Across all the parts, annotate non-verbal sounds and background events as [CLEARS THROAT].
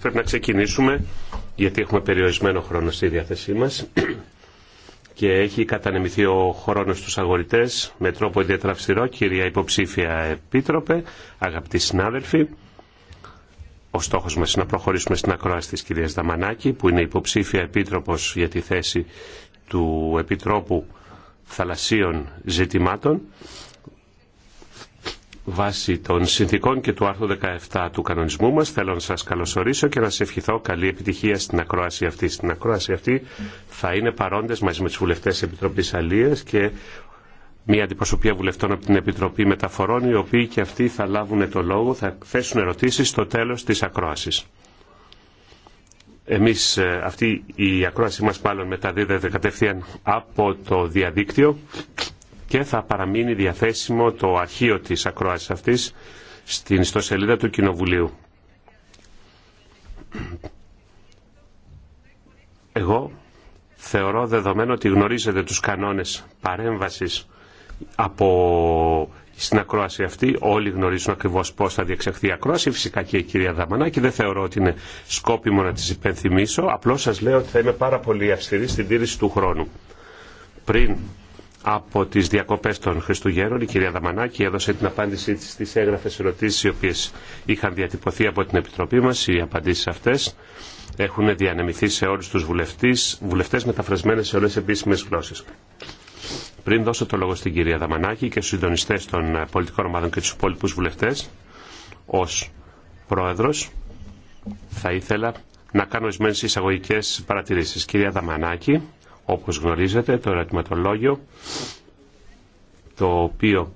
πρέπει να ξεκινήσουμε γιατί έχουμε περιορισμένο χρόνο στη διάθεσή μας και έχει κατανεμηθεί ο χρόνος στους αγορητές με τρόπο ιδιαίτερα αυστηρό. Κυρία Υποψήφια Επίτροπε, αγαπητοί συνάδελφοι, ο στόχος μας είναι να προχωρήσουμε στην ακρόαση της κυρίας Δαμανάκη που είναι υποψήφια επίτροπος για τη θέση του Επιτρόπου Θαλασσίων Ζητημάτων Βάσει των συνθήκων και του άρθρου 17 του κανονισμού μας θέλω να σας καλωσορίσω και να σας ευχηθώ καλή επιτυχία στην ακρόαση αυτή. Στην ακρόαση αυτή θα είναι παρόντες μαζί με τους βουλευτές Επιτροπής Αλίας και μια αντιπροσωπεία βουλευτών από την Επιτροπή Μεταφορών οι οποίοι και αυτοί θα λάβουν το λόγο, θα θέσουν ερωτήσεις στο τέλος της ακρόασης. Εμείς ε, αυτή η ακρόαση μας μάλλον μεταδίδεται κατευθείαν από το διαδίκτυο και θα παραμείνει διαθέσιμο το αρχείο της ακρόασης αυτής στην ιστοσελίδα του Κοινοβουλίου. Εγώ θεωρώ δεδομένο ότι γνωρίζετε τους κανόνες παρέμβασης από στην ακρόαση αυτή. Όλοι γνωρίζουν ακριβώ πώ θα διεξαχθεί η ακρόαση. Φυσικά και η κυρία Δαμανάκη. Δεν θεωρώ ότι είναι σκόπιμο να τη υπενθυμίσω. Απλώ σα λέω ότι θα είμαι πάρα πολύ αυστηρή στην τήρηση του χρόνου. Πριν από τις διακοπές των Χριστουγέννων. Η κυρία Δαμανάκη έδωσε την απάντησή τη στις έγγραφες ερωτήσεις οι οποίες είχαν διατυπωθεί από την Επιτροπή μας. Οι απαντήσεις αυτές έχουν διανεμηθεί σε όλους τους βουλευτές, βουλευτές μεταφρασμένες σε όλες τις επίσημες γλώσσες. Πριν δώσω το λόγο στην κυρία Δαμανάκη και στους συντονιστές των πολιτικών ομάδων και του υπόλοιπους βουλευτές, ως πρόεδρος θα ήθελα να κάνω ορισμένε εισαγωγικέ παρατηρήσει. Κυρία Δαμανάκη, όπως γνωρίζετε το ερωτηματολόγιο το οποίο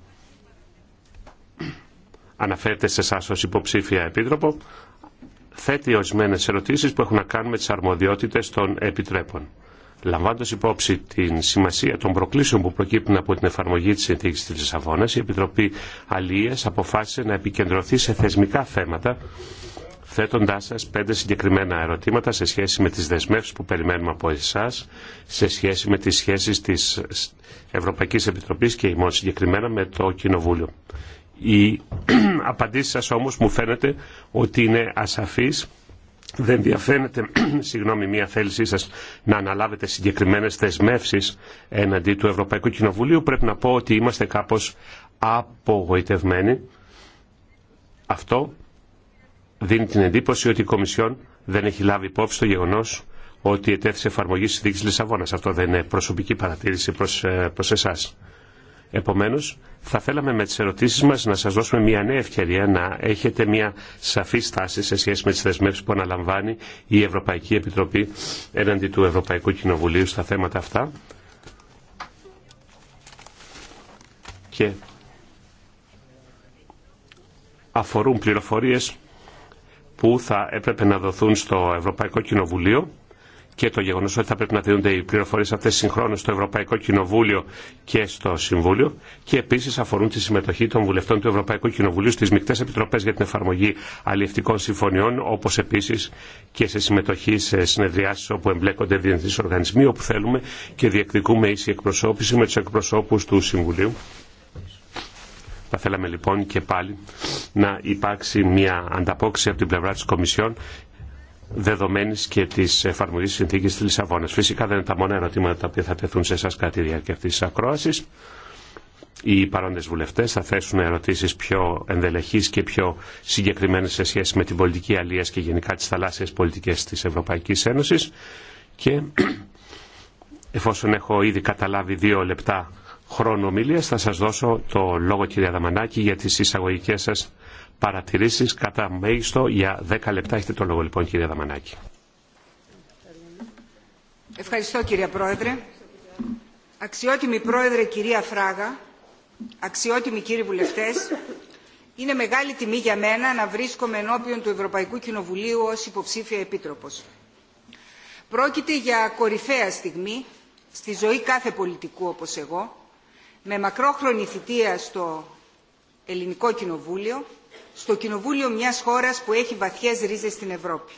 αναφέρεται σε εσά ως υποψήφια επίτροπο θέτει ορισμένε ερωτήσεις που έχουν να κάνουν με τις αρμοδιότητες των επιτρέπων. Λαμβάνοντα υπόψη την σημασία των προκλήσεων που προκύπτουν από την εφαρμογή τη συνθήκη τη Λισαβόνα, η Επιτροπή Αλία αποφάσισε να επικεντρωθεί σε θεσμικά θέματα θέτοντά σα πέντε συγκεκριμένα ερωτήματα σε σχέση με τι δεσμεύσει που περιμένουμε από εσά σε σχέση με τι σχέσει τη Ευρωπαϊκή Επιτροπή και ημών συγκεκριμένα με το Κοινοβούλιο. Οι [CLEARS THROAT] απαντήσει σα όμω, μου φαίνεται ότι είναι ασαφεί. δεν διαφαίνεται [CLEARS THROAT] συγγνώμη, μια θέλησή σας να αναλάβετε συγκεκριμένες δεσμεύσεις εναντί του Ευρωπαϊκού Κοινοβουλίου. Πρέπει να πω ότι είμαστε κάπως απογοητευμένοι. Αυτό δίνει την εντύπωση ότι η Κομισιόν δεν έχει λάβει υπόψη το γεγονός ότι ετέθησε εφαρμογή δίκη Λισαβόνα. Αυτό δεν είναι προσωπική παρατήρηση προ προς ε, εσά. Επομένω, θα θέλαμε με τι ερωτήσει μα να σα δώσουμε μια νέα ευκαιρία να έχετε μια σαφή στάση σε σχέση με τι δεσμεύσει που αναλαμβάνει η Ευρωπαϊκή Επιτροπή έναντι του Ευρωπαϊκού Κοινοβουλίου στα θέματα αυτά. Και αφορούν πληροφορίες που θα έπρεπε να δοθούν στο Ευρωπαϊκό Κοινοβουλίο και το γεγονό ότι θα πρέπει να δίνονται οι πληροφορίε αυτέ συγχρόνω στο Ευρωπαϊκό Κοινοβούλιο και στο Συμβούλιο και επίση αφορούν τη συμμετοχή των βουλευτών του Ευρωπαϊκού Κοινοβουλίου στι μεικτέ επιτροπέ για την εφαρμογή αλληλευτικών συμφωνιών, όπω επίση και σε συμμετοχή σε συνεδριάσει όπου εμπλέκονται διεθνεί οργανισμοί, όπου θέλουμε και διεκδικούμε ίση εκπροσώπηση με του εκπροσώπου του Συμβουλίου θα θέλαμε λοιπόν και πάλι να υπάρξει μια ανταπόκριση από την πλευρά της Κομισιόν δεδομένη και τη εφαρμογή τη συνθήκη τη Λισαβόνα. Φυσικά δεν είναι τα μόνα ερωτήματα τα οποία θα τεθούν σε εσά κατά τη διάρκεια αυτή τη ακρόαση. Οι παρόντε βουλευτέ θα θέσουν ερωτήσει πιο ενδελεχεί και πιο συγκεκριμένε σε σχέση με την πολιτική αλλία και γενικά τι θαλάσσιε πολιτικέ τη Ευρωπαϊκή Ένωση. Και [CLEARS THROAT] εφόσον έχω ήδη καταλάβει δύο λεπτά χρόνο Θα σας δώσω το λόγο κυρία Δαμανάκη για τις εισαγωγικές σας παρατηρήσεις κατά μέγιστο για 10 λεπτά. Έχετε το λόγο λοιπόν κυρία Δαμανάκη. Ευχαριστώ κύριε Πρόεδρε. Αξιότιμη Πρόεδρε κυρία Φράγα, αξιότιμοι κύριοι βουλευτές, είναι μεγάλη τιμή για μένα να βρίσκομαι ενώπιον του Ευρωπαϊκού Κοινοβουλίου ως υποψήφια επίτροπος. Πρόκειται για κορυφαία στιγμή στη ζωή κάθε πολιτικού όπως εγώ, με μακρόχρονη θητεία στο Ελληνικό Κοινοβούλιο, στο Κοινοβούλιο μιας χώρας που έχει βαθιές ρίζες στην Ευρώπη.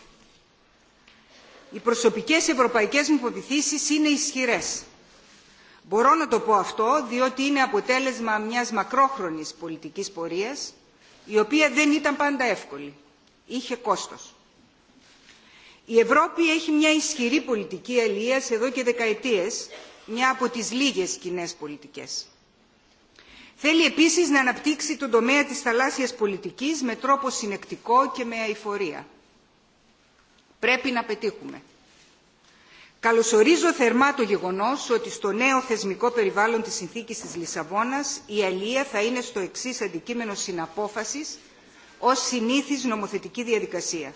Οι προσωπικές ευρωπαϊκές μου υποπιθήσεις είναι ισχυρές. Μπορώ να το πω αυτό διότι είναι αποτέλεσμα μιας μακρόχρονης πολιτικής πορείας, η οποία δεν ήταν πάντα εύκολη. Είχε κόστος. Η Ευρώπη έχει μια ισχυρή πολιτική αλληλείας εδώ και δεκαετίες, μια από τις λίγες κοινέ πολιτικές. Θέλει επίσης να αναπτύξει τον τομέα της θαλάσσιας πολιτικής με τρόπο συνεκτικό και με αηφορία. Πρέπει να πετύχουμε. Καλωσορίζω θερμά το γεγονός ότι στο νέο θεσμικό περιβάλλον της συνθήκης της Λισαβόνας η αλία θα είναι στο εξής αντικείμενο συναπόφασης ως συνήθις νομοθετική διαδικασία.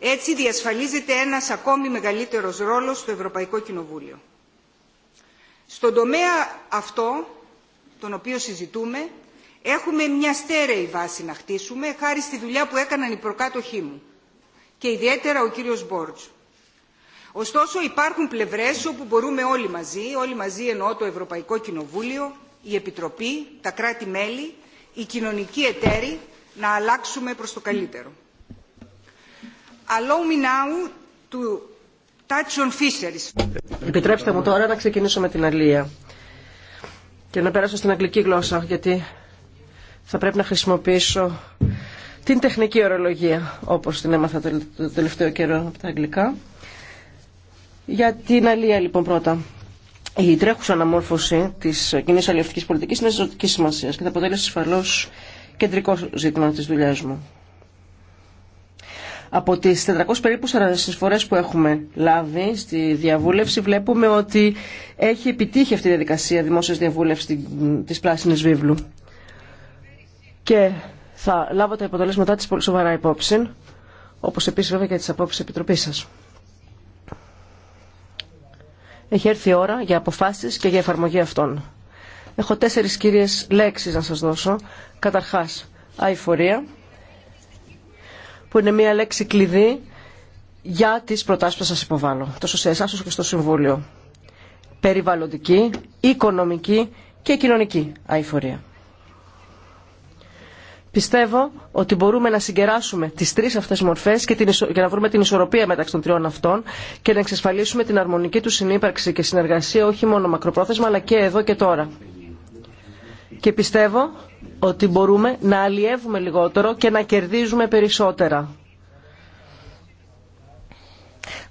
Έτσι διασφαλίζεται ένας ακόμη μεγαλύτερος ρόλος στο Ευρωπαϊκό Κοινοβούλιο. Στον τομέα αυτό τον οποίο συζητούμε, έχουμε μια στέρεη βάση να χτίσουμε, χάρη στη δουλειά που έκαναν οι προκάτοχοί μου και ιδιαίτερα ο κύριος Μπόρτζ. Ωστόσο υπάρχουν πλευρές όπου μπορούμε όλοι μαζί, όλοι μαζί εννοώ το Ευρωπαϊκό Κοινοβούλιο, η Επιτροπή, τα κράτη-μέλη, οι κοινωνικοί εταίροι, να αλλάξουμε προς το καλύτερο. Allow me now to touch on fisheries. Επιτρέψτε μου τώρα να ξεκινήσω με την αλία και να περάσω στην αγγλική γλώσσα γιατί θα πρέπει να χρησιμοποιήσω την τεχνική ορολογία όπως την έμαθα το τελευταίο καιρό από τα αγγλικά. Για την αλία λοιπόν πρώτα. Η τρέχουσα αναμόρφωση της κοινή αλληλευτικής πολιτικής είναι ζωτική σημασία και θα αποτελέσει ασφαλώ κεντρικό ζήτημα τη δουλειά μου. Από τις 400 περίπου φορές που έχουμε λάβει στη διαβούλευση βλέπουμε ότι έχει επιτύχει αυτή η διαδικασία δημόσιας διαβούλευσης της Πράσινης Βίβλου. Και θα λάβω τα αποτελέσματά της πολύ σοβαρά υπόψη, όπως επίσης βέβαια και τις απόψεις της Επιτροπής σας. Έχει έρθει η ώρα για αποφάσεις και για εφαρμογή αυτών. Έχω τέσσερις κύριες λέξεις να σας δώσω. Καταρχάς, αηφορία που είναι μια λέξη κλειδί για τις προτάσεις που σας υποβάλλω, τόσο σε εσάς όσο και στο Συμβούλιο. Περιβαλλοντική, οικονομική και κοινωνική αηφορία. Πιστεύω ότι μπορούμε να συγκεράσουμε τις τρεις αυτές μορφές και, και να βρούμε την ισορροπία μεταξύ των τριών αυτών και να εξασφαλίσουμε την αρμονική του συνύπαρξη και συνεργασία όχι μόνο μακροπρόθεσμα αλλά και εδώ και τώρα. Και πιστεύω ότι μπορούμε να αλλιεύουμε λιγότερο και να κερδίζουμε περισσότερα.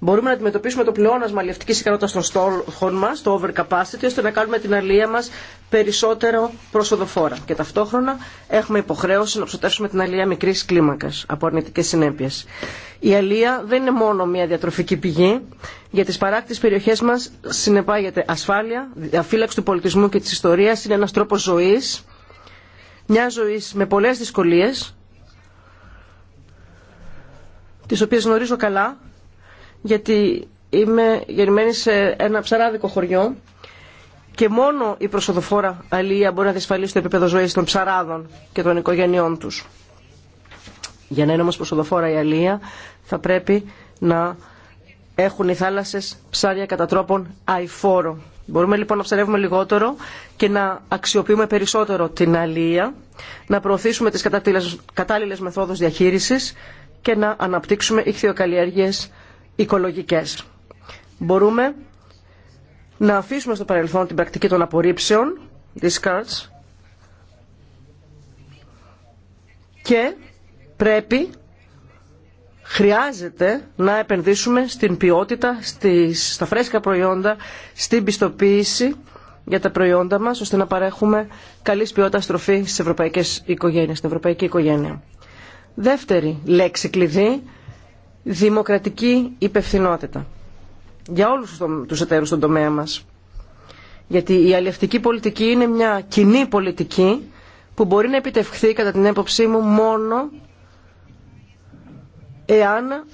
Μπορούμε να αντιμετωπίσουμε το πλεόνασμα αλλιευτικής ικανότητας των στόχων μας, το overcapacity, ώστε να κάνουμε την αλλία μας περισσότερο προσοδοφόρα. Και ταυτόχρονα έχουμε υποχρέωση να ψωτεύσουμε την αλλία μικρής κλίμακας από αρνητικές συνέπειες. Η αλλία δεν είναι μόνο μια διατροφική πηγή. Για τις παράκτης περιοχές μας συνεπάγεται ασφάλεια, διαφύλαξη του πολιτισμού και της ιστορίας, είναι ένας τρόπος ζωής μια ζωή με πολλές δυσκολίες, τις οποίες γνωρίζω καλά, γιατί είμαι γεννημένη σε ένα ψαράδικο χωριό και μόνο η προσοδοφόρα αλληλεία μπορεί να διασφαλίσει το επίπεδο ζωής των ψαράδων και των οικογένειών τους. Για να είναι όμως προσοδοφόρα η αλληλεία θα πρέπει να έχουν οι θάλασσες ψάρια κατά τρόπον αιφόρο Μπορούμε λοιπόν να ψαρεύουμε λιγότερο και να αξιοποιούμε περισσότερο την αλία, να προωθήσουμε τις κατάλληλες μεθόδους διαχείρισης και να αναπτύξουμε ηχθειοκαλλιέργειες οικολογικές. Μπορούμε να αφήσουμε στο παρελθόν την πρακτική των απορρίψεων, discards, και πρέπει χρειάζεται να επενδύσουμε στην ποιότητα, στις, στα φρέσκα προϊόντα, στην πιστοποίηση για τα προϊόντα μας, ώστε να παρέχουμε καλή ποιότητα στροφή στις ευρωπαϊκές οικογένειες, στην ευρωπαϊκή οικογένεια. Δεύτερη λέξη κλειδί, δημοκρατική υπευθυνότητα. Για όλους τους εταίρους στον τομέα μας. Γιατί η αλληλευτική πολιτική είναι μια κοινή πολιτική που μπορεί να επιτευχθεί κατά την έποψή μου μόνο εάν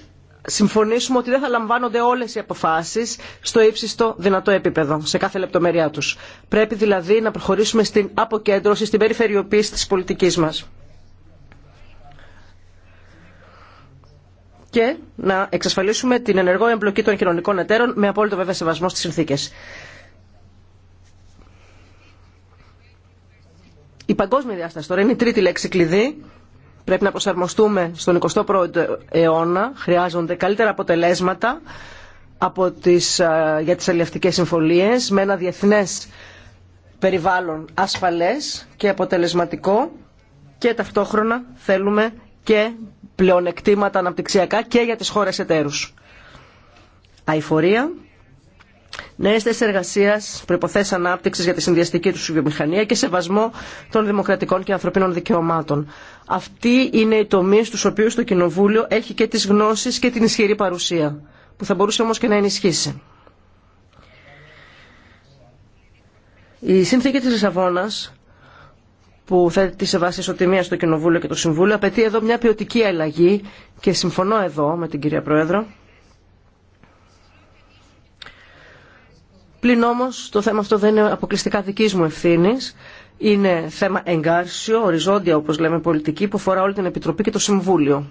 συμφωνήσουμε ότι δεν θα λαμβάνονται όλες οι αποφάσεις στο ύψιστο δυνατό επίπεδο, σε κάθε λεπτομέρειά τους. Πρέπει δηλαδή να προχωρήσουμε στην αποκέντρωση, στην περιφερειοποίηση της πολιτικής μας. και να εξασφαλίσουμε την ενεργό εμπλοκή των κοινωνικών εταίρων με απόλυτο βέβαια σεβασμό στις συνθήκες. Η παγκόσμια διάσταση τώρα είναι η τρίτη λέξη κλειδί Πρέπει να προσαρμοστούμε στον 21ο αιώνα. Χρειάζονται καλύτερα αποτελέσματα από τις, για τις αλληλευτικές συμφωνίες με ένα διεθνές περιβάλλον ασφαλές και αποτελεσματικό και ταυτόχρονα θέλουμε και πλεονεκτήματα αναπτυξιακά και για τις χώρες εταίρους. Αηφορία νέε θέσει εργασία, προποθέσει ανάπτυξη για τη συνδυαστική του βιομηχανία και σεβασμό των δημοκρατικών και ανθρωπίνων δικαιωμάτων. Αυτοί είναι οι τομεί στου οποίου το Κοινοβούλιο έχει και τι γνώσει και την ισχυρή παρουσία, που θα μπορούσε όμω και να ενισχύσει. Η σύνθηκη τη Λισαβόνα που θέτει σε βάση ισοτιμία στο Κοινοβούλιο και το Συμβούλιο, απαιτεί εδώ μια ποιοτική αλλαγή και συμφωνώ εδώ με την κυρία Πρόεδρο Πλην όμω, το θέμα αυτό δεν είναι αποκλειστικά δική μου ευθύνη, Είναι θέμα εγκάρσιο, οριζόντια όπω λέμε πολιτική που αφορά όλη την Επιτροπή και το Συμβούλιο.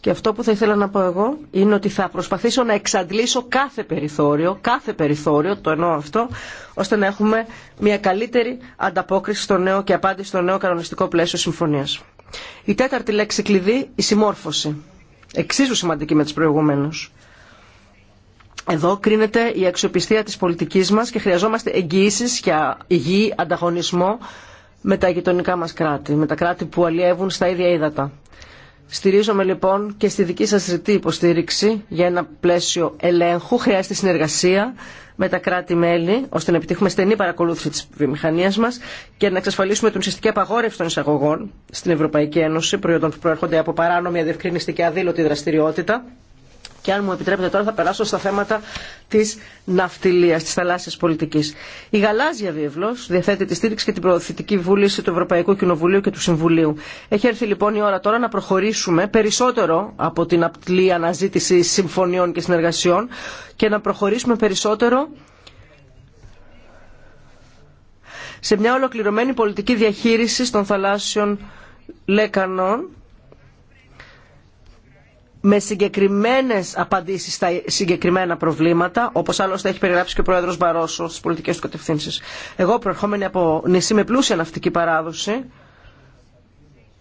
Και αυτό που θα ήθελα να πω εγώ είναι ότι θα προσπαθήσω να εξαντλήσω κάθε περιθώριο, κάθε περιθώριο, το εννοώ αυτό, ώστε να έχουμε μια καλύτερη ανταπόκριση στο νέο και απάντηση στο νέο κανονιστικό πλαίσιο συμφωνία. Η τέταρτη λέξη κλειδί, η συμμόρφωση. Εξίσου σημαντική με τι προηγούμενους. Εδώ κρίνεται η αξιοπιστία της πολιτικής μας και χρειαζόμαστε εγγυήσεις για υγιή ανταγωνισμό με τα γειτονικά μας κράτη, με τα κράτη που αλλιεύουν στα ίδια ύδατα. Στηρίζομαι λοιπόν και στη δική σας ρητή υποστήριξη για ένα πλαίσιο ελέγχου. Χρειάζεται συνεργασία με τα κράτη-μέλη, ώστε να επιτύχουμε στενή παρακολούθηση της βιομηχανίας μας και να εξασφαλίσουμε την ουσιαστική απαγόρευση των εισαγωγών στην Ευρωπαϊκή Ένωση, προϊόντων που προέρχονται από παράνομη, αδευκρινιστική και αδήλωτη δραστηριότητα και αν μου επιτρέπετε τώρα θα περάσω στα θέματα της ναυτιλίας, της θαλάσσιας πολιτικής. Η γαλάζια βίβλος διαθέτει τη στήριξη και την προωθητική βούληση του Ευρωπαϊκού Κοινοβουλίου και του Συμβουλίου. Έχει έρθει λοιπόν η ώρα τώρα να προχωρήσουμε περισσότερο από την απλή αναζήτηση συμφωνιών και συνεργασιών και να προχωρήσουμε περισσότερο σε μια ολοκληρωμένη πολιτική διαχείριση των θαλάσσιων λέκανων με συγκεκριμένε απαντήσει στα συγκεκριμένα προβλήματα, όπως άλλωστε έχει περιγράψει και ο πρόεδρο Μπαρόσο στι πολιτικέ του κατευθύνσει. Εγώ προερχόμενη από νησί με πλούσια ναυτική παράδοση,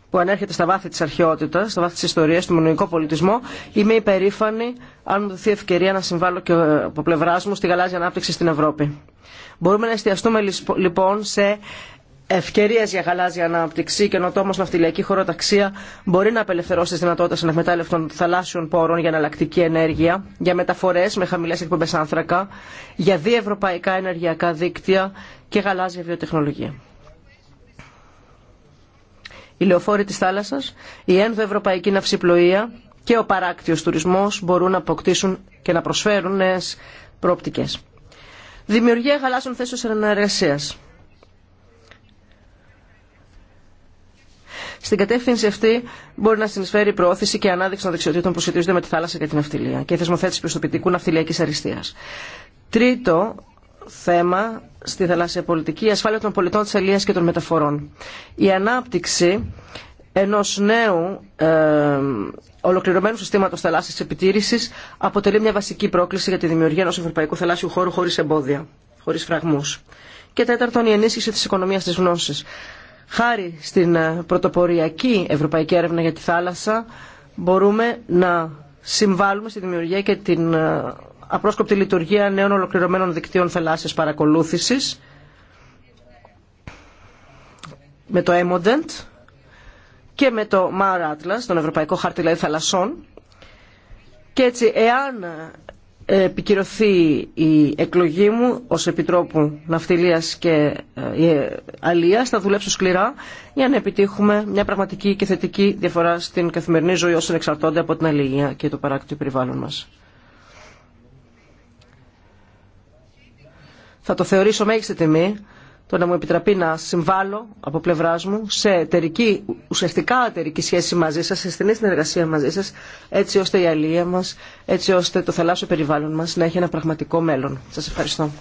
που ανέρχεται στα βάθη τη αρχαιότητα, στα βάθη τη ιστορία, του μονοϊκό πολιτισμό, είμαι υπερήφανη αν μου δοθεί ευκαιρία να συμβάλλω και ε, από πλευρά μου στη γαλάζια ανάπτυξη στην Ευρώπη. Μπορούμε να εστιαστούμε λοιπόν σε ευκαιρίε για γαλάζια ανάπτυξη, και να ναυτιλιακή χωροταξία μπορεί να απελευθερώσει τι δυνατότητε των θαλάσσιων πόρων για εναλλακτική ενέργεια, για μεταφορέ με χαμηλέ εκπομπέ άνθρακα, για διευρωπαϊκά ενεργειακά δίκτυα και γαλάζια βιοτεχνολογία. Η λεωφόρη τη θάλασσα, η ενδοευρωπαϊκή ναυσιπλοεία και ο παράκτιο τουρισμό μπορούν να αποκτήσουν και να προσφέρουν νέε προοπτικέ. Δημιουργία γαλάζων θέσεων εργασία Στην κατεύθυνση αυτή μπορεί να συνεισφέρει η προώθηση και η ανάδειξη των δεξιοτήτων που σχετίζονται με τη θάλασσα και την αυτιλία και η θεσμοθέτηση πιστοποιητικού ναυτιλιακή αριστεία. Τρίτο θέμα στη θαλάσσια πολιτική, η ασφάλεια των πολιτών τη Ελία και των μεταφορών. Η ανάπτυξη ενό νέου ε, ολοκληρωμένου συστήματο θαλάσσια επιτήρηση αποτελεί μια βασική πρόκληση για τη δημιουργία ενό ευρωπαϊκού θαλάσσιου χώρου χωρί εμπόδια, χωρί φραγμού. Και τέταρτον, η ενίσχυση τη οικονομία τη γνώση χάρη στην ε, πρωτοποριακή ευρωπαϊκή έρευνα για τη θάλασσα μπορούμε να συμβάλλουμε στη δημιουργία και την ε, απρόσκοπτη λειτουργία νέων ολοκληρωμένων δικτύων θαλάσσιας παρακολούθησης με το Emodent και με το Mar Atlas, τον Ευρωπαϊκό Χάρτη δηλαδή Θαλασσών. Και έτσι, εάν επικυρωθεί η εκλογή μου ως Επιτρόπου Ναυτιλίας και ε, Αλίας. Θα δουλέψω σκληρά για να επιτύχουμε μια πραγματική και θετική διαφορά στην καθημερινή ζωή όσων εξαρτώνται από την αλληλεία και το παράκτιο περιβάλλον μας. Θα το θεωρήσω μέγιστη τιμή το να μου επιτραπεί να συμβάλλω από πλευρά μου σε εταιρική, ουσιαστικά εταιρική σχέση μαζί σα, σε στενή συνεργασία μαζί σα, έτσι ώστε η αλληλεία μα, έτσι ώστε το θαλάσσιο περιβάλλον μα να έχει ένα πραγματικό μέλλον. Σα ευχαριστώ.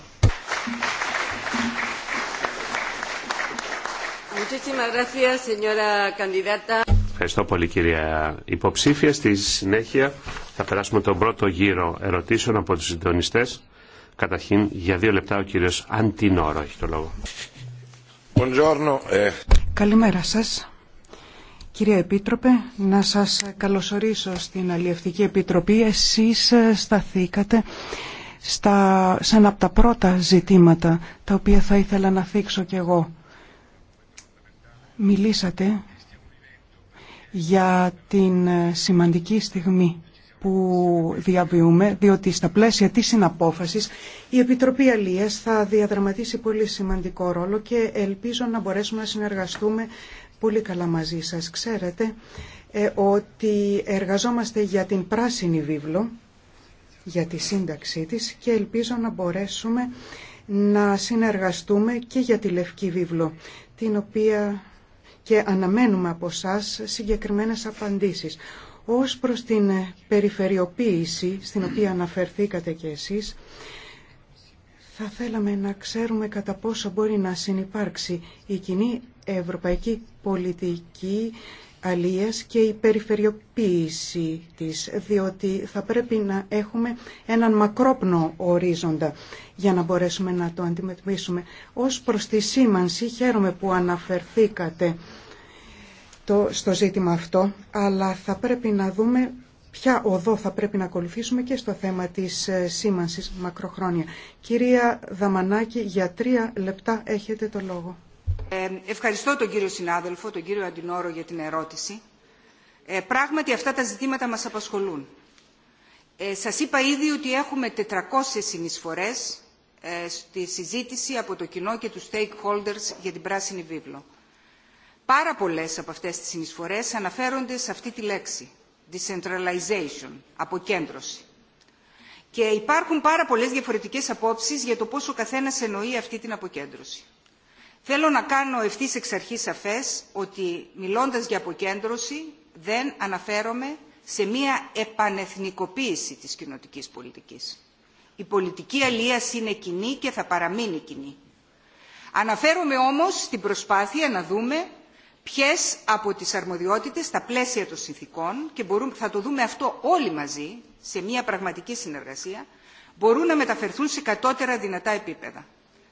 Ευχαριστώ πολύ κυρία υποψήφια. Στη συνέχεια θα περάσουμε τον πρώτο γύρο ερωτήσεων από τους συντονιστές. Καταρχήν, για δύο λεπτά ο κύριο Αντινόρο έχει το λόγο. Ε. Καλημέρα σα, Κύριε Επίτροπε, να σας καλωσορίσω στην Αλλιευτική Επιτροπή. Εσεί ε, σταθήκατε στα, σαν από τα πρώτα ζητήματα τα οποία θα ήθελα να θίξω κι εγώ. Μιλήσατε για την ε, σημαντική στιγμή που διαβιούμε, διότι στα πλαίσια της συναπόφασης η Επιτροπή Αλίας θα διαδραματίσει πολύ σημαντικό ρόλο και ελπίζω να μπορέσουμε να συνεργαστούμε πολύ καλά μαζί σας. Ξέρετε ε, ότι εργαζόμαστε για την πράσινη βίβλο, για τη σύνταξή της και ελπίζω να μπορέσουμε να συνεργαστούμε και για τη Λευκή Βίβλο, την οποία και αναμένουμε από εσά συγκεκριμένες απαντήσεις. Ως προς την περιφερειοποίηση, στην οποία αναφερθήκατε και εσείς, θα θέλαμε να ξέρουμε κατά πόσο μπορεί να συνεπάρξει η κοινή ευρωπαϊκή πολιτική αλίας και η περιφερειοποίηση της, διότι θα πρέπει να έχουμε έναν μακρόπνο ορίζοντα για να μπορέσουμε να το αντιμετωπίσουμε. Ως προς τη σήμανση, χαίρομαι που αναφερθήκατε στο ζήτημα αυτό, αλλά θα πρέπει να δούμε ποια οδό θα πρέπει να ακολουθήσουμε και στο θέμα της ε, σήμανσης μακροχρόνια. Κυρία Δαμανάκη, για τρία λεπτά έχετε το λόγο. Ε, ευχαριστώ τον κύριο συνάδελφο, τον κύριο Αντινόρο για την ερώτηση. Ε, πράγματι αυτά τα ζητήματα μας απασχολούν. Ε, σας είπα ήδη ότι έχουμε 400 συνεισφορές ε, στη συζήτηση από το κοινό και τους stakeholders για την Πράσινη Βίβλο. Πάρα πολλές από αυτές τις συνεισφορές αναφέρονται σε αυτή τη λέξη, decentralization, αποκέντρωση. Και υπάρχουν πάρα πολλές διαφορετικές απόψεις για το πόσο καθένας εννοεί αυτή την αποκέντρωση. Θέλω να κάνω ευθύ εξ αρχή σαφέ ότι μιλώντας για αποκέντρωση δεν αναφέρομαι σε μία επανεθνικοποίηση της κοινοτικής πολιτικής. Η πολιτική αλίας είναι κοινή και θα παραμείνει κοινή. Αναφέρομαι όμως στην προσπάθεια να δούμε ποιες από τις αρμοδιότητες στα πλαίσια των συνθήκων και μπορούν, θα το δούμε αυτό όλοι μαζί σε μια πραγματική συνεργασία μπορούν να μεταφερθούν σε κατώτερα δυνατά επίπεδα.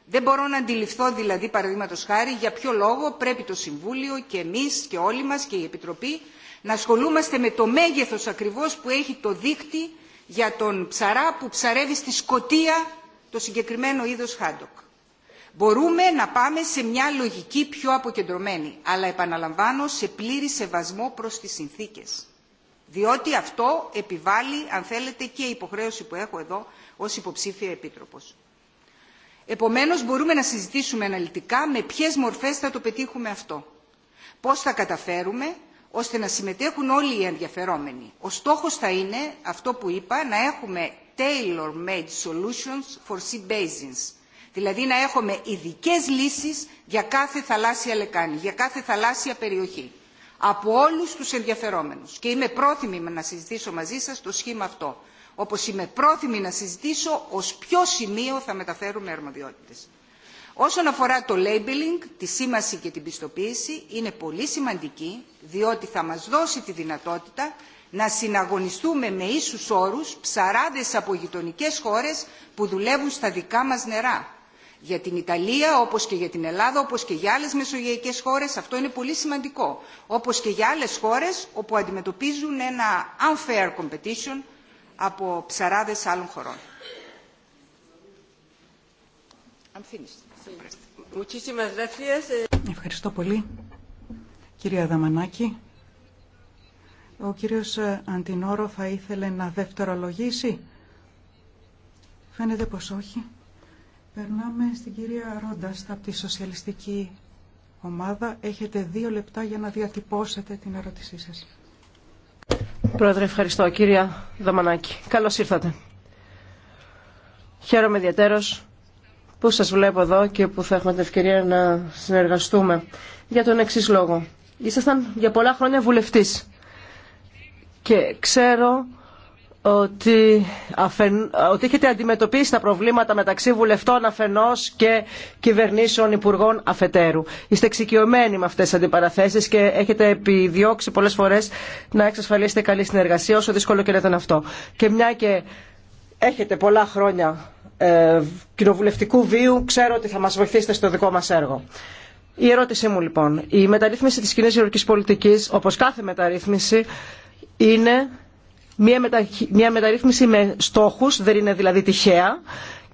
Δεν μπορώ να αντιληφθώ δηλαδή παραδείγματος χάρη για ποιο λόγο πρέπει το Συμβούλιο και εμείς και όλοι μας και η Επιτροπή να ασχολούμαστε με το μέγεθος ακριβώς που έχει το δίκτυ για τον ψαρά που ψαρεύει στη σκοτία το συγκεκριμένο είδος χάντοκ μπορούμε να πάμε σε μια λογική πιο αποκεντρωμένη, αλλά επαναλαμβάνω σε πλήρη σεβασμό προς τις συνθήκες. Διότι αυτό επιβάλλει, αν θέλετε, και η υποχρέωση που έχω εδώ ως υποψήφια επίτροπος. Επομένως, μπορούμε να συζητήσουμε αναλυτικά με ποιες μορφές θα το πετύχουμε αυτό. Πώς θα καταφέρουμε ώστε να συμμετέχουν όλοι οι ενδιαφερόμενοι. Ο στόχος θα είναι, αυτό που είπα, να έχουμε tailor-made solutions for sea basins δηλαδή να έχουμε ειδικέ λύσεις για κάθε θαλάσσια λεκάνη, για κάθε θαλάσσια περιοχή, από όλους τους ενδιαφερόμενους. Και είμαι πρόθυμη να συζητήσω μαζί σας το σχήμα αυτό, όπως είμαι πρόθυμη να συζητήσω ως ποιο σημείο θα μεταφέρουμε αρμοδιότητες. Όσον αφορά το labeling, τη σήμαση και την πιστοποίηση, είναι πολύ σημαντική, διότι θα μας δώσει τη δυνατότητα να συναγωνιστούμε με ίσους όρους ψαράδες από γειτονικέ χώρες που δουλεύουν στα δικά μας νερά για την Ιταλία, όπως και για την Ελλάδα, όπως και για άλλες μεσογειακές χώρες, αυτό είναι πολύ σημαντικό. Όπως και για άλλες χώρες όπου αντιμετωπίζουν ένα unfair competition από ψαράδες άλλων χωρών. Ευχαριστώ πολύ. Κυρία Δαμανάκη, ο κύριος ε, Αντινόρο θα ήθελε να δευτερολογήσει. Φαίνεται πως όχι. Περνάμε στην κυρία Ρόντας από τη Σοσιαλιστική Ομάδα. Έχετε δύο λεπτά για να διατυπώσετε την ερώτησή σας. Πρόεδρε, ευχαριστώ. Κυρία Δαμανάκη, καλώς ήρθατε. Χαίρομαι ιδιαίτερως που σας βλέπω εδώ και που θα έχουμε την ευκαιρία να συνεργαστούμε. Για τον εξή λόγο. Ήσασταν για πολλά χρόνια βουλευτής και ξέρω ότι, έχετε αντιμετωπίσει τα προβλήματα μεταξύ βουλευτών αφενός και κυβερνήσεων υπουργών αφετέρου. Είστε εξοικειωμένοι με αυτές τις αντιπαραθέσεις και έχετε επιδιώξει πολλές φορές να εξασφαλίσετε καλή συνεργασία όσο δύσκολο και να ήταν αυτό. Και μια και έχετε πολλά χρόνια ε, κοινοβουλευτικού βίου, ξέρω ότι θα μας βοηθήσετε στο δικό μας έργο. Η ερώτησή μου λοιπόν, η μεταρρύθμιση της κοινή γεωργικής πολιτικής, όπως κάθε μεταρρύθμιση, είναι μια, μια μεταρρύθμιση με στόχους, δεν είναι δηλαδή τυχαία,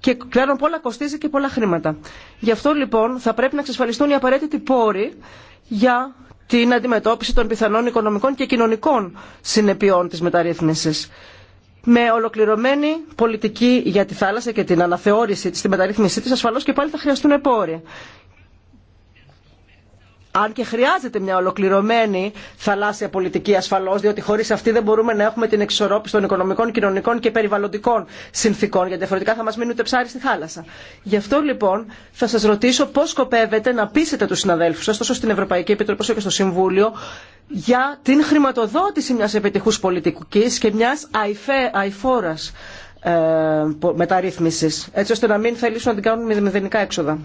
και πλέον πολλά κοστίζει και πολλά χρήματα. Γι' αυτό λοιπόν θα πρέπει να εξασφαλιστούν οι απαραίτητοι πόροι για την αντιμετώπιση των πιθανών οικονομικών και κοινωνικών συνεπειών της μεταρρύθμισης. Με ολοκληρωμένη πολιτική για τη θάλασσα και την αναθεώρηση της, τη μεταρρύθμισή της, ασφαλώς και πάλι θα χρειαστούν πόροι αν και χρειάζεται μια ολοκληρωμένη θαλάσσια πολιτική ασφαλώς, διότι χωρίς αυτή δεν μπορούμε να έχουμε την εξορρόπηση των οικονομικών, κοινωνικών και περιβαλλοντικών συνθήκων, γιατί διαφορετικά θα μας μείνει ούτε ψάρι στη θάλασσα. Γι' αυτό λοιπόν θα σας ρωτήσω πώς σκοπεύετε να πείσετε τους συναδέλφους σας, τόσο στην Ευρωπαϊκή Επιτροπή όσο και στο Συμβούλιο, για την χρηματοδότηση μιας επιτυχούς πολιτικής και μιας αηφόρας ε, μεταρρύθμισης, έτσι ώστε να μην θελήσουν να την κάνουν μηδενικά έξοδα.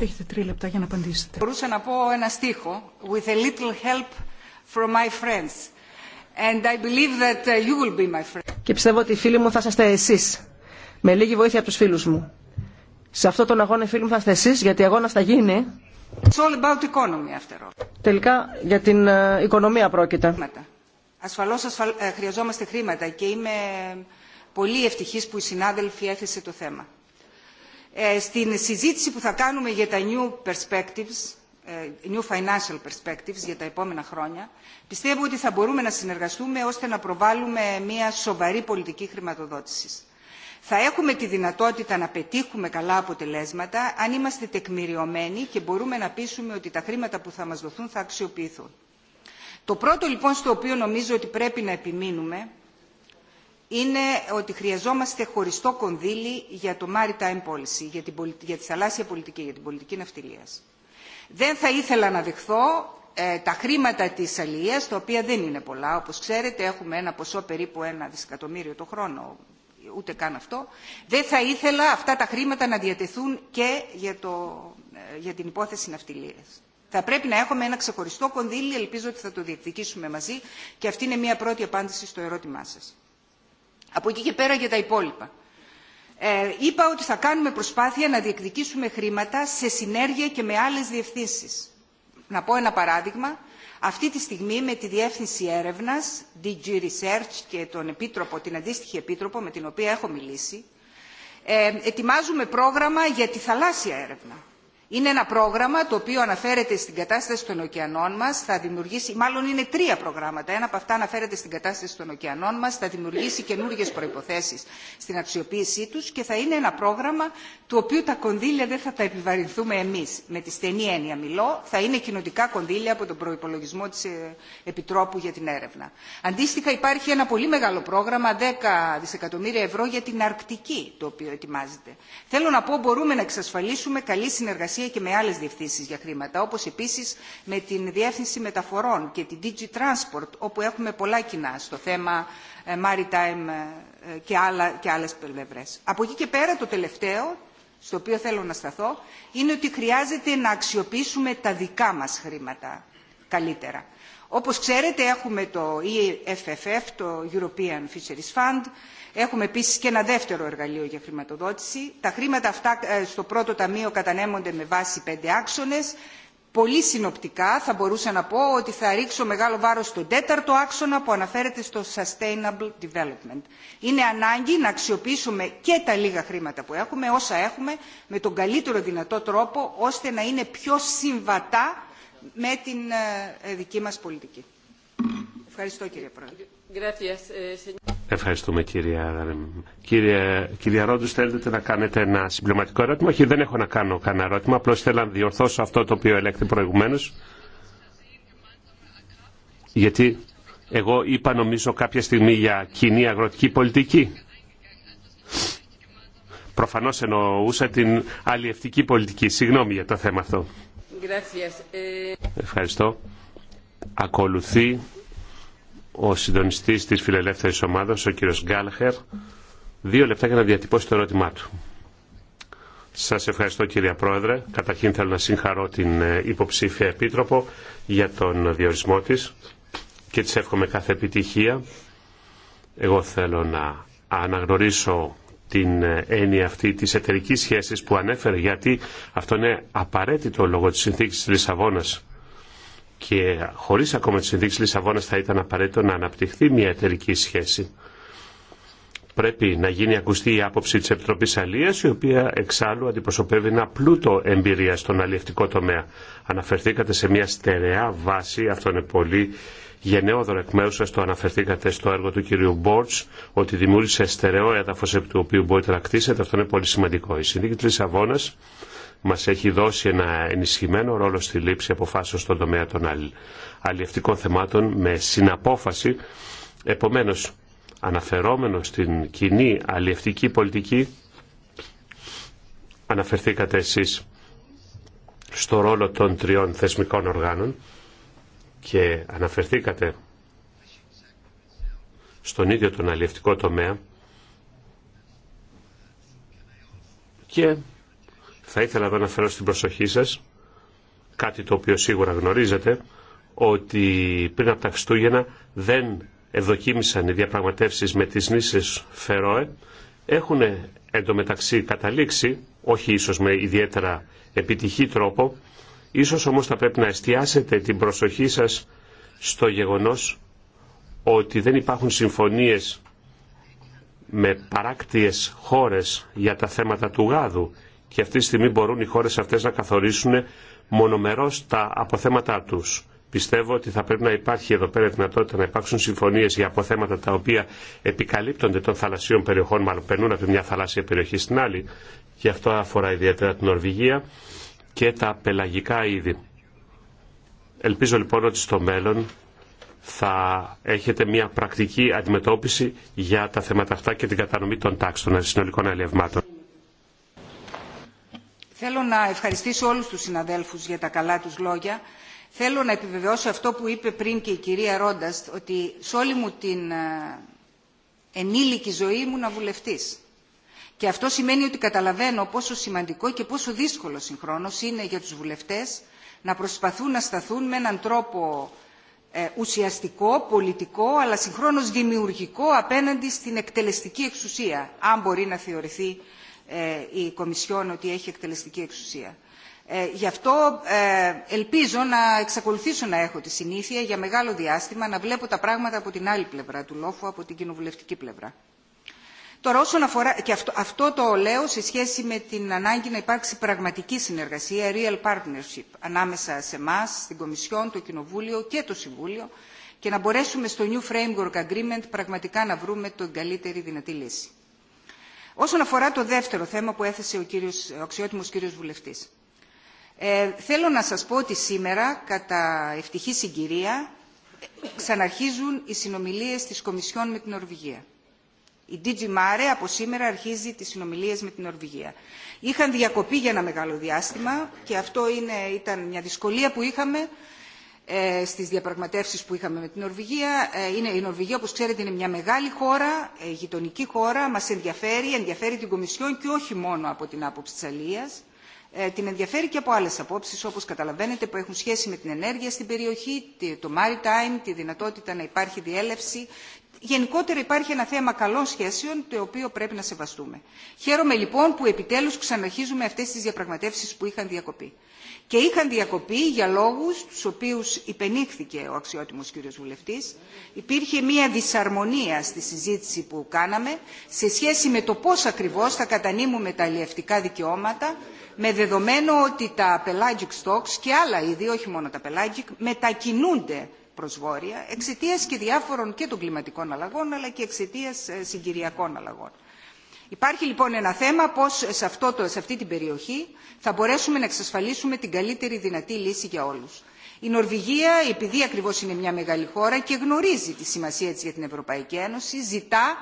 Έχετε τρία λεπτά για να απαντήσετε. Μπορούσα να πω ένα στίχο. With a little help from my friends. And I believe that uh, you will be my friend. Και πιστεύω ότι οι φίλοι μου θα είσαστε εσεί, Με λίγη βοήθεια από τους φίλους μου. Σε αυτόν τον αγώνα φίλοι μου θα είστε εσεί, γιατί αγώνα θα γίνει. It's all about economy, after all. Τελικά για την ε, οικονομία πρόκειται. Ασφαλώς ασφαλ... Ε, χρειαζόμαστε χρήματα και είμαι πολύ ευτυχή που οι συνάδελφοι έθεσε το θέμα. Ε, στην συζήτηση που θα κάνουμε για τα new perspectives ε, financial perspectives για τα επόμενα χρόνια, πιστεύω ότι θα μπορούμε να συνεργαστούμε ώστε να προβάλλουμε μια σοβαρή πολιτική χρηματοδότησης. Θα έχουμε τη δυνατότητα να πετύχουμε καλά αποτελέσματα αν είμαστε τεκμηριωμένοι και μπορούμε να πείσουμε ότι τα χρήματα που θα μας δοθούν θα αξιοποιηθούν. Το πρώτο λοιπόν στο οποίο νομίζω ότι πρέπει να επιμείνουμε είναι ότι χρειαζόμαστε χωριστό κονδύλι για το maritime policy, για, την, για τη θαλάσσια πολιτική, για την πολιτική ναυτιλίας. Δεν θα ήθελα να δεχθώ ε, τα χρήματα της αλληλείας, τα οποία δεν είναι πολλά. Όπως ξέρετε έχουμε ένα ποσό περίπου ένα δισεκατομμύριο το χρόνο, ούτε καν αυτό. Δεν θα ήθελα αυτά τα χρήματα να διατεθούν και για, το, ε, για την υπόθεση ναυτιλίας. Θα πρέπει να έχουμε ένα ξεχωριστό κονδύλι, ελπίζω ότι θα το διεκδικήσουμε μαζί και αυτή είναι μια πρώτη απάντηση στο ερώτημά σας. Από εκεί και πέρα για τα υπόλοιπα. Ε, είπα ότι θα κάνουμε προσπάθεια να διεκδικήσουμε χρήματα σε συνέργεια και με άλλες διευθύνσεις. Να πω ένα παράδειγμα. Αυτή τη στιγμή με τη Διεύθυνση Έρευνας, DG Research και τον Επίτροπο, την αντίστοιχη Επίτροπο με την οποία έχω μιλήσει, ε, ετοιμάζουμε πρόγραμμα για τη θαλάσσια έρευνα είναι ένα πρόγραμμα το οποίο αναφέρεται στην κατάσταση των ωκεανών μα, θα δημιουργήσει, μάλλον είναι τρία προγράμματα. Ένα από αυτά αναφέρεται στην κατάσταση των ωκεανών μα, θα δημιουργήσει καινούργιε προποθέσει στην αξιοποίησή του και θα είναι ένα πρόγραμμα του οποίου τα κονδύλια δεν θα τα επιβαρυνθούμε εμεί, Με τη στενή έννοια μιλώ, θα είναι κοινοτικά κονδύλια από τον προπολογισμό τη ε, Επιτρόπου για την έρευνα. Αντίστοιχα υπάρχει ένα πολύ μεγάλο πρόγραμμα, 10 δισεκατομμύρια ευρώ για την Αρκτική, το οποίο ετοιμάζεται. Θέλω να πω μπορούμε να εξασφαλίσουμε καλή συνεργασία και με άλλε διευθύνσεις για χρήματα, όπως επίσης με την Διεύθυνση Μεταφορών και την DG Transport, όπου έχουμε πολλά κοινά στο θέμα ε, maritime ε, και, άλλε και άλλες Από εκεί και πέρα το τελευταίο, στο οποίο θέλω να σταθώ, είναι ότι χρειάζεται να αξιοποιήσουμε τα δικά μας χρήματα καλύτερα. Όπως ξέρετε έχουμε το EFFF, το European Fisheries Fund, έχουμε επίσης και ένα δεύτερο εργαλείο για χρηματοδότηση. Τα χρήματα αυτά ε, στο πρώτο ταμείο κατανέμονται με βάση πέντε άξονες. Πολύ συνοπτικά θα μπορούσα να πω ότι θα ρίξω μεγάλο βάρος στον τέταρτο άξονα που αναφέρεται στο Sustainable Development. Είναι ανάγκη να αξιοποιήσουμε και τα λίγα χρήματα που έχουμε, όσα έχουμε, με τον καλύτερο δυνατό τρόπο, ώστε να είναι πιο συμβατά με την ε, δική μας πολιτική. Ευχαριστώ κύριε Πρόεδρε. Eh, Ευχαριστούμε κυρία Κύριε, κύριε Ρόντους, θέλετε να κάνετε ένα συμπληρωματικό ερώτημα. Όχι, δεν έχω να κάνω κανένα ερώτημα. Απλώς θέλω να διορθώσω αυτό το οποίο ελέγχθη προηγουμένως. Γιατί εγώ είπα νομίζω κάποια στιγμή για κοινή αγροτική πολιτική. Προφανώς εννοούσα την αλλιευτική πολιτική. Συγγνώμη για το θέμα αυτό. Eh, ευχαριστώ. Ακολουθεί ο συντονιστής της φιλελεύθερης ομάδας, ο κύριος Γκάλχερ, δύο λεπτά για να διατυπώσει το ερώτημά του. Σας ευχαριστώ κύριε Πρόεδρε. Καταρχήν θέλω να συγχαρώ την ε, υποψήφια Επίτροπο για τον διορισμό της και της εύχομαι κάθε επιτυχία. Εγώ θέλω να αναγνωρίσω την ε, έννοια αυτή της εταιρικής σχέσης που ανέφερε γιατί αυτό είναι απαραίτητο λόγω της συνθήκης της Λισαβόνας και χωρίς ακόμα τη συνθήκη Λισαβόνας θα ήταν απαραίτητο να αναπτυχθεί μια εταιρική σχέση. Πρέπει να γίνει ακουστή η άποψη της Επιτροπής Αλίας, η οποία εξάλλου αντιπροσωπεύει ένα πλούτο εμπειρία στον αλληλευτικό τομέα. Αναφερθήκατε σε μια στερεά βάση, αυτό είναι πολύ γενναιόδωρο εκ μέρου σα το αναφερθήκατε στο έργο του κυρίου Μπόρτ, ότι δημιούργησε στερεό έδαφο επί του οποίου μπορείτε να κτίσετε. Αυτό είναι πολύ σημαντικό. Η συνθήκη τη Λισαβόνα μα έχει δώσει ένα ενισχυμένο ρόλο στη λήψη αποφάσεων στον τομέα των αλλιευτικών θεμάτων με συναπόφαση. Επομένω, αναφερόμενο στην κοινή αλλιευτική πολιτική, αναφερθήκατε εσεί στο ρόλο των τριών θεσμικών οργάνων και αναφερθήκατε στον ίδιο τον αλληλευτικό τομέα και θα ήθελα εδώ να φέρω στην προσοχή σας κάτι το οποίο σίγουρα γνωρίζετε ότι πριν από τα Χριστούγεννα δεν ευδοκίμησαν οι διαπραγματεύσεις με τις νήσεις Φερόε έχουν εντωμεταξύ καταλήξει όχι ίσως με ιδιαίτερα επιτυχή τρόπο Ίσως όμως θα πρέπει να εστιάσετε την προσοχή σας στο γεγονός ότι δεν υπάρχουν συμφωνίες με παράκτιες χώρες για τα θέματα του γάδου και αυτή τη στιγμή μπορούν οι χώρες αυτές να καθορίσουν μονομερώς τα αποθέματά τους. Πιστεύω ότι θα πρέπει να υπάρχει εδώ πέρα δυνατότητα να υπάρξουν συμφωνίε για αποθέματα τα οποία επικαλύπτονται των θαλασσίων περιοχών, μάλλον περνούν από μια θαλάσσια περιοχή στην άλλη. Και αυτό αφορά ιδιαίτερα την Νορβηγία και τα πελαγικά είδη. Ελπίζω λοιπόν ότι στο μέλλον θα έχετε μια πρακτική αντιμετώπιση για τα θέματα αυτά και την κατανομή των τάξεων των ε, συνολικών αλλιευμάτων. Θέλω να ευχαριστήσω όλους τους συναδέλφους για τα καλά τους λόγια. Θέλω να επιβεβαιώσω αυτό που είπε πριν και η κυρία Ρόντας, ότι σε όλη μου την ε, ενήλικη ζωή ήμουν βουλευτής. Και αυτό σημαίνει ότι καταλαβαίνω πόσο σημαντικό και πόσο δύσκολο συγχρόνως είναι για τους βουλευτές να προσπαθούν να σταθούν με έναν τρόπο ε, ουσιαστικό, πολιτικό, αλλά συγχρόνως δημιουργικό απέναντι στην εκτελεστική εξουσία, αν μπορεί να θεωρηθεί ε, η Κομισιόν ότι έχει εκτελεστική εξουσία. Ε, γι' αυτό ελπίζω να εξακολουθήσω να έχω τη συνήθεια για μεγάλο διάστημα να βλέπω τα πράγματα από την άλλη πλευρά του λόφου, από την κοινοβουλευτική πλευρά. Τώρα όσον αφορά και αυτό, το λέω σε σχέση με την ανάγκη να υπάρξει πραγματική συνεργασία, real partnership, ανάμεσα σε εμά, στην Κομισιόν, το Κοινοβούλιο και το Συμβούλιο και να μπορέσουμε στο New Framework Agreement πραγματικά να βρούμε τον καλύτερη δυνατή λύση. Όσον αφορά το δεύτερο θέμα που έθεσε ο, κύριος, ο αξιότιμος κύριος βουλευτής, ε, θέλω να σας πω ότι σήμερα, κατά ευτυχή συγκυρία, ξαναρχίζουν οι συνομιλίες της Κομισιόν με την Ορβηγία. Η DG Mare από σήμερα αρχίζει τις συνομιλίες με την Νορβηγία. Είχαν διακοπεί για ένα μεγάλο διάστημα και αυτό είναι, ήταν μια δυσκολία που είχαμε ε, στις διαπραγματεύσεις που είχαμε με την Νορβηγία. Ε, είναι, η Νορβηγία, όπως ξέρετε, είναι μια μεγάλη χώρα, ε, γειτονική χώρα, μας ενδιαφέρει, ενδιαφέρει την Κομισιόν και όχι μόνο από την άποψη της Αλίας. Ε, την ενδιαφέρει και από άλλες απόψεις, όπως καταλαβαίνετε, που έχουν σχέση με την ενέργεια στην περιοχή, το maritime, τη δυνατότητα να υπάρχει διέλευση γενικότερα υπάρχει ένα θέμα καλών σχέσεων το οποίο πρέπει να σεβαστούμε. Χαίρομαι λοιπόν που επιτέλους ξαναρχίζουμε αυτές τις διαπραγματεύσεις που είχαν διακοπεί. Και είχαν διακοπεί για λόγους του οποίους υπενήχθηκε ο αξιότιμος κύριος Βουλευτής. Υπήρχε μία δυσαρμονία στη συζήτηση που κάναμε σε σχέση με το πώς ακριβώς θα κατανείμουμε τα αλλιευτικά δικαιώματα με δεδομένο ότι τα pelagic stocks και άλλα είδη, όχι μόνο τα pelagic, μετακινούνται προς βόρεια και διάφορων και των κλιματικών αλλαγών αλλά και εξαιτία ε, συγκυριακών αλλαγών. Υπάρχει λοιπόν ένα θέμα πώς ε, σε, αυτή την περιοχή θα μπορέσουμε να εξασφαλίσουμε την καλύτερη δυνατή λύση για όλους. Η Νορβηγία, επειδή ακριβώς είναι μια μεγάλη χώρα και γνωρίζει τη σημασία της για την Ευρωπαϊκή Ένωση, ζητά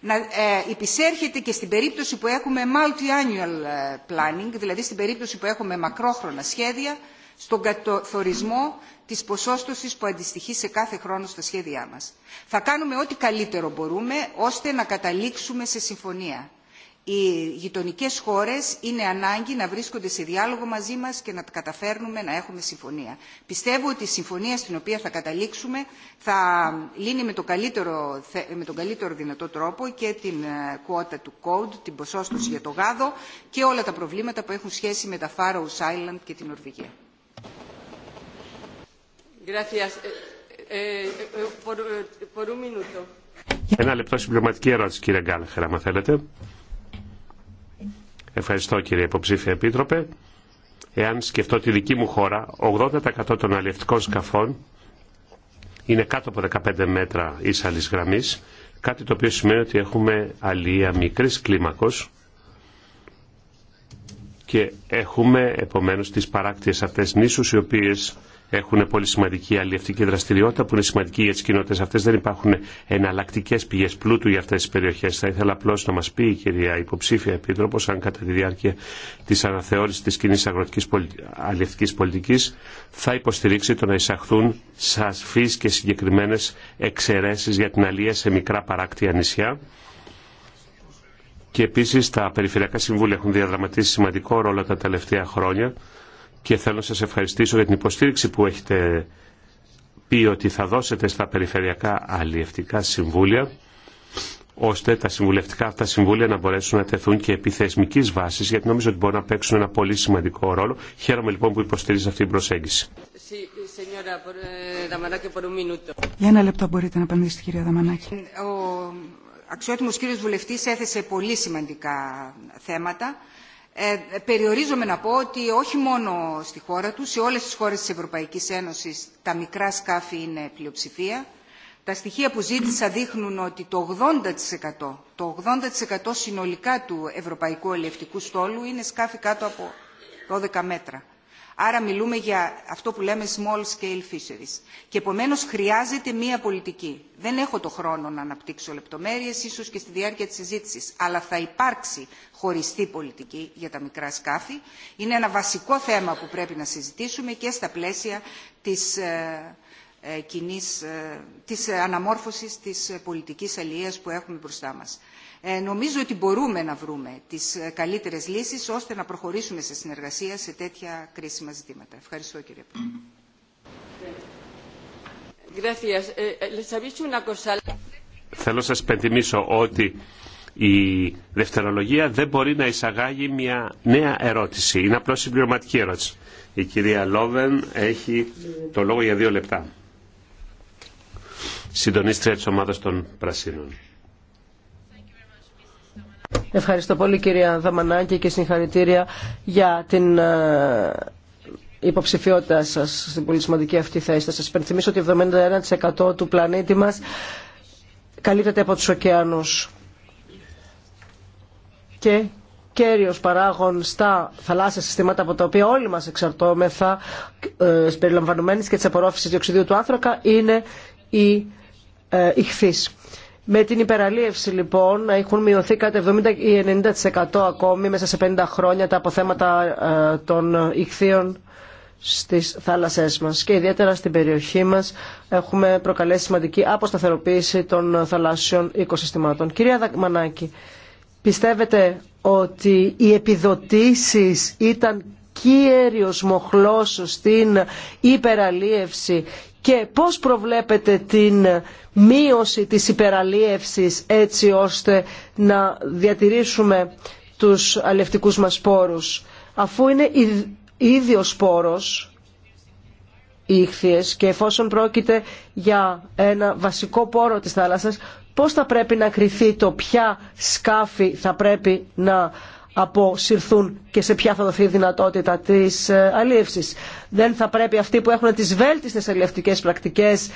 να ε, υπησέρχεται και στην περίπτωση που έχουμε multi-annual planning, δηλαδή στην περίπτωση που έχουμε μακρόχρονα σχέδια, στον καθορισμό της ποσόστοσης που αντιστοιχεί σε κάθε χρόνο στα σχέδιά μας. Θα κάνουμε ό,τι καλύτερο μπορούμε ώστε να καταλήξουμε σε συμφωνία. Οι γειτονικέ χώρες είναι ανάγκη να βρίσκονται σε διάλογο μαζί μας και να καταφέρνουμε να έχουμε συμφωνία. Πιστεύω ότι η συμφωνία στην οποία θα καταλήξουμε θα λύνει με, το καλύτερο, με τον καλύτερο δυνατό τρόπο και την quota ε, του code, την ποσόστοση για το γάδο και όλα τα προβλήματα που έχουν σχέση με τα Faroe Island και την Ορβηγία. Eh, eh, eh, Ένα λεπτό συμπληρωματική ερώτηση, κύριε Γκάλεχερ, θέλετε. Ευχαριστώ, κύριε υποψήφια επίτροπε. Εάν σκεφτώ τη δική μου χώρα, 80% των αλλιευτικών σκαφών είναι κάτω από 15 μέτρα ίσαλης γραμμής, κάτι το οποίο σημαίνει ότι έχουμε αλληλεία μικρής κλίμακος και έχουμε επομένως τις παράκτιες αυτές νήσους οι οποίες έχουν πολύ σημαντική αλληλευτική δραστηριότητα που είναι σημαντική για τι κοινότητε αυτέ. Δεν υπάρχουν εναλλακτικέ πηγέ πλούτου για αυτέ τι περιοχέ. Θα ήθελα απλώ να μα πει η κυρία υποψήφια επίτροπο αν κατά τη διάρκεια τη αναθεώρηση τη κοινή αγροτική αλληλευτική πολιτική θα υποστηρίξει το να εισαχθούν σαφεί και συγκεκριμένε εξαιρέσει για την αλληλεία σε μικρά παράκτια νησιά. Και επίση τα περιφερειακά συμβούλια έχουν διαδραματίσει σημαντικό ρόλο τα τελευταία χρόνια και θέλω να σας ευχαριστήσω για την υποστήριξη που έχετε πει ότι θα δώσετε στα περιφερειακά αλλιευτικά συμβούλια ώστε τα συμβουλευτικά αυτά συμβούλια να μπορέσουν να τεθούν και επιθεσμική βάση, γιατί νομίζω ότι μπορούν να παίξουν ένα πολύ σημαντικό ρόλο. Χαίρομαι λοιπόν που υποστηρίζει αυτή την προσέγγιση. Eh, για ένα λεπτό μπορείτε να απαντήσετε, κυρία Δαμανάκη. Ο αξιότιμο κύριο Βουλευτή έθεσε πολύ σημαντικά θέματα. Ε, περιορίζομαι να πω ότι όχι μόνο στη χώρα του, σε όλες τις χώρες της Ευρωπαϊκής Ένωσης τα μικρά σκάφη είναι πλειοψηφία. Τα στοιχεία που ζήτησα δείχνουν ότι το 80%, το 80% συνολικά του ευρωπαϊκού ελευτικού στόλου είναι σκάφη κάτω από 12 μέτρα. Άρα μιλούμε για αυτό που λέμε small scale fisheries. Και επομένως χρειάζεται μία πολιτική. Δεν έχω το χρόνο να αναπτύξω λεπτομέρειες, ίσως και στη διάρκεια της συζήτησης, αλλά θα υπάρξει χωριστή πολιτική για τα μικρά σκάφη. Είναι ένα βασικό θέμα που πρέπει να συζητήσουμε και στα πλαίσια της, ε, ε, ε της αναμόρφωσης της πολιτικής αλληλείας που έχουμε μπροστά μας. Ε, νομίζω ότι μπορούμε να βρούμε τις ε, καλύτερες λύσεις ώστε να προχωρήσουμε σε συνεργασία σε τέτοια κρίσιμα ζητήματα. Ευχαριστώ κύριε Πρόεδρε. Ε, Θέλω να σας πενθυμίσω ότι η δευτερολογία δεν μπορεί να εισαγάγει μια νέα ερώτηση. Είναι απλώς συμπληρωματική ερώτηση. Η κυρία Λόβεν έχει το λόγο για δύο λεπτά. Συντονίστρια της ομάδας των Πρασίνων. Ευχαριστώ πολύ κυρία Δαμανάκη και συγχαρητήρια για την ε, υποψηφιότητά σας στην πολύ σημαντική αυτή θέση. Θα σας υπενθυμίσω ότι 71% του πλανήτη μας καλύπτεται από τους ωκεανούς. Και κέριος παράγων στα θαλάσσια συστήματα από τα οποία όλοι μας εξαρτώμεθα, ε, περιλαμβανομένης και της απορρόφησης διοξιδίου του άνθρακα, είναι η ε, με την υπεραλίευση λοιπόν έχουν μειωθεί κατά 70 ή 90% ακόμη μέσα σε 50 χρόνια τα αποθέματα ε, των ηχθείων στις θάλασσές μας και ιδιαίτερα στην περιοχή μας έχουμε προκαλέσει σημαντική αποσταθεροποίηση των θαλάσσιων οικοσυστημάτων. Κυρία Δακμανάκη, πιστεύετε ότι οι επιδοτήσεις ήταν κύριος μοχλός στην υπεραλίευση και πώς προβλέπετε την μείωση της υπεραλίευσης έτσι ώστε να διατηρήσουμε τους αλευτικούς μας πόρους αφού είναι ίδιος σπόρος οι ήχθιες και εφόσον πρόκειται για ένα βασικό πόρο της θάλασσας πώς θα πρέπει να κριθεί το ποια σκάφη θα πρέπει να αποσυρθούν και σε ποια θα δοθεί η δυνατότητα τη ε, αλίευσης. Δεν θα πρέπει αυτοί που έχουν τις βέλτιστες αλλιευτικές πρακτικές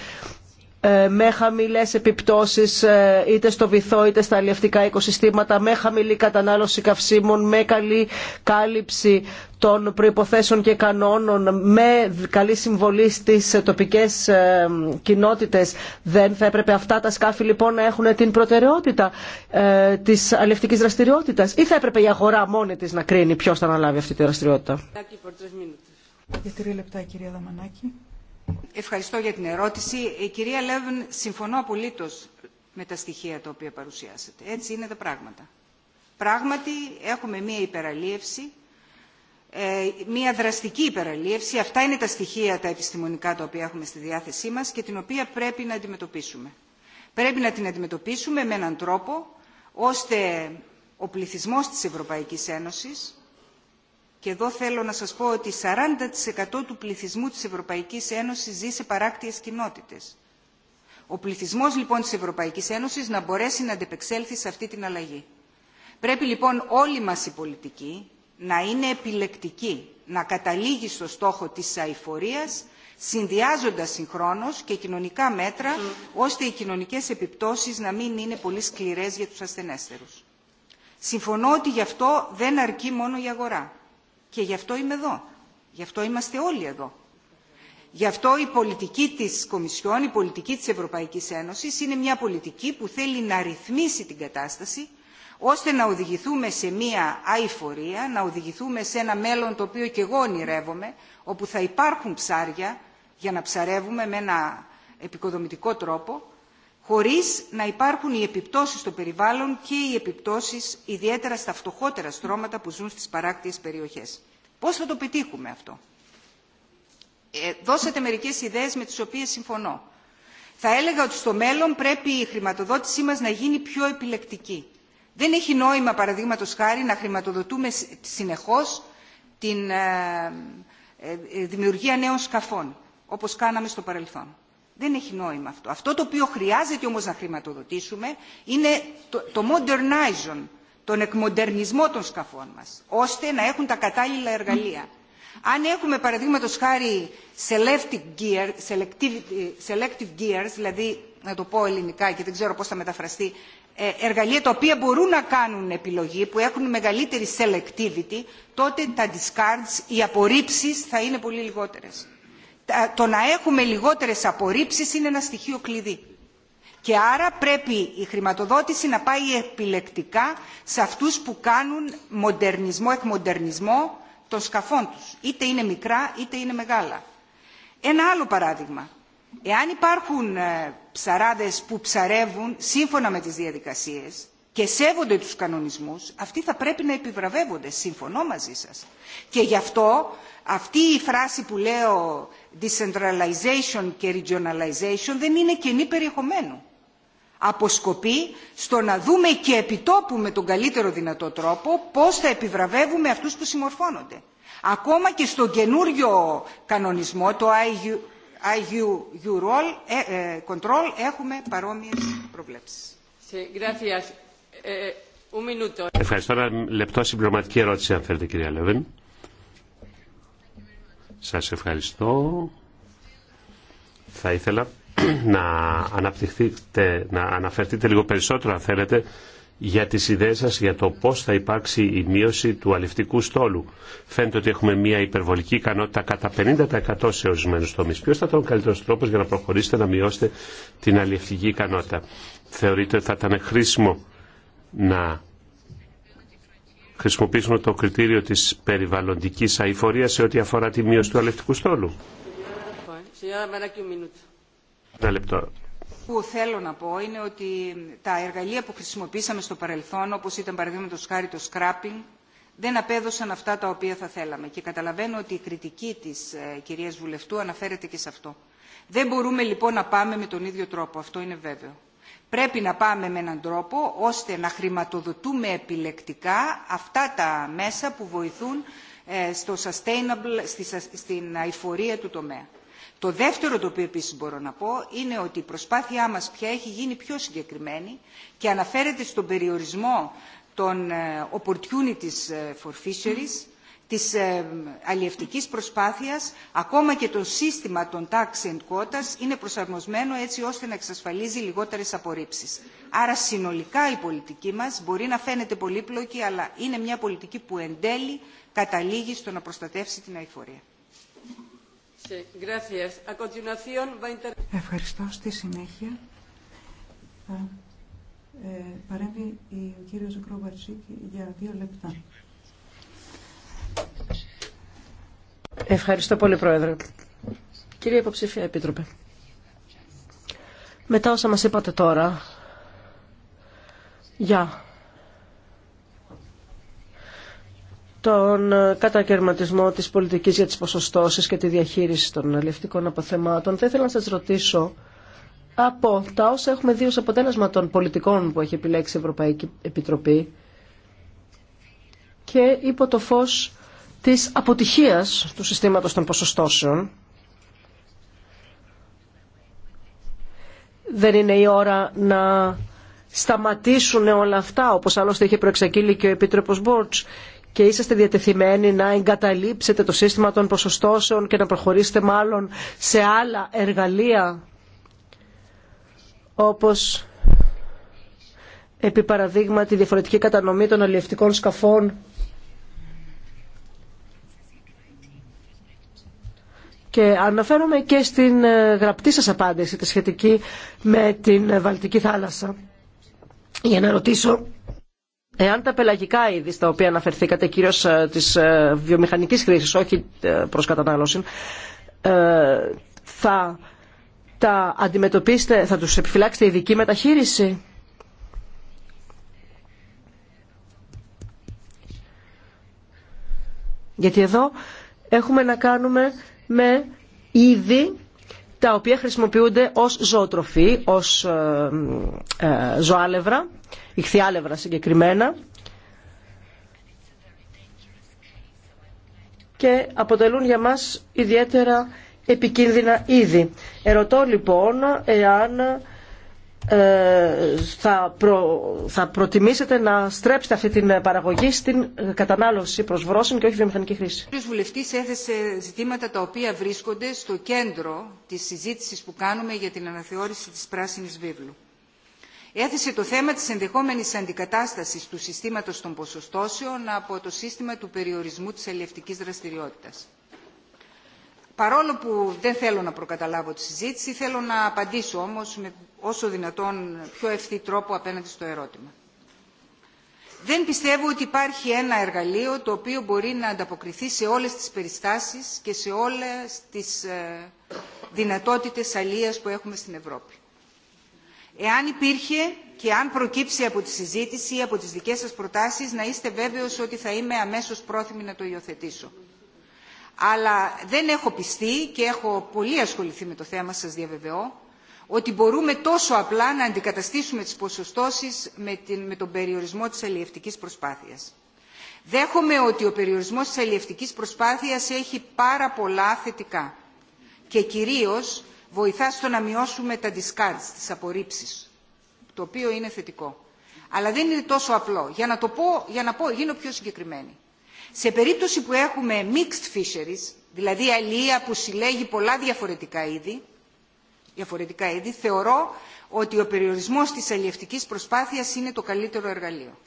ε, με χαμηλέ επιπτώσει, ε, είτε στο βυθό είτε στα αλλιευτικά οικοσυστήματα, με χαμηλή κατανάλωση καυσίμων, με καλή κάλυψη των προϋποθέσεων και κανόνων, με καλή συμβολή στις τοπικές ε, κοινότητες. Δεν θα έπρεπε αυτά τα σκάφη λοιπόν να έχουν την προτεραιότητα της αλλιευτικής δραστηριότητας ή θα έπρεπε η αγορά μόνη της να κρίνει ποιος θα αναλάβει αυτή τη δραστηριότητα. λεπτά κυρία Δαμανάκη. Ευχαριστώ για την ερώτηση. Ε, κυρία Λέβεν, συμφωνώ απολύτως με τα στοιχεία τα οποία παρουσιάσατε. Έτσι είναι τα πράγματα. Πράγματι έχουμε μία υπεραλίευση, ε, μία δραστική υπεραλίευση. Αυτά είναι τα στοιχεία τα επιστημονικά τα οποία έχουμε στη διάθεσή μας και την οποία πρέπει να αντιμετωπίσουμε. Πρέπει να την αντιμετωπίσουμε με έναν τρόπο ώστε ο πληθυσμός της Ευρωπαϊκής Ένωσης και εδώ θέλω να σας πω ότι 40% του πληθυσμού της Ευρωπαϊκής Ένωσης ζει σε παράκτιες κοινότητες. Ο πληθυσμός λοιπόν της Ευρωπαϊκής Ένωσης να μπορέσει να αντεπεξέλθει σε αυτή την αλλαγή. Πρέπει λοιπόν όλη μας η πολιτική να είναι επιλεκτική, να καταλήγει στο στόχο της αηφορίας, συνδυάζοντας συγχρόνως και κοινωνικά μέτρα, ώστε οι κοινωνικές επιπτώσεις να μην είναι πολύ σκληρές για τους ασθενέστερους. Συμφωνώ ότι γι' αυτό δεν αρκεί μόνο η αγορά και γι' αυτό είμαι εδώ. Γι' αυτό είμαστε όλοι εδώ. Γι' αυτό η πολιτική της Κομισιόν, η πολιτική της Ευρωπαϊκής Ένωσης είναι μια πολιτική που θέλει να ρυθμίσει την κατάσταση ώστε να οδηγηθούμε σε μια αηφορία, να οδηγηθούμε σε ένα μέλλον το οποίο και εγώ ονειρεύομαι, όπου θα υπάρχουν ψάρια για να ψαρεύουμε με ένα επικοδομητικό τρόπο, χωρίς να υπάρχουν οι επιπτώσεις στο περιβάλλον και οι επιπτώσεις ιδιαίτερα στα φτωχότερα στρώματα που ζουν στις παράκτιες περιοχές. Πώς θα το πετύχουμε αυτό. Ε, δώσατε μερικές ιδέες με τις οποίες συμφωνώ. Θα έλεγα ότι στο μέλλον πρέπει η χρηματοδότησή μας να γίνει πιο επιλεκτική. Δεν έχει νόημα, παραδείγματο χάρη, να χρηματοδοτούμε συνεχώς την ε, ε, δημιουργία νέων σκαφών, όπως κάναμε στο παρελθόν. Δεν έχει νόημα αυτό. Αυτό το οποίο χρειάζεται όμως να χρηματοδοτήσουμε είναι το, το modernization, τον εκμοντερνισμό των σκαφών μας, ώστε να έχουν τα κατάλληλα εργαλεία. Αν έχουμε παραδείγματος χάρη selective, gears, δηλαδή να το πω ελληνικά και δεν ξέρω πώς θα μεταφραστεί, ε, εργαλεία τα οποία μπορούν να κάνουν επιλογή, που έχουν μεγαλύτερη selectivity, τότε τα discards, οι απορρίψεις θα είναι πολύ λιγότερες το να έχουμε λιγότερες απορρίψεις είναι ένα στοιχείο κλειδί. Και άρα πρέπει η χρηματοδότηση να πάει επιλεκτικά σε αυτούς που κάνουν μοντερνισμό, εκμοντερνισμό των σκαφών τους. Είτε είναι μικρά είτε είναι μεγάλα. Ένα άλλο παράδειγμα. Εάν υπάρχουν ε, ψαράδες που ψαρεύουν σύμφωνα με τις διαδικασίες και σέβονται τους κανονισμούς, αυτοί θα πρέπει να επιβραβεύονται. Συμφωνώ μαζί σας. Και γι' αυτό αυτή η φράση που λέω decentralization και regionalization δεν είναι κενή περιεχομένου. Αποσκοπεί στο να δούμε και επιτόπου με τον καλύτερο δυνατό τρόπο πώς θα επιβραβεύουμε αυτούς που συμμορφώνονται. Ακόμα και στον καινούριο κανονισμό, το IU, ε, ε, Control, έχουμε παρόμοιες προβλέψεις. Ε, Ευχαριστώ. Ένα λεπτό συμπληρωματική ερώτηση, αν θέλετε, κυρία Λεβέν. Σας ευχαριστώ. Θα ήθελα [CLEARS THROAT] να, να αναφερθείτε λίγο περισσότερο αν θέλετε για τις ιδέες σας για το πώς θα υπάρξει η μείωση του αληφτικού στόλου. Φαίνεται ότι έχουμε μια υπερβολική ικανότητα κατά 50% σε ορισμένους τομείς. Ποιος θα ήταν ο καλύτερος τρόπος για να προχωρήσετε να μειώσετε την αληφτική ικανότητα. Θεωρείτε ότι θα ήταν χρήσιμο να χρησιμοποιήσουμε το κριτήριο της περιβαλλοντικής αηφορίας σε ό,τι αφορά τη μείωση του αλευτικού στόλου. Ένα λεπτό. Που θέλω να πω είναι ότι τα εργαλεία που χρησιμοποίησαμε στο παρελθόν, όπως ήταν παραδείγματο χάρη το scrapping, δεν απέδωσαν αυτά τα οποία θα θέλαμε. Και καταλαβαίνω ότι η κριτική της ε, κυρίας Βουλευτού αναφέρεται και σε αυτό. Δεν μπορούμε λοιπόν να πάμε με τον ίδιο τρόπο, αυτό είναι βέβαιο πρέπει να πάμε με έναν τρόπο ώστε να χρηματοδοτούμε επιλεκτικά αυτά τα μέσα που βοηθούν ε, στο sustainable, στην αηφορία του τομέα. Το δεύτερο το οποίο επίσης μπορώ να πω είναι ότι η προσπάθειά μας πια έχει γίνει πιο συγκεκριμένη και αναφέρεται στον περιορισμό των ε, opportunities ε, for fisheries της ε, αλλιευτικής προσπάθειας, ακόμα και το σύστημα των tax and quotas είναι προσαρμοσμένο έτσι ώστε να εξασφαλίζει λιγότερες απορρίψεις. Άρα συνολικά η πολιτική μας μπορεί να φαίνεται πολύπλοκη, αλλά είναι μια πολιτική που εν τέλει καταλήγει στο να προστατεύσει την αηφορία. Ευχαριστώ. Στη συνέχεια ε, ε, παρέμβει ο κύριος Ζουκρόβαρτσίκη για δύο λεπτά. Ευχαριστώ πολύ, Πρόεδρε. Κύριε Υποψήφια Επίτροπε, μετά όσα μας είπατε τώρα, για τον κατακαιρματισμό της πολιτικής για τις ποσοστώσεις και τη διαχείριση των αλληλευτικών αποθεμάτων, θα ήθελα να σας ρωτήσω από τα όσα έχουμε δει ως αποτέλεσμα των πολιτικών που έχει επιλέξει η Ευρωπαϊκή Επιτροπή και υπό το φως της αποτυχίας του συστήματος των ποσοστώσεων. Δεν είναι η ώρα να σταματήσουν όλα αυτά, όπως άλλωστε είχε προεξαγγείλει και ο Επίτροπος Μπόρτς, και είσαστε διατεθειμένοι να εγκαταλείψετε το σύστημα των ποσοστώσεων και να προχωρήσετε μάλλον σε άλλα εργαλεία, όπως επί παραδείγμα τη διαφορετική κατανομή των αλλιευτικών σκαφών Και αναφέρομαι και στην ε, γραπτή σας απάντηση, τη σχετική με την ε, Βαλτική θάλασσα, για να ρωτήσω εάν τα πελαγικά είδη, στα οποία αναφερθήκατε κυρίως ε, της βιομηχανικής χρήσης, όχι προς κατανάλωση, θα τα αντιμετωπίσετε, θα τους επιφυλάξετε ειδική μεταχείριση. Γιατί εδώ έχουμε να κάνουμε με είδη τα οποία χρησιμοποιούνται ως ζωοτροφή, ως ε, ε, ζωάλευρα, ηχθιάλευρα συγκεκριμένα και αποτελούν για μας ιδιαίτερα επικίνδυνα είδη. Ερωτώ λοιπόν εάν ε, θα, θα προτιμήσετε να στρέψετε αυτή την παραγωγή στην κατανάλωση προσβρόσεων και όχι βιομηχανική χρήση. Ο βουλευτή έθεσε ζητήματα τα οποία βρίσκονται στο κέντρο της συζήτησης που κάνουμε για την αναθεώρηση της πράσινης βίβλου. Έθεσε το θέμα της ενδεχόμενης αντικατάστασης του συστήματος των ποσοστώσεων από το σύστημα του περιορισμού της αλληλευτικής δραστηριότητας Παρόλο που δεν θέλω να προκαταλάβω τη συζήτηση, θέλω να απαντήσω όμως με όσο δυνατόν πιο ευθύ τρόπο απέναντι στο ερώτημα. Δεν πιστεύω ότι υπάρχει ένα εργαλείο το οποίο μπορεί να ανταποκριθεί σε όλες τις περιστάσεις και σε όλες τις ε, δυνατότητες αλίας που έχουμε στην Ευρώπη. Εάν υπήρχε και αν προκύψει από τη συζήτηση ή από τις δικές σας προτάσεις, να είστε βέβαιος ότι θα είμαι αμέσως πρόθυμη να το υιοθετήσω αλλά δεν έχω πιστεί και έχω πολύ ασχοληθεί με το θέμα, σας διαβεβαιώ, ότι μπορούμε τόσο απλά να αντικαταστήσουμε τις ποσοστώσεις με, τον περιορισμό της αλλιευτικής προσπάθειας. Δέχομαι ότι ο περιορισμός της αλλιευτικής προσπάθειας έχει πάρα πολλά θετικά και κυρίως βοηθά στο να μειώσουμε τα discards, τις απορρίψεις, το οποίο είναι θετικό. Αλλά δεν είναι τόσο απλό. Για να, το πω, για να πω, γίνω πιο συγκεκριμένη. Σε περίπτωση που έχουμε mixed fisheries, δηλαδή αλληλεία που συλλέγει πολλά διαφορετικά είδη, διαφορετικά είδη, θεωρώ ότι ο περιορισμός της αλληλευτικής προσπάθειας είναι το καλύτερο εργαλείο.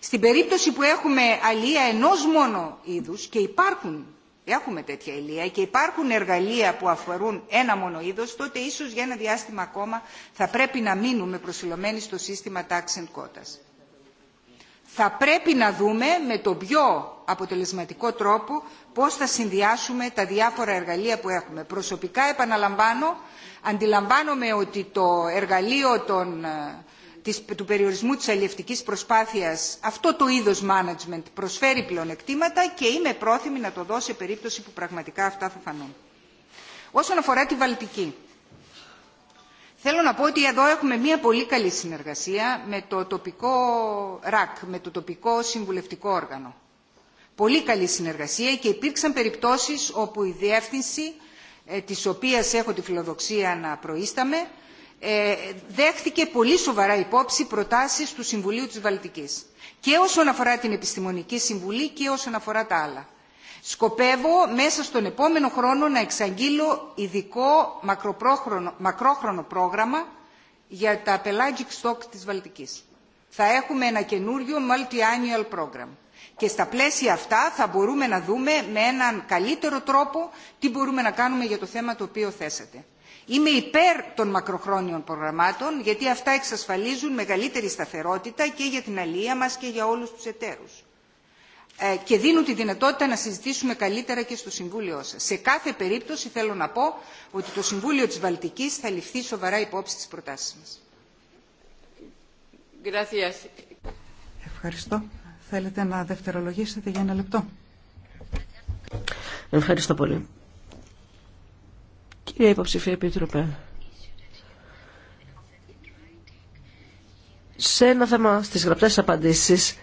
Στην περίπτωση που έχουμε αλληλεία ενός μόνο είδους και υπάρχουν, έχουμε τέτοια αλίεια, και υπάρχουν εργαλεία που αφορούν ένα μόνο είδος, τότε ίσως για ένα διάστημα ακόμα θα πρέπει να μείνουμε προσιλωμένοι στο σύστημα tax and quotas θα πρέπει να δούμε με τον πιο αποτελεσματικό τρόπο πώς θα συνδυάσουμε τα διάφορα εργαλεία που έχουμε. Προσωπικά επαναλαμβάνω, αντιλαμβάνομαι ότι το εργαλείο των, ε, του περιορισμού της αλληλευτικής προσπάθειας, αυτό το είδος management προσφέρει πλεονεκτήματα και είμαι πρόθυμη να το δώσω σε περίπτωση που πραγματικά αυτά θα φανούν. Όσον αφορά τη Βαλτική, Θέλω να πω ότι εδώ έχουμε μια πολύ καλή συνεργασία με το τοπικό ΡΑΚ, με το τοπικό συμβουλευτικό όργανο. Πολύ καλή συνεργασία και υπήρξαν περιπτώσεις όπου η διεύθυνση, ε, της οποίας έχω τη φιλοδοξία να προείσταμαι, ε, δέχθηκε πολύ σοβαρά υπόψη προτάσεις του Συμβουλίου της Βαλτικής. Και όσον αφορά την επιστημονική συμβουλή και όσον αφορά τα άλλα. Σκοπεύω μέσα στον επόμενο χρόνο να εξαγγείλω ειδικό μακρόχρονο πρόγραμμα για τα pelagic stocks της Βαλτικής. Θα έχουμε ένα καινούριο multi-annual program. Και στα πλαίσια αυτά θα μπορούμε να δούμε με έναν καλύτερο τρόπο τι μπορούμε να κάνουμε για το θέμα το οποίο θέσατε. Είμαι υπέρ των μακροχρόνιων προγραμμάτων γιατί αυτά εξασφαλίζουν μεγαλύτερη σταθερότητα και για την αλληλεία μας και για όλους τους εταίρους. Ε, και δίνουν τη δυνατότητα να συζητήσουμε καλύτερα και στο Συμβούλιο σας. Σε κάθε περίπτωση θέλω να πω ότι το Συμβούλιο της Βαλτικής θα ληφθεί σοβαρά υπόψη τις προτάσεις μας. Ευχαριστώ. Θέλετε να δευτερολογήσετε για ένα λεπτό. Ευχαριστώ πολύ. Κύριε Υποψηφία Επίτροπε, σε ένα θέμα στις γραπτές απαντήσεις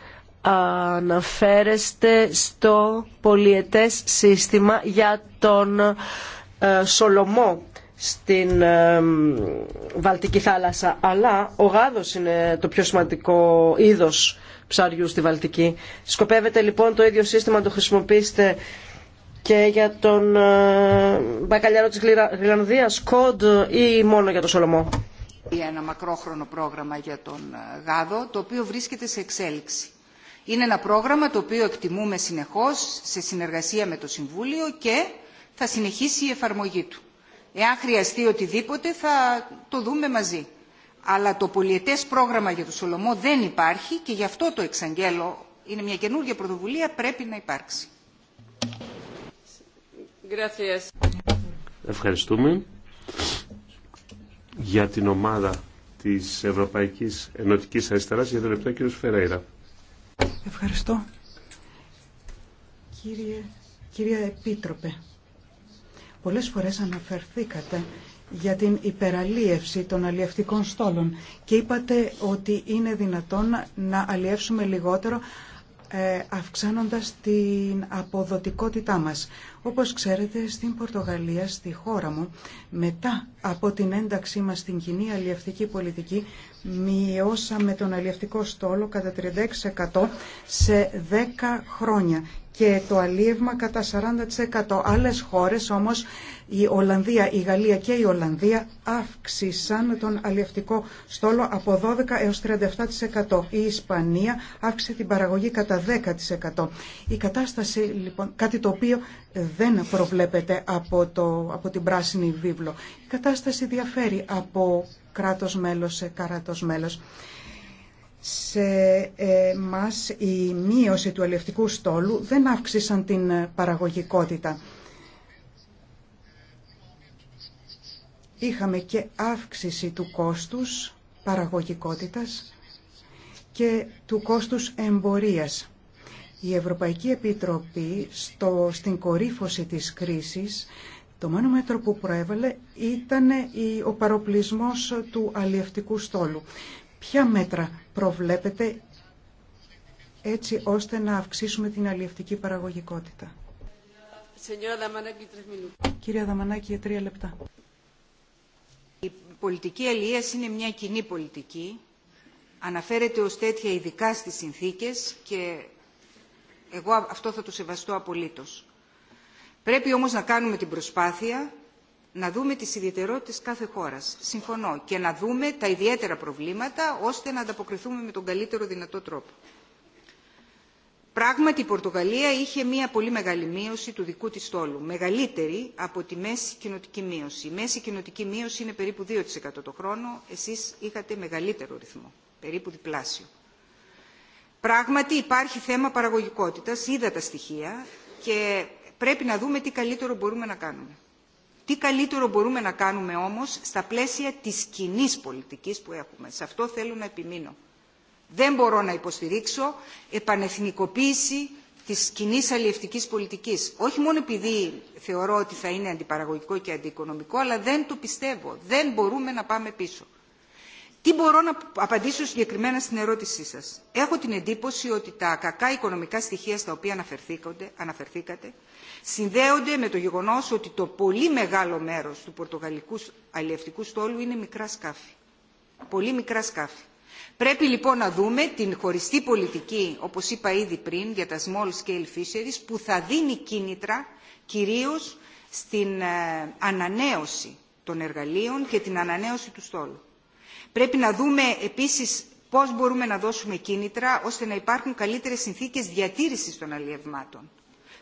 αναφέρεστε στο πολιετές σύστημα για τον ε, Σολομό στην ε, Βαλτική θάλασσα. Αλλά ο γάδος είναι το πιο σημαντικό είδος ψαριού στη Βαλτική. Σκοπεύετε λοιπόν το ίδιο σύστημα το χρησιμοποιήσετε και για τον ε, μπακαλιάρο της Γλυλανδίας, κοντ ή μόνο για τον Σολομό. Ένα μακρόχρονο πρόγραμμα για τον γάδο, το οποίο βρίσκεται σε εξέλιξη είναι ένα πρόγραμμα το οποίο εκτιμούμε συνεχώς σε συνεργασία με το Συμβούλιο και θα συνεχίσει η εφαρμογή του. Εάν χρειαστεί οτιδήποτε θα το δούμε μαζί. Αλλά το πολιετές πρόγραμμα για το Σολομό δεν υπάρχει και γι' αυτό το εξαγγέλλω. Είναι μια καινούργια πρωτοβουλία, πρέπει να υπάρξει. Ευχαριστούμε για την ομάδα της Ευρωπαϊκής Ενωτικής Αριστεράς για το λεπτό κύριος Φεραίρα. Ευχαριστώ. Κύριε, κυρία Επίτροπε, πολλές φορές αναφερθήκατε για την υπεραλίευση των αλλιευτικών στόλων και είπατε ότι είναι δυνατόν να αλλιεύσουμε λιγότερο ε, αυξάνοντας την αποδοτικότητά μας. Όπως ξέρετε, στην Πορτογαλία, στη χώρα μου, μετά από την ένταξή μας στην κοινή αλλιευτική πολιτική, μειώσαμε τον αλλιευτικό στόλο κατά 36% σε 10 χρόνια και το αλίευμα κατά 40%. Άλλες χώρες όμως, η Ολλανδία, η Γαλλία και η Ολλανδία αύξησαν τον αλλιευτικό στόλο από 12 έως 37%. Η Ισπανία αύξησε την παραγωγή κατά 10%. Η κατάσταση λοιπόν, κάτι το οποίο δεν προβλέπεται από, το, από την πράσινη βίβλο. Η κατάσταση διαφέρει από κράτος μέλος σε κράτος μέλος. Σε ε, μας η μείωση του ελευτικού στόλου δεν αύξησαν την παραγωγικότητα. Είχαμε και αύξηση του κόστους παραγωγικότητας και του κόστους εμπορίας. Η Ευρωπαϊκή Επιτροπή στο, στην κορύφωση της κρίσης το μόνο μέτρο που προέβαλε ήταν ο παροπλισμός του αλλιευτικού στόλου. Ποια μέτρα προβλέπετε έτσι ώστε να αυξήσουμε την αλλιευτική παραγωγικότητα. Κυρία Δαμανάκη, για τρία λεπτά. Η πολιτική αλληλείας είναι μια κοινή πολιτική. Αναφέρεται ως τέτοια ειδικά στις συνθήκες και εγώ αυτό θα το σεβαστώ απολύτως. Πρέπει όμως να κάνουμε την προσπάθεια να δούμε τις ιδιαιτερότητες κάθε χώρας. Συμφωνώ. Και να δούμε τα ιδιαίτερα προβλήματα, ώστε να ανταποκριθούμε με τον καλύτερο δυνατό τρόπο. Πράγματι, η Πορτογαλία είχε μία πολύ μεγάλη μείωση του δικού της στόλου. Μεγαλύτερη από τη μέση κοινοτική μείωση. Η μέση κοινοτική μείωση είναι περίπου 2% το χρόνο. Εσείς είχατε μεγαλύτερο ρυθμό. Περίπου διπλάσιο. Πράγματι, υπάρχει θέμα παραγωγικότητας. Είδα τα στοιχεία και πρέπει να δούμε τι καλύτερο μπορούμε να κάνουμε. Τι καλύτερο μπορούμε να κάνουμε όμως στα πλαίσια της κοινή πολιτικής που έχουμε. Σε αυτό θέλω να επιμείνω. Δεν μπορώ να υποστηρίξω επανεθνικοποίηση της κοινή αλλιευτικής πολιτικής. Όχι μόνο επειδή θεωρώ ότι θα είναι αντιπαραγωγικό και αντιοικονομικό, αλλά δεν το πιστεύω. Δεν μπορούμε να πάμε πίσω. Τι μπορώ να απαντήσω συγκεκριμένα στην ερώτησή σας. Έχω την εντύπωση ότι τα κακά οικονομικά στοιχεία στα οποία αναφερθήκατε συνδέονται με το γεγονός ότι το πολύ μεγάλο μέρος του πορτογαλικού αλλιευτικού στόλου είναι μικρά σκάφη. Πολύ μικρά σκάφη. Πρέπει λοιπόν να δούμε την χωριστή πολιτική, όπως είπα ήδη πριν, για τα small scale fisheries, που θα δίνει κίνητρα κυρίως στην ε, ανανέωση των εργαλείων και την ανανέωση του στόλου. Πρέπει να δούμε επίσης πώς μπορούμε να δώσουμε κίνητρα ώστε να υπάρχουν καλύτερες συνθήκες διατήρησης των αλλιευμάτων.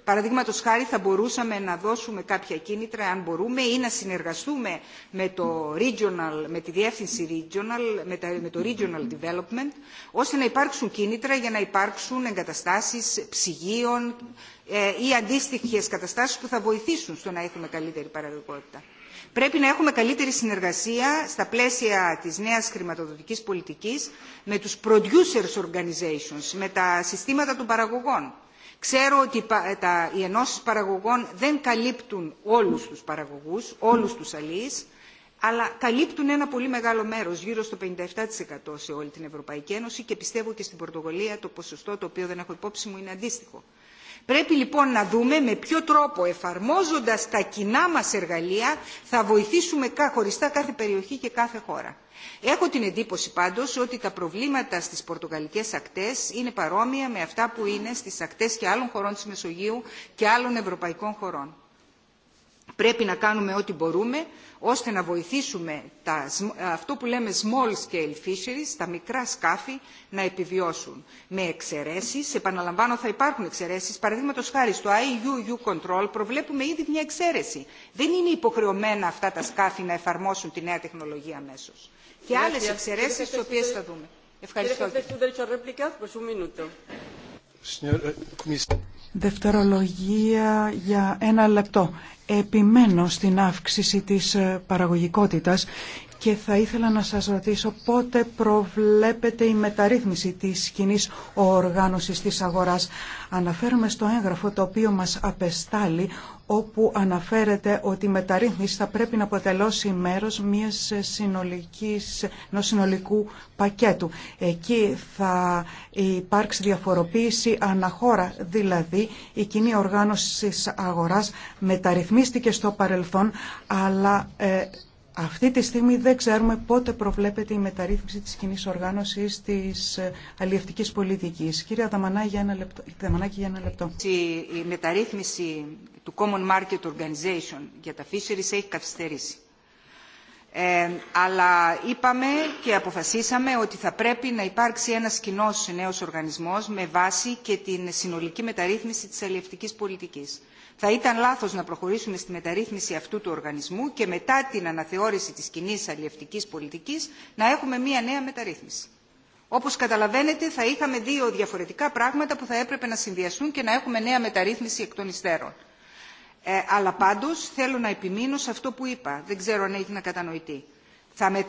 Παραδείγματος χάρη θα μπορούσαμε να δώσουμε κάποια κίνητρα αν μπορούμε ή να συνεργαστούμε με, το regional, με τη διεύθυνση regional, με, το regional development ώστε να υπάρξουν κίνητρα για να υπάρξουν εγκαταστάσεις ψυγείων ε, ή αντίστοιχες καταστάσεις που θα βοηθήσουν στο να έχουμε καλύτερη παραγωγικότητα. Πρέπει να έχουμε καλύτερη συνεργασία στα πλαίσια της νέας χρηματοδοτικής πολιτικής με τους producers organizations, με τα συστήματα των παραγωγών. Ξέρω ότι οι ενώσεις παραγωγών δεν καλύπτουν όλους τους παραγωγούς, όλους τους αλείς, αλλά καλύπτουν ένα πολύ μεγάλο μέρος, γύρω στο 57% σε όλη την Ευρωπαϊκή Ένωση και πιστεύω και στην Πορτογαλία το ποσοστό το οποίο δεν έχω υπόψη μου είναι αντίστοιχο. Πρέπει λοιπόν να δούμε με ποιο τρόπο εφαρμόζοντας τα κοινά μας εργαλεία θα βοηθήσουμε χωριστά κάθε περιοχή και κάθε χώρα. Έχω την εντύπωση πάντως ότι τα προβλήματα στις πορτογαλικές ακτές είναι παρόμοια με αυτά που είναι στις ακτές και άλλων χωρών της Μεσογείου και άλλων ευρωπαϊκών χωρών πρέπει να κάνουμε ό,τι μπορούμε ώστε να βοηθήσουμε τα, αυτό που λέμε small scale fisheries, τα μικρά σκάφη, να επιβιώσουν. Με εξαιρέσεις, επαναλαμβάνω θα υπάρχουν εξαιρέσεις, παραδείγματο χάρη στο IUU Control προβλέπουμε ήδη μια εξαίρεση. Δεν είναι υποχρεωμένα αυτά τα σκάφη να εφαρμόσουν τη νέα τεχνολογία αμέσω. Και άλλες εξαιρέσεις τις οποίες θα δούμε. Ευχαριστώ. Eh, Δευτερολογία για ένα λεπτό. Επιμένω στην αύξηση της ε, παραγωγικότητας και θα ήθελα να σας ρωτήσω πότε προβλέπεται η μεταρρύθμιση της κοινή οργάνωσης της αγοράς. Αναφέρομαι στο έγγραφο το οποίο μας απεστάλει όπου αναφέρεται ότι η μεταρρύθμιση θα πρέπει να αποτελώσει μέρος μιας συνολικής, ενός συνολικού πακέτου. Εκεί θα υπάρξει διαφοροποίηση αναχώρα, δηλαδή η κοινή οργάνωση της αγοράς μεταρρυθμίστηκε στο παρελθόν, αλλά ε, αυτή τη στιγμή δεν ξέρουμε πότε προβλέπεται η μεταρρύθμιση της κοινή οργάνωσης της ε, αλλιευτικής πολιτικής. Κύριε Αδαμανάκη, για ένα λεπτό. Η μεταρρύθμιση του Common Market Organization για τα fisheries έχει καθυστερήσει. Ε, αλλά είπαμε και αποφασίσαμε ότι θα πρέπει να υπάρξει ένας κοινός νέος οργανισμός με βάση και την συνολική μεταρρύθμιση της αλλιευτικής πολιτικής θα ήταν λάθος να προχωρήσουμε στη μεταρρύθμιση αυτού του οργανισμού και μετά την αναθεώρηση της κοινή αλλιευτική πολιτικής να έχουμε μια νέα μεταρρύθμιση. Όπως καταλαβαίνετε θα είχαμε δύο διαφορετικά πράγματα που θα έπρεπε να συνδυαστούν και να έχουμε νέα μεταρρύθμιση εκ των υστέρων. Ε, αλλά πάντω, θέλω να επιμείνω σε αυτό που είπα. Δεν ξέρω αν έγινε κατανοητή.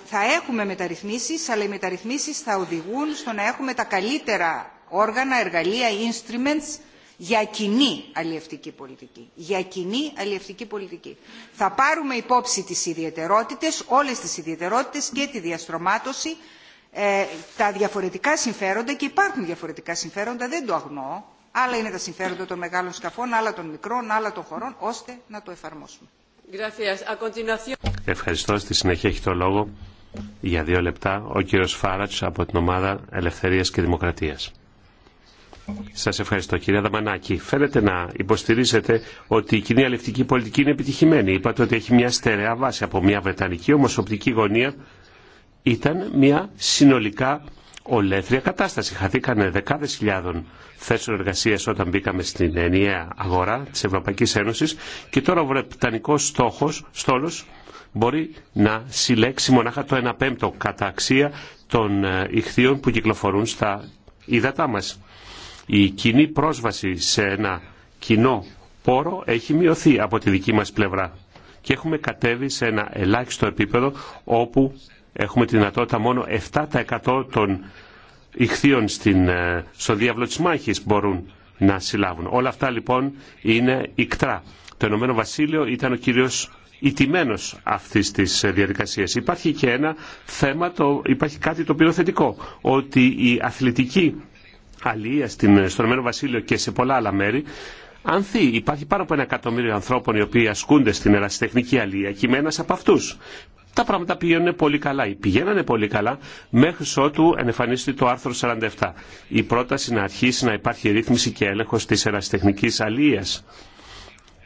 Θα, έχουμε μεταρρυθμίσει, αλλά οι μεταρρυθμίσει θα οδηγούν στο να έχουμε τα καλύτερα όργανα, εργαλεία, instruments για κοινή αλλιευτική πολιτική. Για κοινή αλλιευτική πολιτική. Θα πάρουμε υπόψη τις ιδιαιτερότητες, όλες τις ιδιαιτερότητες και τη διαστρωμάτωση, ε, τα διαφορετικά συμφέροντα και υπάρχουν διαφορετικά συμφέροντα, δεν το αγνώ, Άλλα είναι τα συμφέροντα των μεγάλων σκαφών, άλλα των μικρών, άλλα των χωρών, ώστε να το εφαρμόσουμε. Ευχαριστώ. Στη συνέχεια έχει το λόγο για δύο λεπτά ο κύριος Φάρατς από την ομάδα Ελευθερίας και Δημοκρατίας. Σα ευχαριστώ κύριε Δαμανάκη. Φαίνεται να υποστηρίζετε ότι η κοινή αλευτική πολιτική είναι επιτυχημένη. Είπατε ότι έχει μια στερεά βάση από μια βρετανική όμως οπτική γωνία. Ήταν μια συνολικά ολέθρια κατάσταση. Χαθήκανε δεκάδε χιλιάδων θέσεων εργασία όταν μπήκαμε στην ενιαία αγορά τη Ευρωπαϊκή Ένωση και τώρα ο Βρετανικό στόχος, στόλος μπορεί να συλλέξει μονάχα το 1 πέμπτο κατά αξία των ε, ηχθείων που κυκλοφορούν στα ύδατά μας η κοινή πρόσβαση σε ένα κοινό πόρο έχει μειωθεί από τη δική μας πλευρά και έχουμε κατέβει σε ένα ελάχιστο επίπεδο όπου έχουμε τη δυνατότητα μόνο 7% των ηχθείων στην, ε, στο διάβλο της μάχης μπορούν να συλλάβουν. Όλα αυτά λοιπόν είναι ικτρά. Το Ηνωμένο Βασίλειο ήταν ο κυρίως ιτημένος αυτής της ε, διαδικασίας. Υπάρχει και ένα θέμα, το, υπάρχει κάτι το πυροθετικό, ότι η αθλητική αλληλεία στο Ηνωμένο Βασίλειο και σε πολλά άλλα μέρη, ανθεί. Υπάρχει πάνω από ένα εκατομμύριο ανθρώπων οι οποίοι ασκούνται στην ερασιτεχνική αλληλεία και είμαι ένα από αυτού. Τα πράγματα πηγαίνουν πολύ καλά ή πηγαίνανε πολύ καλά μέχρι ότου εμφανιστεί το άρθρο 47. Η πρόταση να αρχίσει να υπάρχει ρύθμιση και έλεγχο τη ερασιτεχνική αλληλεία.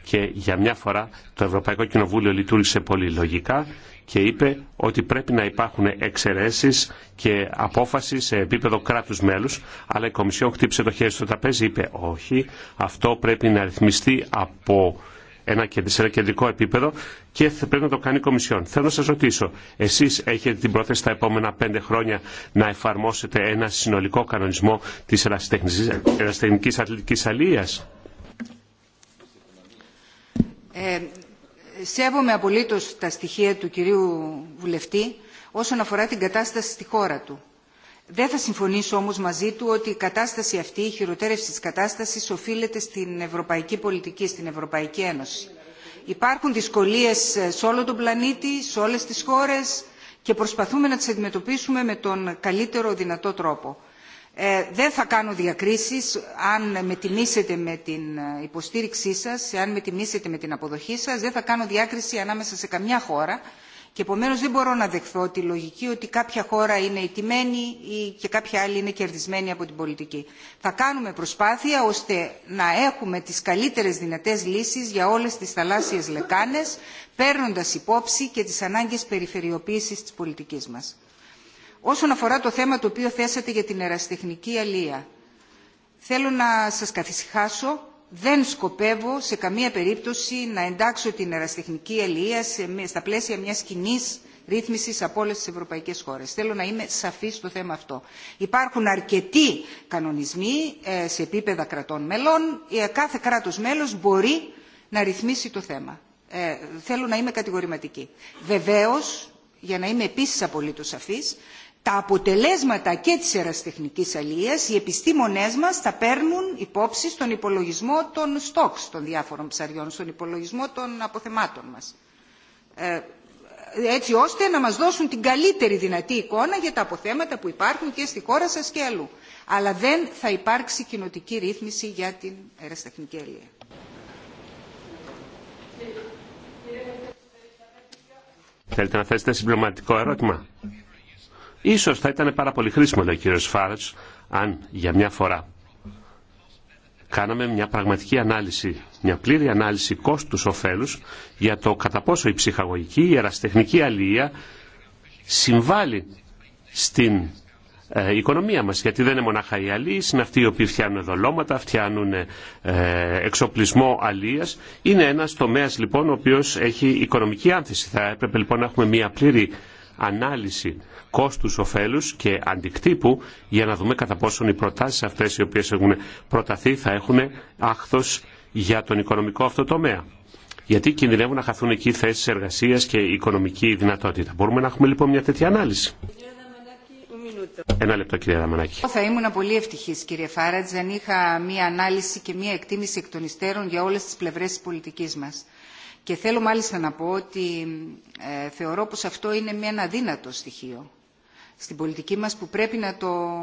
Και για μια φορά το Ευρωπαϊκό Κοινοβούλιο λειτουργήσε πολύ λογικά και είπε ότι πρέπει να υπάρχουν εξαιρέσει και απόφαση σε επίπεδο κράτου μέλους, αλλά η Κομισιόν χτύπησε το χέρι στο τραπέζι, είπε όχι, αυτό πρέπει να ρυθμιστεί από ένα, σε ένα κεντρικό επίπεδο και πρέπει να το κάνει η Κομισιόν. Θέλω να σα ρωτήσω, εσεί έχετε την πρόθεση τα επόμενα πέντε χρόνια να εφαρμόσετε ένα συνολικό κανονισμό τη ερασιτεχνική αθλητική αλληλεία σέβομαι απολύτως τα στοιχεία του κυρίου βουλευτή όσον αφορά την κατάσταση στη χώρα του. Δεν θα συμφωνήσω όμως μαζί του ότι η κατάσταση αυτή, η χειροτέρευση της κατάστασης οφείλεται στην ευρωπαϊκή πολιτική, στην Ευρωπαϊκή Ένωση. Υπάρχουν δυσκολίες ε, σε όλο τον πλανήτη, σε όλες τις χώρες και προσπαθούμε να τις αντιμετωπίσουμε με τον καλύτερο δυνατό τρόπο. Ε, δεν θα κάνω διακρίσεις αν με τιμήσετε με την ε, υποστήριξή σας, αν με τιμήσετε με την αποδοχή σας, δεν θα κάνω διάκριση ανάμεσα σε καμιά χώρα και επομένως δεν μπορώ να δεχθώ τη λογική ότι κάποια χώρα είναι ιτημένη και κάποια άλλη είναι κερδισμένη από την πολιτική. Θα κάνουμε προσπάθεια ώστε να έχουμε τις καλύτερες δυνατές λύσεις για όλες τις θαλάσσιες λεκάνες, παίρνοντας υπόψη και τις ανάγκες περιφερειοποίησης της πολιτικής μας. Όσον αφορά το θέμα το οποίο θέσατε για την εραστεχνική αλία, θέλω να σας καθησυχάσω. Δεν σκοπεύω σε καμία περίπτωση να εντάξω την εραστεχνική αλία στα πλαίσια μιας κοινή ρύθμισης από όλες τις ευρωπαϊκές χώρες. Θέλω να είμαι σαφή στο θέμα αυτό. Υπάρχουν αρκετοί κανονισμοί ε, σε επίπεδα κρατών μελών. Ε, κάθε κράτος μέλος μπορεί να ρυθμίσει το θέμα. Ε, θέλω να είμαι κατηγορηματική. Βεβαίως, για να είμαι επίσης απολύτως σαφής, τα αποτελέσματα και της εραστεχνικής αλίας οι επιστήμονές μας θα παίρνουν υπόψη στον υπολογισμό των στόξ των διάφορων ψαριών, στον υπολογισμό των αποθεμάτων μας. Ε, έτσι ώστε να μας δώσουν την καλύτερη δυνατή εικόνα για τα αποθέματα που υπάρχουν και στη χώρα σας και αλλού. Αλλά δεν θα υπάρξει κοινοτική ρύθμιση για την αεραστεχνική αλία. Θέλετε να θέσετε συμπληρωματικό ερώτημα. Ίσως θα ήταν πάρα πολύ χρήσιμο, λέει ο κύριος Φάρτς, αν για μια φορά κάναμε μια πραγματική ανάλυση, μια πλήρη ανάλυση κόστους κόστους-οφέλους για το κατά πόσο η ψυχαγωγική, η αεραστεχνική αλληλεία συμβάλλει στην ε, οικονομία μας. Γιατί δεν είναι μονάχα οι αλλοίς, είναι αυτοί οι οποίοι φτιάχνουν δολώματα, φτιάχνουν ε, εξοπλισμό αλλοίας. Είναι ένας τομέας λοιπόν ο οποίος έχει οικονομική άνθηση. Θα έπρεπε λοιπόν να έχουμε μια πλήρη ανάλυση κόστους ωφέλους και αντικτύπου για να δούμε κατά πόσον οι προτάσεις αυτές οι οποίες έχουν προταθεί θα έχουν άχθος για τον οικονομικό αυτό τομέα. Γιατί κινδυνεύουν να χαθούν εκεί θέσεις εργασίας και οικονομική δυνατότητα. Μπορούμε να έχουμε λοιπόν μια τέτοια ανάλυση. Ένα λεπτό, κυρία Δαμανάκη. Θα ήμουν πολύ ευτυχή, κύριε Φάρατζ, αν είχα μία ανάλυση και μία εκτίμηση εκ των υστέρων για όλε τι πλευρέ τη πολιτική μα. Και θέλω μάλιστα να πω ότι ε, θεωρώ πως αυτό είναι ένα δύνατο στοιχείο στην πολιτική μας που πρέπει να το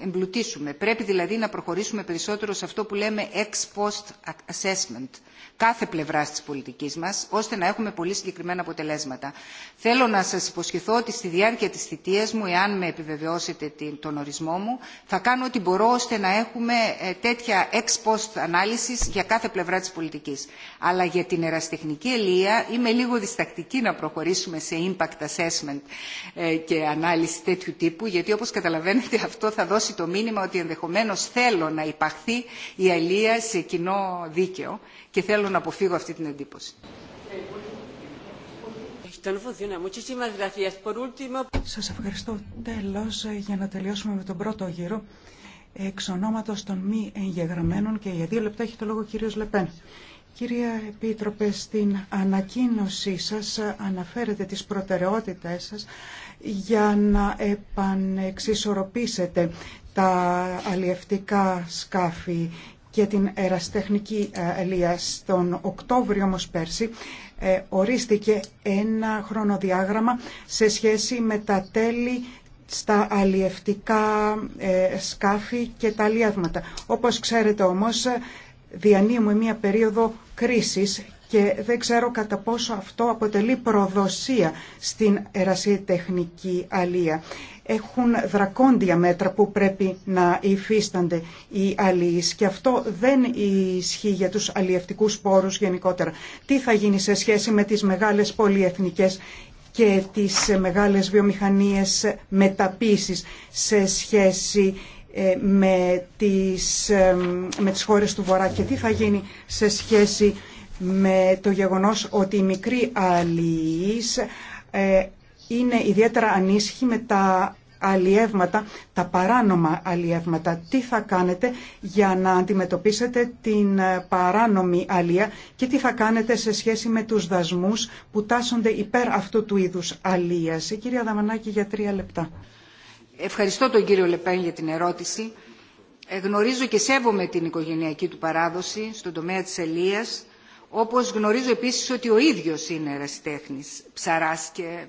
ε, εμπλουτίσουμε. Πρέπει δηλαδή να προχωρήσουμε περισσότερο σε αυτό που λέμε ex post assessment κάθε πλευρά της πολιτικής μας, ώστε να έχουμε πολύ συγκεκριμένα αποτελέσματα. Θέλω να σας υποσχεθώ ότι στη διάρκεια της θητείας μου, εάν με επιβεβαιώσετε τον ορισμό μου, θα κάνω ό,τι μπορώ ώστε να έχουμε ε, τέτοια ex post ανάλυση για κάθε πλευρά της πολιτικής. Αλλά για την εραστεχνική ελεία είμαι λίγο διστακτική να προχωρήσουμε σε impact assessment ε, και ανάλυση ανάλυση τέτοιου τύπου, γιατί όπως καταλαβαίνετε [LAUGHS] αυτό θα δώσει το μήνυμα ότι ενδεχομένως θέλω να υπαχθεί η αλία σε κοινό δίκαιο και θέλω να αποφύγω αυτή την εντύπωση. Σας ευχαριστώ. Τέλος, για να τελειώσουμε με τον πρώτο γύρο, εξ ονόματος των μη εγγεγραμμένων και για δύο λεπτά έχει το λόγο ο κύριος Λεπέν. Κυρία Επίτροπε, στην ανακοίνωσή σας αναφέρετε τις προτεραιότητες σας για να επανεξισορροπήσετε τα αλλιευτικά σκάφη και την εραστεχνική ε, αλία. Στον Οκτώβριο όμως πέρσι ε, ορίστηκε ένα χρονοδιάγραμμα σε σχέση με τα τέλη στα αλλιευτικά ε, σκάφη και τα αλλιεύματα. Όπως ξέρετε όμως διανύουμε μια περίοδο κρίσης και δεν ξέρω κατά πόσο αυτό αποτελεί προδοσία στην ερασιτεχνική αλία. Έχουν δρακόντια μέτρα που πρέπει να υφίστανται οι αλίες και αυτό δεν ισχύει για τους αλιευτικούς πόρους γενικότερα. Τι θα γίνει σε σχέση με τις μεγάλες πολυεθνικές και τις μεγάλες βιομηχανίες μεταπίσεις σε σχέση ε, με τις, ε, με τις χώρες του Βορρά και τι θα γίνει σε σχέση με το γεγονός ότι οι μικροί αλληλείς ε, είναι ιδιαίτερα ανήσυχοι με τα αλλιεύματα, τα παράνομα αλλιεύματα. Τι θα κάνετε για να αντιμετωπίσετε την ε, παράνομη αλλία και τι θα κάνετε σε σχέση με τους δασμούς που τάσσονται υπέρ αυτού του είδους αλλίας. Η κυρία Δαμανάκη για τρία λεπτά. Ευχαριστώ τον κύριο Λεπέν για την ερώτηση. Ε, γνωρίζω και σέβομαι την οικογενειακή του παράδοση στον τομέα της ελίας όπως γνωρίζω επίσης ότι ο ίδιος είναι ερασιτέχνης, ψαράς και,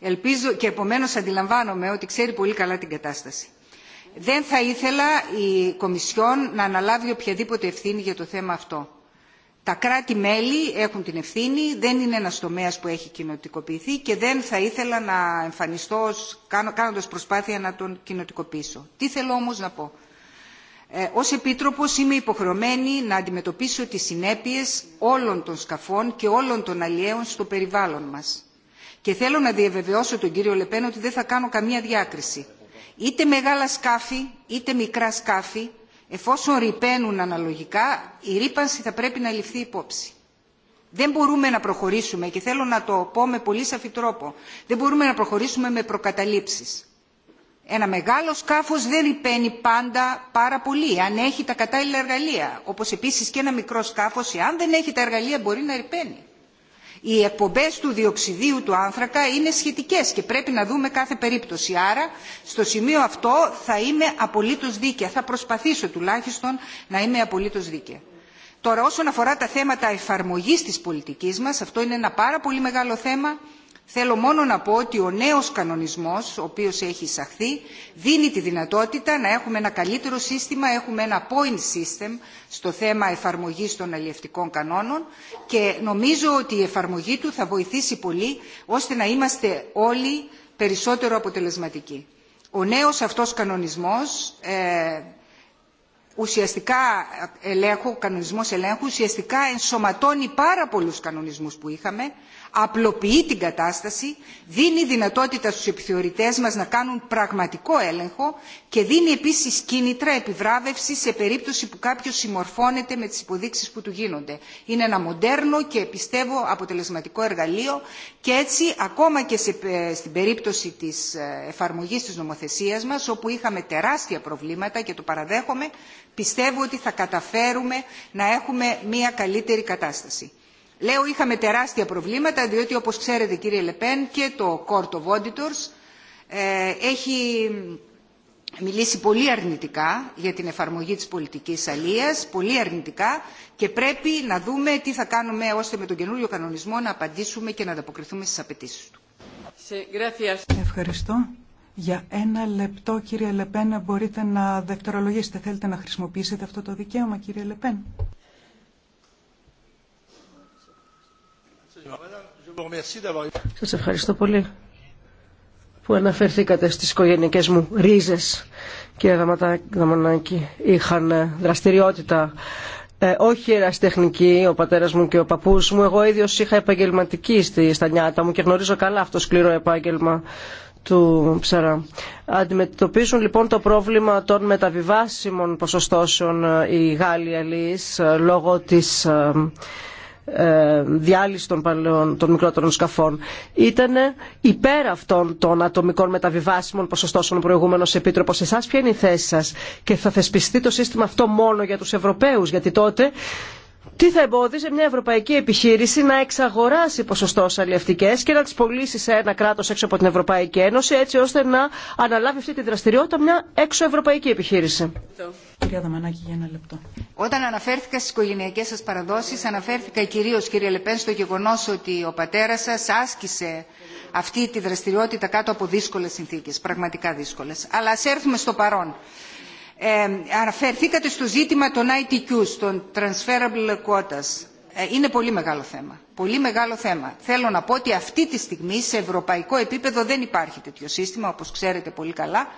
ελπίζω, και επομένως αντιλαμβάνομαι ότι ξέρει πολύ καλά την κατάσταση. Δεν θα ήθελα η Κομισιόν να αναλάβει οποιαδήποτε ευθύνη για το θέμα αυτό. Τα κράτη-μέλη έχουν την ευθύνη, δεν είναι ένας τομέας που έχει κοινοτικοποιηθεί και δεν θα ήθελα να εμφανιστώ κάνοντας προσπάθεια να τον κοινοτικοποιήσω. Τι θέλω όμως να πω. Ε, ως Επίτροπος είμαι υποχρεωμένη να αντιμετωπίσω τις συνέπειες όλων των σκαφών και όλων των αλλιέων στο περιβάλλον μας. Και θέλω να διαβεβαιώσω τον κύριο Λεπέν ότι δεν θα κάνω καμία διάκριση. Είτε μεγάλα σκάφη, είτε μικρά σκάφη, εφόσον ρηπαίνουν αναλογικά, η ρήπανση θα πρέπει να ληφθεί υπόψη. Δεν μπορούμε να προχωρήσουμε, και θέλω να το πω με πολύ σαφή τρόπο, δεν μπορούμε να προχωρήσουμε με προκαταλήψεις ένα μεγάλο σκάφος δεν ρηπαίνει πάντα πάρα πολύ αν έχει τα κατάλληλα εργαλεία. Όπως επίσης και ένα μικρό σκάφος, εάν δεν έχει τα εργαλεία, μπορεί να ρηπαίνει. Οι εκπομπές του διοξιδίου του άνθρακα είναι σχετικές και πρέπει να δούμε κάθε περίπτωση. Άρα, στο σημείο αυτό θα είμαι απολύτως δίκαια. Θα προσπαθήσω τουλάχιστον να είμαι απολύτως δίκαια. Τώρα, όσον αφορά τα θέματα εφαρμογής της πολιτικής μας, αυτό είναι ένα πάρα πολύ μεγάλο θέμα Θέλω μόνο να πω ότι ο νέος κανονισμός, ο οποίος έχει εισαχθεί, δίνει τη δυνατότητα να έχουμε ένα καλύτερο σύστημα, έχουμε ένα point system στο θέμα εφαρμογής των αλλιευτικών κανόνων και νομίζω ότι η εφαρμογή του θα βοηθήσει πολύ ώστε να είμαστε όλοι περισσότερο αποτελεσματικοί. Ο νέος αυτός κανονισμός ε, ουσιαστικά ελέγχου, κανονισμός ελέγχου ουσιαστικά ενσωματώνει πάρα πολλούς κανονισμούς που είχαμε απλοποιεί την κατάσταση, δίνει δυνατότητα στους επιθεωρητές μας να κάνουν πραγματικό έλεγχο και δίνει επίσης κίνητρα επιβράβευση σε περίπτωση που κάποιος συμμορφώνεται με τις υποδείξεις που του γίνονται. Είναι ένα μοντέρνο και πιστεύω αποτελεσματικό εργαλείο και έτσι ακόμα και ε, στην περίπτωση της ε, εφαρμογής της νομοθεσίας μας όπου είχαμε τεράστια προβλήματα και το παραδέχομαι πιστεύω ότι θα καταφέρουμε να έχουμε μια καλύτερη κατάσταση. Λέω είχαμε τεράστια προβλήματα διότι όπως ξέρετε κύριε Λεπέν και το Court of Auditors ε, έχει μιλήσει πολύ αρνητικά για την εφαρμογή της πολιτικής αλίας, πολύ αρνητικά και πρέπει να δούμε τι θα κάνουμε ώστε με τον καινούριο κανονισμό να απαντήσουμε και να ανταποκριθούμε στις απαιτήσει του. Ευχαριστώ. Για ένα λεπτό κύριε Λεπέν μπορείτε να δευτερολογήσετε. Θέλετε να χρησιμοποιήσετε αυτό το δικαίωμα κύριε Λεπέν. Σας ευχαριστώ πολύ που αναφερθήκατε στις οικογενειακές μου ρίζες. Κύριε Δαμανάκη, είχαν ε, δραστηριότητα ε, όχι εραστεχνική, ο πατέρας μου και ο παππούς μου. Εγώ ίδιος είχα επαγγελματική στη, στανιάτα μου και γνωρίζω καλά αυτό το σκληρό επάγγελμα του ψαρά. Αντιμετωπίζουν λοιπόν το πρόβλημα των μεταβιβάσιμων ποσοστώσεων ε, οι Γάλλοι αλης ε, λόγω της ε, διάλυση των, παλαιών, των μικρότερων σκαφών ήταν υπέρ αυτών των ατομικών μεταβιβάσιμων ποσοστώσεων ο προηγούμενος επίτροπος. Εσάς ποια είναι η θέση σας και θα θεσπιστεί το σύστημα αυτό μόνο για τους Ευρωπαίους γιατί τότε τι θα εμπόδιζε μια ευρωπαϊκή επιχείρηση να εξαγοράσει ποσοστό αλληλευτικέ και να τι πωλήσει σε ένα κράτο έξω από την Ευρωπαϊκή Ένωση, έτσι ώστε να αναλάβει αυτή τη δραστηριότητα μια έξω ευρωπαϊκή επιχείρηση. Κυρία Δαμανάκη, για ένα λεπτό. Όταν αναφέρθηκα στι οικογενειακέ σα παραδόσει, αναφέρθηκα κυρίω, κύριε Λεπέν, στο γεγονό ότι ο πατέρα σα άσκησε αυτή τη δραστηριότητα κάτω από δύσκολε συνθήκε, πραγματικά δύσκολε. Αλλά α έρθουμε στο παρόν. Ε, αναφερθήκατε στο ζήτημα των ITQs, των transferable quotas. Ε, είναι πολύ μεγάλο θέμα. Πολύ μεγάλο θέμα. Θέλω να πω ότι αυτή τη στιγμή σε ευρωπαϊκό επίπεδο δεν υπάρχει τέτοιο σύστημα, όπως ξέρετε πολύ καλά.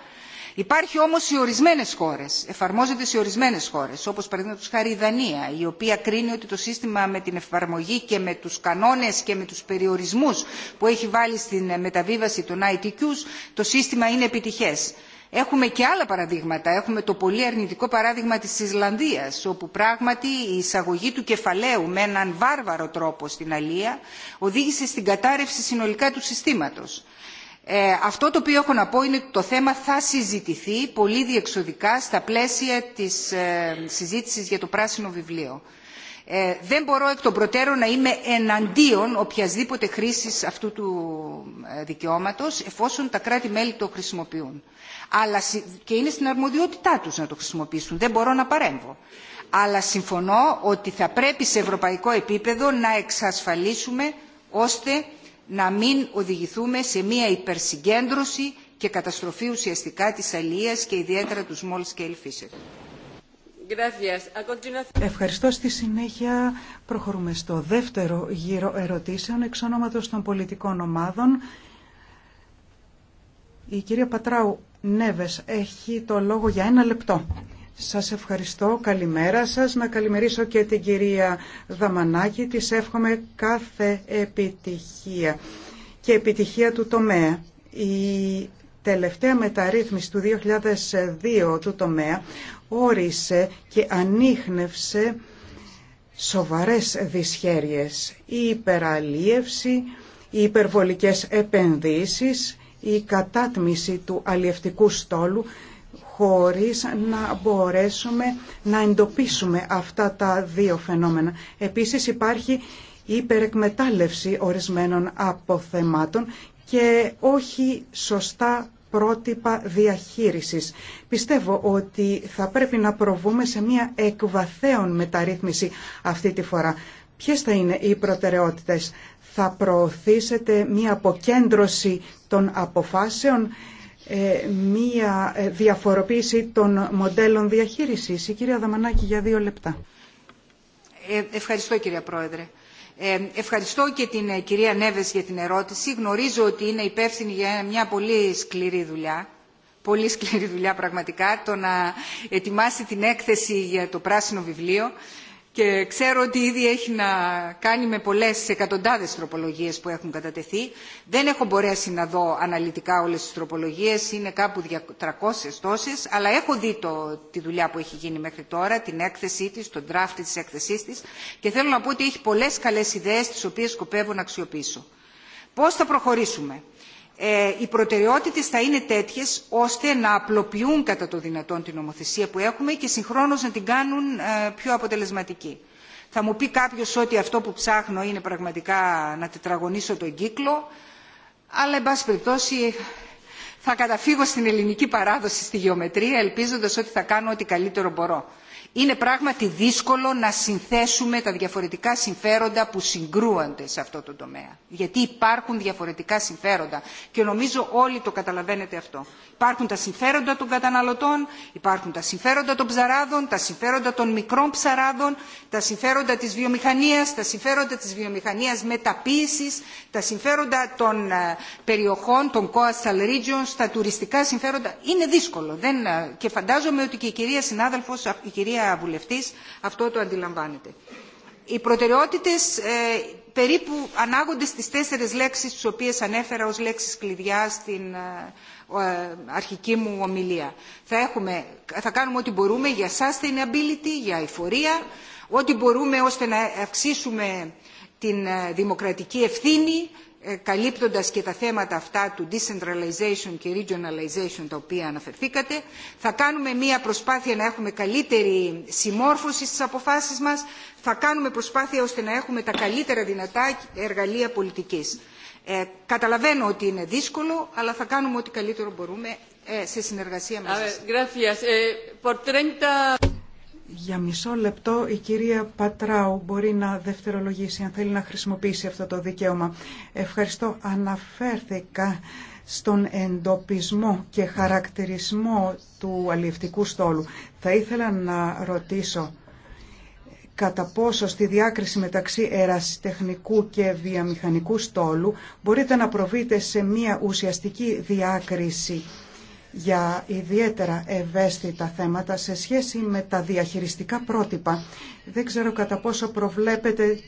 Υπάρχει όμως σε ορισμένες χώρες, εφαρμόζεται σε ορισμένες χώρες, όπως παραδείγματος χάρη η Δανία, η οποία κρίνει ότι το σύστημα με την εφαρμογή και με τους κανόνες και με τους περιορισμούς που έχει βάλει στην μεταβίβαση των ITQs, το σύστημα είναι επιτυχές. Έχουμε και άλλα παραδείγματα. Έχουμε το πολύ αρνητικό παράδειγμα της Ισλανδίας, όπου πράγματι η εισαγωγή του κεφαλαίου με έναν βάρβαρο τρόπο στην Αλία οδήγησε στην κατάρρευση συνολικά του συστήματος. Ε, αυτό το οποίο έχω να πω είναι ότι το θέμα θα συζητηθεί πολύ διεξοδικά στα πλαίσια της ε, συζήτησης για το πράσινο βιβλίο. Ε, δεν μπορώ εκ των προτέρων να είμαι εναντίον οποιασδήποτε χρήσης αυτού του δικαιώματος εφόσον τα κράτη-μέλη το χρησιμοποιούν και είναι στην αρμοδιότητά τους να το χρησιμοποιήσουν. Δεν μπορώ να παρέμβω. Αλλά συμφωνώ ότι θα πρέπει σε ευρωπαϊκό επίπεδο να εξασφαλίσουμε ώστε να μην οδηγηθούμε σε μια υπερσυγκέντρωση και καταστροφή ουσιαστικά της αλίας και ιδιαίτερα του small scale fisheries. Ευχαριστώ. Στη συνέχεια προχωρούμε στο δεύτερο γύρο ερωτήσεων εξ ονόματος των πολιτικών ομάδων. Η κυρία Πατράου Νέβες έχει το λόγο για ένα λεπτό. Σας ευχαριστώ. Καλημέρα σας. Να καλημερίσω και την κυρία Δαμανάκη. Της εύχομαι κάθε επιτυχία και επιτυχία του τομέα. Η τελευταία μεταρρύθμιση του 2002 του τομέα όρισε και ανείχνευσε σοβαρές δυσχέρειες. Η υπεραλίευση, οι υπερβολικές επενδύσεις η κατάτμιση του αλλιευτικού στόλου χωρίς να μπορέσουμε να εντοπίσουμε αυτά τα δύο φαινόμενα. Επίσης υπάρχει υπερεκμετάλλευση ορισμένων αποθεμάτων και όχι σωστά πρότυπα διαχείρισης. Πιστεύω ότι θα πρέπει να προβούμε σε μια εκβαθέων μεταρρύθμιση αυτή τη φορά. Ποιες θα είναι οι προτεραιότητες θα προωθήσετε μία αποκέντρωση των αποφάσεων, ε, μία ε, διαφοροποίηση των μοντέλων διαχείρισης. Η κυρία Δαμανάκη για δύο λεπτά. Ε, ευχαριστώ κυρία Πρόεδρε. ευχαριστώ και την κυρία Νέβες για την ερώτηση. Γνωρίζω ότι είναι υπεύθυνη για μια πολύ σκληρή δουλειά. Πολύ σκληρή δουλειά πραγματικά το να ετοιμάσει την έκθεση για το πράσινο βιβλίο και ξέρω ότι ήδη έχει να κάνει με πολλές εκατοντάδες τροπολογίες που έχουν κατατεθεί. Δεν έχω μπορέσει να δω αναλυτικά όλες τις τροπολογίες, είναι κάπου 300 τόσες, αλλά έχω δει το, τη δουλειά που έχει γίνει μέχρι τώρα, την έκθεσή της, τον draft της έκθεσής της και θέλω να πω ότι έχει πολλές καλές ιδέες τις οποίες σκοπεύω να αξιοποιήσω. Πώς θα προχωρήσουμε. Ε, οι προτεραιότητες θα είναι τέτοιες ώστε να απλοποιούν κατά το δυνατόν την νομοθεσία που έχουμε και συγχρόνως να την κάνουν ε, πιο αποτελεσματική. Θα μου πει κάποιος ότι αυτό που ψάχνω είναι πραγματικά να τετραγωνίσω τον κύκλο, αλλά εν πάση περιπτώσει θα καταφύγω στην ελληνική παράδοση στη γεωμετρία ελπίζοντας ότι θα κάνω ό,τι καλύτερο μπορώ είναι πράγματι δύσκολο να συνθέσουμε τα διαφορετικά συμφέροντα που συγκρούονται σε αυτό το τομέα. Γιατί υπάρχουν διαφορετικά συμφέροντα και νομίζω όλοι το καταλαβαίνετε αυτό. Υπάρχουν τα συμφέροντα των καταναλωτών, υπάρχουν τα συμφέροντα των ψαράδων, τα συμφέροντα των μικρών ψαράδων, τα συμφέροντα της βιομηχανίας, τα συμφέροντα της βιομηχανίας μεταποίησης, τα συμφέροντα των ε, περιοχών, των coastal regions, τα τουριστικά συμφέροντα. Είναι δύσκολο. Ε, και φαντάζομαι ότι και η κυρία συνάδελφος, η κυρία αυτό το αντιλαμβάνεται. Οι προτεραιότητες ε, περίπου ανάγονται στις τέσσερι λέξεις τις οποίες ανέφερα ως λέξεις κλειδιά στην ε, ε, αρχική μου ομιλία. Θα, θα κάνουμε ό,τι μπορούμε για sustainability, για εφορία, ό,τι μπορούμε ώστε να αυξήσουμε την δημοκρατική ευθύνη, ε, καλύπτοντας και τα θέματα αυτά του decentralization και regionalization τα οποία αναφερθήκατε. Θα κάνουμε μία προσπάθεια να έχουμε καλύτερη συμμόρφωση στις αποφάσεις μας. Θα κάνουμε προσπάθεια ώστε να έχουμε τα καλύτερα δυνατά εργαλεία πολιτικής. Ε, καταλαβαίνω ότι είναι δύσκολο, αλλά θα κάνουμε ό,τι καλύτερο μπορούμε ε, σε συνεργασία μαζί σας. Για μισό λεπτό η κυρία Πατράου μπορεί να δευτερολογήσει αν θέλει να χρησιμοποιήσει αυτό το δικαίωμα. Ευχαριστώ. Αναφέρθηκα στον εντοπισμό και χαρακτηρισμό του αλληλευτικού στόλου. Θα ήθελα να ρωτήσω κατά πόσο στη διάκριση μεταξύ ερασιτεχνικού και βιομηχανικού στόλου μπορείτε να προβείτε σε μία ουσιαστική διάκριση για ιδιαίτερα ευαίσθητα θέματα σε σχέση με τα διαχειριστικά πρότυπα. Δεν ξέρω κατά πόσο προβλέπετε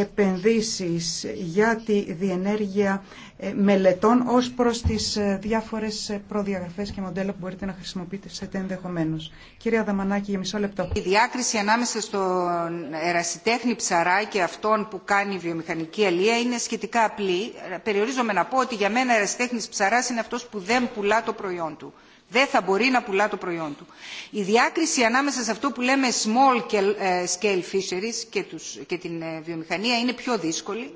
επενδύσεις για τη διενέργεια ε, μελετών ως προς τις ε, διάφορες ε, προδιαγραφές και μοντέλα που μπορείτε να χρησιμοποιήσετε ενδεχομένω. Κύριε Δαμανάκη, για μισό λεπτό. Η διάκριση ανάμεσα στον ερασιτέχνη ψαρά και αυτόν που κάνει βιομηχανική αλία είναι σχετικά απλή. Περιορίζομαι να πω ότι για μένα ερασιτέχνης ψαράς είναι αυτός που δεν πουλά το προϊόν του δεν θα μπορεί να πουλά το προϊόν του. Η διάκριση ανάμεσα σε αυτό που λέμε small ε, scale fisheries και, τους, και την ε, βιομηχανία είναι πιο δύσκολη.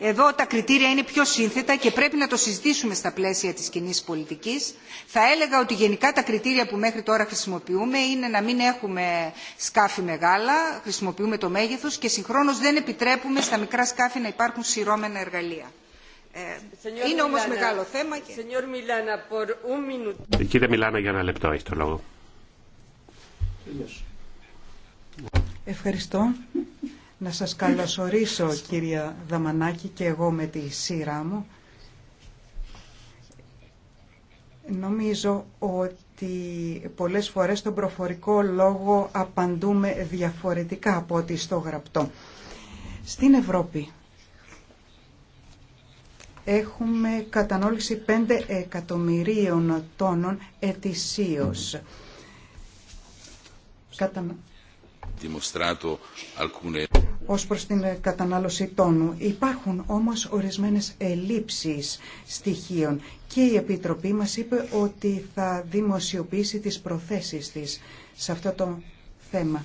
Εδώ τα κριτήρια είναι πιο σύνθετα και πρέπει να το συζητήσουμε στα πλαίσια της κοινή πολιτικής. Θα έλεγα ότι γενικά τα κριτήρια που μέχρι τώρα χρησιμοποιούμε είναι να μην έχουμε σκάφη μεγάλα, χρησιμοποιούμε το μέγεθος και συγχρόνως δεν επιτρέπουμε στα μικρά σκάφη να υπάρχουν σειρώμενα εργαλεία. Ε, είναι όμω μεγάλο θέμα. Και... Ε, κύριε Μιλάνα, για ένα λεπτό έχει το λόγο. Ευχαριστώ. Να σας καλωσορίσω κύριε Δαμανάκη και εγώ με τη σειρά μου. Νομίζω ότι πολλές φορές στον προφορικό λόγο απαντούμε διαφορετικά από ό,τι στο γραπτό. Στην Ευρώπη έχουμε κατανόληση 5 εκατομμυρίων τόνων ετησίως. Ω Ως προς την κατανάλωση τόνου υπάρχουν όμως ορισμένες ελλείψεις στοιχείων και η Επιτροπή μας είπε ότι θα δημοσιοποιήσει τις προθέσεις της σε αυτό το θέμα.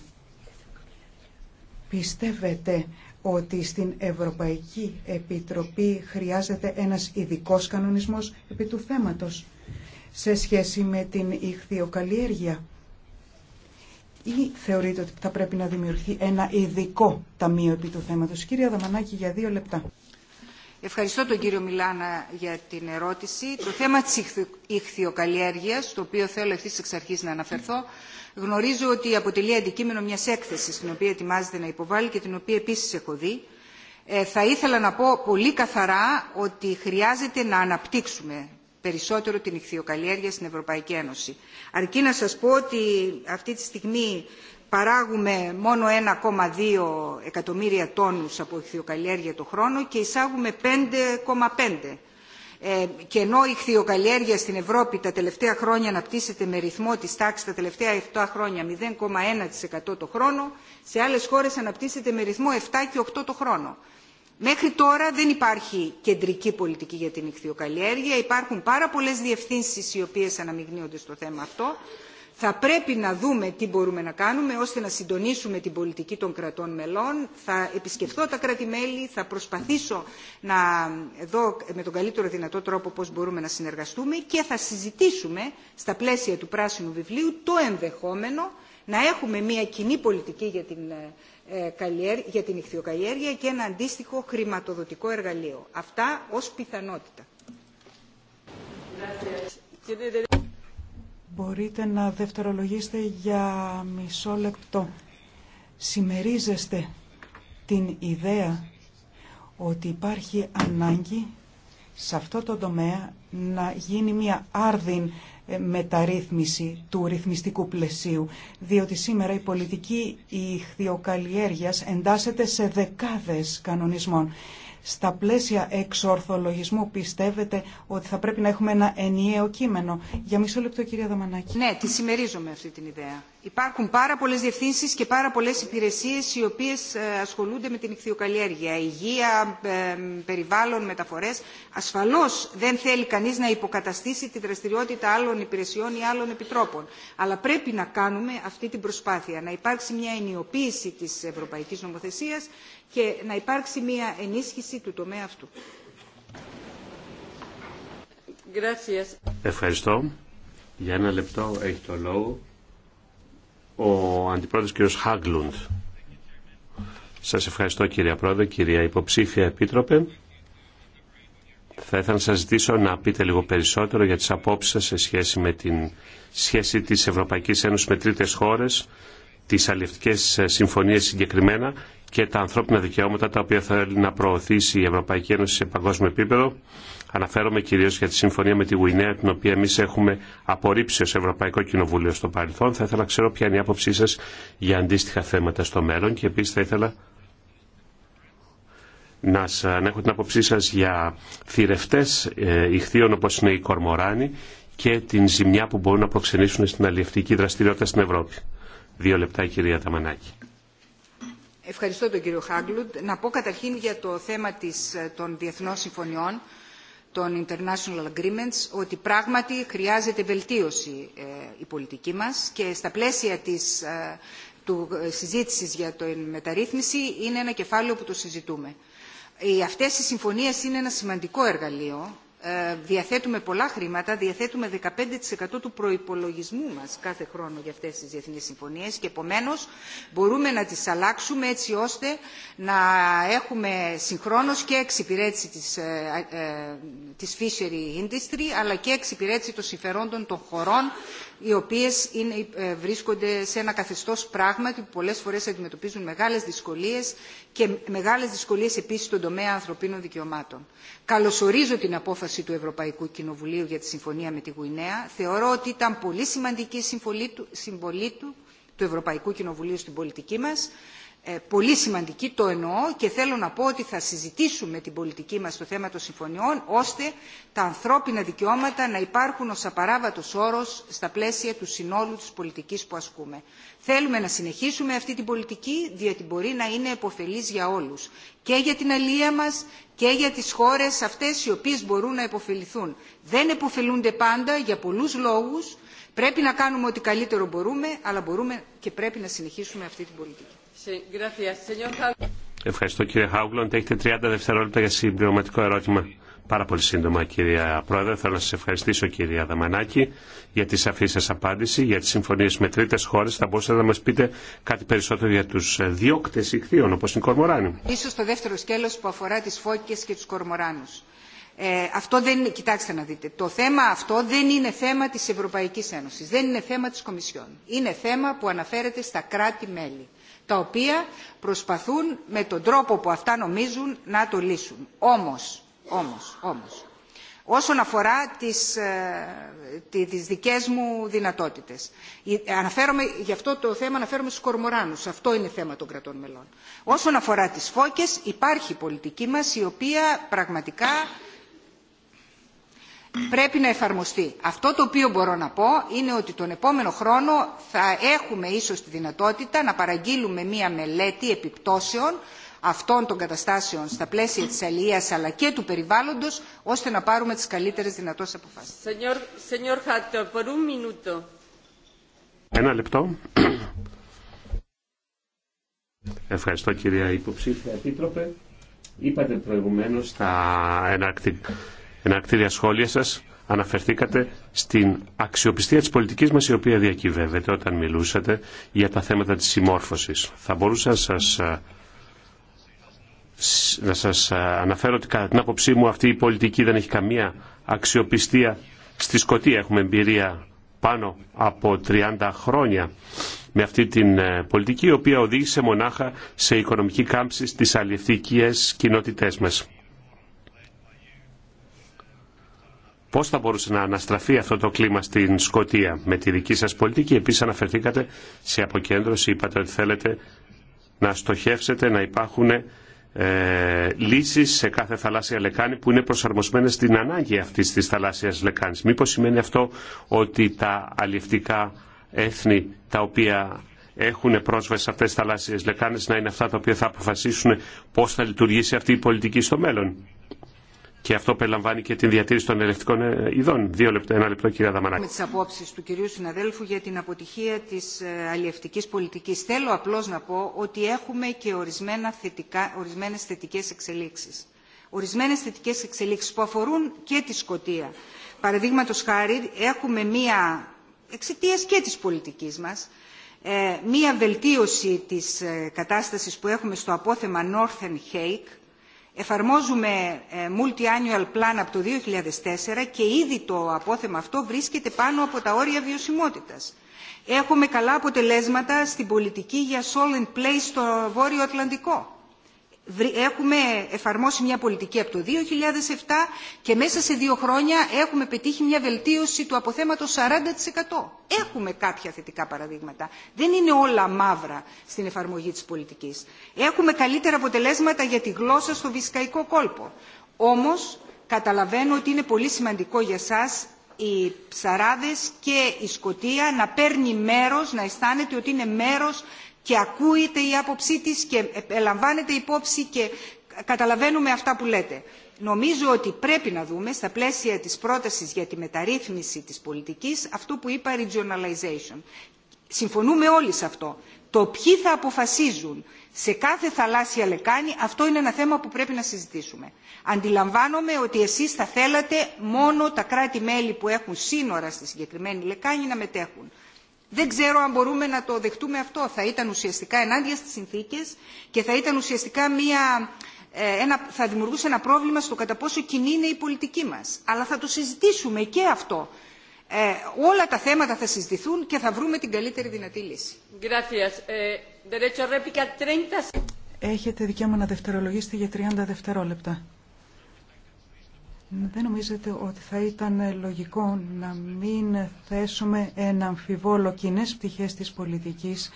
Πιστεύετε ότι στην Ευρωπαϊκή Επιτροπή χρειάζεται ένας ειδικό κανονισμός επί του θέματος σε σχέση με την ηχθειοκαλλιέργεια ή θεωρείτε ότι θα πρέπει να δημιουργηθεί ένα ειδικό ταμείο επί του θέματος. Κύριε Δαμανάκη για δύο λεπτά. Ευχαριστώ τον κύριο Μιλάνα για την ερώτηση. Το θέμα της ηχθειοκαλλιέργειας, το οποίο θέλω ευθύ εξ αρχής να αναφερθώ, γνωρίζω ότι αποτελεί αντικείμενο μιας έκθεσης, την οποία ετοιμάζεται να υποβάλει και την οποία επίσης έχω δει. Ε, θα ήθελα να πω πολύ καθαρά ότι χρειάζεται να αναπτύξουμε περισσότερο την ηχθειοκαλλιέργεια στην Ευρωπαϊκή Ένωση. Αρκεί να σας πω ότι αυτή τη στιγμή παράγουμε μόνο 1,2 εκατομμύρια τόνους από ηχθειοκαλλιέργεια το χρόνο και εισάγουμε 5,5. Ε, και ενώ η χθιοκαλλιέργεια στην Ευρώπη τα τελευταία χρόνια αναπτύσσεται με ρυθμό της τάξης τα τελευταία 7 χρόνια 0,1% το χρόνο, σε άλλες χώρες αναπτύσσεται με ρυθμό 7 και 8 το χρόνο. Μέχρι τώρα δεν υπάρχει κεντρική πολιτική για την ηχθειοκαλλιέργεια, υπάρχουν πάρα πολλές διευθύνσεις οι οποίες αναμειγνύονται στο θέμα αυτό θα πρέπει να δούμε τι μπορούμε να κάνουμε ώστε να συντονίσουμε την πολιτική των κρατών μελών. Θα επισκεφθώ τα κράτη-μέλη, θα προσπαθήσω να δω με τον καλύτερο δυνατό τρόπο πώς μπορούμε να συνεργαστούμε και θα συζητήσουμε στα πλαίσια του πράσινου βιβλίου το ενδεχόμενο να έχουμε μια κοινή πολιτική για την, ε, και ένα αντίστοιχο χρηματοδοτικό εργαλείο. Αυτά ως πιθανότητα. Μπορείτε να δευτερολογήσετε για μισό λεπτό. Σημερίζεστε την ιδέα ότι υπάρχει ανάγκη σε αυτό το τομέα να γίνει μια άρδιν ε, μεταρρύθμιση του ρυθμιστικού πλαισίου, διότι σήμερα η πολιτική ηχθειοκαλλιέργειας εντάσσεται σε δεκάδες κανονισμών στα πλαίσια εξορθολογισμού πιστεύετε ότι θα πρέπει να έχουμε ένα ενιαίο κείμενο. Για μισό λεπτό κυρία Δαμανάκη. Ναι, τη συμμερίζομαι αυτή την ιδέα. Υπάρχουν πάρα πολλές διευθύνσεις και πάρα πολλές υπηρεσίες οι οποίες ε, ασχολούνται με την ηχθειοκαλλιέργεια. Υγεία, ε, περιβάλλον, μεταφορές. Ασφαλώς δεν θέλει κανείς να υποκαταστήσει τη δραστηριότητα άλλων υπηρεσιών ή άλλων επιτρόπων. Αλλά πρέπει να κάνουμε αυτή την προσπάθεια. Να υπάρξει μια ενιοποίηση της ευρωπαϊκής νομοθεσίας και να υπάρξει μια ενίσχυση του τομέα αυτού. Ευχαριστώ. Για ένα λεπτό έχει το λόγο ο Αντιπρόεδρος κ. Χάγκλουντ. Σας ευχαριστώ κυρία Πρόεδρε, κυρία Υποψήφια Επίτροπε. Θα ήθελα να σας ζητήσω να πείτε λίγο περισσότερο για τις απόψεις σας σε σχέση με την σχέση της Ευρωπαϊκής Ένωσης με τρίτες χώρες τις αλληλευτικές ε, συμφωνίες συγκεκριμένα και τα ανθρώπινα δικαιώματα τα οποία θέλει να προωθήσει η Ευρωπαϊκή Ένωση σε παγκόσμιο επίπεδο. Αναφέρομαι κυρίως για τη συμφωνία με τη Γουινέα, την οποία εμείς έχουμε απορρίψει ως Ευρωπαϊκό Κοινοβούλιο στο παρελθόν. Θα ήθελα να ξέρω ποια είναι η άποψή σας για αντίστοιχα θέματα στο μέλλον και επίσης θα ήθελα να, να έχω την άποψή σας για θηρευτές ε, ηχθείων όπως είναι οι κορμοράνοι και την ζημιά που μπορούν να προξενήσουν στην αλληλευτική δραστηριότητα στην Ευρώπη. Δύο λεπτά κυρία Ταμανάκη. Ευχαριστώ τον κύριο Χάγκλουντ. Να πω καταρχήν για το θέμα της, ε, των διεθνών συμφωνιών, των international agreements, ότι πράγματι χρειάζεται βελτίωση ε, η πολιτική μας και στα πλαίσια της ε, του, ε, συζήτησης για την μεταρρύθμιση είναι ένα κεφάλαιο που το συζητούμε. Οι, αυτές οι συμφωνίες είναι ένα σημαντικό εργαλείο ε, διαθέτουμε πολλά χρήματα, διαθέτουμε 15% του προϋπολογισμού μας κάθε χρόνο για αυτές τις διεθνείς συμφωνίες και επομένως μπορούμε να τις αλλάξουμε έτσι ώστε να έχουμε συγχρόνως και εξυπηρέτηση της, ε, ε, της fishery industry αλλά και εξυπηρέτηση των συμφερόντων των χωρών οι οποίες είναι, ε, βρίσκονται σε ένα καθεστώς πράγματι που πολλές φορές αντιμετωπίζουν μεγάλες δυσκολίες και μεγάλες δυσκολίες επίσης στον τομέα ανθρωπίνων δικαιωμάτων. Καλωσορίζω την απόφαση του Ευρωπαϊκού Κοινοβουλίου για τη συμφωνία με τη Γουινέα. Θεωρώ ότι ήταν πολύ σημαντική συμβολή συμβολή του, του Ευρωπαϊκού Κοινοβουλίου στην πολιτική μας ε, πολύ σημαντική, το εννοώ και θέλω να πω ότι θα συζητήσουμε την πολιτική μας στο θέμα των συμφωνιών ώστε τα ανθρώπινα δικαιώματα να υπάρχουν ως απαράβατος όρος στα πλαίσια του συνόλου της πολιτικής που ασκούμε. Θέλουμε να συνεχίσουμε αυτή την πολιτική διότι μπορεί να είναι επωφελής για όλους και για την αλληλεία μας και για τις χώρες αυτές οι οποίες μπορούν να επωφεληθούν. Δεν επωφελούνται πάντα για πολλούς λόγους. Πρέπει να κάνουμε ό,τι καλύτερο μπορούμε, αλλά μπορούμε και πρέπει να συνεχίσουμε αυτή την πολιτική. Ευχαριστώ κύριε Χάουγκλοντ. Έχετε 30 δευτερόλεπτα για συμπληρωματικό ερώτημα. Πάρα πολύ σύντομα κυρία Πρόεδρε. Θέλω να σας ευχαριστήσω κυρία Δαμανάκη για τη σαφή σα απάντηση, για τις συμφωνίες με τρίτες χώρες. Θα μπορούσατε να μας πείτε κάτι περισσότερο για τους διώκτες ηχθείων όπως είναι Κορμοράνη. κορμοράνοι. Ίσως το δεύτερο σκέλος που αφορά τις φώκες και τους κορμοράνους. Ε, αυτό δεν είναι, κοιτάξτε να δείτε, το θέμα αυτό δεν είναι θέμα της Ευρωπαϊκής Ένωσης, δεν είναι θέμα της Κομισιόν. Είναι θέμα που αναφέρεται στα κράτη-μέλη τα οποία προσπαθούν με τον τρόπο που αυτά νομίζουν να το λύσουν. Όμως, όμως, όμως όσον αφορά τις, ε, τις δικές μου δυνατότητες. Αναφέρομαι, γι' αυτό το θέμα αναφέρομαι στους κορμοράνους. Αυτό είναι θέμα των κρατών μελών. Όσον αφορά τις φώκες υπάρχει η πολιτική μας η οποία πραγματικά πρέπει να εφαρμοστεί. Αυτό το οποίο μπορώ να πω είναι ότι τον επόμενο χρόνο θα έχουμε ίσως τη δυνατότητα να παραγγείλουμε μία μελέτη επιπτώσεων αυτών των καταστάσεων στα πλαίσια της αλληλείας αλλά και του περιβάλλοντος ώστε να πάρουμε τις καλύτερες δυνατές αποφάσεις. Ένα λεπτό. Ευχαριστώ κυρία Υποψήφια Επίτροπε. Είπατε προηγουμένως τα ενακτικά εναρκτήρια σχόλια σας αναφερθήκατε στην αξιοπιστία της πολιτικής μας η οποία διακυβεύεται όταν μιλούσατε για τα θέματα της συμμόρφωσης. Θα μπορούσα να σας, να σας αναφέρω ότι κατά την άποψή μου αυτή η πολιτική δεν έχει καμία αξιοπιστία. Στη Σκωτία έχουμε εμπειρία πάνω από 30 χρόνια με αυτή την ε, πολιτική η οποία οδήγησε μονάχα σε οικονομική κάμψη στις αλληλευτικές κοινότητές μας. Πώς θα μπορούσε να αναστραφεί αυτό το κλίμα στην Σκοτία με τη δική σας πολιτική. Επίσης αναφερθήκατε σε αποκέντρωση, είπατε ότι θέλετε να στοχεύσετε να υπάρχουν ε, λύσεις σε κάθε θαλάσσια λεκάνη που είναι προσαρμοσμένες στην ανάγκη αυτής της θαλάσσιας λεκάνης. Μήπως σημαίνει αυτό ότι τα αλληλευτικά έθνη τα οποία έχουν πρόσβαση σε αυτές τι θαλάσσιες λεκάνες να είναι αυτά τα οποία θα αποφασίσουν πώς θα λειτουργήσει αυτή η πολιτική στο μέλλον. Και αυτό περιλαμβάνει και την διατήρηση των ελευτικών ε, ειδών. Δύο λεπτά, ένα λεπτό, κυρία Δαμανάκη. Με τι απόψει του κυρίου συναδέλφου για την αποτυχία τη ε, αλλιευτική πολιτική. Θέλω απλώ να πω ότι έχουμε και ορισμένε θετικέ εξελίξει. Ορισμένε θετικέ εξελίξει που αφορούν και τη σκοτία. Παραδείγματο χάρη, έχουμε μία, εξαιτία και τη πολιτική μα, ε, μία βελτίωση της κατάστασης που έχουμε στο απόθεμα Northern Hake Εφαρμόζουμε ε, multi-annual plan από το 2004 και ήδη το απόθεμα αυτό βρίσκεται πάνω από τα όρια βιωσιμότητας. Έχουμε καλά αποτελέσματα στην πολιτική για solid and στο Βόρειο Ατλαντικό έχουμε εφαρμόσει μια πολιτική από το 2007 και μέσα σε δύο χρόνια έχουμε πετύχει μια βελτίωση του αποθέματος 40%. Έχουμε κάποια θετικά παραδείγματα. Δεν είναι όλα μαύρα στην εφαρμογή της πολιτικής. Έχουμε καλύτερα αποτελέσματα για τη γλώσσα στο βυσκαϊκό κόλπο. Όμως καταλαβαίνω ότι είναι πολύ σημαντικό για σας οι ψαράδες και η σκοτία να παίρνει μέρος, να αισθάνεται ότι είναι μέρος και ακούεται η άποψή της και ε, λαμβάνεται υπόψη και καταλαβαίνουμε αυτά που λέτε. Νομίζω ότι πρέπει να δούμε στα πλαίσια της πρότασης για τη μεταρρύθμιση της πολιτικής αυτό που είπα regionalization. Συμφωνούμε όλοι σε αυτό. Το ποιοι θα αποφασίζουν σε κάθε θαλάσσια λεκάνη, αυτό είναι ένα θέμα που πρέπει να συζητήσουμε. Αντιλαμβάνομαι ότι εσείς θα θέλατε μόνο τα κράτη-μέλη που έχουν σύνορα στη συγκεκριμένη λεκάνη να μετέχουν. Δεν ξέρω αν μπορούμε να το δεχτούμε αυτό. Θα ήταν ουσιαστικά ενάντια στις συνθήκες και θα ήταν ουσιαστικά μια, ε, ένα, θα δημιουργούσε ένα πρόβλημα στο κατά πόσο κοινή είναι η πολιτική μας. Αλλά θα το συζητήσουμε και αυτό. Ε, όλα τα θέματα θα συζητηθούν και θα βρούμε την καλύτερη δυνατή λύση. Ε, Έχετε δικαίωμα να δευτερολογήσετε για 30 δευτερόλεπτα. Δεν νομίζετε ότι θα ήταν λογικό να μην θέσουμε ένα αμφιβόλο κοινέ πτυχές της πολιτικής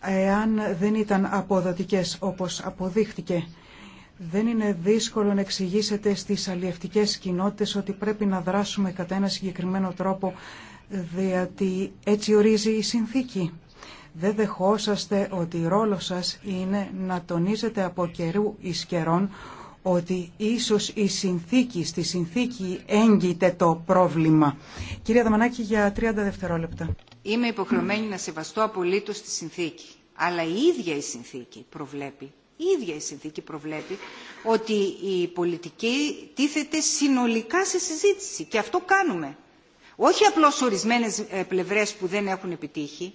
εάν δεν ήταν αποδοτικές όπως αποδείχτηκε. Δεν είναι δύσκολο να εξηγήσετε στις αλλιευτικές κοινότητες ότι πρέπει να δράσουμε κατά ένα συγκεκριμένο τρόπο διότι έτσι ορίζει η συνθήκη. Δεν δεχόσαστε ότι η ρόλος σας είναι να τονίζετε από καιρού εις ότι ίσως η συνθήκη, στη συνθήκη έγκυται το πρόβλημα. Κυρία Δαμανάκη, για 30 δευτερόλεπτα. Είμαι υποχρεωμένη να σεβαστώ απολύτως τη συνθήκη. Αλλά η ίδια η συνθήκη προβλέπει, η ίδια η συνθήκη προβλέπει ότι η πολιτική τίθεται συνολικά σε συζήτηση. Και αυτό κάνουμε. Όχι απλώς ορισμένες ε, πλευρές που δεν έχουν επιτύχει,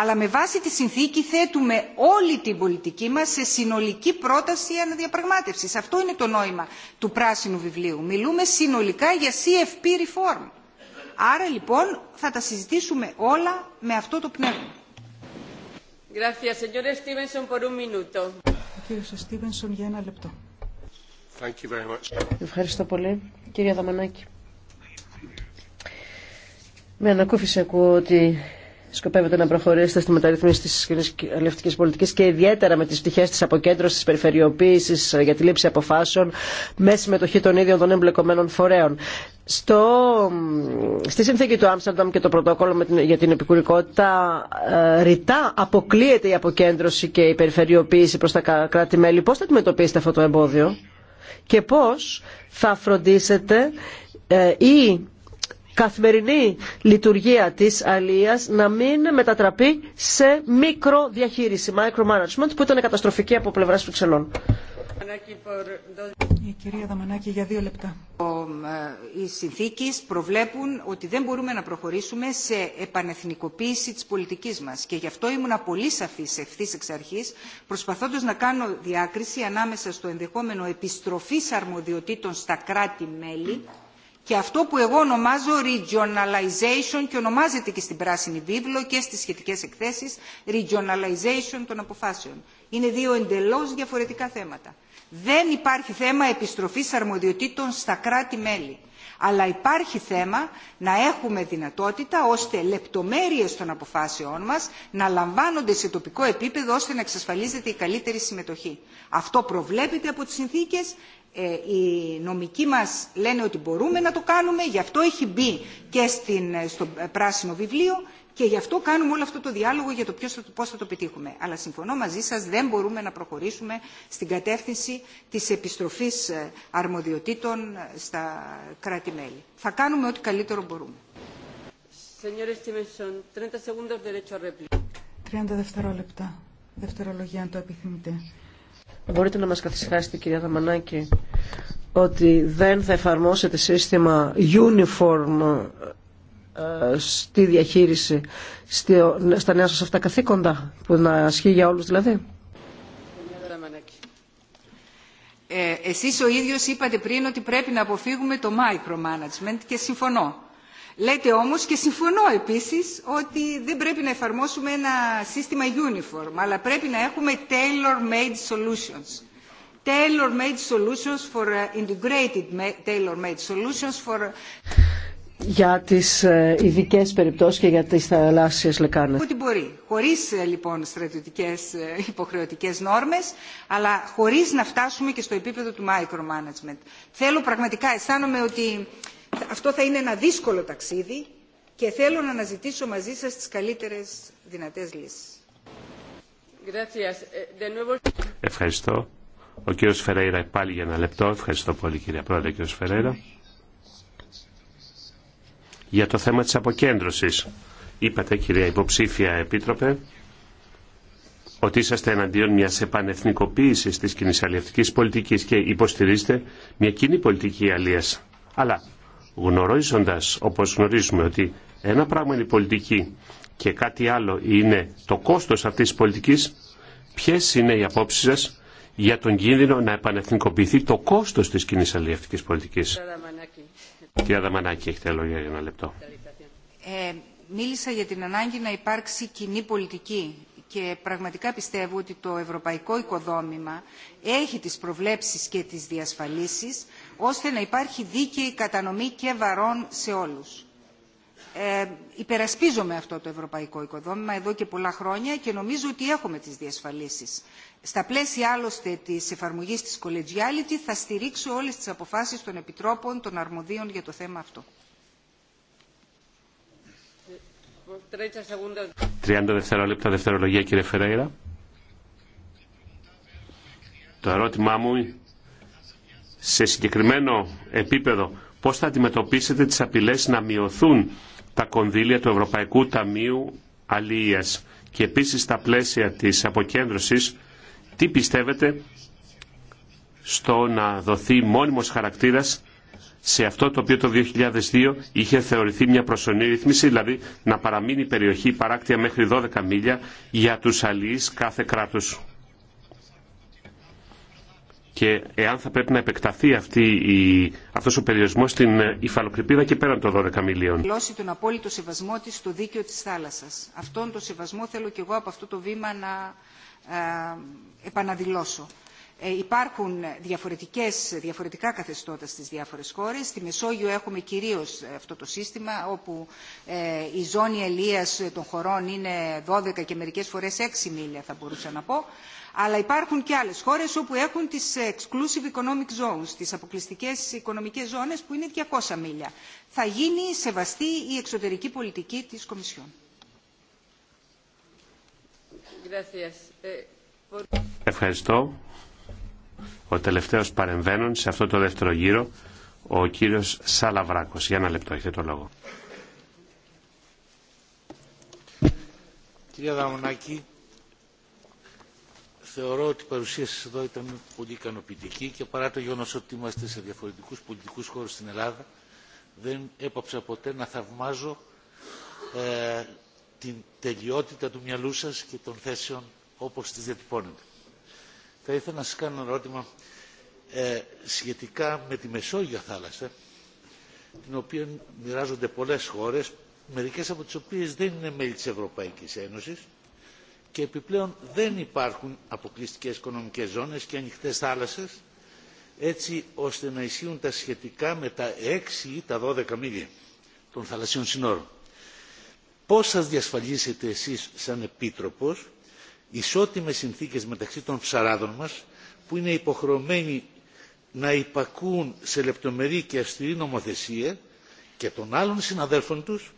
αλλά με βάση τη συνθήκη θέτουμε όλη την πολιτική μας σε συνολική πρόταση αναδιαπραγμάτευσης. Αυτό είναι το νόημα του πράσινου βιβλίου. Μιλούμε συνολικά για CFP reform. Άρα λοιπόν θα τα συζητήσουμε όλα με αυτό το πνεύμα. Ευχαριστώ πολύ. Με ανακούφιση ακούω σκοπεύετε να προχωρήσετε στη μεταρρύθμιση τη κοινή αλληλευτικής πολιτικής και ιδιαίτερα με τι πτυχέ τη αποκέντρωση, τη περιφερειοποίηση ε, για τη λήψη αποφάσεων με συμμετοχή των ίδιων των εμπλεκομένων φορέων. Στο, στη συνθήκη του Άμστερνταμ και το πρωτόκολλο με την, για την επικουρικότητα ε, ρητά αποκλείεται η αποκέντρωση και η περιφερειοποίηση προς τα κράτη-μέλη. Πώς θα αντιμετωπίσετε αυτό το εμπόδιο και πώς θα φροντίσετε ε, ή καθημερινή λειτουργία της αλίας να μην μετατραπεί σε μικροδιαχείριση, micromanagement, που ήταν καταστροφική από πλευράς του Η κυρία Δαμανάκη για δύο λεπτά. Ε, οι συνθήκες προβλέπουν ότι δεν μπορούμε να προχωρήσουμε σε επανεθνικοποίηση της πολιτικής μας και γι' αυτό ήμουν πολύ σαφής ευθύ εξ αρχής προσπαθώντας να κάνω διάκριση ανάμεσα στο ενδεχόμενο επιστροφής αρμοδιοτήτων στα κράτη-μέλη και αυτό που εγώ ονομάζω regionalization και ονομάζεται και στην Πράσινη Βίβλο και στις σχετικές εκθέσεις regionalization των αποφάσεων. Είναι δύο εντελώς διαφορετικά θέματα. Δεν υπάρχει θέμα επιστροφής αρμοδιοτήτων στα κράτη-μέλη. Αλλά υπάρχει θέμα να έχουμε δυνατότητα ώστε λεπτομέρειες των αποφάσεών μας να λαμβάνονται σε τοπικό επίπεδο ώστε να εξασφαλίζεται η καλύτερη συμμετοχή. Αυτό προβλέπεται από τις συνθήκες ε, οι νομικοί μας λένε ότι μπορούμε να το κάνουμε, γι' αυτό έχει μπει και στο πράσινο βιβλίο και γι' αυτό κάνουμε όλο αυτό το διάλογο για το ποιος, πώς θα το πετύχουμε. Αλλά συμφωνώ μαζί σας, δεν μπορούμε να προχωρήσουμε στην κατεύθυνση της επιστροφής ε, αρμοδιοτήτων ε, στα κράτη-μέλη. Θα κάνουμε ό,τι καλύτερο μπορούμε. Μπορείτε να μας καθησυχάσετε, κυρία Δαμανάκη ότι δεν θα εφαρμόσετε σύστημα uniform ε, στη διαχείριση στα νέα σας αυτά καθήκοντα που να ασχεί για όλους δηλαδή. Ε, εσείς ο ίδιος είπατε πριν ότι πρέπει να αποφύγουμε το micromanagement και συμφωνώ Λέτε όμως και συμφωνώ επίσης ότι δεν πρέπει να εφαρμόσουμε ένα σύστημα uniform, αλλά πρέπει να έχουμε tailor-made solutions. Tailor-made solutions for uh, integrated tailor-made solutions for uh, για τις ε, ειδικέ περιπτώσεις και για τις θαλάσσιες λεκάνες. Ό,τι μπορεί. Χωρίς ε, λοιπόν στρατιωτικές ε, υποχρεωτικές νόρμες, αλλά χωρίς να φτάσουμε και στο επίπεδο του micromanagement. Θέλω πραγματικά, αισθάνομαι ότι αυτό θα είναι ένα δύσκολο ταξίδι και θέλω να αναζητήσω μαζί σας τις καλύτερες δυνατές λύσεις. Ε, Ευχαριστώ. Ο κύριος Φεραίρα πάλι για ένα λεπτό. Ευχαριστώ πολύ κύριε Πρόεδρε κύριος Φεραίρα. Για το θέμα της αποκέντρωσης. Είπατε κυρία υποψήφια επίτροπε ότι είσαστε εναντίον μια επανεθνικοποίηση τη κοινή αλληλευτική πολιτική και υποστηρίζετε μια κοινή πολιτική αλλία. Αλλά γνωρίζοντας όπως γνωρίζουμε ότι ένα πράγμα είναι η πολιτική και κάτι άλλο είναι το κόστος αυτής της πολιτικής, ποιες είναι οι απόψεις σας για τον κίνδυνο να επανεθνικοποιηθεί το κόστος της κοινής αλληλευτικής πολιτικής. Κυρία Δαμανάκη, έχετε λόγια για ένα λεπτό. Ε, μίλησα για την ανάγκη να υπάρξει κοινή πολιτική και πραγματικά πιστεύω ότι το ευρωπαϊκό οικοδόμημα έχει τις προβλέψεις και τις διασφαλίσεις ώστε να υπάρχει δίκαιη κατανομή και βαρών σε όλους. Ε, υπερασπίζομαι αυτό το ευρωπαϊκό οικοδόμημα εδώ και πολλά χρόνια και νομίζω ότι έχουμε τις διασφαλίσεις. Στα πλαίσια άλλωστε της εφαρμογής της collegiality θα στηρίξω όλες τις αποφάσεις των επιτρόπων των αρμοδίων για το θέμα αυτό. 30 δευτερόλεπτα δευτερολογία κύριε Φεραίρα. Το ερώτημά μου σε συγκεκριμένο επίπεδο πώς θα αντιμετωπίσετε τις απειλές να μειωθούν τα κονδύλια του Ευρωπαϊκού Ταμείου Αλίας και επίσης στα πλαίσια της αποκέντρωσης τι πιστεύετε στο να δοθεί μόνιμος χαρακτήρας σε αυτό το οποίο το 2002 είχε θεωρηθεί μια προσωνή ρύθμιση, δηλαδή να παραμείνει η περιοχή παράκτια μέχρι 12 μίλια για τους αλληλείς κάθε κράτους και εάν θα πρέπει να επεκταθεί αυτή η, αυτός ο περιορισμός στην υφαλοκρηπίδα και πέραν των 12 μιλίων. Δηλώσει τον απόλυτο σεβασμό της στο δίκαιο της θάλασσας. Αυτόν τον σεβασμό θέλω και εγώ από αυτό το βήμα να ε, επαναδηλώσω. Ε, υπάρχουν διαφορετικές, διαφορετικά καθεστώτα στις διάφορες χώρες. Στη Μεσόγειο έχουμε κυρίως ε, αυτό το σύστημα όπου η ζώνη ελίας των χωρών είναι 12 και μερικές φορές 6 μίλια θα μπορούσα να πω αλλά υπάρχουν και άλλες χώρες όπου έχουν τις exclusive economic zones τις αποκλειστικές οικονομικές ζώνες που είναι 200 μίλια. θα γίνει σεβαστή η εξωτερική πολιτική της κομισιόν. Ε, Ευχαριστώ. Ο τελευταίος παρεμβαίνων σε αυτό το δεύτερο γύρο, ο κύριος Σαλαβράκος. Για ένα λεπτό, έχετε το λόγο. Κύριε Δαμονάκη, θεωρώ ότι η παρουσία σας εδώ ήταν πολύ ικανοποιητική και παρά το γεγονός ότι είμαστε σε διαφορετικούς πολιτικούς χώρους στην Ελλάδα δεν έπαψα ποτέ να θαυμάζω ε, την τελειότητα του μυαλού σας και των θέσεων όπως τις διατυπώνετε. Θα ήθελα να σας κάνω ένα ερώτημα ε, σχετικά με τη Μεσόγειο θάλασσα την οποία μοιράζονται πολλές χώρες μερικές από τις οποίες δεν είναι μέλη της Ευρωπαϊκής Ένωσης και επιπλέον δεν υπάρχουν αποκλειστικές οικονομικές ζώνες και ανοιχτές θάλασσες έτσι ώστε να ισχύουν τα σχετικά με τα 6 ή τα 12 μίλια των θαλασσίων συνόρων. Πώς σας διασφαλίσετε εσείς σαν Επίτροπος ισότιμες συνθήκες μεταξύ των ψαράδων μας που είναι υποχρεωμένοι να υπακούν σε λεπτομερή και αυστηρή νομοθεσία και των άλλων συναδέλφων τους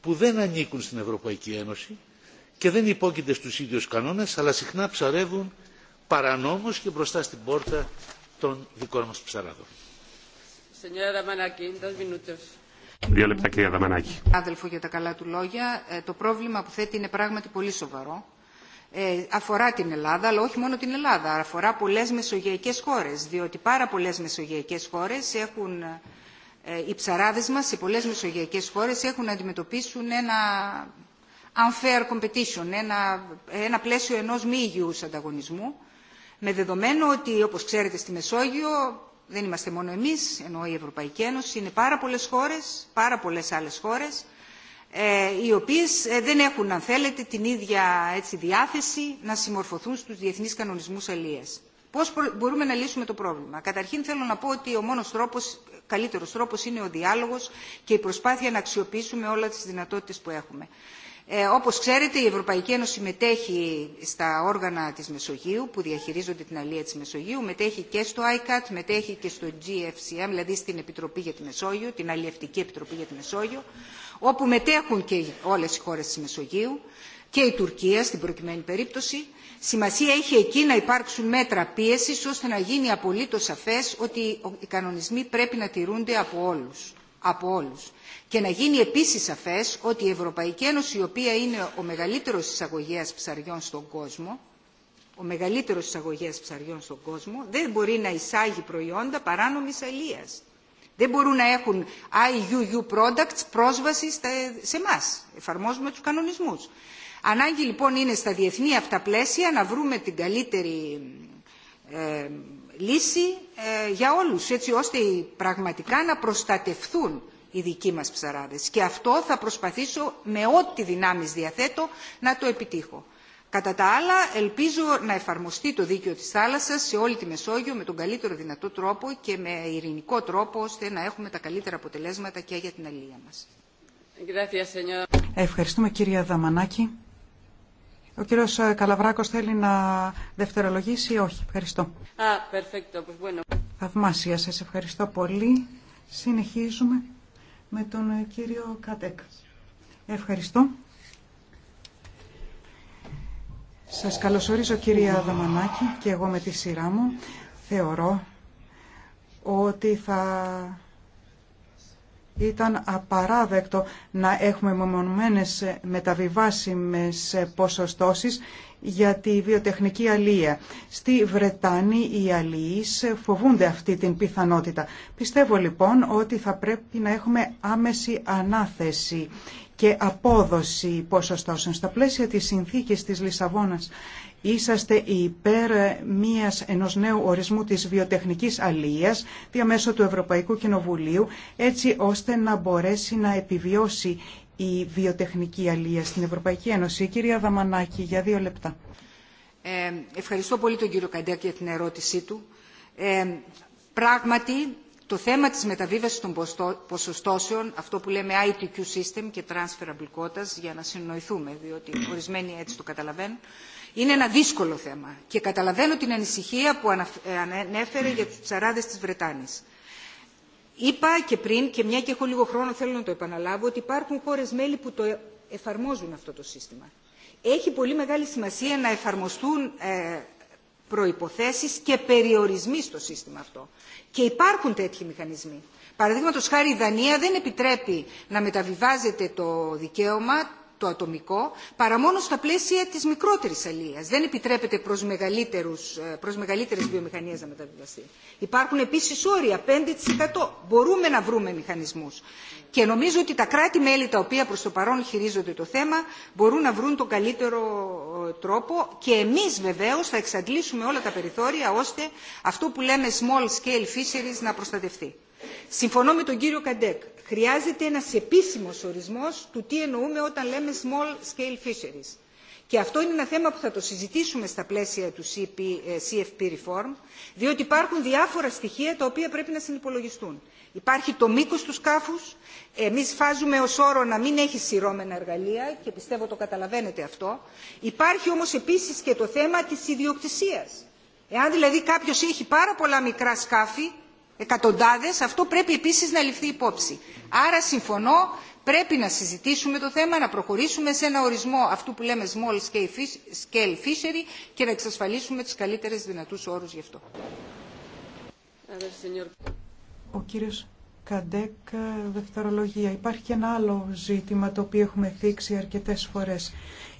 που δεν ανήκουν στην Ευρωπαϊκή Ένωση και δεν υπόκειται στους ίδιους κανόνες αλλά συχνά ψαρεύουν παρανόμως και μπροστά στην πόρτα των δικών μας ψαράδων. Δύο λεπτά κυρία Δαμανάκη. Άδελφο για τα καλά του λόγια. Ε, το πρόβλημα που θέτει είναι πράγματι πολύ σοβαρό. Ε, αφορά την Ελλάδα, αλλά όχι μόνο την Ελλάδα. Αφορά πολλές μεσογειακές χώρες, διότι πάρα πολλές μεσογειακές χώρες έχουν ε, οι ψαράδες μας σε πολλές μεσογειακές χώρες έχουν να αντιμετωπίσουν ένα unfair competition, ένα, πλαίσιο ενός μη υγιούς ανταγωνισμού, με δεδομένο ότι, όπως ξέρετε, στη Μεσόγειο δεν είμαστε μόνο εμείς, ενώ η Ευρωπαϊκή Ένωση, είναι πάρα πολλές χώρες, πάρα πολλές άλλες χώρες, ε, οι οποίες ε, δεν έχουν, αν θέλετε, την ίδια έτσι, διάθεση να συμμορφωθούν στους διεθνείς κανονισμούς αλλιές. Πώς μπορούμε να λύσουμε το πρόβλημα. Καταρχήν θέλω να πω ότι ο μόνος τρόπος, καλύτερος τρόπος είναι ο διάλογος και η προσπάθεια να αξιοποιήσουμε όλες τις δυνατότητες που έχουμε. Ε, όπως ξέρετε η Ευρωπαϊκή Ένωση μετέχει στα όργανα της Μεσογείου που διαχειρίζονται την αλία της Μεσογείου, μετέχει και στο ICAT, μετέχει και στο GFCM, δηλαδή στην Επιτροπή για τη Μεσόγειο, την Αλλιευτική Επιτροπή για τη Μεσόγειο, όπου μετέχουν και όλες οι χώρες της Μεσογείου και η Τουρκία στην προκειμένη περίπτωση. Σημασία έχει εκεί να υπάρξουν μέτρα πίεσης ώστε να γίνει απολύτως σαφές ότι οι κανονισμοί πρέπει να τηρούνται από όλους από όλους. Και να γίνει επίσης σαφές ότι η Ευρωπαϊκή Ένωση, η οποία είναι ο μεγαλύτερος εισαγωγέας ψαριών στον κόσμο, ο μεγαλύτερος εισαγωγέας ψαριών στον κόσμο, δεν μπορεί να εισάγει προϊόντα παράνομης αλίας. Δεν μπορούν να έχουν IUU products πρόσβαση σε εμά. Εφαρμόζουμε τους κανονισμούς. Ανάγκη λοιπόν είναι στα διεθνή αυτά πλαίσια να βρούμε την καλύτερη ε, λύση ε, για όλους, έτσι ώστε πραγματικά να προστατευθούν οι δικοί μας ψαράδες. Και αυτό θα προσπαθήσω με ό,τι δυνάμεις διαθέτω να το επιτύχω. Κατά τα άλλα, ελπίζω να εφαρμοστεί το δίκαιο της θάλασσας σε όλη τη Μεσόγειο με τον καλύτερο δυνατό τρόπο και με ειρηνικό τρόπο, ώστε να έχουμε τα καλύτερα αποτελέσματα και για την αλληλεία μας. Ευχαριστούμε κύριε Δαμανάκη. Ο κύριο ε, Καλαβράκο θέλει να δευτερολογήσει ή όχι. Ευχαριστώ. Α, perfecto. Θαυμάσια σα Ευχαριστώ πολύ. Συνεχίζουμε με τον ε, κύριο Κατέκ. Ευχαριστώ. Σα καλωσορίζω κυρία Δαμανάκη και εγώ με τη σειρά μου θεωρώ ότι θα ήταν απαράδεκτο να έχουμε μεμονωμένες μεταβιβάσιμες ποσοστώσεις για τη βιοτεχνική αλία. Στη Βρετάνη οι αλίες φοβούνται αυτή την πιθανότητα. Πιστεύω λοιπόν ότι θα πρέπει να έχουμε άμεση ανάθεση και απόδοση ποσοστώσεων. Στα πλαίσια της συνθήκης της Λισαβόνας είσαστε υπέρ μίας, ενός νέου ορισμού της βιοτεχνικής αλίας διαμέσου του Ευρωπαϊκού Κοινοβουλίου έτσι ώστε να μπορέσει να επιβιώσει η βιοτεχνική αλία στην Ευρωπαϊκή Ένωση. Κυρία Δαμανάκη, για δύο λεπτά. Ε, ευχαριστώ πολύ τον κύριο Καντέκ για την ερώτησή του. Ε, πράγματι, το θέμα της μεταβίβασης των ποσοστώσεων, αυτό που λέμε ITQ system και transferable quotas, για να συνοηθούμε, διότι ορισμένοι έτσι το καταλαβαίνουν, είναι ένα δύσκολο θέμα και καταλαβαίνω την ανησυχία που ε, ανέφερε για τους ψαράδες της Βρετάνης. Είπα και πριν, και μια και έχω λίγο χρόνο θέλω να το επαναλάβω, ότι υπάρχουν χώρες μέλη που το ε, εφαρμόζουν αυτό το σύστημα. Έχει πολύ μεγάλη σημασία να εφαρμοστούν ε, προϋποθέσεις και περιορισμοί στο σύστημα αυτό. Και υπάρχουν τέτοιοι μηχανισμοί. Παραδείγματο χάρη η Δανία δεν επιτρέπει να μεταβιβάζεται το δικαίωμα το ατομικό, παρά μόνο στα πλαίσια της μικρότερης αλίας. Δεν επιτρέπεται προς, μεγαλύτερε προς μεγαλύτερες βιομηχανίες να μεταβιβαστεί. Υπάρχουν επίσης όρια, 5%. Μπορούμε να βρούμε μηχανισμούς. Και νομίζω ότι τα κράτη-μέλη τα οποία προς το παρόν χειρίζονται το θέμα μπορούν να βρουν τον καλύτερο ε, τρόπο και εμείς βεβαίως θα εξαντλήσουμε όλα τα περιθώρια ώστε αυτό που λέμε small scale fisheries να προστατευτεί. Συμφωνώ με τον κύριο Καντέκ χρειάζεται ένας επίσημος ορισμός του τι εννοούμε όταν λέμε small scale fisheries. Και αυτό είναι ένα θέμα που θα το συζητήσουμε στα πλαίσια του CFP ε, reform, διότι υπάρχουν διάφορα στοιχεία τα οποία πρέπει να συνυπολογιστούν. Υπάρχει το μήκος του σκάφους, εμείς φάζουμε ως όρο να μην έχει σειρώμενα εργαλεία και πιστεύω το καταλαβαίνετε αυτό. Υπάρχει όμως επίσης και το θέμα της ιδιοκτησίας. Εάν δηλαδή κάποιος έχει πάρα πολλά μικρά σκάφη, εκατοντάδες, αυτό πρέπει επίσης να ληφθεί υπόψη. Άρα συμφωνώ, πρέπει να συζητήσουμε το θέμα, να προχωρήσουμε σε ένα ορισμό αυτού που λέμε small scale fishery και να εξασφαλίσουμε τις καλύτερες δυνατούς όρους γι' αυτό. Ο κύριος Καντέκ, ε, δευτερολογία. Υπάρχει και ένα άλλο ζήτημα το οποίο έχουμε θίξει αρκετές φορές.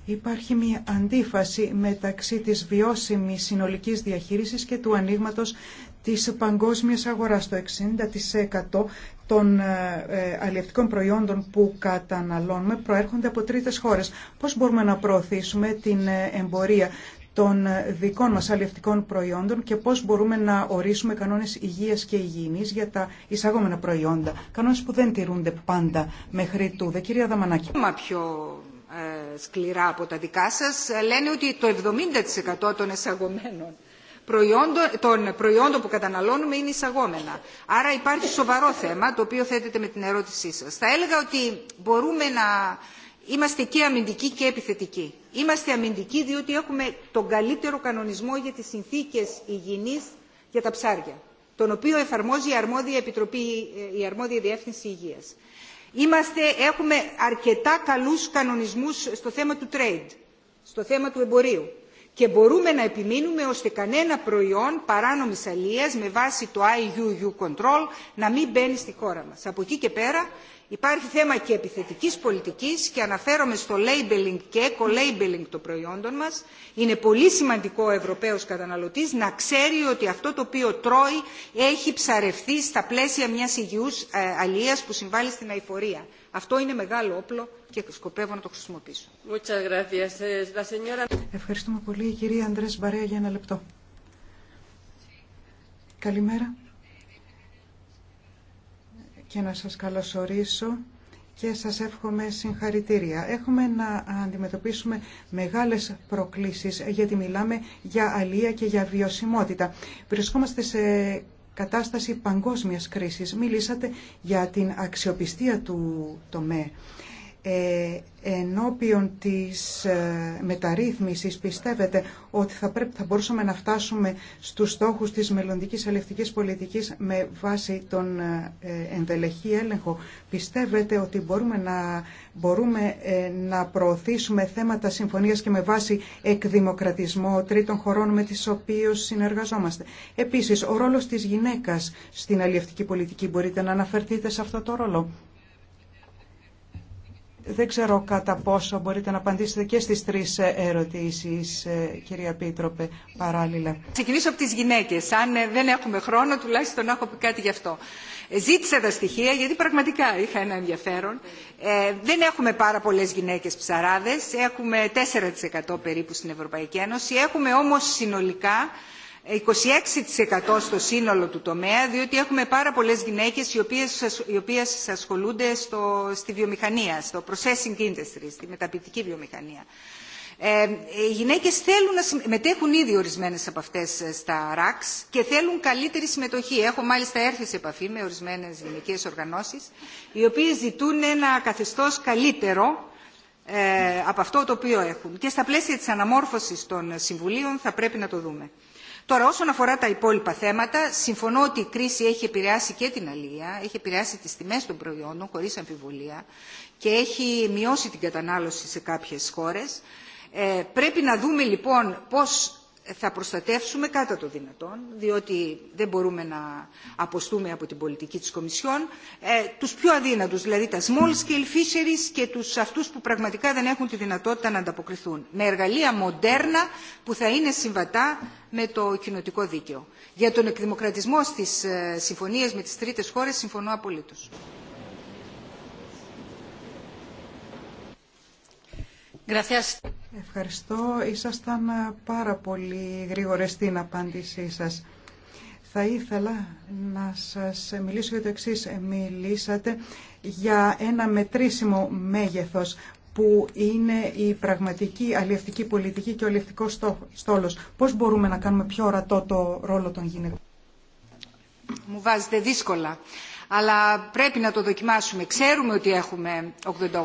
Υπάρχει μια αντίφαση μεταξύ της βιώσιμης συνολικής διαχείρισης και του ανοίγματο της παγκόσμιας αγοράς. Το 60% των ε, ε, αλλιευτικών προϊόντων που καταναλώνουμε προέρχονται από τρίτες χώρες. Πώς μπορούμε να προωθήσουμε την ε, εμπορία των δικών μας αλλιευτικών προϊόντων και πώς μπορούμε να ορίσουμε κανόνες υγείας και υγιεινής για τα εισαγόμενα προϊόντα. Κανόνες που δεν τηρούνται πάντα μέχρι τούδε. Κυρία Δαμανάκη. Μα πιο σκληρά από τα δικά σας λένε ότι το 70% των εισαγωμένων των προϊόντων που καταναλώνουμε είναι εισαγόμενα. Άρα υπάρχει σοβαρό θέμα το οποίο θέτεται με την ερώτησή σας. Θα έλεγα ότι μπορούμε να είμαστε και αμυντικοί και επιθετικοί. Είμαστε αμυντικοί διότι έχουμε τον καλύτερο κανονισμό για τις συνθήκες υγιεινής για τα ψάρια, τον οποίο εφαρμόζει η αρμόδια, επιτροπή, η αρμόδια διεύθυνση υγείας. έχουμε αρκετά καλούς κανονισμούς στο θέμα του trade, στο θέμα του εμπορίου και μπορούμε να επιμείνουμε ώστε κανένα προϊόν παράνομης αλίας με βάση το IUU control να μην μπαίνει στη χώρα μας. Από εκεί και πέρα Υπάρχει θέμα και επιθετικής πολιτικής και αναφέρομαι στο labeling και eco-labeling των προϊόντων μας. Είναι πολύ σημαντικό ο Ευρωπαίος καταναλωτής να ξέρει ότι αυτό το οποίο τρώει έχει ψαρευθεί στα πλαίσια μιας υγιούς ε, αλίας που συμβάλλει στην αηφορία. Αυτό είναι μεγάλο όπλο και σκοπεύω να το χρησιμοποιήσω. Ε, Ευχαριστούμε πολύ. κυρία για ένα λεπτό. Καλημέρα και να σας καλωσορίσω και σας εύχομαι συγχαρητήρια. Έχουμε να αντιμετωπίσουμε μεγάλες προκλήσεις γιατί μιλάμε για αλία και για βιωσιμότητα. Βρισκόμαστε σε κατάσταση παγκόσμιας κρίσης. Μιλήσατε για την αξιοπιστία του τομέα ε, ενώπιον της ε, μεταρρύθμισης πιστεύετε ότι θα, θα μπορούσαμε να φτάσουμε στους στόχους της μελλοντικής αλληλευτικής πολιτικής με βάση τον ε, ενδελεχή έλεγχο. Πιστεύετε ότι μπορούμε, να, μπορούμε ε, να προωθήσουμε θέματα συμφωνίας και με βάση εκδημοκρατισμό τρίτων χωρών με τις οποίες συνεργαζόμαστε. Επίσης, ο ρόλος της γυναίκας στην αλληλευτική πολιτική μπορείτε να αναφερθείτε σε αυτό το ρόλο. Δεν ξέρω κατά πόσο μπορείτε να απαντήσετε και στις τρεις ερωτήσεις, ε, κυρία Πίτροπε, παράλληλα. Ξεκινήσω από τις γυναίκες. Αν ε, δεν έχουμε χρόνο, τουλάχιστον έχω πει κάτι γι' αυτό. Ε, ζήτησα τα στοιχεία, γιατί πραγματικά είχα ένα ενδιαφέρον. δεν έχουμε πάρα πολλές γυναίκες ψαράδες. Έχουμε 4% περίπου στην Ευρωπαϊκή Ένωση. Έχουμε όμως συνολικά 26% στο σύνολο του τομέα, διότι έχουμε πάρα πολλές γυναίκες οι οποίες, οι ασχολούνται στη βιομηχανία, στο processing industry, στη μεταπητική βιομηχανία. Ε, οι γυναίκες θέλουν να συμμετέχουν ήδη ορισμένες από αυτές ε, στα RACS και θέλουν καλύτερη συμμετοχή. Έχω μάλιστα έρθει σε επαφή με ορισμένες γυναικείες οργανώσεις, οι οποίες ζητούν ένα καθεστώς καλύτερο ε, από αυτό το οποίο έχουν. Και στα πλαίσια της αναμόρφωσης των συμβουλίων θα πρέπει να το δούμε. Τώρα, όσον αφορά τα υπόλοιπα θέματα, συμφωνώ ότι η κρίση έχει επηρεάσει και την αλληλεία, έχει επηρεάσει τις τιμές των προϊόντων, χωρίς αμφιβολία, και έχει μειώσει την κατανάλωση σε κάποιες χώρες. Ε, πρέπει να δούμε λοιπόν πώς θα προστατεύσουμε κατά το δυνατόν, διότι δεν μπορούμε να αποστούμε από την πολιτική της Κομισιόν, ε, τους πιο αδύνατους, δηλαδή τα small scale fisheries και τους αυτούς που πραγματικά δεν έχουν τη δυνατότητα να ανταποκριθούν, με εργαλεία μοντέρνα που θα είναι συμβατά με το κοινοτικό δίκαιο. Για τον εκδημοκρατισμό στις ε, συμφωνίες με τις τρίτες χώρες συμφωνώ απολύτως. Ευχαριστώ. Ήσασταν ε, πάρα πολύ γρήγορες στην απάντησή σας. Θα ήθελα να σας μιλήσω για το εξής. Μιλήσατε για ένα μετρήσιμο μέγεθος που είναι η πραγματική αλληλευτική πολιτική και ο αλληλευτικός στόλος. Πώς μπορούμε να κάνουμε πιο ορατό το ρόλο των γυναικών. Μου βάζετε δύσκολα αλλά πρέπει να το δοκιμάσουμε. Ξέρουμε ότι έχουμε 88.000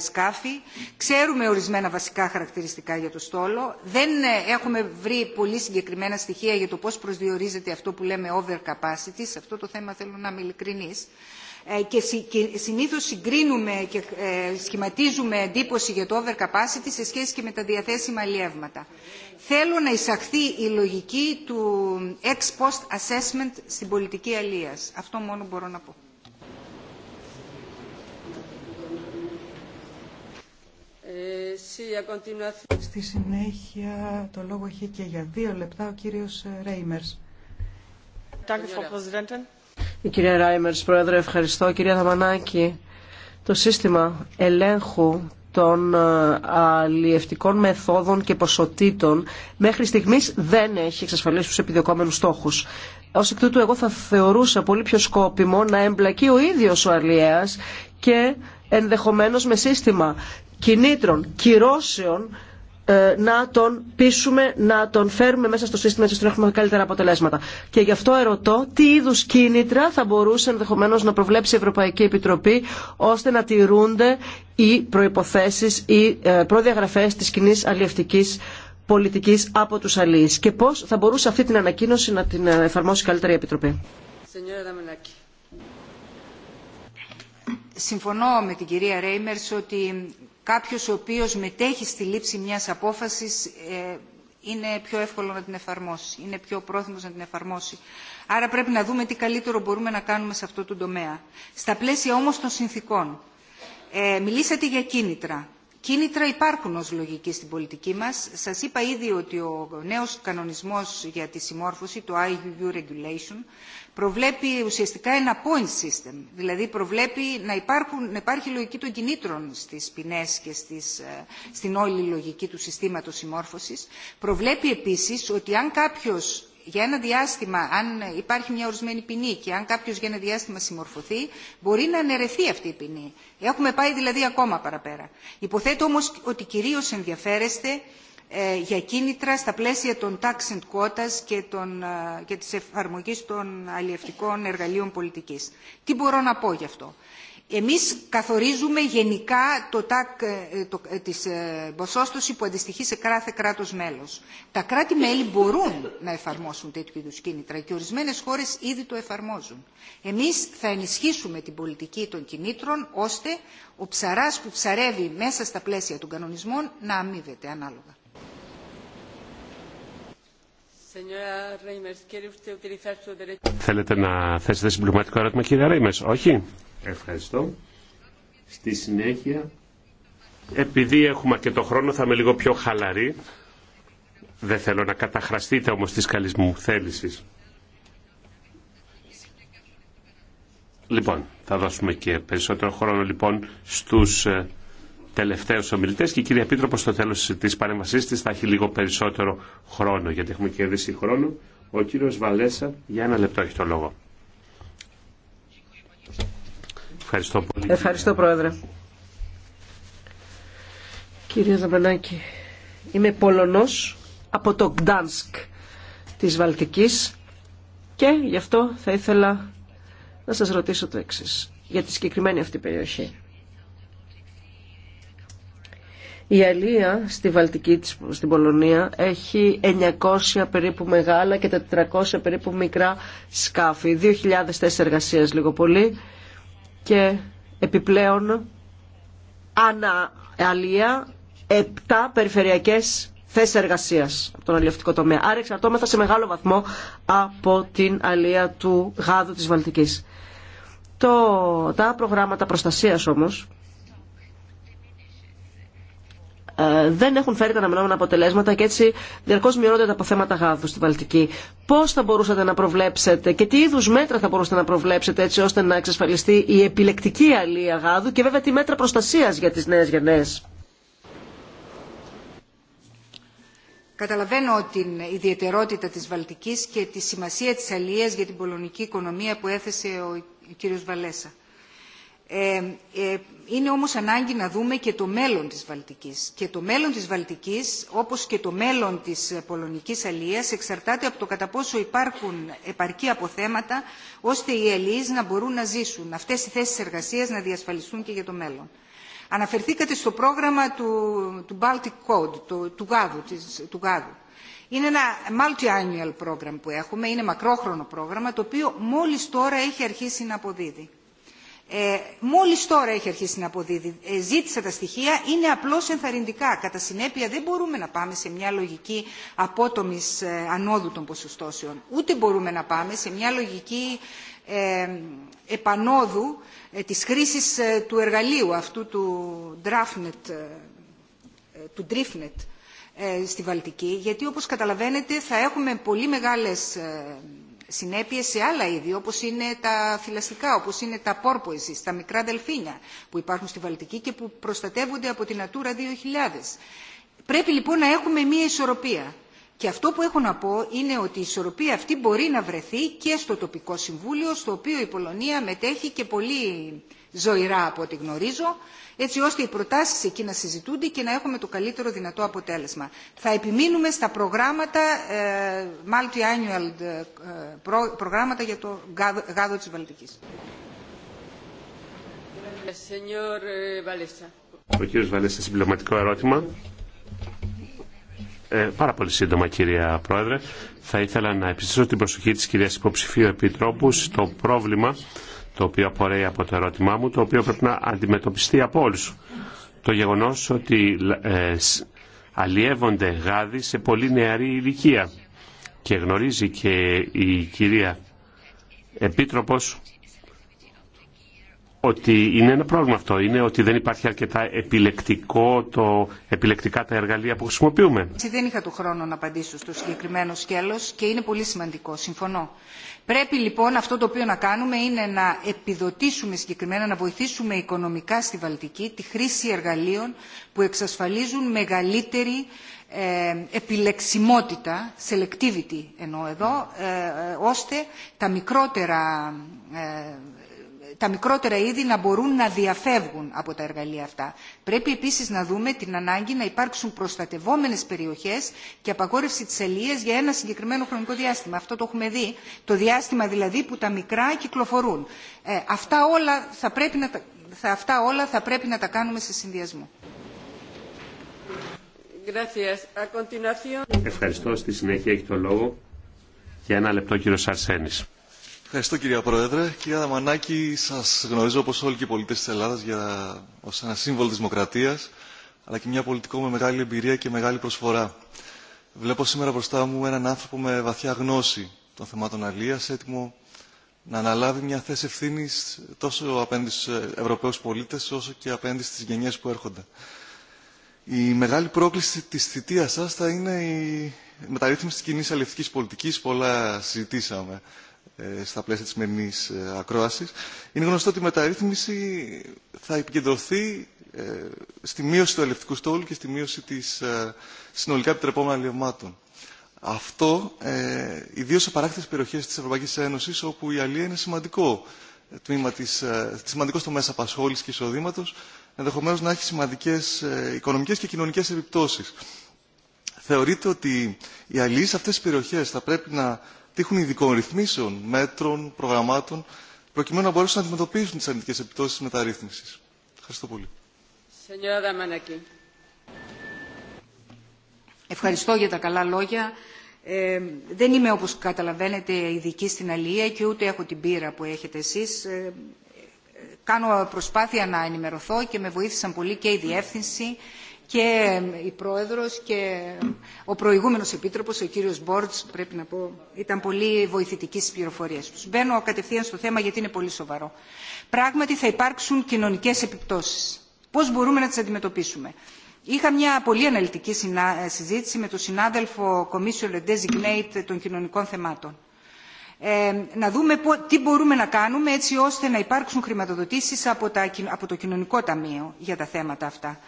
σκάφη, ξέρουμε ορισμένα βασικά χαρακτηριστικά για το στόλο, δεν ε, έχουμε βρει πολύ συγκεκριμένα στοιχεία για το πώς προσδιορίζεται αυτό που λέμε over capacity, σε αυτό το θέμα θέλω να είμαι ειλικρινής. Ε, και συνήθως συγκρίνουμε και ε, σχηματίζουμε εντύπωση για το overcapacity σε σχέση και με τα διαθέσιμα αλλιεύματα. Θέλω να εισαχθεί η λογική του ex post assessment στην πολιτική αλλίας. Αυτό μόνο μπορώ να πω. Στη συνέχεια το λόγο έχει και για δύο λεπτά ο κύριος Ρέιμερς. Η κυρία Ράιμερς, Πρόεδρε, ευχαριστώ. Κυρία Δαμανάκη, το σύστημα ελέγχου των ε, αλλιευτικών μεθόδων και ποσοτήτων μέχρι στιγμής δεν έχει εξασφαλίσει τους επιδιωκόμενους στόχους. Ως εκ τούτου εγώ θα θεωρούσα πολύ πιο σκόπιμο να εμπλακεί ο ίδιος ο αλλιέας και ενδεχομένως με σύστημα κινήτρων, κυρώσεων ε, να τον πείσουμε, να τον φέρουμε μέσα στο σύστημα έτσι ώστε να έχουμε καλύτερα αποτελέσματα. Και γι' αυτό ερωτώ τι είδους κίνητρα θα μπορούσε ενδεχομένω να προβλέψει η Ευρωπαϊκή Επιτροπή ώστε να τηρούνται οι προϋποθέσεις, οι ε, προδιαγραφέ της κοινή αλλιευτική πολιτικής από τους αλληλεί και πώς θα μπορούσε αυτή την ανακοίνωση να την ε, εφαρμόσει καλύτερα η Επιτροπή. Συμφωνώ με την κυρία Ρέιμερς ότι κάποιος ο οποίος μετέχει στη λήψη μιας απόφασης ε, είναι πιο εύκολο να την εφαρμόσει, είναι πιο πρόθυμος να την εφαρμόσει. Άρα πρέπει να δούμε τι καλύτερο μπορούμε να κάνουμε σε αυτό το τομέα. Στα πλαίσια όμως των συνθήκων. Ε, μιλήσατε για κίνητρα. Κίνητρα υπάρχουν ως λογική στην πολιτική μας. Σας είπα ήδη ότι ο νέος κανονισμός για τη συμμόρφωση, το IUU Regulation, προβλέπει ουσιαστικά ένα point system, δηλαδή προβλέπει να, υπάρχουν, να υπάρχει λογική των κινήτρων στις ποινές και στις, ε, στην όλη λογική του συστήματος συμμόρφωσης. Προβλέπει επίσης ότι αν κάποιος για ένα διάστημα, αν υπάρχει μια ορισμένη ποινή και αν κάποιο για ένα διάστημα συμμορφωθεί, μπορεί να αναιρεθεί αυτή η ποινή. Έχουμε πάει δηλαδή ακόμα παραπέρα. Υποθέτω όμως ότι κυρίως ενδιαφέρεστε ε, για κίνητρα στα πλαίσια των tax and quotas και, των, ε, και της εφαρμογής των αλλιευτικών εργαλείων πολιτικής. Τι μπορώ να πω γι' αυτό. Εμείς καθορίζουμε γενικά το ε, τάκ, της ποσόστοση που αντιστοιχεί σε κάθε κράτος μέλος. Τα κράτη-μέλη μπορούν να εφαρμόσουν τέτοιου είδους κίνητρα και ορισμένες χώρες ήδη το εφαρμόζουν. Εμείς θα ενισχύσουμε την πολιτική των κινήτρων ώστε ο ψαράς που ψαρεύει μέσα στα πλαίσια των κανονισμών να αμείβεται ανάλογα. Θέλετε να θέσετε συμπληρωματικό ερώτημα, κύριε Ρέιμερς, όχι. Ευχαριστώ. Στη συνέχεια, επειδή έχουμε και το χρόνο, θα είμαι λίγο πιο χαλαρή. Δεν θέλω να καταχραστείτε όμως της καλής μου θέλησης. Λοιπόν, θα δώσουμε και περισσότερο χρόνο λοιπόν στους ε, τελευταίους ομιλητές και η κυρία Πίτροπος στο τέλο τη παρέμβασή τη, θα έχει λίγο περισσότερο χρόνο γιατί έχουμε κερδίσει χρόνο. Ο κύριο Βαλέσα για ένα λεπτό έχει το λόγο. Ευχαριστώ πολύ. Ευχαριστώ Πρόεδρε. Κύριε Δαμανάκη, είμαι Πολωνός από το Γκτάνσκ της Βαλτικής και γι' αυτό θα ήθελα να σας ρωτήσω το εξής για τη συγκεκριμένη αυτή περιοχή. Η Αλία στη Βαλτική, στην Πολωνία, έχει 900 περίπου μεγάλα και 400 περίπου μικρά σκάφη. 2.000 θέσει εργασία λίγο πολύ και επιπλέον ανά Αλία 7 περιφερειακές θέσει εργασία από τον αλλιευτικό τομέα. Άρα εξαρτώμεθα σε μεγάλο βαθμό από την αλία του γάδου της Βαλτική. Το, τα προγράμματα προστασίας όμως ε, δεν έχουν φέρει τα αναμενόμενα αποτελέσματα και έτσι διαρκώ μειώνονται τα αποθέματα γάδου στη Βαλτική. Πώ θα μπορούσατε να προβλέψετε και τι είδου μέτρα θα μπορούσατε να προβλέψετε έτσι ώστε να εξασφαλιστεί η επιλεκτική αλία γάδου και βέβαια τι μέτρα προστασία για τι νέε γενναίε. Καταλαβαίνω την ιδιαιτερότητα της Βαλτικής και τη σημασία της αλίας για την πολωνική οικονομία που έθεσε ο κύριος Βαλέσα. Ε, ε, είναι όμως ανάγκη να δούμε και το μέλλον της Βαλτικής. Και το μέλλον της Βαλτικής, όπως και το μέλλον της πολωνικής αλίας, εξαρτάται από το κατά πόσο υπάρχουν επαρκή αποθέματα, ώστε οι αλλήλει να μπορούν να ζήσουν. Αυτές οι θέσεις εργασίας να διασφαλιστούν και για το μέλλον. Αναφερθήκατε στο πρόγραμμα του, του Baltic Code, του, του του Γάδου. Είναι ένα multi-annual πρόγραμμα που έχουμε, είναι μακρόχρονο πρόγραμμα, το οποίο μόλις τώρα έχει αρχίσει να αποδίδει. Ε, μόλις τώρα έχει αρχίσει να αποδίδει. Ε, ζήτησα τα στοιχεία, είναι απλώς ενθαρρυντικά. Κατά συνέπεια δεν μπορούμε να πάμε σε μια λογική απότομης ε, ανόδου των ποσοστώσεων. Ούτε μπορούμε να πάμε σε μια λογική ε, επανόδου ε, της χρήσης του εργαλείου αυτού του DRAFNET, του DRIFNET στη Βαλτική, γιατί όπως καταλαβαίνετε θα έχουμε πολύ μεγάλες συνέπειες σε άλλα είδη, όπως είναι τα θηλαστικά, όπως είναι τα πόρποϊζης, τα μικρά δελφίνια που υπάρχουν στη Βαλτική και που προστατεύονται από την Ατούρα 2000. Πρέπει λοιπόν να έχουμε μία ισορροπία και αυτό που έχω να πω είναι ότι η ισορροπία αυτή μπορεί να βρεθεί και στο τοπικό συμβούλιο, στο οποίο η Πολωνία μετέχει και πολύ ζωηρά από ό,τι γνωρίζω, έτσι ώστε οι προτάσεις εκεί να συζητούνται και να έχουμε το καλύτερο δυνατό αποτέλεσμα. Θα επιμείνουμε στα προγράμματα, ε, multi-annual ε, προγράμματα για το γάδο της Βαλτικής. ερώτημα. Ε, πάρα πολύ σύντομα κυρία Πρόεδρε. Θα ήθελα να επιστήσω την προσοχή της κυρίας Υποψηφίου Επιτρόπου στο πρόβλημα το οποίο απορρέει από το ερώτημά μου, το οποίο πρέπει να αντιμετωπιστεί από όλους. Το γεγονός ότι ε, αλλιεύονται γάδι σε πολύ νεαρή ηλικία και γνωρίζει και η κυρία Επίτροπος ότι είναι ένα πρόβλημα αυτό. Είναι ότι δεν υπάρχει αρκετά επιλεκτικό το, επιλεκτικά τα εργαλεία που χρησιμοποιούμε. Δεν είχα το χρόνο να απαντήσω στο συγκεκριμένο σκέλος και είναι πολύ σημαντικό. Συμφωνώ. Πρέπει λοιπόν αυτό το οποίο να κάνουμε είναι να επιδοτήσουμε συγκεκριμένα, να βοηθήσουμε οικονομικά στη Βαλτική τη χρήση εργαλείων που εξασφαλίζουν μεγαλύτερη ε, επιλεξιμότητα, selectivity εννοώ εδώ, ε, ε, ώστε τα μικρότερα τα μικρότερα είδη να μπορούν να διαφεύγουν από τα εργαλεία αυτά. Πρέπει επίσης να δούμε την ανάγκη να υπάρξουν προστατευόμενες περιοχές και απαγόρευση της ελίας για ένα συγκεκριμένο χρονικό διάστημα. Αυτό το έχουμε δει, το διάστημα δηλαδή που τα μικρά κυκλοφορούν. Ε, αυτά, όλα θα πρέπει να, θα, αυτά όλα θα πρέπει να τα κάνουμε σε συνδυασμό. Ευχαριστώ. Στη συνέχεια έχει το λόγο για ένα λεπτό κύριο Σαρσένης. Ευχαριστώ κυρία Πρόεδρε. Κυρία Δαμανάκη, σας γνωρίζω όπως όλοι και οι πολίτες της Ελλάδας για... ως ένα σύμβολο της δημοκρατίας, αλλά και μια πολιτικό με μεγάλη εμπειρία και μεγάλη προσφορά. Βλέπω σήμερα μπροστά μου έναν άνθρωπο με βαθιά γνώση των θεμάτων αλίας, έτοιμο να αναλάβει μια θέση ευθύνη τόσο απέναντι στου Ευρωπαίου πολίτε, όσο και απέναντι στι γενιέ που έρχονται. Η μεγάλη πρόκληση τη θητεία σα θα είναι η μεταρρύθμιση τη κοινή αλληλευτική πολιτική. Πολλά συζητήσαμε ε, στα πλαίσια της σημερινής ε, ακρόασης. Είναι γνωστό ότι η μεταρρύθμιση θα επικεντρωθεί ε, στη μείωση του ελευτικού στόλου και στη μείωση της συνολικά επιτρεπόμενων αλλοιωμάτων. Αυτό ε, ιδίως σε παράκτητες περιοχές της Ευρωπαϊκής Ένωσης όπου η αλληλεία είναι σημαντικό τμήμα της, ε, στο μέσα και εισοδήματος ενδεχομένως να έχει σημαντικές ε, οικονομικές και κοινωνικές επιπτώσεις. Θεωρείται ότι οι αλληλείς σε αυτές τις περιοχές θα πρέπει να τύχουν ειδικών ρυθμίσεων, μέτρων, προγραμμάτων, προκειμένου να μπορέσουν να αντιμετωπίσουν τι αρνητικέ επιπτώσει τη μεταρρύθμιση. Ευχαριστώ πολύ. Ευχαριστώ για τα καλά λόγια. Ε, δεν είμαι όπως καταλαβαίνετε ειδική στην Αλία και ούτε έχω την πείρα που έχετε εσείς. Ε, κάνω προσπάθεια να ενημερωθώ και με βοήθησαν πολύ και η διεύθυνση και η Πρόεδρος και ο προηγούμενος Επίτροπος, ο κύριος Μπόρτς, πρέπει να πω, ήταν πολύ βοηθητική στις πληροφορίες τους. Μπαίνω κατευθείαν στο θέμα γιατί είναι πολύ σοβαρό. Πράγματι θα υπάρξουν κοινωνικές επιπτώσεις. Πώς μπορούμε να τις αντιμετωπίσουμε. Είχα μια πολύ αναλυτική συζήτηση με τον συνάδελφο Commissioner Designate των κοινωνικών θεμάτων. Ε, να δούμε τι μπορούμε να κάνουμε έτσι ώστε να υπάρξουν χρηματοδοτήσεις από, τα, από το Κοινωνικό Ταμείο για τα θέματα αυτά.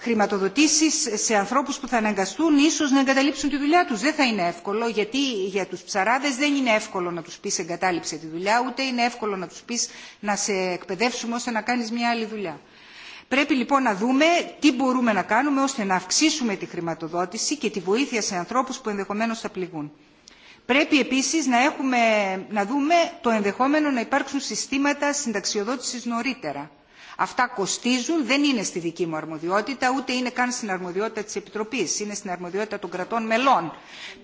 Χρηματοδοτήσει σε ανθρώπου που θα αναγκαστούν ίσω να εγκαταλείψουν τη δουλειά του. Δεν θα είναι εύκολο γιατί για του ψαράδε δεν είναι εύκολο να τους πει εγκατάλειψε τη δουλειά ούτε είναι εύκολο να του πει να σε εκπαιδεύσουμε ώστε να κάνει μια άλλη δουλειά. Πρέπει λοιπόν να δούμε τι μπορούμε να κάνουμε ώστε να αυξήσουμε τη χρηματοδότηση και τη βοήθεια σε ανθρώπου που ενδεχομένω θα πληγούν. Πρέπει επίσης να, να δούμε το ενδεχόμενο να υπάρξουν συστήματα συνταξιοδότησης νωρίτερα Αυτά κοστίζουν, δεν είναι στη δική μου αρμοδιότητα, ούτε είναι καν στην αρμοδιότητα της Επιτροπής, είναι στην αρμοδιότητα των κρατών μελών.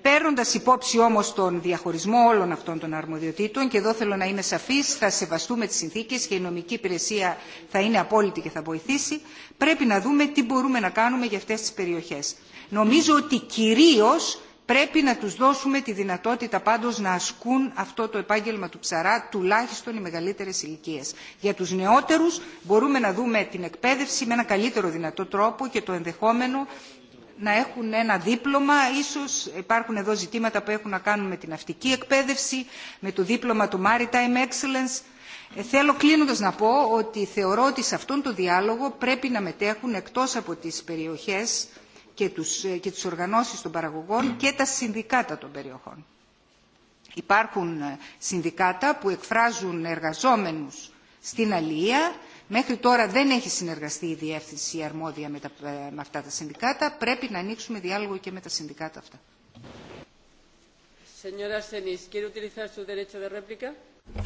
Παίρνοντα υπόψη όμως τον διαχωρισμό όλων αυτών των αρμοδιοτήτων, και εδώ θέλω να είμαι σαφής, θα σεβαστούμε τις συνθήκες και η νομική υπηρεσία θα είναι απόλυτη και θα βοηθήσει, πρέπει να δούμε τι μπορούμε να κάνουμε για αυτές τις περιοχές. Νομίζω ότι κυρίως Πρέπει να τους δώσουμε τη δυνατότητα πάντως να ασκούν αυτό το επάγγελμα του ψαρά τουλάχιστον οι μεγαλύτερες ηλικίε. Για τους νεότερους μπορούμε να δούμε την εκπαίδευση με ένα καλύτερο δυνατό τρόπο και το ενδεχόμενο να έχουν ένα δίπλωμα, ίσως υπάρχουν εδώ ζητήματα που έχουν να κάνουν με την αυτική εκπαίδευση, με το δίπλωμα του Maritime Excellence. Ε, θέλω κλείνοντας να πω ότι θεωρώ ότι σε αυτόν τον διάλογο πρέπει να μετέχουν εκτός από τις περιοχές και, τους, ε, και τις οργανώσεις των παραγωγών και τα συνδικάτα των περιοχών. Υπάρχουν ε, συνδικάτα που εκφράζουν εργαζόμενους στην Αλία. Μέχρι τώρα δεν έχει συνεργαστεί η διεύθυνση αρμόδια με, ε, αυτά τα συνδικάτα. Πρέπει να ανοίξουμε διάλογο και με τα συνδικάτα αυτά.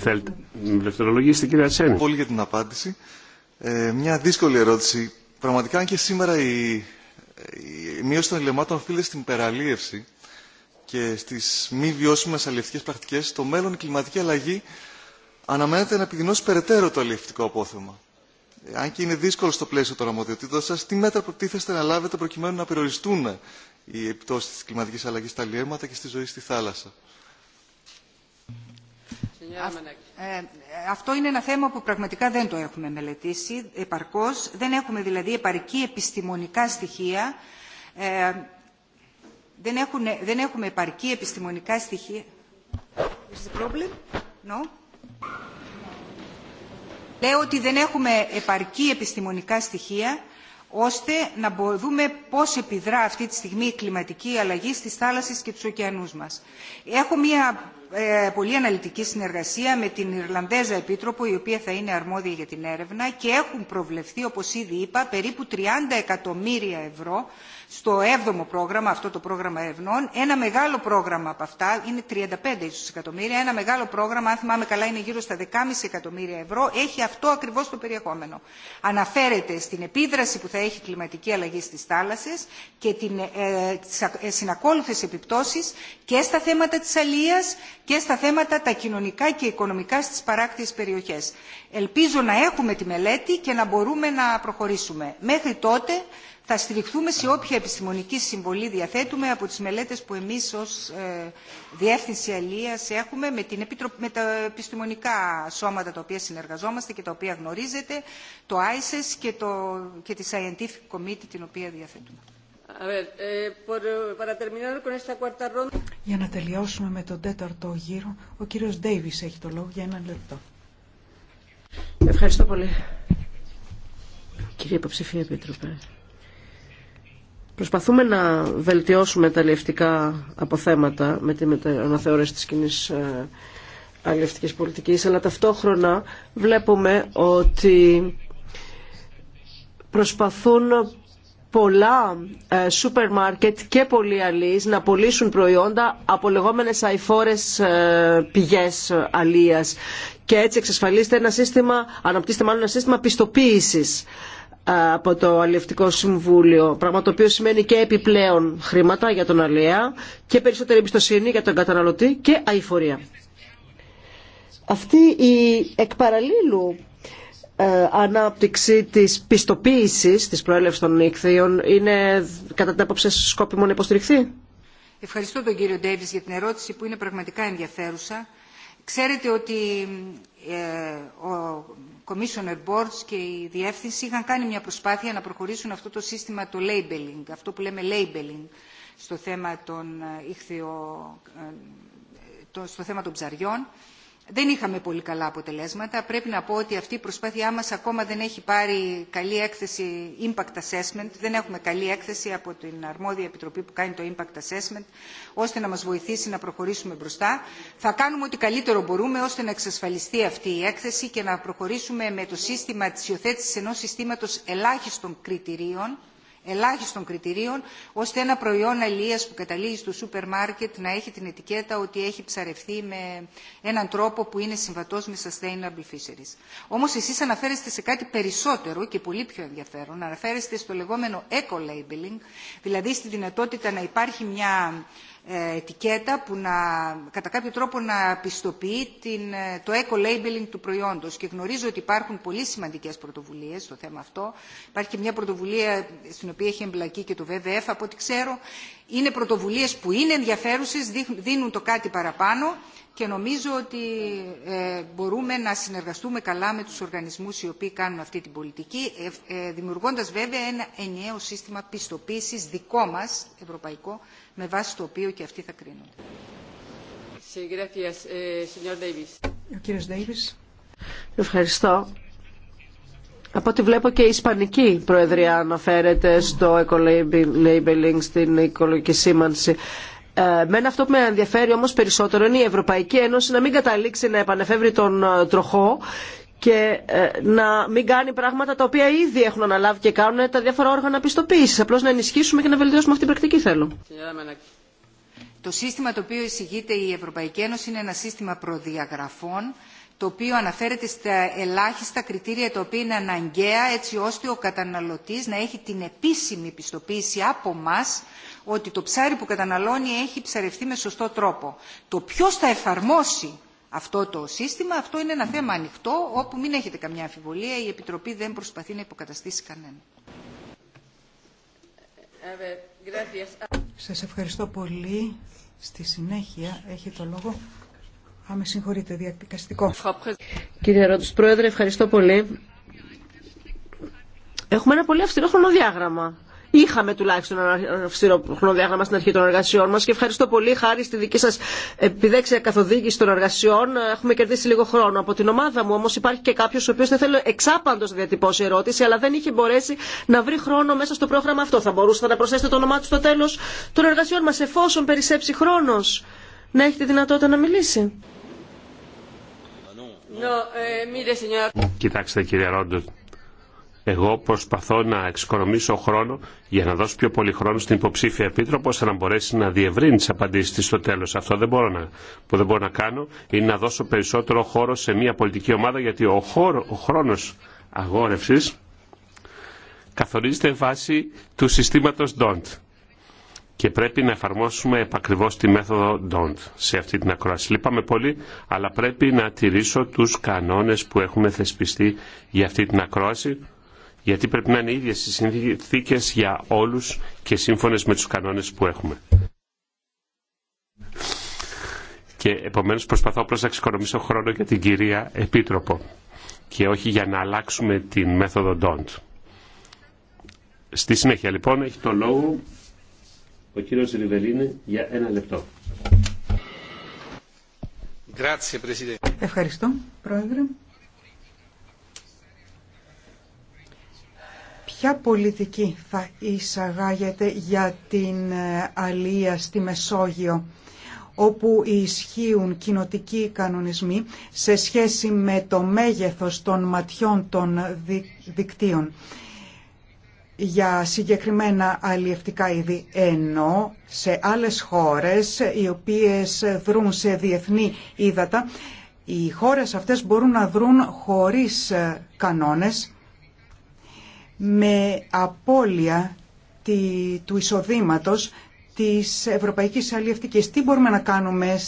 Θέλετε κυρία Σένη. Πολύ για την απάντηση. Ε, μια δύσκολη ερώτηση. Πραγματικά και σήμερα η η μείωση των ελαιωμάτων οφείλεται στην υπεραλίευση και στις μη βιώσιμες αλληλευτικές πρακτικές. Το μέλλον η κλιματική αλλαγή αναμένεται να επιδεινώσει περαιτέρω το αλληλευτικό απόθεμα. Αν και είναι δύσκολο στο πλαίσιο των αρμοδιοτήτων σα, τι μέτρα προτίθεστε να λάβετε προκειμένου να περιοριστούν οι επιπτώσει τη κλιματική αλλαγή στα αλλιεύματα και στη ζωή στη θάλασσα. Ε, αυτό είναι ένα θέμα που πραγματικά δεν το έχουμε μελετήσει επαρκώς. Δεν έχουμε δηλαδή επαρκή επιστημονικά στοιχεία. Ε, δεν, έχουν, δεν έχουμε επαρκή επιστημονικά στοιχεία. Is the Λέω ότι δεν έχουμε επαρκή επιστημονικά στοιχεία ώστε να μπορούμε πώς επιδρά αυτή τη στιγμή η κλιματική αλλαγή στις θάλασσες και τους ωκεανούς μας. Έχω μία ε, πολύ αναλυτική συνεργασία με την Ιρλανδέζα Επίτροπο, η οποία θα είναι αρμόδια για την έρευνα και έχουν προβλεφθεί, όπως ήδη είπα, περίπου 30 εκατομμύρια ευρώ στο 7ο πρόγραμμα, αυτό το πρόγραμμα ευνών, ένα μεγάλο πρόγραμμα από αυτά, είναι 35 ίσως εκατομμύρια, ένα μεγάλο πρόγραμμα, αν θυμάμαι καλά, είναι γύρω στα 10,5 εκατομμύρια ευρώ, έχει αυτό ακριβώς το περιεχόμενο. Αναφέρεται στην επίδραση που θα έχει η κλιματική αλλαγή στις θάλασσες και την, ε, τις ε, συνακόλουθες επιπτώσεις και στα θέματα της αλίας και στα θέματα τα κοινωνικά και οικονομικά στις παράκτιες περιοχές. Ελπίζω να έχουμε τη μελέτη και να μπορούμε να προχωρήσουμε. Μέχρι τότε θα στηριχθούμε σε όποια επιστημονική συμβολή διαθέτουμε από τις μελέτες που εμείς ως ε, Διεύθυνση Αλίας έχουμε με, τα επιστημονικά σώματα τα οποία συνεργαζόμαστε και τα οποία γνωρίζετε, το ISIS e και, το... και τη Scientific Committee την οποία διαθέτουμε. Για να τελειώσουμε με τον τέταρτο γύρο, ο κύριος Ντέιβις έχει το λόγο για ένα λεπτό. Ευχαριστώ πολύ. Κύριε Υποψηφία Επίτροπε, Προσπαθούμε να βελτιώσουμε τα αλληλευτικά αποθέματα με την αναθεώρηση της κοινή ε, αλληλευτικής πολιτικής, αλλά ταυτόχρονα βλέπουμε ότι προσπαθούν πολλά ε, σούπερ μάρκετ και πολλοί αλείς να πωλήσουν προϊόντα από λεγόμενες αηφόρες ε, πηγές αλίας και έτσι εξασφαλίστε ένα σύστημα, αναπτύσσετε μάλλον ένα σύστημα πιστοποίησης από το Αλληλευτικό Συμβούλιο, πράγμα το οποίο σημαίνει και επιπλέον χρήματα για τον αλληλεία και περισσότερη εμπιστοσύνη για τον καταναλωτή και αηφορία. Αυτή η εκπαραλλήλου ε, ανάπτυξη της πιστοποίησης της προέλευσης των νύχθειων είναι κατά την άποψη σκόπιμο να υποστηριχθεί. Ευχαριστώ τον κύριο Ντέβις για την ερώτηση που είναι πραγματικά ενδιαφέρουσα. Ξέρετε ότι ε, ο commissioner boards και η διεύθυνση είχαν κάνει μια προσπάθεια να προχωρήσουν αυτό το σύστημα το labeling, αυτό που λέμε labeling στο θέμα των ε, ε, ψαριών δεν είχαμε πολύ καλά αποτελέσματα. Πρέπει να πω ότι αυτή η προσπάθειά μας ακόμα δεν έχει πάρει καλή έκθεση impact assessment. Δεν έχουμε καλή έκθεση από την αρμόδια επιτροπή που κάνει το impact assessment, ώστε να μας βοηθήσει να προχωρήσουμε μπροστά. Θα κάνουμε ό,τι καλύτερο μπορούμε ώστε να εξασφαλιστεί αυτή η έκθεση και να προχωρήσουμε με το σύστημα της υιοθέτησης ενός συστήματος ελάχιστων κριτηρίων, ελάχιστων κριτηρίων, ώστε ένα προϊόν αλίας που καταλήγει στο σούπερ μάρκετ να έχει την ετικέτα ότι έχει ψαρευθεί με έναν τρόπο που είναι συμβατός με sustainable fisheries. Όμως εσείς αναφέρεστε σε κάτι περισσότερο και πολύ πιο ενδιαφέρον. Αναφέρεστε στο λεγόμενο eco-labeling, δηλαδή στη δυνατότητα να υπάρχει μια ε, ετικέτα που να, κατά κάποιο τρόπο να πιστοποιεί την, ε, το eco-labeling του προϊόντος. Και γνωρίζω ότι υπάρχουν πολύ σημαντικές πρωτοβουλίες στο θέμα αυτό. Υπάρχει και μια πρωτοβουλία στην οποία έχει εμπλακεί και το WWF, από ό,τι ξέρω. Είναι πρωτοβουλίες που είναι ενδιαφέρουσες, δίνουν το κάτι παραπάνω και νομίζω ότι ε, μπορούμε να συνεργαστούμε καλά με τους οργανισμούς οι οποίοι κάνουν αυτή την πολιτική, ε, ε, δημιουργώντας βέβαια ένα ενιαίο σύστημα πιστοποίησης δικό μας, ευρωπαϊκό, με βάση το οποίο και αυτοί θα κρίνονται. Eh, Ευχαριστώ. Από ό,τι βλέπω και η Ισπανική Προεδρία αναφέρεται στο eco-labeling, στην οικολογική σήμανση. Ε, μένα αυτό που με ενδιαφέρει όμως περισσότερο είναι η Ευρωπαϊκή Ένωση να μην καταλήξει να επανεφεύρει τον ε, τροχό και ε, να μην κάνει πράγματα τα οποία ήδη έχουν αναλάβει και κάνουν τα διάφορα όργανα πιστοποίηση. Απλώ να ενισχύσουμε και να βελτιώσουμε αυτή την πρακτική θέλω. Το σύστημα το οποίο εισηγείται η Ευρωπαϊκή Ένωση είναι ένα σύστημα προδιαγραφών το οποίο αναφέρεται στα ελάχιστα κριτήρια τα οποία είναι αναγκαία έτσι ώστε ο καταναλωτής να έχει την επίσημη πιστοποίηση από εμά, ότι το ψάρι που καταναλώνει έχει ψαρευτεί με σωστό τρόπο. Το ποιος θα εφαρμόσει αυτό το σύστημα. Αυτό είναι ένα θέμα ανοιχτό, όπου μην έχετε καμιά αμφιβολία, η Επιτροπή δεν προσπαθεί να υποκαταστήσει κανένα. Σας ευχαριστώ πολύ. Στη συνέχεια έχει το λόγο. Άμε συγχωρείτε, διαδικαστικό. Κύριε Ρόντους Πρόεδρε, ευχαριστώ πολύ. Έχουμε ένα πολύ αυστηρό χρονοδιάγραμμα. Είχαμε τουλάχιστον ένα αυστηρό χρονοδιάγραμμα στην αρχή των εργασιών μα και ευχαριστώ πολύ. Χάρη στη δική σα επιδέξια καθοδήγηση των εργασιών έχουμε κερδίσει λίγο χρόνο. Από την ομάδα μου όμω υπάρχει και κάποιο ο οποίο δεν θέλει εξάπαντο να διατυπώσει ερώτηση, αλλά δεν είχε μπορέσει να βρει χρόνο μέσα στο πρόγραμμα αυτό. Θα μπορούσατε να προσθέσετε το όνομά του στο τέλο των εργασιών μα, εφόσον περισσέψει χρόνο, να έχετε δυνατότητα να μιλήσει. Eh, Κοιτάξτε κύριε Ρόντο, εγώ προσπαθώ να εξοικονομήσω χρόνο για να δώσω πιο πολύ χρόνο στην υποψήφια επίτροπο ώστε να μπορέσει να διευρύνει τι απαντήσει τη στο τέλο. Αυτό δεν μπορώ να, που δεν μπορώ να κάνω είναι να δώσω περισσότερο χώρο σε μια πολιτική ομάδα γιατί ο, ο χρόνο αγόρευση καθορίζεται βάσει του συστήματος DONT και πρέπει να εφαρμόσουμε επακριβώς τη μέθοδο DONT σε αυτή την ακρόαση. Λείπαμε πολύ, αλλά πρέπει να τηρήσω τους κανόνες που έχουμε θεσπιστεί για αυτή την ακρόαση γιατί πρέπει να είναι ίδιες οι συνθήκες για όλους και σύμφωνες με τους κανόνες που έχουμε. Και επομένως προσπαθώ απλώς να ξεκονομήσω χρόνο για την κυρία Επίτροπο και όχι για να αλλάξουμε την μέθοδο DONT. Στη συνέχεια λοιπόν έχει το λόγο ο κύριος Ριβελίνη για ένα λεπτό. Ευχαριστώ, Πρόεδρε. Ποια πολιτική θα εισαγάγεται για την ε, αλία στη Μεσόγειο όπου ισχύουν κοινοτικοί κανονισμοί σε σχέση με το μέγεθος των ματιών των δικτύων για συγκεκριμένα αλλιευτικά είδη, ενώ σε άλλες χώρες οι οποίες δρούν σε διεθνή ύδατα, οι χώρες αυτές μπορούν να δρούν χωρίς ε, κανόνες με απώλεια του εισοδήματος της Ευρωπαϊκής Αλλιευτικής. Τι μπορούμε να κάνουμε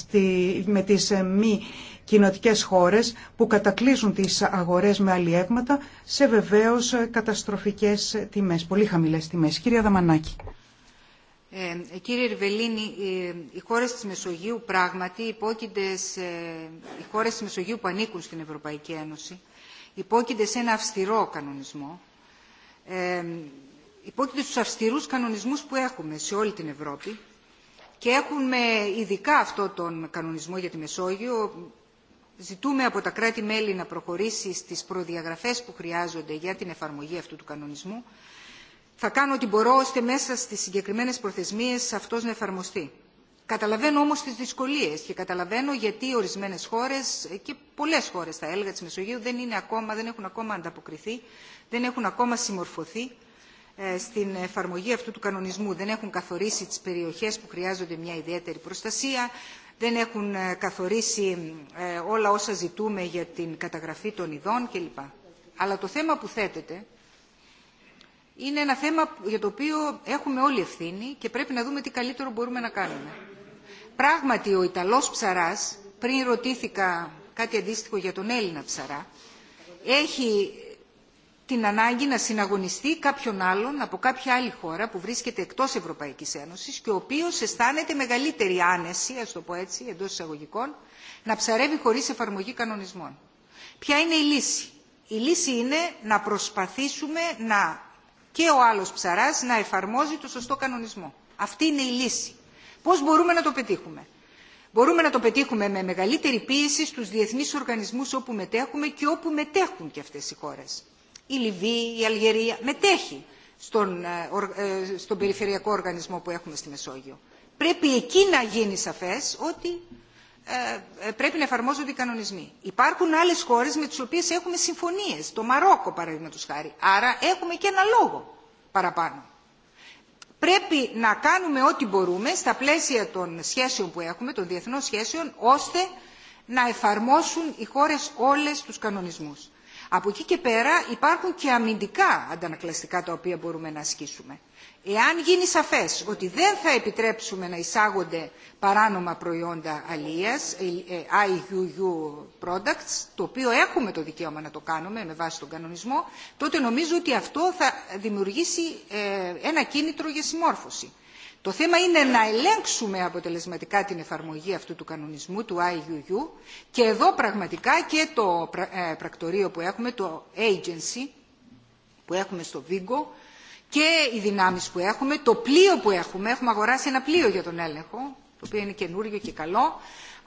με τις μη κοινοτικές χώρες που κατακλείζουν τις αγορές με αλλιεύματα σε βεβαίως καταστροφικές τιμές, πολύ χαμηλές τιμές. Κύριε Δαμανάκη. Ε, κύριε Ριβελίνη, ε, οι χώρες της Μεσογείου πράγματι υπόκεινται σε, οι χώρες της Μεσογείου που ανήκουν στην Ευρωπαϊκή Ένωση υπόκεινται σε ένα αυστηρό κανονισμό υπόκειται στους αυστηρούς κανονισμούς που έχουμε σε όλη την Ευρώπη και έχουμε ειδικά αυτό τον κανονισμό για τη Μεσόγειο. Ζητούμε από τα κράτη-μέλη να προχωρήσει στις προδιαγραφές που χρειάζονται για την εφαρμογή αυτού του κανονισμού. Θα κάνω ό,τι μπορώ ώστε μέσα στις συγκεκριμένες προθεσμίες αυτός να εφαρμοστεί. Καταλαβαίνω όμως τις δυσκολίες και καταλαβαίνω γιατί ορισμένες χώρες και πολλές χώρες θα έλεγα της Μεσογείου δεν, είναι ακόμα, δεν έχουν ακόμα ανταποκριθεί, δεν έχουν ακόμα συμμορφωθεί ε, στην εφαρμογή αυτού του κανονισμού. Δεν έχουν καθορίσει τις περιοχές που χρειάζονται μια ιδιαίτερη προστασία, δεν έχουν ε, καθορίσει ε, όλα όσα ζητούμε για την καταγραφή των ειδών κλπ. Αλλά το θέμα που θέτεται είναι ένα θέμα για το οποίο έχουμε όλοι ευθύνη και πρέπει να δούμε τι καλύτερο μπορούμε να κάνουμε. Πράγματι ο Ιταλός ψαράς, πριν ρωτήθηκα κάτι αντίστοιχο για τον Έλληνα ψαρά, έχει την ανάγκη να συναγωνιστεί κάποιον άλλον από κάποια άλλη χώρα που βρίσκεται εκτός Ευρωπαϊκής Ένωσης και ο οποίος αισθάνεται μεγαλύτερη άνεση, ας το πω έτσι, εντός εισαγωγικών, να ψαρεύει χωρίς εφαρμογή κανονισμών. Ποια είναι η λύση. Η λύση είναι να προσπαθήσουμε να και ο άλλος ψαράς να εφαρμόζει το σωστό κανονισμό. Αυτή είναι η λύση. Πώς μπορούμε να το πετύχουμε. Μπορούμε να το πετύχουμε με μεγαλύτερη πίεση στους διεθνείς οργανισμούς όπου μετέχουμε και όπου μετέχουν και αυτές οι χώρες. Η Λιβύη, η Αλγερία μετέχει στον, ε, ε, στον περιφερειακό οργανισμό που έχουμε στη Μεσόγειο. Πρέπει εκεί να γίνει σαφές ότι ε, πρέπει να εφαρμόζονται οι κανονισμοί. Υπάρχουν άλλες χώρες με τις οποίες έχουμε συμφωνίες. Το Μαρόκο, παραδείγματος χάρη. Άρα έχουμε και ένα λόγο παραπάνω πρέπει να κάνουμε ό,τι μπορούμε στα πλαίσια των σχέσεων που έχουμε, των διεθνών σχέσεων, ώστε να εφαρμόσουν οι χώρες όλες τους κανονισμούς. Από εκεί και πέρα υπάρχουν και αμυντικά αντανακλαστικά τα οποία μπορούμε να ασκήσουμε. Εάν γίνει σαφές ότι δεν θα επιτρέψουμε να εισάγονται παράνομα προϊόντα αλίας, ε, ε, IUU products, το οποίο έχουμε το δικαίωμα να το κάνουμε με βάση τον κανονισμό, τότε νομίζω ότι αυτό θα δημιουργήσει ε, ένα κίνητρο για συμμόρφωση. Το θέμα είναι να ελέγξουμε αποτελεσματικά την εφαρμογή αυτού του κανονισμού, του IUU, και εδώ πραγματικά και το πρακτορείο που έχουμε, το agency που έχουμε στο Βίγκο, και οι δυνάμεις που έχουμε, το πλοίο που έχουμε, έχουμε αγοράσει ένα πλοίο για τον έλεγχο, το οποίο είναι καινούριο και καλό,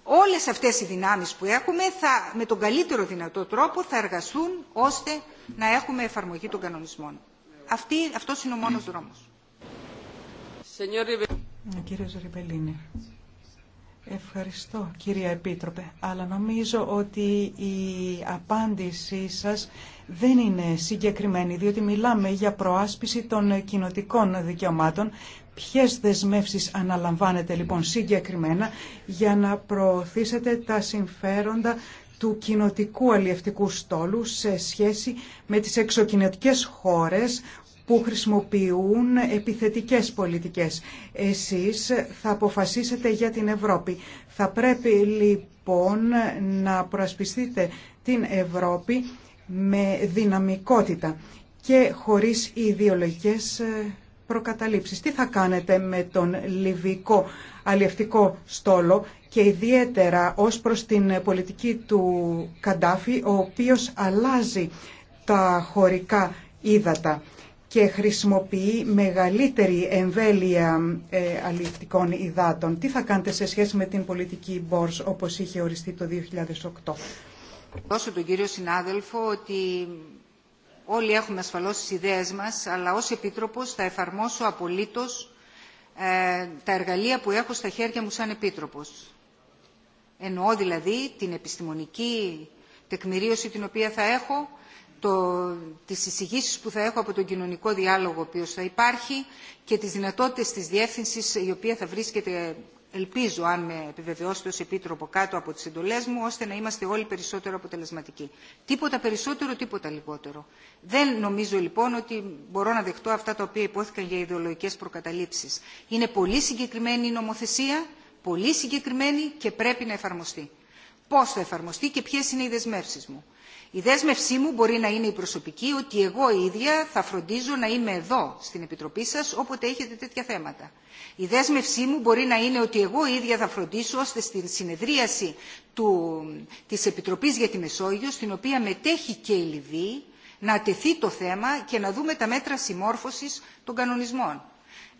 όλες αυτές οι δυνάμεις που έχουμε θα, με τον καλύτερο δυνατό τρόπο θα εργαστούν ώστε να έχουμε εφαρμογή των κανονισμών. Αυτή, αυτός είναι ο μόνος δρόμος. Ευχαριστώ κυρία Επίτροπε, αλλά νομίζω ότι η απάντησή σας δεν είναι συγκεκριμένη, διότι μιλάμε για προάσπιση των κοινοτικών δικαιωμάτων. Ποιες δεσμεύσεις αναλαμβάνετε λοιπόν συγκεκριμένα για να προωθήσετε τα συμφέροντα του κοινοτικού αλλιευτικού στόλου σε σχέση με τις εξοκοινωτικές χώρες που χρησιμοποιούν επιθετικές πολιτικές. Εσείς θα αποφασίσετε για την Ευρώπη. Θα πρέπει λοιπόν να προασπιστείτε την Ευρώπη με δυναμικότητα και χωρίς ιδεολογικές ε, προκαταλήψεις. Τι θα κάνετε με τον λιβικό αλλιευτικό στόλο και ιδιαίτερα ως προς την πολιτική του Καντάφη, ο οποίος αλλάζει τα χωρικά ύδατα και χρησιμοποιεί μεγαλύτερη εμβέλεια ε, υδάτων. Τι θα κάνετε σε σχέση με την πολιτική Μπορς όπως είχε οριστεί το 2008. Δώσω τον κύριο συνάδελφο ότι όλοι έχουμε ασφαλώς τις ιδέες μας, αλλά ως Επίτροπος θα εφαρμόσω απολύτως ε, τα εργαλεία που έχω στα χέρια μου σαν Επίτροπος. Εννοώ δηλαδή την επιστημονική τεκμηρίωση την οποία θα έχω, το, τις εισηγήσεις που θα έχω από τον κοινωνικό διάλογο ο οποίο θα υπάρχει και τις δυνατότητες της διεύθυνσης η οποία θα βρίσκεται ελπίζω αν με επιβεβαιώσετε ως επίτροπο κάτω από τις εντολές μου ώστε να είμαστε όλοι περισσότερο αποτελεσματικοί. Τίποτα περισσότερο, τίποτα λιγότερο. Δεν νομίζω λοιπόν ότι μπορώ να δεχτώ αυτά τα οποία υπόθηκαν για ιδεολογικές προκαταλήψεις. Είναι πολύ συγκεκριμένη η νομοθεσία, πολύ συγκεκριμένη και πρέπει να εφαρμοστεί. Πώς θα εφαρμοστεί και ποιες είναι οι δεσμεύσεις μου. Η δέσμευσή μου μπορεί να είναι η προσωπική ότι εγώ ίδια θα φροντίζω να είμαι εδώ στην Επιτροπή σας όποτε έχετε τέτοια θέματα. Η δέσμευσή μου μπορεί να είναι ότι εγώ ίδια θα φροντίσω ώστε στην συνεδρίαση του, της Επιτροπής για τη Μεσόγειο, στην οποία μετέχει και η Λιβύη, να τεθεί το θέμα και να δούμε τα μέτρα συμμόρφωσης των κανονισμών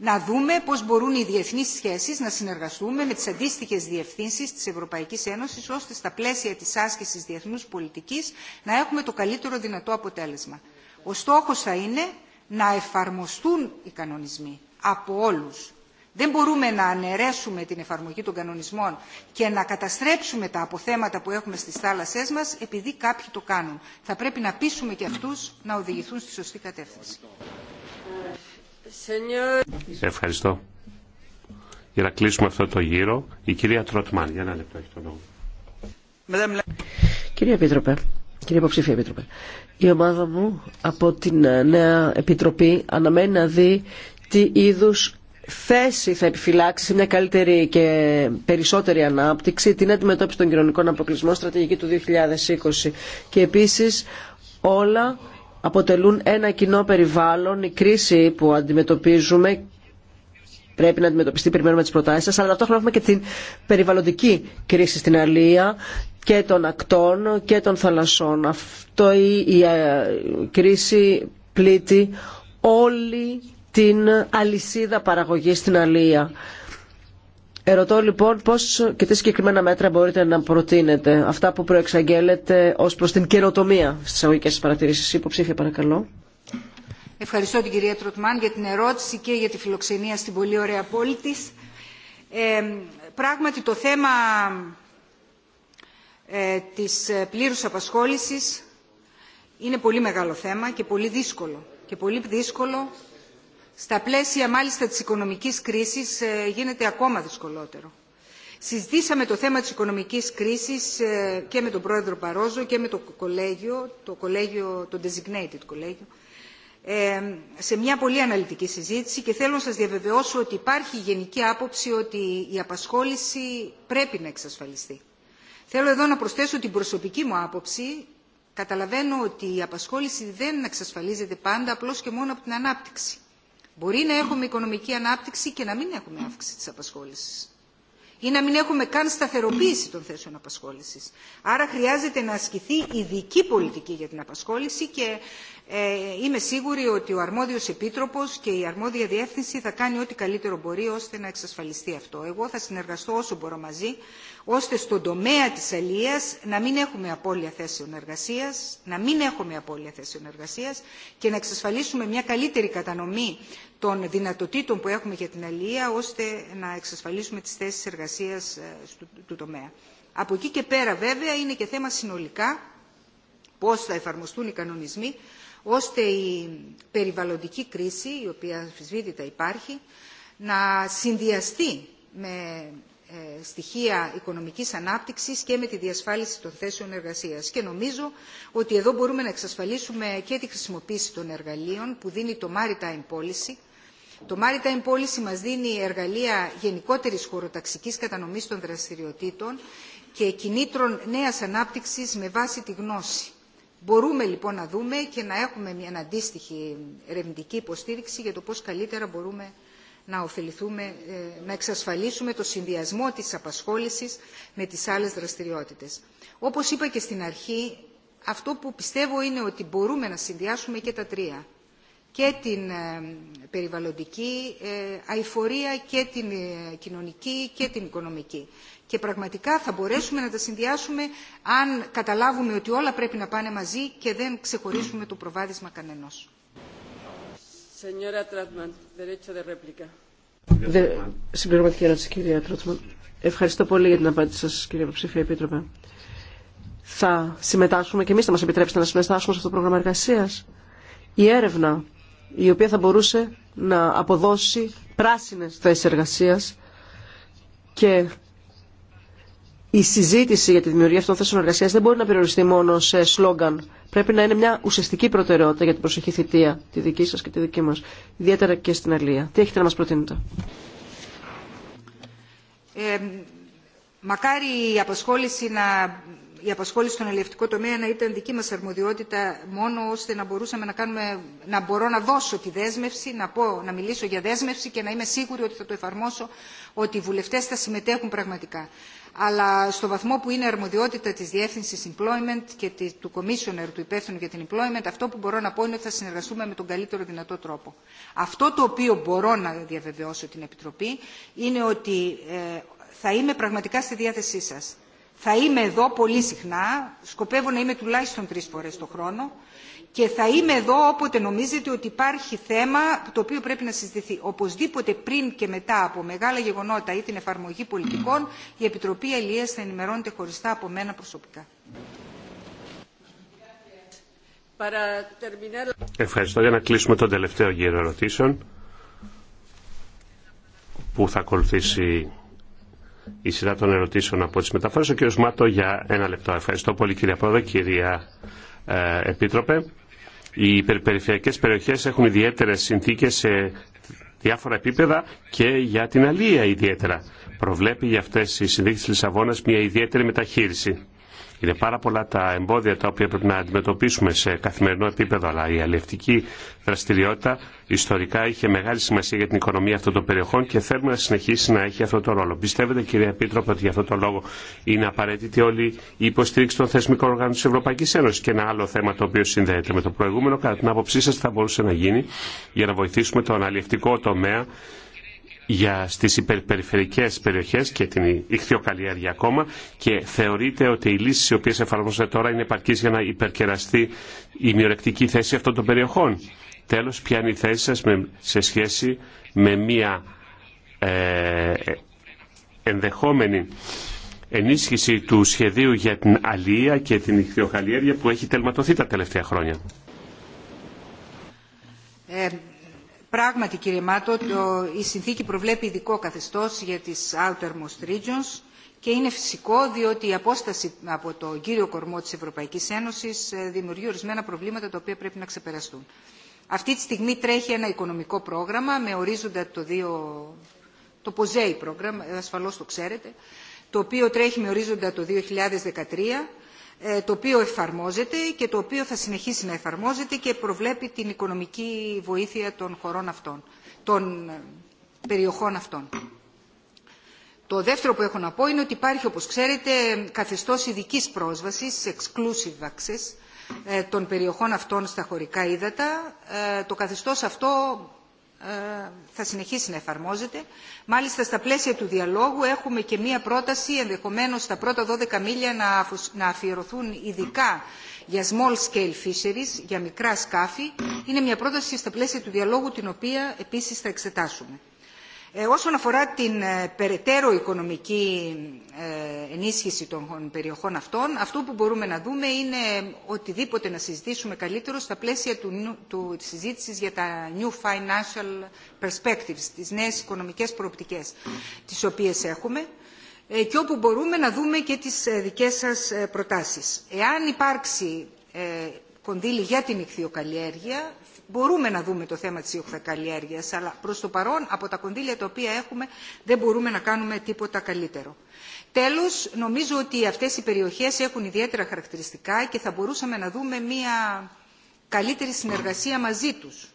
να δούμε πώς μπορούν οι διεθνείς σχέσεις να συνεργαστούμε με τις αντίστοιχες διευθύνσεις της Ευρωπαϊκής Ένωσης, ώστε στα πλαίσια της άσκησης διεθνούς πολιτικής να έχουμε το καλύτερο δυνατό αποτέλεσμα. Ο στόχος θα είναι να εφαρμοστούν οι κανονισμοί από όλους. Δεν μπορούμε να αναιρέσουμε την εφαρμογή των κανονισμών και να καταστρέψουμε τα αποθέματα που έχουμε στις θάλασσές μας επειδή κάποιοι το κάνουν. Θα πρέπει να πείσουμε και ναι. αυτούς να οδηγηθούν στη σωστή κατεύθυνση. Ευχαριστώ. Για να κλείσουμε αυτό το γύρο, η κυρία Τρότμαν, για ένα λεπτό έχει το λόγο. Κύριε Επίτροπε, κύριε Υποψήφια Επίτροπε, η ομάδα μου από την ε, νέα Επιτροπή αναμένει να δει τι είδους θέση θα επιφυλάξει σε μια καλύτερη και περισσότερη ανάπτυξη, την αντιμετώπιση των κοινωνικών αποκλεισμών, στρατηγική του 2020 και επίσης όλα αποτελούν ένα κοινό περιβάλλον. Η κρίση που αντιμετωπίζουμε πρέπει να αντιμετωπιστεί, περιμένουμε τις προτάσεις σας, αλλά ταυτόχρονα έχουμε και την περιβαλλοντική κρίση στην Αλία και των ακτών και των θαλασσών. Αυτό η ε, κρίση πλήττει όλη την αλυσίδα παραγωγής στην Αλία Ερωτώ λοιπόν πώς και τι συγκεκριμένα μέτρα μπορείτε να προτείνετε, αυτά που προεξαγγέλλετε ως προς την καινοτομία στις αγωγικές παρατηρήσει. παρατηρήσεις. Υποψήφια παρακαλώ. Ευχαριστώ την κυρία Τροτμάν για την ερώτηση και για τη φιλοξενία στην πολύ ωραία πόλη τη. Ε, πράγματι το θέμα ε, της ε, πλήρους απασχόλησης είναι πολύ μεγάλο θέμα και πολύ δύσκολο. Και πολύ δύσκολο στα πλαίσια μάλιστα της οικονομικής κρίσης ε, γίνεται ακόμα δυσκολότερο. Συζητήσαμε το θέμα της οικονομικής κρίσης ε, και με τον πρόεδρο Παρόζο και με το κολέγιο, το, κολέγιο, το designated κολέγιο, ε, σε μια πολύ αναλυτική συζήτηση και θέλω να σας διαβεβαιώσω ότι υπάρχει γενική άποψη ότι η απασχόληση πρέπει να εξασφαλιστεί. Θέλω εδώ να προσθέσω την προσωπική μου άποψη. Καταλαβαίνω ότι η απασχόληση δεν εξασφαλίζεται πάντα απλώς και μόνο από την ανάπτυξη. Μπορεί να έχουμε οικονομική ανάπτυξη και να μην έχουμε αύξηση της απασχόλησης ή να μην έχουμε καν σταθεροποίηση των θέσεων απασχόλησης. Άρα χρειάζεται να ασκηθεί ειδική πολιτική για την απασχόληση και ε, είμαι σίγουρη ότι ο αρμόδιος επίτροπος και η αρμόδια διεύθυνση θα κάνει ό,τι καλύτερο μπορεί ώστε να εξασφαλιστεί αυτό. Εγώ θα συνεργαστώ όσο μπορώ μαζί, ώστε στον τομέα της αλίας να μην έχουμε απώλεια θέσεων εργασίας, να μην έχουμε απώλεια θέσεων εργασίας και να εξασφαλίσουμε μια καλύτερη κατανομή των δυνατοτήτων που έχουμε για την αλία, ώστε να εξασφαλίσουμε τις θέσεις εργασίας ε, του τομέα. Από εκεί και πέρα βέβαια είναι και θέμα συνολικά πώς θα εφαρμοστούν οι κανονισμοί ώστε η περιβαλλοντική κρίση, η οποία αμφισβήτητα υπάρχει, να συνδυαστεί με ε, στοιχεία οικονομικής ανάπτυξης και με τη διασφάλιση των θέσεων εργασίας. Και νομίζω ότι εδώ μπορούμε να εξασφαλίσουμε και τη χρησιμοποίηση των εργαλείων που δίνει το Maritime Policy. Το Maritime Policy μας δίνει εργαλεία γενικότερης χωροταξικής κατανομής των δραστηριοτήτων και κινήτρων νέας ανάπτυξης με βάση τη γνώση Μπορούμε λοιπόν να δούμε και να έχουμε μια αντίστοιχη ερευνητική υποστήριξη για το πώς καλύτερα μπορούμε να ωφεληθούμε, ε, να εξασφαλίσουμε το συνδυασμό της απασχόλησης με τις άλλες δραστηριότητες. Όπως είπα και στην αρχή, αυτό που πιστεύω είναι ότι μπορούμε να συνδυάσουμε και τα τρία και την ε, περιβαλλοντική ε, αηφορία και την ε, κοινωνική και την οικονομική. Και πραγματικά θα μπορέσουμε να τα συνδυάσουμε αν καταλάβουμε ότι όλα πρέπει να πάνε μαζί και δεν ξεχωρίσουμε το προβάδισμα κανενός. Συμπληρωματική ερώτηση, κυρία Τρότσμαν. Ευχαριστώ πολύ για την απάντηση σας, κύριε υποψηφία Επίτροπε. Θα συμμετάσχουμε και εμείς, θα μας επιτρέψετε να συμμετάσχουμε σε αυτό το πρόγραμμα εργασίας. Η έρευνα η οποία θα μπορούσε να αποδώσει πράσινες θέσεις εργασίας και η συζήτηση για τη δημιουργία αυτών των θέσεων εργασίας δεν μπορεί να περιοριστεί μόνο σε σλόγγαν. Πρέπει να είναι μια ουσιαστική προτεραιότητα για την προσεχή θητεία, τη δική σας και τη δική μας, ιδιαίτερα και στην Αλία. Τι έχετε να μας προτείνετε. Ε, μακάρι η αποσχόληση να η απασχόληση στον ελευτικό τομέα να ήταν δική μας αρμοδιότητα μόνο ώστε να μπορούσαμε να κάνουμε, να μπορώ να δώσω τη δέσμευση, να, πω, να μιλήσω για δέσμευση και να είμαι σίγουρη ότι θα το εφαρμόσω, ότι οι βουλευτές θα συμμετέχουν πραγματικά. Αλλά στο βαθμό που είναι αρμοδιότητα της διεύθυνση employment και του commissioner του υπεύθυνου για την employment, αυτό που μπορώ να πω είναι ότι θα συνεργαστούμε με τον καλύτερο δυνατό τρόπο. Αυτό το οποίο μπορώ να διαβεβαιώσω την Επιτροπή είναι ότι ε, θα είμαι πραγματικά στη διάθεσή σας θα είμαι εδώ πολύ συχνά, σκοπεύω να είμαι τουλάχιστον τρεις φορές το χρόνο και θα είμαι εδώ όποτε νομίζετε ότι υπάρχει θέμα το οποίο πρέπει να συζητηθεί. Οπωσδήποτε πριν και μετά από μεγάλα γεγονότα ή την εφαρμογή πολιτικών, η Επιτροπή Ελίας θα ενημερώνεται χωριστά από μένα προσωπικά. Ευχαριστώ για να κλείσουμε τον τελευταίο γύρο ερωτήσεων που θα ακολουθήσει η σειρά των ερωτήσεων από τις μεταφορές. Ο κύριος Μάτο για ένα λεπτό. Ευχαριστώ πολύ κυρία Πρόεδρε, κυρία ε, Επίτροπε. Οι περιφερειακές περιοχές έχουν ιδιαίτερες συνθήκες σε διάφορα επίπεδα και για την αλία ιδιαίτερα. Προβλέπει για αυτές οι συνθήκες της Λισαβόνας μια ιδιαίτερη μεταχείριση. Είναι πάρα πολλά τα εμπόδια τα οποία πρέπει να αντιμετωπίσουμε σε καθημερινό επίπεδο, αλλά η αλληλευτική δραστηριότητα ιστορικά είχε μεγάλη σημασία για την οικονομία αυτών των περιοχών και θέλουμε να συνεχίσει να έχει αυτό το ρόλο. Πιστεύετε, κύριε Επίτροπε, ότι για αυτό το λόγο είναι απαραίτητη όλη η υποστήριξη των θεσμικών οργάνων τη Ευρωπαϊκή Ένωση. Και ένα άλλο θέμα το οποίο συνδέεται με το προηγούμενο, κατά την άποψή σα, θα μπορούσε να γίνει για να βοηθήσουμε τον αλληλευτικό τομέα για στις υπερπεριφερικές περιοχές και την ηχθειοκαλλιέργεια ακόμα και θεωρείται ότι οι λύσεις οι οποίες εφαρμόζονται τώρα είναι επαρκείς για να υπερκεραστεί η μειορεκτική θέση αυτών των περιοχών. Τέλος, ποια είναι η θέση σας σε σχέση με μια ε, ενδεχόμενη ενίσχυση του σχεδίου για την αλία και την ηχθειοκαλλιέργεια που έχει τελματωθεί τα τελευταία χρόνια. Ε, Πράγματι, κύριε Μάτο, η συνθήκη προβλέπει ειδικό καθεστώς για τις outermost regions και είναι φυσικό διότι η απόσταση από το κύριο κορμό της Ευρωπαϊκής Ένωσης ε, δημιουργεί ορισμένα προβλήματα τα οποία πρέπει να ξεπεραστούν. Αυτή τη στιγμή τρέχει ένα οικονομικό πρόγραμμα με ορίζοντα το, δύο, το POSEI πρόγραμμα, ε, ασφαλώς το ξέρετε, το οποίο τρέχει με ορίζοντα το 2013 ε, το οποίο εφαρμόζεται και το οποίο θα συνεχίσει να εφαρμόζεται και προβλέπει την οικονομική βοήθεια των χωρών αυτών, των ε, περιοχών αυτών. Το δεύτερο που έχω να πω είναι ότι υπάρχει, όπως ξέρετε, καθεστώς ειδικής πρόσβασης, exclusive access, ε, των περιοχών αυτών στα χωρικά ύδατα. Το καθεστώς αυτό ε, θα συνεχίσει να εφαρμόζεται. Μάλιστα στα πλαίσια του διαλόγου έχουμε και μία πρόταση ενδεχομένως στα πρώτα 12 μίλια να αφιερωθούν ειδικά για small scale fisheries, για μικρά σκάφη. Είναι μια πρόταση στα πλαίσια του διαλόγου την οποία επίσης θα εξετάσουμε. Ε, όσον αφορά την ε, περαιτέρω οικονομική ε, ενίσχυση των περιοχών αυτών, αυτό που μπορούμε να δούμε είναι οτιδήποτε να συζητήσουμε καλύτερο στα πλαίσια του, του, της συζήτησης για τα new financial perspectives, τις νέες οικονομικές προοπτικές τις οποίες έχουμε και όπου μπορούμε να δούμε και τις δικές σας προτάσεις. Εάν υπάρξει κονδύλι για την ηχθειοκαλλιέργεια μπορούμε να δούμε το θέμα της ιοχθακαλλιέργειας, αλλά προς το παρόν από τα κονδύλια τα οποία έχουμε δεν μπορούμε να κάνουμε τίποτα καλύτερο. Τέλος, νομίζω ότι αυτές οι περιοχές έχουν ιδιαίτερα χαρακτηριστικά και θα μπορούσαμε να δούμε μια καλύτερη συνεργασία μαζί τους.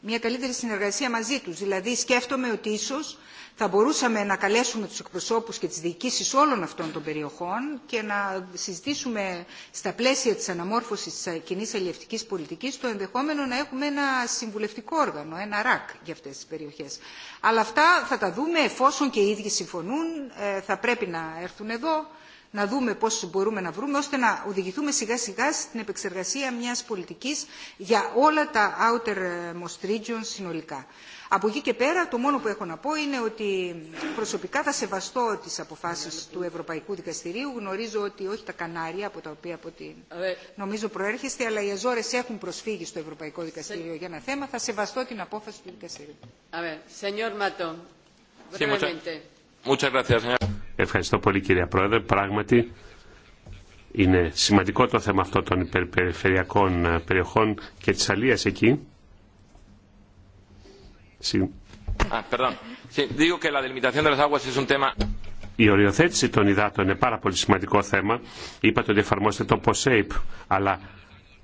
Μια καλύτερη συνεργασία μαζί τους. Δηλαδή σκέφτομαι ότι ίσως θα μπορούσαμε να καλέσουμε τους εκπροσώπους και τις διοικήσεις όλων αυτών των περιοχών και να συζητήσουμε στα πλαίσια της αναμόρφωσης της κοινή αλληλευτικής πολιτικής το ενδεχόμενο να έχουμε ένα συμβουλευτικό όργανο, ένα ΡΑΚ για αυτές τις περιοχές. Αλλά αυτά θα τα δούμε εφόσον και οι ίδιοι συμφωνούν, ε, θα πρέπει να έρθουν εδώ να δούμε πώς μπορούμε να βρούμε, ώστε να οδηγηθούμε σιγά σιγά στην επεξεργασία μιας πολιτικής για όλα τα outer ε, most regions συνολικά. Από εκεί και πέρα το μόνο που έχω να πω είναι ότι προσωπικά θα σεβαστώ τις αποφάσεις του Ευρωπαϊκού Δικαστηρίου. Γνωρίζω ότι όχι τα Κανάρια από τα οποία από ε, ε. νομίζω προέρχεστε, αλλά οι αζόρε έχουν προσφύγει στο Ευρωπαϊκό Δικαστήριο για ένα θέμα. Θα σεβαστώ την απόφαση του Δικαστηρίου. Ε, Ευχαριστώ πολύ κυρία Πρόεδρε. Πράγματι είναι σημαντικό το θέμα αυτό των υπερπεριφερειακών περιοχών και τη αλίας εκεί η οριοθέτηση των υδάτων είναι πάρα πολύ σημαντικό θέμα. Είπατε ότι εφαρμόσετε το POSEIP, αλλά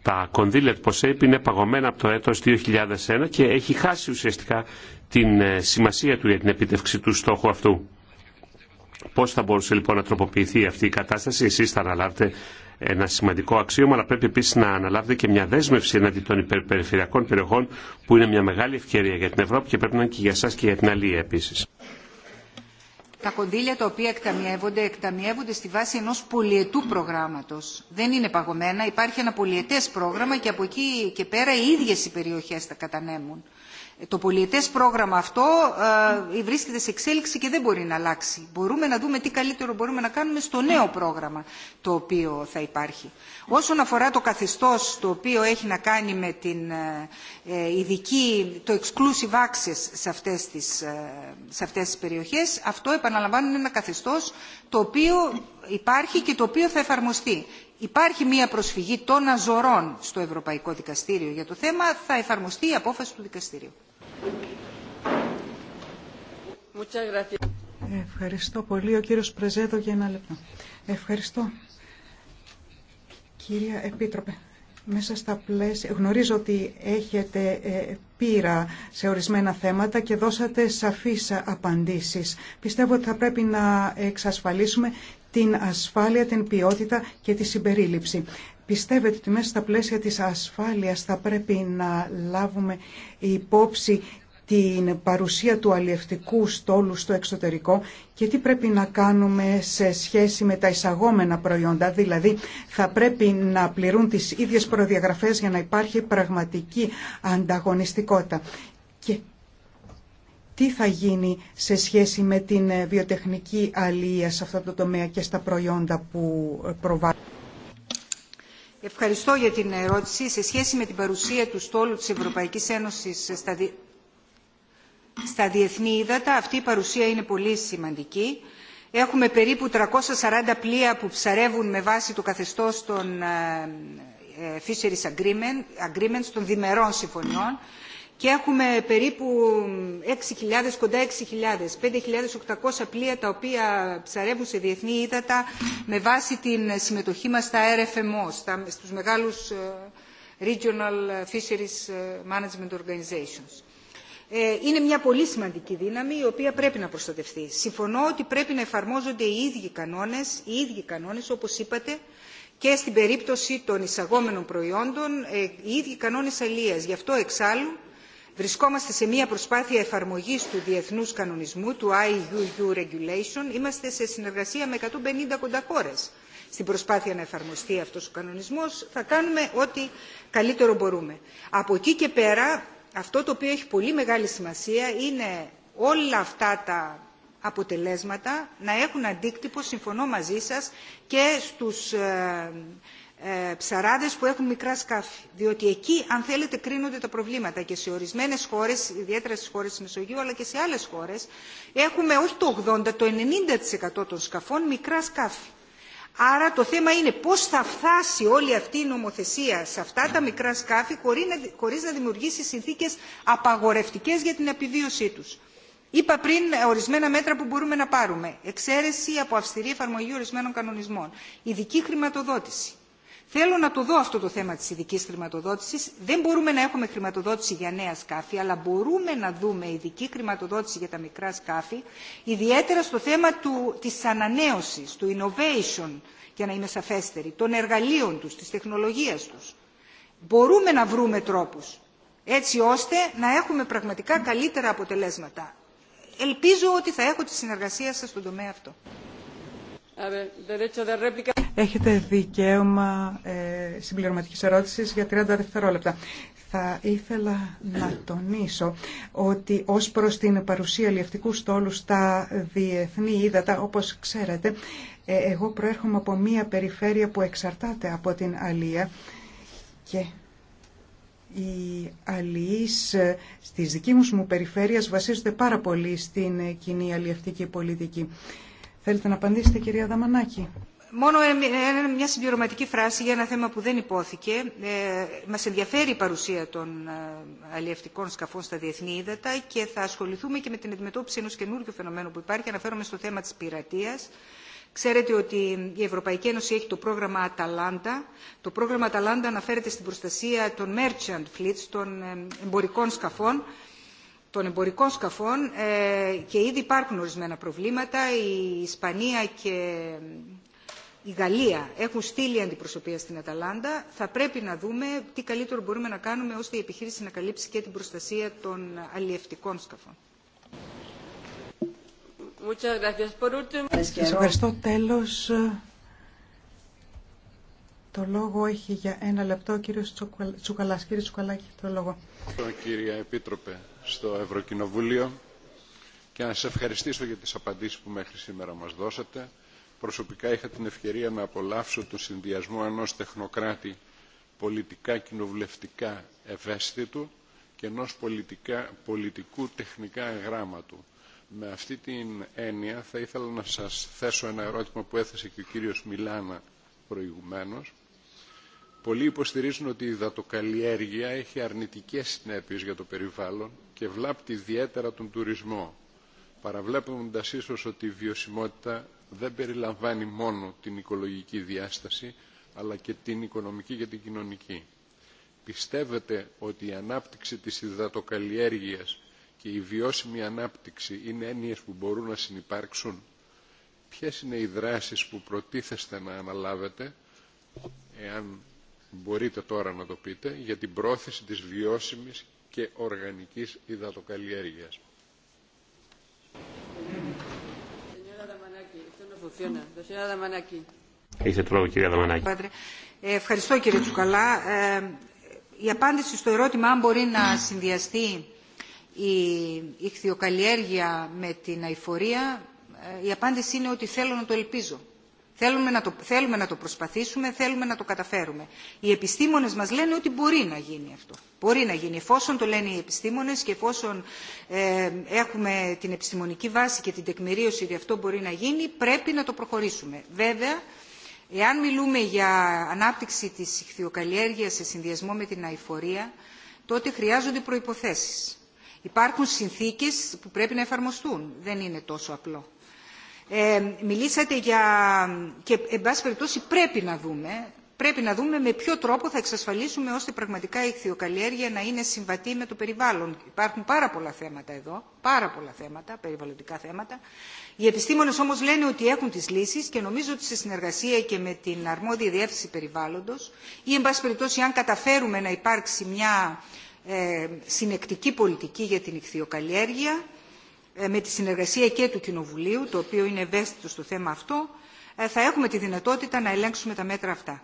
τα κονδύλια του POSEIP είναι παγωμένα από το έτος 2001 και έχει χάσει ουσιαστικά την ε, σημασία του για την επίτευξη του στόχου αυτού. Πώς θα μπορούσε λοιπόν να τροποποιηθεί αυτή η κατάσταση, εσείς θα αναλάβετε ένα σημαντικό αξίωμα, αλλά πρέπει επίση να αναλάβετε και μια δέσμευση εναντί των υπερπεριφερειακών περιοχών, που είναι μια μεγάλη ευκαιρία για την Ευρώπη και πρέπει να είναι και για εσά και για την Αλία επίση. Τα κονδύλια τα οποία εκταμιεύονται, εκταμιεύονται στη βάση ενός πολιετού προγράμματος. Δεν είναι παγωμένα, υπάρχει ένα πολιετές πρόγραμμα και από εκεί και πέρα οι ίδιες οι περιοχές τα κατανέμουν. Το πολιετές πρόγραμμα αυτό ε, βρίσκεται σε εξέλιξη και δεν μπορεί να αλλάξει. Μπορούμε να δούμε τι καλύτερο μπορούμε να κάνουμε στο νέο πρόγραμμα το οποίο θα υπάρχει. Όσον αφορά το καθεστώς το οποίο έχει να κάνει με την ε, ε, ειδική, το exclusive access σε αυτές τις, σε αυτές τις περιοχές, αυτό επαναλαμβάνω ένα καθεστώς το οποίο υπάρχει και το οποίο θα εφαρμοστεί. Υπάρχει μία προσφυγή των αζωρών στο Ευρωπαϊκό Δικαστήριο για το θέμα, θα εφαρμοστεί η απόφαση του δικαστηρίου. Ευχαριστώ πολύ. Ο κύριος Πρεζέδο για ένα λεπτό. Ευχαριστώ. Κυρία Επίτροπε, μέσα στα πλαίσια, γνωρίζω ότι έχετε ε, πείρα σε ορισμένα θέματα και δώσατε σαφείς απαντήσεις. Πιστεύω ότι θα πρέπει να εξασφαλίσουμε την ασφάλεια, την ποιότητα και τη συμπερίληψη. Πιστεύετε ότι μέσα στα πλαίσια της ασφάλειας θα πρέπει να λάβουμε υπόψη την παρουσία του αλλιευτικού στόλου στο εξωτερικό και τι πρέπει να κάνουμε σε σχέση με τα εισαγόμενα προϊόντα. Δηλαδή θα πρέπει να πληρούν τις ίδιες προδιαγραφές για να υπάρχει πραγματική ανταγωνιστικότητα. Και τι θα γίνει σε σχέση με την βιοτεχνική αλληλεία σε αυτό το τομέα και στα προϊόντα που προβάλλουν. Ευχαριστώ για την ερώτηση. Σε σχέση με την παρουσία του στόλου της Ευρωπαϊκής Ένωσης στα, διεθνή ύδατα, αυτή η παρουσία είναι πολύ σημαντική. Έχουμε περίπου 340 πλοία που ψαρεύουν με βάση το καθεστώς των ε, ε, Fisheries Agreements, των διμερών συμφωνιών και έχουμε περίπου 6.000, κοντά 6.000, 5.800 πλοία τα οποία ψαρεύουν σε διεθνή ύδατα με βάση την συμμετοχή μας στα RFMO, στα, στους μεγάλους ε, Regional Fisheries ε, Management Organizations. Ε, είναι μια πολύ σημαντική δύναμη η οποία πρέπει να προστατευτεί. Συμφωνώ ότι πρέπει να εφαρμόζονται οι ίδιοι κανόνες, οι ίδιοι κανόνες όπως είπατε, και στην περίπτωση των εισαγόμενων προϊόντων οι ίδιοι κανόνες αλίας. Γι' αυτό εξάλλου βρισκόμαστε σε μια προσπάθεια εφαρμογής του διεθνούς κανονισμού του iuu regulation είμαστε σε συνεργασία με 150 κοντά χώρες στην προσπάθεια να εφαρμοστεί αυτός ο κανονισμός θα κάνουμε ό,τι καλύτερο μπορούμε. Από εκεί και πέρα αυτό το οποίο έχει πολύ μεγάλη σημασία είναι όλα αυτά τα αποτελέσματα να έχουν αντίκτυπο, συμφωνώ μαζί σας, και στους ε, ε, ψαράδες που έχουν μικρά σκάφη. Διότι εκεί, αν θέλετε, κρίνονται τα προβλήματα και σε ορισμένες χώρες, ιδιαίτερα στις χώρες της Μεσογείου, αλλά και σε άλλες χώρες, έχουμε όχι το 80, το 90% των σκαφών μικρά σκάφη. Άρα το θέμα είναι πώς θα φτάσει όλη αυτή η νομοθεσία σε αυτά τα μικρά σκάφη χωρίς να δημιουργήσει συνθήκες απαγορευτικές για την επιβίωσή τους. Είπα πριν ε, ορισμένα μέτρα που μπορούμε να πάρουμε. Εξαίρεση από αυστηρή εφαρμογή ορισμένων κανονισμών. Ειδική χρηματοδότηση Θέλω να το δω αυτό το θέμα της ειδική χρηματοδότησης. Δεν μπορούμε να έχουμε χρηματοδότηση για νέα σκάφη, αλλά μπορούμε να δούμε ειδική χρηματοδότηση για τα μικρά σκάφη, ιδιαίτερα στο θέμα του, της ανανέωσης, του innovation, για να είμαι σαφέστερη, των εργαλείων τους, της τεχνολογίας τους. Μπορούμε να βρούμε τρόπους, έτσι ώστε να έχουμε πραγματικά καλύτερα αποτελέσματα. Ελπίζω ότι θα έχω τη συνεργασία σας στον τομέα αυτό. Έχετε δικαίωμα ε, συμπληρωματικής ερώτησης για 30 δευτερόλεπτα. Θα ήθελα να τονίσω ότι ως προς την παρουσία λιευτικού στόλου στα διεθνή ύδατα, όπως ξέρετε, ε, εγώ προέρχομαι από μία περιφέρεια που εξαρτάται από την αλία και οι αλληλείς ε, στις δική μου περιφέρειες βασίζονται πάρα πολύ στην ε, κοινή αλλιευτική πολιτική. Θέλετε να απαντήσετε κυρία Δαμανάκη. Μόνο μια συμπληρωματική φράση για ένα θέμα που δεν υπόθηκε. Ε, μας ενδιαφέρει η παρουσία των ε, αλλιευτικών σκαφών στα διεθνή ύδατα και θα ασχοληθούμε και με την αντιμετώπιση ενός καινούργιου φαινομένου που υπάρχει. Αναφέρομαι στο θέμα της πειρατείας. Ξέρετε ότι η Ευρωπαϊκή Ένωση έχει το πρόγραμμα Αταλάντα. Το πρόγραμμα Αταλάντα αναφέρεται στην προστασία των merchant fleets, των ε, εμπορικών σκαφών των εμπορικών σκαφών ε, και ήδη υπάρχουν ορισμένα προβλήματα. Η Ισπανία και ε, η Γαλλία έχουν στείλει αντιπροσωπεία στην Αταλάντα. Θα πρέπει να δούμε τι καλύτερο μπορούμε να κάνουμε ώστε η επιχείρηση να καλύψει και την προστασία των αλλιευτικών σκαφών. ευχαριστώ τέλος ε, το λόγο έχει για ένα λεπτό ο κύριος Τσουκαλάς. Κύριε Τσουκαλάκη, το λόγο. Κύριε Επίτροπε, στο Ευρωκοινοβούλιο και να σας ευχαριστήσω για τις απαντήσεις που μέχρι σήμερα μας δώσατε. Προσωπικά είχα την ευκαιρία να απολαύσω τον συνδυασμό ενός τεχνοκράτη πολιτικά κοινοβουλευτικά ευαίσθητου και ενός πολιτικά, πολιτικού τεχνικά γράμματου. Με αυτή την έννοια θα ήθελα να σας θέσω ένα ερώτημα που έθεσε και ο κύριος Μιλάνα προηγουμένως Πολλοί υποστηρίζουν ότι η υδατοκαλλιέργεια έχει αρνητικές συνέπειες για το περιβάλλον και βλάπτει ιδιαίτερα τον τουρισμό, παραβλέποντας ίσως ότι η βιωσιμότητα δεν περιλαμβάνει μόνο την οικολογική διάσταση, αλλά και την οικονομική και την κοινωνική. Πιστεύετε ότι η ανάπτυξη της υδατοκαλλιέργειας και η βιώσιμη ανάπτυξη είναι έννοιες που μπορούν να συνεπάρξουν. Ποιες είναι οι δράσεις που προτίθεστε να αναλάβετε, εάν μπορείτε τώρα να το πείτε, για την πρόθεση της βιώσιμης και οργανικής υδατοκαλλιέργειας. Έχετε κυρία Δαμανάκη. Ε, ευχαριστώ, κύριε Τσουκαλά. Ε, η απάντηση στο ερώτημα αν μπορεί να συνδυαστεί η ηχθειοκαλλιέργεια με την αηφορία, ε, η απάντηση είναι ότι θέλω να το ελπίζω. Θέλουμε να, το, προσπαθήσουμε, θέλουμε να το καταφέρουμε. Οι επιστήμονες μας λένε ότι μπορεί να γίνει αυτό. Μπορεί να γίνει. Εφόσον το λένε οι επιστήμονες και εφόσον ε, έχουμε την επιστημονική βάση και την τεκμηρίωση ότι αυτό μπορεί να γίνει, πρέπει να το προχωρήσουμε. Βέβαια, εάν μιλούμε για ανάπτυξη της ηχθειοκαλλιέργειας σε συνδυασμό με την αηφορία, τότε χρειάζονται προϋποθέσεις. Υπάρχουν συνθήκες που πρέπει να εφαρμοστούν. Δεν είναι τόσο απλό. Ε, μιλήσατε για... και εν πάση περιπτώσει πρέπει να δούμε με ποιο τρόπο θα εξασφαλίσουμε ώστε πραγματικά η χθιοκαλλιέργεια να είναι συμβατή με το περιβάλλον. Υπάρχουν πάρα πολλά θέματα εδώ, πάρα πολλά θέματα, περιβαλλοντικά θέματα. Οι επιστήμονες όμως λένε ότι έχουν τις λύσεις και νομίζω ότι σε συνεργασία και με την αρμόδια διεύθυνση περιβάλλοντος ή εν πάση περιπτώσει αν καταφέρουμε να υπάρξει μια ε, συνεκτική πολιτική για την ηχθειοκαλλιέργεια ε, με τη συνεργασία και του Κοινοβουλίου, το οποίο είναι ευαίσθητο στο θέμα αυτό, ε, θα έχουμε τη δυνατότητα να ελέγξουμε τα μέτρα αυτά.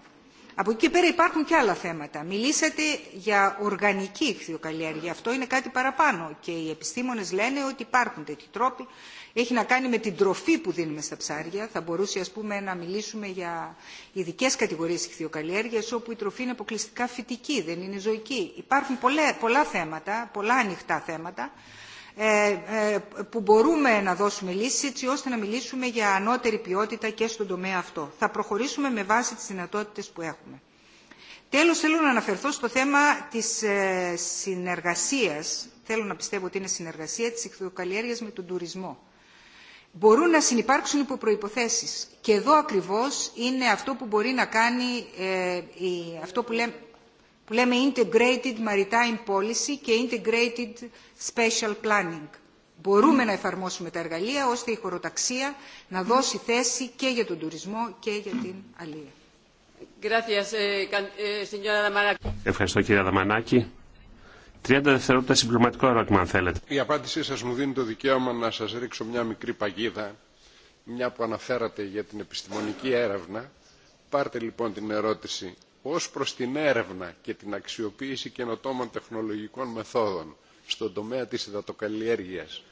Από εκεί και πέρα υπάρχουν και άλλα θέματα. Μιλήσατε για οργανική ηχθειοκαλλιέργεια. Αυτό είναι κάτι παραπάνω και οι επιστήμονε λένε ότι υπάρχουν τέτοιοι τρόποι. Έχει να κάνει με την τροφή που δίνουμε στα ψάρια. Θα μπορούσε ας πούμε, να μιλήσουμε για ειδικέ κατηγορίε ηχθειοκαλλιέργειας όπου η τροφή είναι αποκλειστικά φυτική, δεν είναι ζωική. Υπάρχουν πολλά, πολλά θέματα, πολλά ανοιχτά θέματα ε, ε, που μπορούμε να δώσουμε λύσεις έτσι ώστε να μιλήσουμε για ανώτερη ποιότητα και στον τομέα αυτό. Θα προχωρήσουμε με βάση τις δυνατότητες που έχουμε. Τέλος, θέλω να αναφερθώ στο θέμα της ε, συνεργασίας, θέλω να πιστεύω ότι είναι συνεργασία της εκδοκαλλιέργειας με τον τουρισμό. Μπορούν να συνεπάρξουν υπό Και εδώ ακριβώς είναι αυτό που μπορεί να κάνει, αυτό που λέμε, που λέμε Integrated Maritime Policy και Integrated Special Planning. Μπορούμε να εφαρμόσουμε τα εργαλεία ώστε η χωροταξία να δώσει θέση και για τον τουρισμό και για την αλεία. Eh, eh, Ευχαριστώ κύριε Αδαμανάκη. 30 δευτερόλεπτα συμπληρωματικό ερώτημα αν θέλετε. Η απάντησή σα μου δίνει το δικαίωμα να σα ρίξω μια μικρή παγίδα, μια που αναφέρατε για την επιστημονική έρευνα. Πάρτε λοιπόν την ερώτηση ως προς την έρευνα και την αξιοποίηση καινοτόμων τεχνολογικών μεθόδων στον τομέα της υδατοκαλλιέργειας,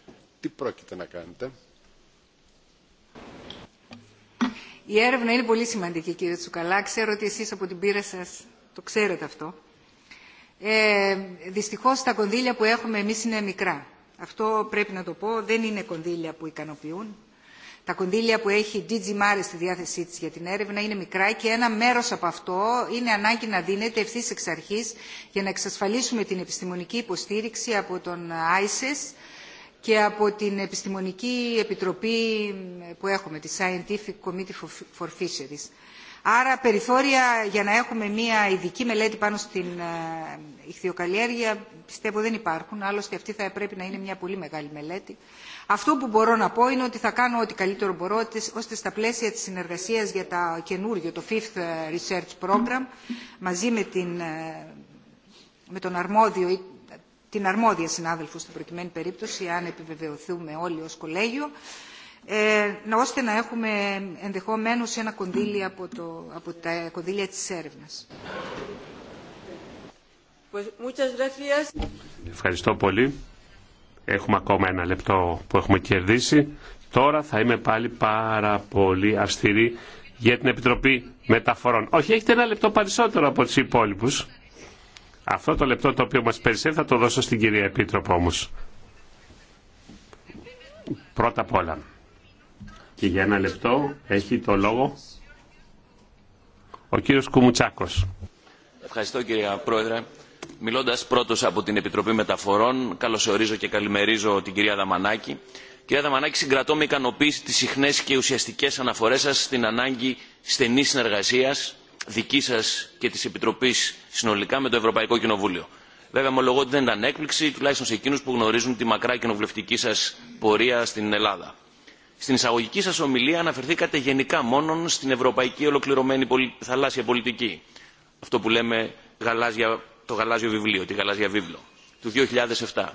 τι πρόκειται να κάνετε. Η έρευνα είναι πολύ σημαντική κύριε Τσουκαλά. Ξέρω ότι εσείς από την πείρα σας το ξέρετε αυτό. Ε, δυστυχώς τα κονδύλια που έχουμε εμείς είναι μικρά. Αυτό πρέπει να το πω. Δεν είναι κονδύλια που ικανοποιούν τα κονδύλια που έχει η DG Mare στη διάθεσή της για την έρευνα είναι μικρά και ένα μέρος από αυτό είναι ανάγκη να δίνεται ευθύ εξ αρχής για να εξασφαλίσουμε την επιστημονική υποστήριξη από τον ISIS και από την Επιστημονική Επιτροπή που έχουμε, τη Scientific Committee for Fisheries. Άρα περιθώρια για να έχουμε μια ειδική μελέτη πάνω στην ε, ηχθειοκαλλιέργεια πιστεύω δεν υπάρχουν, άλλωστε αυτή θα πρέπει να είναι μια πολύ μεγάλη μελέτη. Αυτό που μπορώ να πω είναι ότι θα κάνω ό,τι καλύτερο μπορώ ώστε στα πλαίσια της συνεργασίας για το καινούργιο, το Fifth ε, Research Program, μαζί με, την, ε, με τον αρμόδιο, την αρμόδια συνάδελφο στην προκειμένη περίπτωση, αν επιβεβαιωθούμε όλοι ως κολέγιο, ε, ώστε να έχουμε ενδεχομένως ένα κονδύλι από, το, από τα κονδύλια της έρευνας. Ευχαριστώ πολύ. Έχουμε ακόμα ένα λεπτό που έχουμε κερδίσει. Τώρα θα είμαι πάλι πάρα πολύ αυστηρή για την Επιτροπή Μεταφορών. Όχι, έχετε ένα λεπτό περισσότερο από του υπόλοιπου. Αυτό το λεπτό το οποίο μας περισσεύει θα το δώσω στην κυρία Επίτροπο όμως. Πρώτα απ' όλα. Και για ένα λεπτό έχει το λόγο ο κύριος Κουμουτσάκος. Ευχαριστώ κύριε Πρόεδρε. Μιλώντας πρώτος από την Επιτροπή Μεταφορών, καλωσορίζω και καλημερίζω την κυρία Δαμανάκη. Κυρία Δαμανάκη, συγκρατώ με ικανοποίηση τις συχνές και ουσιαστικές αναφορές σας στην ανάγκη στενής συνεργασίας δική σας και της Επιτροπής συνολικά με το Ευρωπαϊκό Κοινοβούλιο. Βέβαια, ομολογώ ότι δεν ήταν έκπληξη, τουλάχιστον σε εκείνους που γνωρίζουν τη μακρά κοινοβουλευτική σας πορεία στην Ελλάδα. Στην εισαγωγική σα ομιλία αναφερθήκατε γενικά μόνο στην ευρωπαϊκή ολοκληρωμένη θαλάσσια πολιτική. Αυτό που λέμε γαλάζια το γαλάζιο βιβλίο, τη γαλάζια βίβλο του 2007.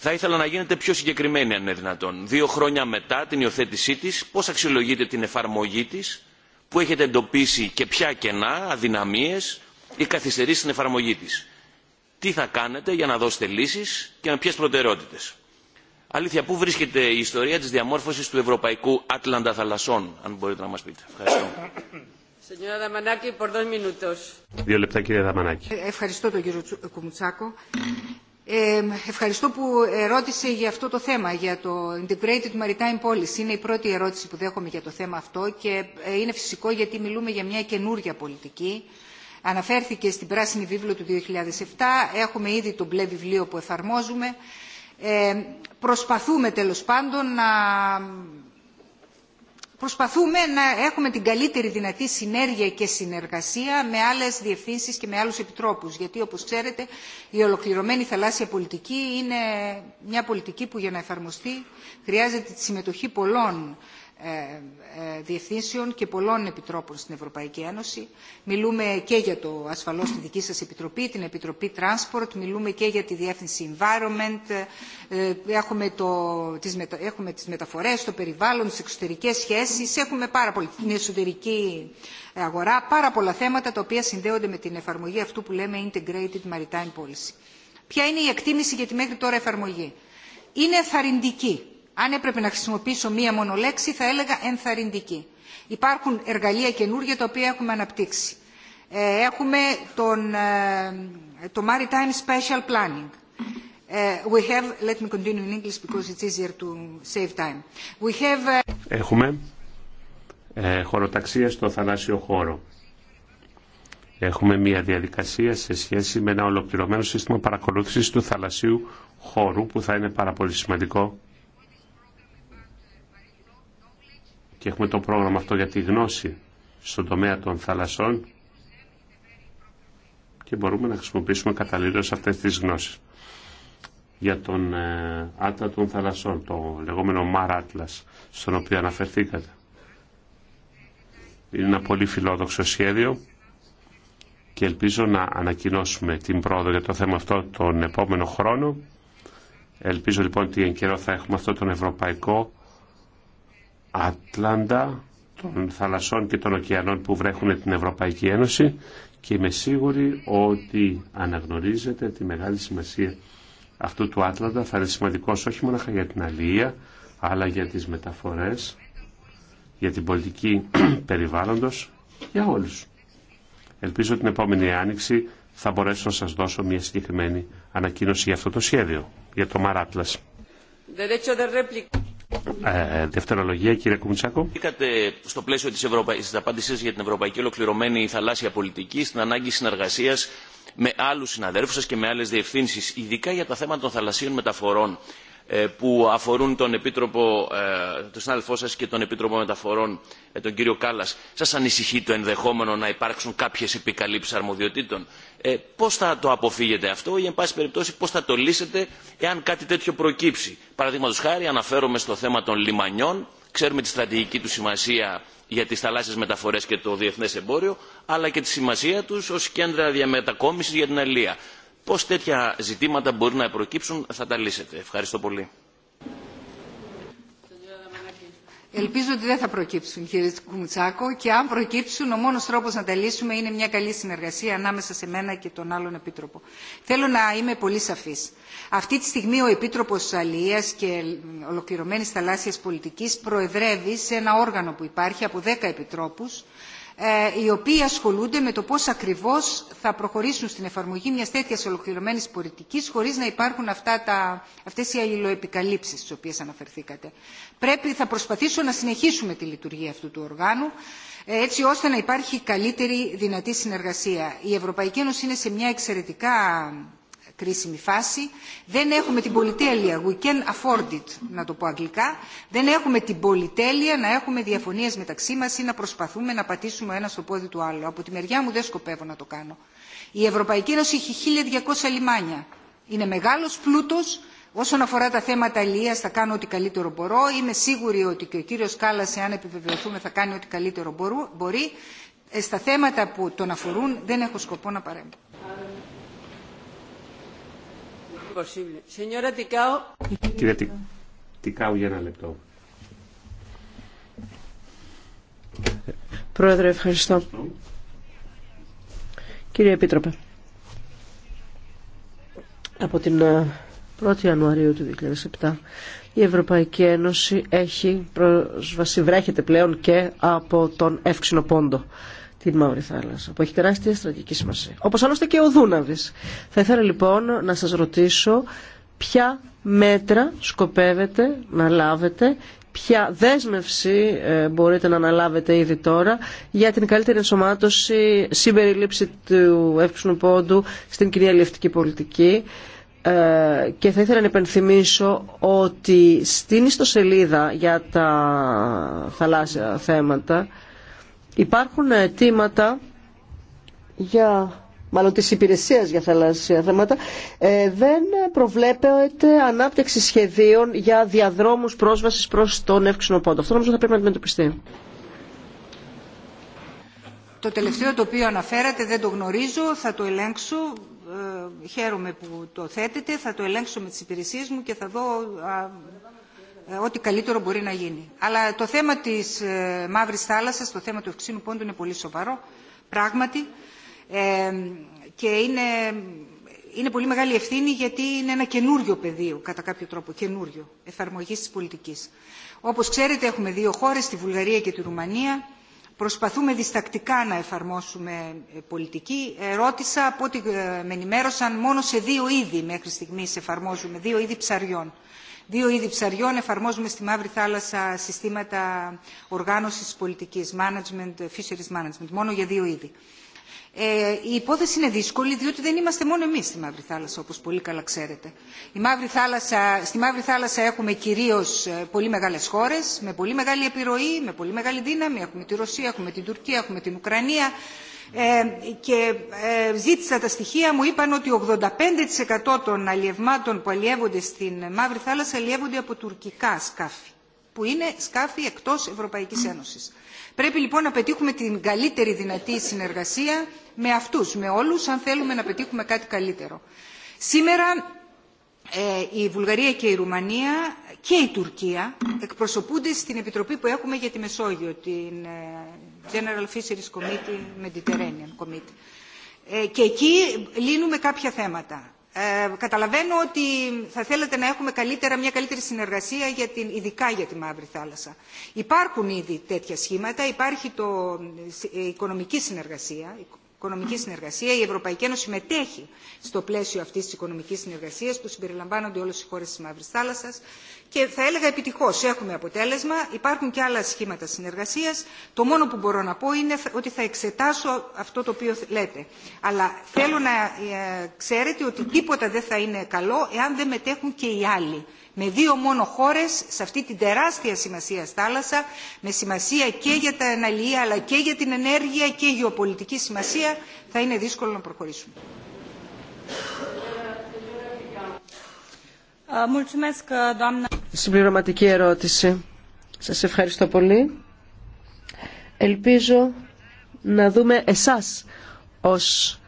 Θα ήθελα να γίνετε πιο συγκεκριμένοι αν είναι δυνατόν. Δύο χρόνια μετά την υιοθέτησή της, πώς αξιολογείτε την εφαρμογή της, που έχετε εντοπίσει και ποια κενά, αδυναμίες ή καθυστερήσει στην εφαρμογή της. Τι θα κάνετε για να δώσετε λύσεις και με ποιες προτεραιότητες. Αλήθεια, πού βρίσκεται η ιστορία της διαμόρφωσης του Ευρωπαϊκού Άτλαντα Θαλασσών, αν μπορείτε να μας πείτε. Ευχαριστώ. Ε, ευχαριστώ τον κύριο Κουμουτσάκο. Ε, ευχαριστώ που ερώτησε για αυτό το θέμα, για το Integrated Maritime Policy. Είναι η πρώτη ερώτηση που δέχομαι για το θέμα αυτό και ε, είναι φυσικό γιατί μιλούμε για μια καινούργια πολιτική. Αναφέρθηκε στην Πράσινη Βίβλο του 2007, έχουμε ήδη το μπλε βιβλίο που εφαρμόζουμε. προσπαθούμε τέλος πάντων να προσπαθούμε να έχουμε την καλύτερη δυνατή συνέργεια και συνεργασία με άλλες διευθύνσεις και με άλλους επιτρόπους. Γιατί όπως ξέρετε η ολοκληρωμένη θαλάσσια πολιτική είναι μια πολιτική που για να εφαρμοστεί χρειάζεται τη συμμετοχή πολλών ε, ε, διευθύνσεων και πολλών επιτρόπων στην Ευρωπαϊκή Ένωση. Μιλούμε και για το ασφαλώς τη δική σας επιτροπή, την Επιτροπή Transport, μιλούμε και για τη διεύθυνση Environment, ε, έχουμε, το, τις, έχουμε τις μεταφορές, το περιβάλλον, τις εξωτερικές σχέσεις, έχουμε πάρα πολύ την εσωτερική αγορά, πάρα πολλά θέματα τα οποία συνδέονται με την εφαρμογή αυτού που λέμε Integrated Maritime Policy. Ποια είναι η εκτίμηση για τη μέχρι τώρα εφαρμογή. Είναι θαρρυντική αν έπρεπε να χρησιμοποιήσω μία μόνο λέξη θα έλεγα ενθαρρυντική. Υπάρχουν εργαλεία καινούργια τα οποία έχουμε αναπτύξει. Ε, έχουμε ε, το Maritime Special Planning. Έχουμε ε, χωροταξία στο θαλάσσιο χώρο. Έχουμε μια διαδικασία σε σχέση με ένα ολοκληρωμένο σύστημα παρακολούθησης του θαλασσίου χώρου που θα είναι πάρα πολύ σημαντικό έχουμε το πρόγραμμα αυτό για τη γνώση στον τομέα των θαλασσών και μπορούμε να χρησιμοποιήσουμε καταλήλως αυτές τις γνώσεις. Για τον ε, των Θαλασσών, το λεγόμενο Μαράτλας στον οποίο αναφερθήκατε. Είναι ένα πολύ φιλόδοξο σχέδιο και ελπίζω να ανακοινώσουμε την πρόοδο για το θέμα αυτό τον επόμενο χρόνο. Ελπίζω λοιπόν ότι εν καιρό θα έχουμε αυτό τον Ευρωπαϊκό Ατλάντα των θαλασσών και των ωκεανών που βρέχουν την Ευρωπαϊκή Ένωση και είμαι σίγουρη ότι αναγνωρίζετε τη μεγάλη σημασία αυτού του Άτλαντα θα είναι σημαντικό όχι μόνο για την αλληλεία αλλά για τις μεταφορές, για την πολιτική [CLEARS THROAT] περιβάλλοντος, για όλους. Ελπίζω την επόμενη άνοιξη θα μπορέσω να σας δώσω μια συγκεκριμένη ανακοίνωση για αυτό το σχέδιο, για το Μαράτλας. Ε, δευτερολογία, κύριε Είχατε στο πλαίσιο της, Ευρωπα... της απάντησης για την ευρωπαϊκή ολοκληρωμένη θαλάσσια πολιτική στην ανάγκη συνεργασίας με άλλους συναδέρφους σας και με άλλες διευθύνσεις, ειδικά για τα θέματα των θαλασσίων μεταφορών. Ε, που αφορούν τον επίτροπο ε, συνάδελφό σας και τον επίτροπο μεταφορών ε, τον κύριο Κάλλας σας ανησυχεί το ενδεχόμενο να υπάρξουν κάποιες επικαλύψεις αρμοδιοτήτων Πώ θα το αποφύγετε αυτό ή εν πάση περιπτώσει πώς θα το λύσετε εάν κάτι τέτοιο προκύψει Παραδείγματο χάρη αναφέρομαι στο θέμα των λιμανιών ξέρουμε τη στρατηγική του σημασία για τις θαλάσσιες μεταφορές και το διεθνές εμπόριο αλλά και τη σημασία τους ως κέντρα διαμετακόμιση για την αλληλεία πώς τέτοια ζητήματα μπορεί να προκύψουν θα τα λύσετε. Ευχαριστώ πολύ. Ελπίζω ότι δεν θα προκύψουν, κύριε Κουμουτσάκο, και αν προκύψουν, ο μόνος τρόπος να τα λύσουμε είναι μια καλή συνεργασία ανάμεσα σε μένα και τον άλλον Επίτροπο. Θέλω να είμαι πολύ σαφής. Αυτή τη στιγμή ο Επίτροπος Αλίας και Ολοκληρωμένης Θαλάσσιας Πολιτικής προεδρεύει σε ένα όργανο που υπάρχει από 10 επιτρόπους, ε, οι οποίοι ασχολούνται με το πώς ακριβώς θα προχωρήσουν στην εφαρμογή μιας τέτοιας ολοκληρωμένης πολιτικής χωρίς να υπάρχουν αυτά τα, αυτές οι αλληλοεπικαλύψεις στις οποίες αναφερθήκατε. Πρέπει, θα προσπαθήσω να συνεχίσουμε τη λειτουργία αυτού του οργάνου ε, έτσι ώστε να υπάρχει καλύτερη δυνατή συνεργασία. Η Ευρωπαϊκή Ένωση είναι σε μια εξαιρετικά κρίσιμη φάση. Δεν έχουμε την πολυτέλεια, we can afford it, να το πω αγγλικά, δεν έχουμε την πολυτέλεια να έχουμε διαφωνίες μεταξύ μας ή να προσπαθούμε να πατήσουμε ένα στο πόδι του άλλου. Από τη μεριά μου δεν σκοπεύω να το κάνω. Η Ευρωπαϊκή Ένωση έχει 1.200 λιμάνια. Είναι μεγάλος πλούτος, Όσον αφορά τα θέματα αλληλεία, θα κάνω ό,τι καλύτερο μπορώ. Είμαι σίγουρη ότι και ο κύριο Κάλλα, εάν επιβεβαιωθούμε, θα κάνει ό,τι καλύτερο μπορεί. Ε, στα θέματα που τον αφορούν, δεν έχω σκοπό να παρέμβω. Κύριε Τικάου, για ένα λεπτό. Πρόεδρε, ευχαριστώ. Κύριε Επίτροπε, από την 1η ε, Ιανουαρίου του 2007 η Ευρωπαϊκή Ένωση έχει βρέχεται πλέον και από τον εύξηνο πόντο την Μαύρη Θάλασσα, που έχει τεράστια στρατηγική σημασία. Όπως άλλωστε και ο δούναβη. Θα ήθελα λοιπόν να σας ρωτήσω ποια μέτρα σκοπεύετε να λάβετε ποια δέσμευση ε, μπορείτε να αναλάβετε ήδη τώρα για την καλύτερη ενσωμάτωση, συμπεριλήψη του εύξηνου πόντου στην κυρία πολιτική. Ε, και θα ήθελα να υπενθυμίσω ότι στην ιστοσελίδα για τα θαλάσσια θέματα Υπάρχουν αιτήματα ε, για μάλλον τη υπηρεσία, για θαλάσσια θέματα, ε, δεν προβλέπεται ανάπτυξη σχεδίων για διαδρόμους πρόσβασης προς τον εύξηνο πόντο. Αυτό νομίζω θα πρέπει να αντιμετωπιστεί. Το τελευταίο το οποίο αναφέρατε δεν το γνωρίζω, θα το ελέγξω. Ε, χαίρομαι που το θέτετε, θα το ελέγξω με τις υπηρεσίες μου και θα δω ε, ό,τι καλύτερο μπορεί να γίνει. Αλλά το θέμα της ε, Μαύρης Θάλασσας, το θέμα του ευξήνου πόντου είναι πολύ σοβαρό, πράγματι. Ε, και είναι, είναι πολύ μεγάλη ευθύνη γιατί είναι ένα καινούριο πεδίο, κατά κάποιο τρόπο, καινούριο εφαρμογή της πολιτικής. Όπως ξέρετε έχουμε δύο χώρες, τη Βουλγαρία και τη Ρουμανία. Προσπαθούμε διστακτικά να εφαρμόσουμε πολιτική. Ρώτησα από ό,τι με ενημέρωσαν μόνο σε δύο είδη μέχρι στιγμής εφαρμόζουμε, δύο είδη ψαριών δύο είδη ψαριών εφαρμόζουμε στη Μαύρη Θάλασσα συστήματα οργάνωσης πολιτικής, management, fisheries management, μόνο για δύο είδη. Ε, η υπόθεση είναι δύσκολη διότι δεν είμαστε μόνο εμείς στη Μαύρη Θάλασσα όπως πολύ καλά ξέρετε. Η Μαύρη Θάλασσα, στη Μαύρη Θάλασσα έχουμε κυρίως ε, πολύ μεγάλες χώρες με πολύ μεγάλη επιρροή, με πολύ μεγάλη δύναμη. Έχουμε τη Ρωσία, έχουμε την Τουρκία, έχουμε την Ουκρανία. Ε, και ε, ζήτησα τα στοιχεία μου είπαν ότι 85% των αλλιευμάτων που αλλιεύονται στην Μαύρη Θάλασσα αλλιεύονται από τουρκικά σκάφη που είναι σκάφη εκτός Ευρωπαϊκής Ένωσης. Πρέπει λοιπόν να πετύχουμε την καλύτερη δυνατή συνεργασία με αυτούς, με όλους, αν θέλουμε να πετύχουμε κάτι καλύτερο. Σήμερα ε, η Βουλγαρία και η Ρουμανία και η Τουρκία εκπροσωπούνται στην Επιτροπή που έχουμε για τη Μεσόγειο, την General Fisheries Committee, Mediterranean Committee. Ε, και εκεί λύνουμε κάποια θέματα. Ε, καταλαβαίνω ότι θα θέλετε να έχουμε καλύτερα, μια καλύτερη συνεργασία για την, ειδικά για τη Μαύρη Θάλασσα. Υπάρχουν ήδη τέτοια σχήματα. Υπάρχει το, η ε, οικονομική συνεργασία, οικονομική συνεργασία. Η Ευρωπαϊκή Ένωση μετέχει στο πλαίσιο αυτής της οικονομικής συνεργασίας που συμπεριλαμβάνονται όλες οι χώρες της Μαύρης Θάλασσας και θα έλεγα επιτυχώς έχουμε αποτέλεσμα. Υπάρχουν και άλλα σχήματα συνεργασίας. Το μόνο που μπορώ να πω είναι ότι θα εξετάσω αυτό το οποίο λέτε. Αλλά θέλω να ξέρετε ότι τίποτα δεν θα είναι καλό εάν δεν μετέχουν και οι άλλοι με δύο μόνο χώρες σε αυτή την τεράστια σημασία θάλασσα, με σημασία και για τα αναλυεία αλλά και για την ενέργεια και γεωπολιτική σημασία, θα είναι δύσκολο να προχωρήσουμε συμπληρωματική ερώτηση. Σας ευχαριστώ πολύ. Ελπίζω να δούμε εσάς ως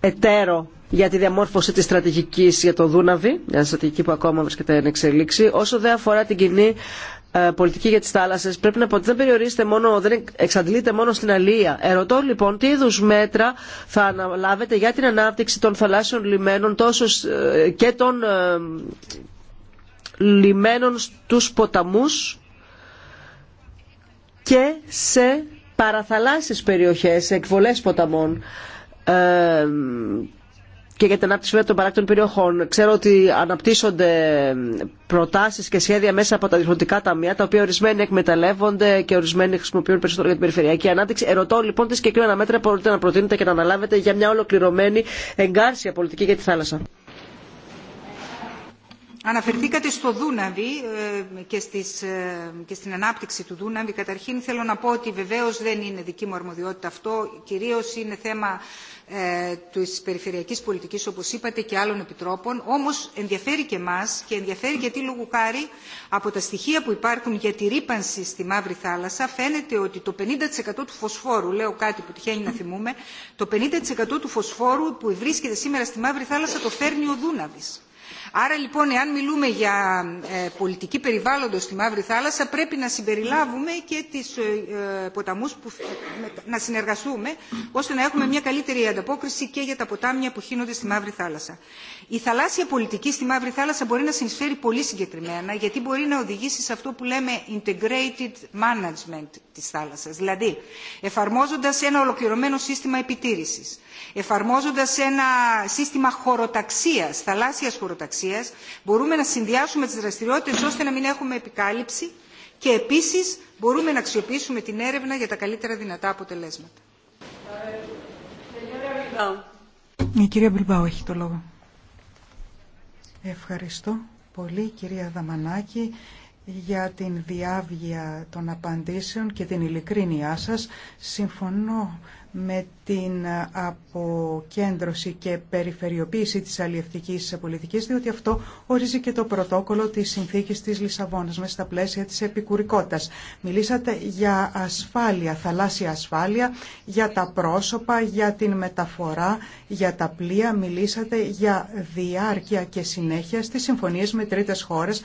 εταίρο για τη διαμόρφωση της στρατηγικής για το Δούναβι, μια στρατηγική που ακόμα βρίσκεται εν εξελίξη, όσο δεν αφορά την κοινή ε, πολιτική για τις θάλασσες πρέπει να πω ότι δεν περιορίζεται μόνο, δεν εξαντλείται μόνο στην αλία. Ερωτώ λοιπόν τι είδους μέτρα θα αναλάβετε για την ανάπτυξη των θαλάσσιων λιμένων τόσο ε, και των ε, λιμένων στους ποταμούς και σε παραθαλάσσιες περιοχές, σε εκβολές ποταμών ε, και για την ανάπτυξη βέβαια των παράκτων περιοχών. Ξέρω ότι αναπτύσσονται προτάσεις και σχέδια μέσα από τα διευθυντικά ταμεία, τα οποία ορισμένοι εκμεταλλεύονται και ορισμένοι χρησιμοποιούν περισσότερο για την περιφερειακή ανάπτυξη. Ερωτώ λοιπόν τι συγκεκριμένα μέτρα μπορείτε να προτείνετε και να αναλάβετε για μια ολοκληρωμένη εγκάρσια πολιτική για τη θάλασσα. Αναφερθήκατε στο Δούναβι ε, και, στις, ε, και στην ανάπτυξη του Δούναβι. Καταρχήν θέλω να πω ότι βεβαίως δεν είναι δική μου αρμοδιότητα αυτό. Κυρίως είναι θέμα ε, της περιφερειακής πολιτικής, όπως είπατε, και άλλων επιτρόπων. Όμως ενδιαφέρει και εμάς και ενδιαφέρει γιατί λόγου χάρη από τα στοιχεία που υπάρχουν για τη ρήπανση στη Μαύρη Θάλασσα φαίνεται ότι το 50% του φωσφόρου, λέω κάτι που τυχαίνει να θυμούμε, το 50% του φωσφόρου που βρίσκεται σήμερα στη Μαύρη Θάλασσα το φέρνει ο Δούναβης άρα λοιπόν εάν μιλούμε για ε, πολιτική περιβάλλοντος στη μαύρη θάλασσα πρέπει να συμπεριλάβουμε και τις ε, ε, ποταμούς που να συνεργαστούμε ώστε να έχουμε μια καλύτερη ανταπόκριση και για τα ποτάμια που χύνονται στη μαύρη θάλασσα. η θαλάσσια πολιτική στη μαύρη θάλασσα μπορεί να συνεισφέρει πολύ συγκεκριμένα γιατί μπορεί να οδηγήσει σε αυτό που λέμε integrated management της θάλασσας δηλαδή εφαρμόζοντας ένα ολοκληρωμένο σύστημα επιτήρησης εφαρμόζοντας ένα σύστημα χωροταξίας θαλάσσιας χωροταξίας μπορούμε να συνδυάσουμε τις δραστηριότητες ώστε να μην έχουμε επικάλυψη και επίσης μπορούμε να αξιοποιήσουμε την έρευνα για τα καλύτερα δυνατά αποτελέσματα. κυρία το λόγο. Ευχαριστώ πολύ κυρία Δαμανάκη για την διάβγεια των απαντήσεων και την ειλικρίνειά σας. Συμφωνώ με την αποκέντρωση και περιφερειοποίηση της αλλιευτικής πολιτικής, διότι αυτό ορίζει και το πρωτόκολλο της συνθήκης της Λισαβόνας μέσα στα πλαίσια της επικουρικότητας. Μιλήσατε για ασφάλεια, θαλάσσια ασφάλεια, για τα πρόσωπα, για την μεταφορά, για τα πλοία. Μιλήσατε για διάρκεια και συνέχεια στις συμφωνίες με τρίτες χώρες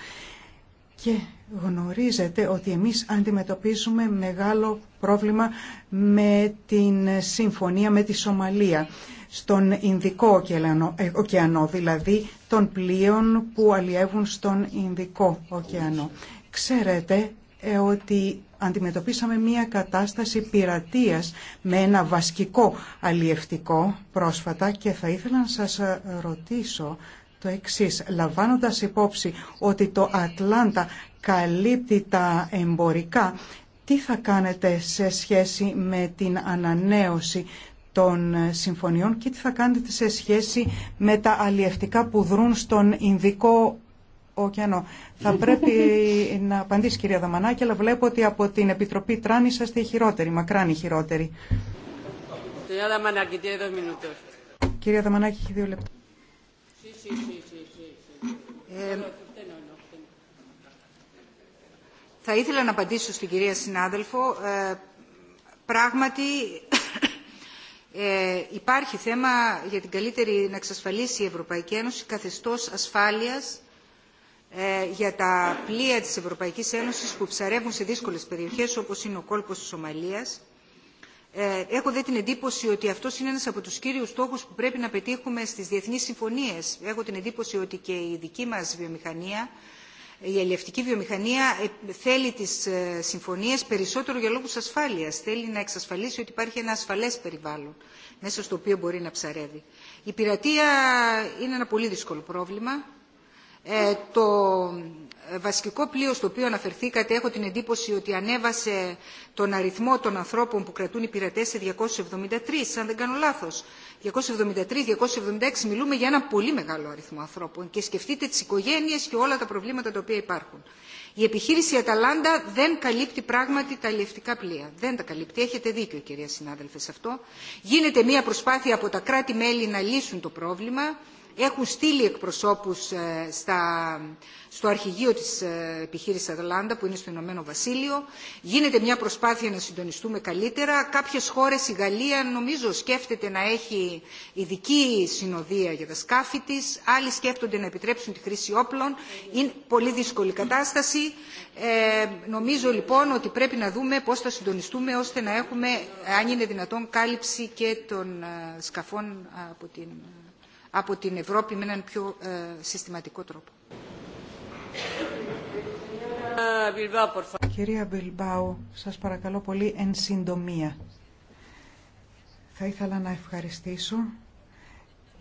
Γνωρίζετε ότι εμείς αντιμετωπίζουμε μεγάλο πρόβλημα με την συμφωνία με τη Σομαλία στον Ινδικό ωκεανό, ε, δηλαδή των πλοίων που αλλιεύουν στον Ινδικό ωκεανό. Ξέρετε ε, ότι αντιμετωπίσαμε μια κατάσταση πειρατείας με ένα βασκικό αλλιευτικό πρόσφατα και θα ήθελα να σας ε, ρωτήσω το εξής, λαμβάνοντας υπόψη ότι το Ατλάντα καλύπτει τα εμπορικά, τι θα κάνετε σε σχέση με την ανανέωση των συμφωνιών και τι θα κάνετε σε σχέση με τα αλλιευτικά που δρούν στον Ινδικό ωκεανό. Θα πρέπει [LAUGHS] να απαντήσει κυρία Δαμανάκη, αλλά βλέπω ότι από την Επιτροπή Τράνη είσαστε οι χειρότεροι, μακράν χειρότεροι. Κυρία Δαμανάκη, Κυρία Δαμανάκη, έχει δύο λεπτά. Ε, θα ήθελα να απαντήσω στην κυρία συνάδελφο. Ε, πράγματι [COUGHS] ε, υπάρχει θέμα για την καλύτερη να εξασφαλίσει η Ευρωπαϊκή Ένωση καθεστώς ασφάλειας ε, για τα πλοία της Ευρωπαϊκής Ένωσης που ψαρεύουν σε δύσκολες περιοχές όπως είναι ο κόλπος της Σομαλίας. Ε, έχω δε την εντύπωση ότι αυτό είναι ένας από τους κύριους στόχους που πρέπει να πετύχουμε στις διεθνείς συμφωνίες. Έχω την εντύπωση ότι και η δική μας βιομηχανία η αλληλευτική βιομηχανία ε, θέλει τις ε, συμφωνίες περισσότερο για λόγους ασφάλειας. Θέλει να εξασφαλίσει ότι υπάρχει ένα ασφαλές περιβάλλον μέσα στο οποίο μπορεί να ψαρεύει. Η πειρατεία είναι ένα πολύ δύσκολο πρόβλημα. Ε, ε, βασικό πλοίο στο οποίο αναφερθήκατε έχω την εντύπωση ότι ανέβασε τον αριθμό των ανθρώπων που κρατούν οι πειρατές σε 273, αν δεν κάνω λάθος. 273-276 μιλούμε για ένα πολύ μεγάλο αριθμό ανθρώπων και σκεφτείτε τις οικογένειες και όλα τα προβλήματα τα οποία υπάρχουν. Η επιχείρηση Αταλάντα δεν καλύπτει πράγματι τα αλλιευτικά πλοία. Δεν τα καλύπτει. Έχετε δίκιο, κυρία συνάδελφε, σε αυτό. Γίνεται μια προσπάθεια από τα κράτη-μέλη να λύσουν το πρόβλημα έχουν στείλει εκπροσώπους ε, στο αρχηγείο της ε, επιχείρησης Αταλάντα που είναι στο Ηνωμένο Βασίλειο. Γίνεται μια προσπάθεια να συντονιστούμε καλύτερα. Κάποιες χώρες, η Γαλλία νομίζω σκέφτεται να έχει ειδική συνοδεία για τα σκάφη της. Άλλοι σκέφτονται να επιτρέψουν τη χρήση όπλων. Είναι πολύ δύσκολη κατάσταση. Ε, νομίζω λοιπόν ότι πρέπει να δούμε πώς θα συντονιστούμε ώστε να έχουμε, αν είναι δυνατόν, κάλυψη και των ε, σκαφών από την από την Ευρώπη με έναν πιο ε, συστηματικό τρόπο. Κυρία Μπιλμπάου, σας παρακαλώ πολύ εν συντομία. Θα ήθελα να ευχαριστήσω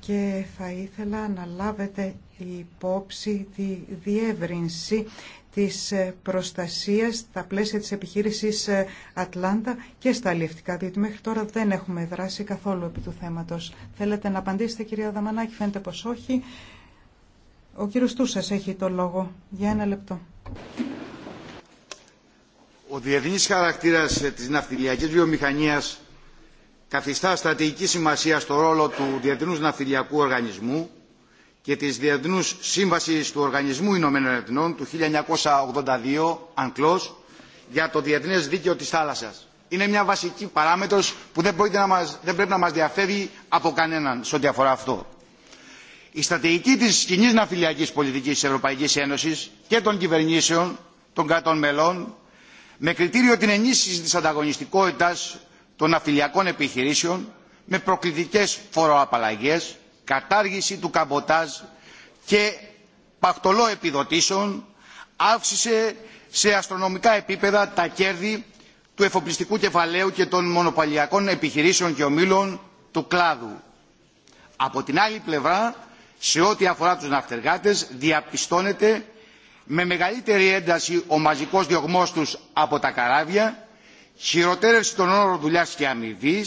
και θα ήθελα να λάβετε υπόψη τη διεύρυνση της ε, προστασίας στα πλαίσια της επιχείρησης ε, Ατλάντα και στα αλληλευτικά, διότι μέχρι τώρα δεν έχουμε δράσει καθόλου επί του θέματος. Θέλετε να απαντήσετε κυρία Δαμανάκη, φαίνεται πως όχι. Ο κύριος Τούσας έχει το λόγο. Για ένα λεπτό. Ο διεθνής χαρακτήρας ε, της ναυτιλιακής βιομηχανίας καθιστά στρατηγική σημασία στο ρόλο του Διεθνούς Ναυτιλιακού Οργανισμού και της Διεθνούς Σύμβασης του Οργανισμού Ηνωμένων Εθνών του 1982, Ανκλός, για το διεθνές δίκαιο της θάλασσας. Είναι μια βασική παράμετρος που δεν, να μας, δεν πρέπει να μας διαφεύγει από κανέναν σε ό,τι αφορά αυτό. Η στρατηγική της κοινή ναυπηλιακής πολιτικής της Ευρωπαϊκής Ένωσης και των κυβερνήσεων των κρατών μελών με κριτήριο την ενίσχυση της ανταγωνιστικότητας των ναυτιλιακών επιχειρήσεων με προκλητικές φοροαπαλλαγές κατάργηση του καμποτάζ και πακτολό επιδοτήσεων αύξησε σε αστρονομικά επίπεδα τα κέρδη του εφοπλιστικού κεφαλαίου και των μονοπαλιακών επιχειρήσεων και ομίλων του κλάδου. Από την άλλη πλευρά, σε ό,τι αφορά τους ναυτεργάτες, διαπιστώνεται με μεγαλύτερη ένταση ο μαζικός διωγμός τους από τα καράβια, χειροτέρευση των όρων δουλειάς και αμοιβή,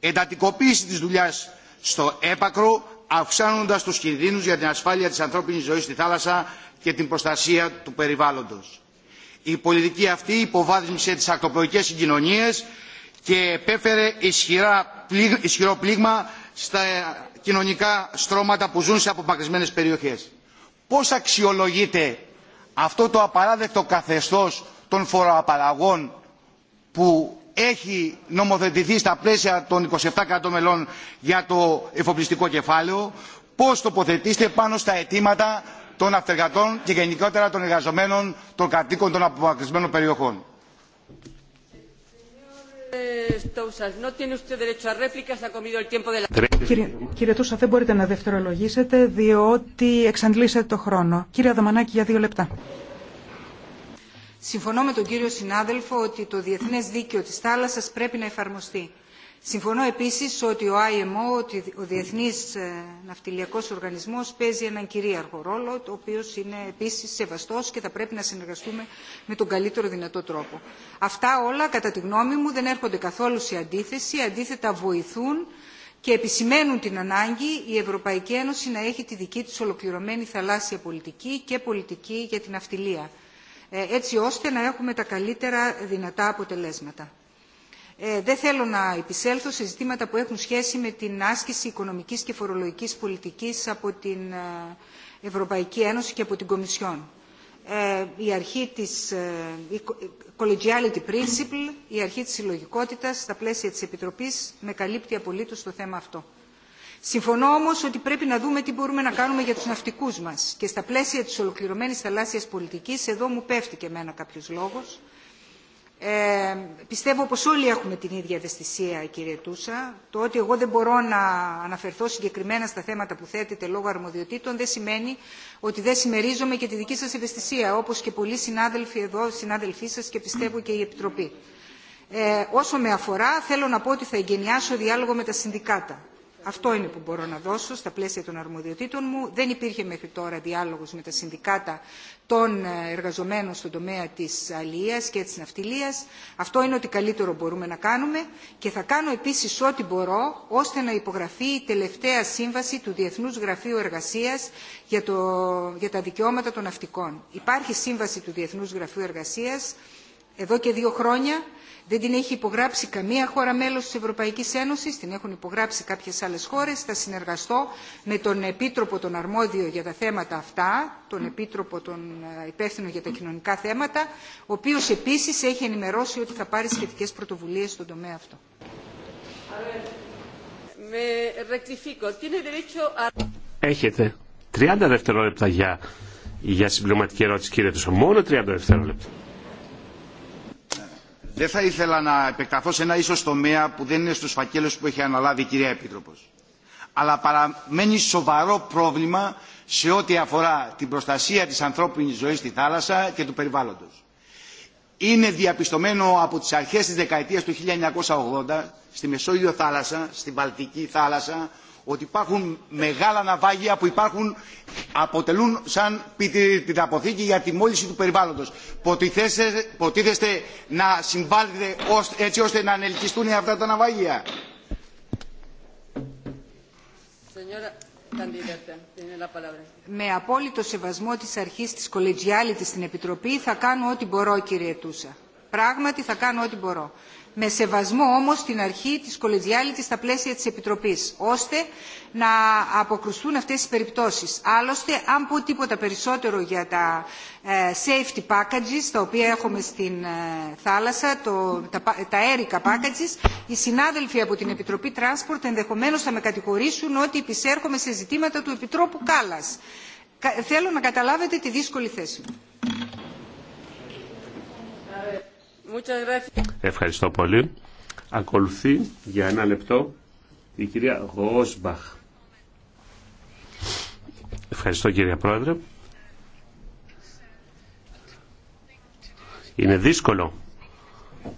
εντατικοποίηση της δουλειάς στο έπακρο αυξάνοντας τους κινδύνους για την ασφάλεια της ανθρώπινης ζωής στη θάλασσα και την προστασία του περιβάλλοντος. Η πολιτική αυτή υποβάθμισε τις ακτοπλοϊκές συγκοινωνίες και επέφερε ισχυρό πλήγμα στα κοινωνικά στρώματα που ζουν σε απομακρυσμένες περιοχές. Πώς αξιολογείται αυτό το απαράδεκτο καθεστώς των φοροαπαλλαγών που έχει νομοθετηθεί στα πλαίσια των 27 κρατών για το εφοπλιστικό κεφάλαιο, πώς τοποθετήστε πάνω στα αιτήματα των αυτεργατών και γενικότερα των εργαζομένων των κατοίκων των απομακρυσμένων περιοχών. Κύριε, Τούσα, δεν μπορείτε να δευτερολογήσετε διότι εξαντλήσετε το χρόνο. Κύριε Αδαμανάκη, για δύο λεπτά. Συμφωνώ με τον κύριο συνάδελφο ότι το διεθνές δίκαιο της θάλασσας πρέπει να εφαρμοστεί. Συμφωνώ επίσης ότι ο IMO, ο Διεθνής ε, Ναυτιλιακός Οργανισμός παίζει έναν κυρίαρχο ρόλο, ο οποίος είναι επίσης σεβαστός και θα πρέπει να συνεργαστούμε με τον καλύτερο δυνατό τρόπο. Αυτά όλα, κατά τη γνώμη μου, δεν έρχονται καθόλου σε αντίθεση, αντίθετα βοηθούν και επισημαίνουν την ανάγκη η Ευρωπαϊκή Ένωση να έχει τη δική της ολοκληρωμένη θαλάσσια πολιτική και πολιτική για την ναυτιλία. Ε, έτσι ώστε να έχουμε τα καλύτερα δυνατά αποτελέσματα. Ε, δεν θέλω να επισέλθω σε ζητήματα που έχουν σχέση με την άσκηση οικονομικής και φορολογικής πολιτικής από την ε, Ευρωπαϊκή Ένωση και από την Κομισιόν. Ε, η αρχή της collegiality principle, η αρχή της συλλογικότητας στα πλαίσια της Επιτροπής με καλύπτει απολύτως το θέμα αυτό. Συμφωνώ όμω ότι πρέπει να δούμε τι μπορούμε να κάνουμε για του ναυτικού μα και στα πλαίσια τη ολοκληρωμένη θαλάσσια πολιτική, εδώ μου πέφτει και εμένα κάποιο λόγο. Ε, πιστεύω πως όλοι έχουμε την ίδια ευαισθησία, κύριε Τούσα. Το ότι εγώ δεν μπορώ να αναφερθώ συγκεκριμένα στα θέματα που θέτετε λόγω αρμοδιοτήτων δεν σημαίνει ότι δεν συμμερίζομαι και τη δική σας ευαισθησία, όπως και πολλοί συνάδελφοι εδώ, συνάδελφοί σας και πιστεύω και η Επιτροπή. Ε, όσο με αφορά, θέλω να πω ότι θα εγκαινιάσω διάλογο με τα συνδικάτα αυτό είναι που μπορώ να δώσω στα πλαίσια των αρμοδιοτήτων μου. Δεν υπήρχε μέχρι τώρα διάλογος με τα συνδικάτα των ε, εργαζομένων στον τομέα της αλίας και της ναυτιλίας. Αυτό είναι ότι καλύτερο μπορούμε να κάνουμε και θα κάνω επίσης ό,τι μπορώ ώστε να υπογραφεί η τελευταία σύμβαση του Διεθνούς Γραφείου Εργασίας για, το... για τα δικαιώματα των ναυτικών. Υπάρχει σύμβαση του Διεθνούς Γραφείου Εργασίας εδώ και δύο χρόνια δεν την έχει υπογράψει καμία χώρα μέλος της Ευρωπαϊκής Ένωσης, την έχουν υπογράψει κάποιες άλλες χώρες. Θα συνεργαστώ με τον Επίτροπο τον Αρμόδιο για τα θέματα αυτά, τον Επίτροπο τον ε, Υπεύθυνο για τα κοινωνικά θέματα, ο οποίος επίσης έχει ενημερώσει ότι θα πάρει σχετικές πρωτοβουλίες στον τομέα αυτό. Έχετε 30 δευτερόλεπτα για, για συμπληρωματική ερώτηση κύριε Τουσο. Μόνο 30 δευτερόλεπτα. Δεν θα ήθελα να επεκταθώ σε ένα ίσω τομέα που δεν είναι στους φακέλους που έχει αναλάβει η κυρία Επίτροπο, Αλλά παραμένει σοβαρό πρόβλημα σε ό,τι αφορά την προστασία τη ανθρώπινη ζωή στη θάλασσα και του περιβάλλοντο. Είναι διαπιστωμένο από τι αρχέ τη δεκαετία του 1980 στη Μεσόγειο θάλασσα, στη Βαλτική θάλασσα, ότι υπάρχουν μεγάλα ναυάγια που υπάρχουν, αποτελούν σαν την αποθήκη για τη μόλυνση του περιβάλλοντος. ποτίθεστε να συμβάλλετε έτσι ώστε να ανελκυστούν αυτά τα ναυάγια. Με απόλυτο σεβασμό της αρχής της κολεγιάλιτης στην Επιτροπή θα κάνω ό,τι μπορώ κύριε Τούσα. Πράγματι θα κάνω ό,τι μπορώ με σεβασμό όμως την αρχή της κολεγιάλιτης στα πλαίσια της Επιτροπής, ώστε να αποκρουστούν αυτές τις περιπτώσεις. Άλλωστε, αν πω τίποτα περισσότερο για τα ε, safety packages, τα οποία έχουμε στην ε, θάλασσα, το, τα, τα packages, οι συνάδελφοι από την Επιτροπή Transport ενδεχομένως θα με κατηγορήσουν ότι επισέρχομαι σε ζητήματα του Επιτρόπου Κάλλας. Θέλω να καταλάβετε τη δύσκολη θέση μου. Ευχαριστώ πολύ. Ακολουθεί για ένα λεπτό η κυρία Γόσμπαχ. Ευχαριστώ κύριε Πρόεδρε. Είναι δύσκολο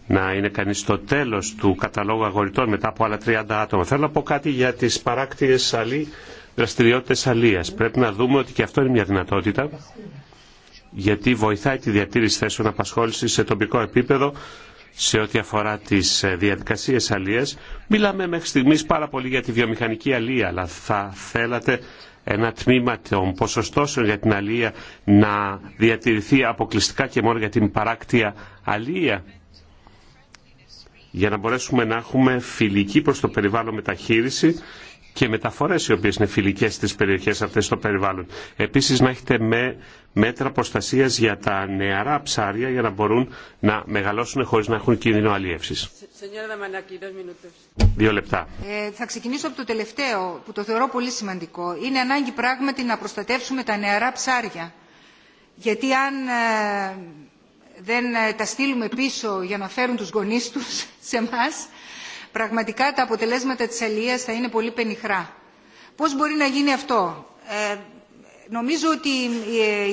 να είναι κανείς στο τέλος του καταλόγου αγοριτών μετά από άλλα 30 άτομα. Θέλω να πω κάτι για τις παράκτιες αλή, δραστηριότητες αλίας. Πρέπει να δούμε ότι και αυτό είναι μια δυνατότητα γιατί βοηθάει τη διατήρηση θέσεων απασχόληση σε τοπικό επίπεδο σε ό,τι αφορά τις ε, διαδικασίες αλίας. Μιλάμε μέχρι στιγμή πάρα πολύ για τη βιομηχανική αλία, αλλά θα θέλατε ένα τμήμα των ποσοστώσεων για την αλλία να διατηρηθεί αποκλειστικά και μόνο για την παράκτια αλία για να μπορέσουμε να έχουμε φιλική προς το περιβάλλον μεταχείριση και μεταφορές οι οποίες είναι φιλικές στις περιοχές αυτές στο περιβάλλον. Επίσης να έχετε με μέτρα προστασίας για τα νεαρά ψάρια για να μπορούν να μεγαλώσουν χωρίς να έχουν κίνδυνο αλλιεύση. Δύο λεπτά. Ε, θα ξεκινήσω από το τελευταίο που το θεωρώ πολύ σημαντικό. Είναι ανάγκη πράγματι να προστατεύσουμε τα νεαρά ψάρια. Γιατί αν ε, δεν ε, τα στείλουμε πίσω για να φέρουν τους γονείς τους [LAUGHS] σε εμάς, πραγματικά τα αποτελέσματα της αλληλείας θα είναι πολύ πενιχρά. Πώς μπορεί να γίνει αυτό. Ε, νομίζω ότι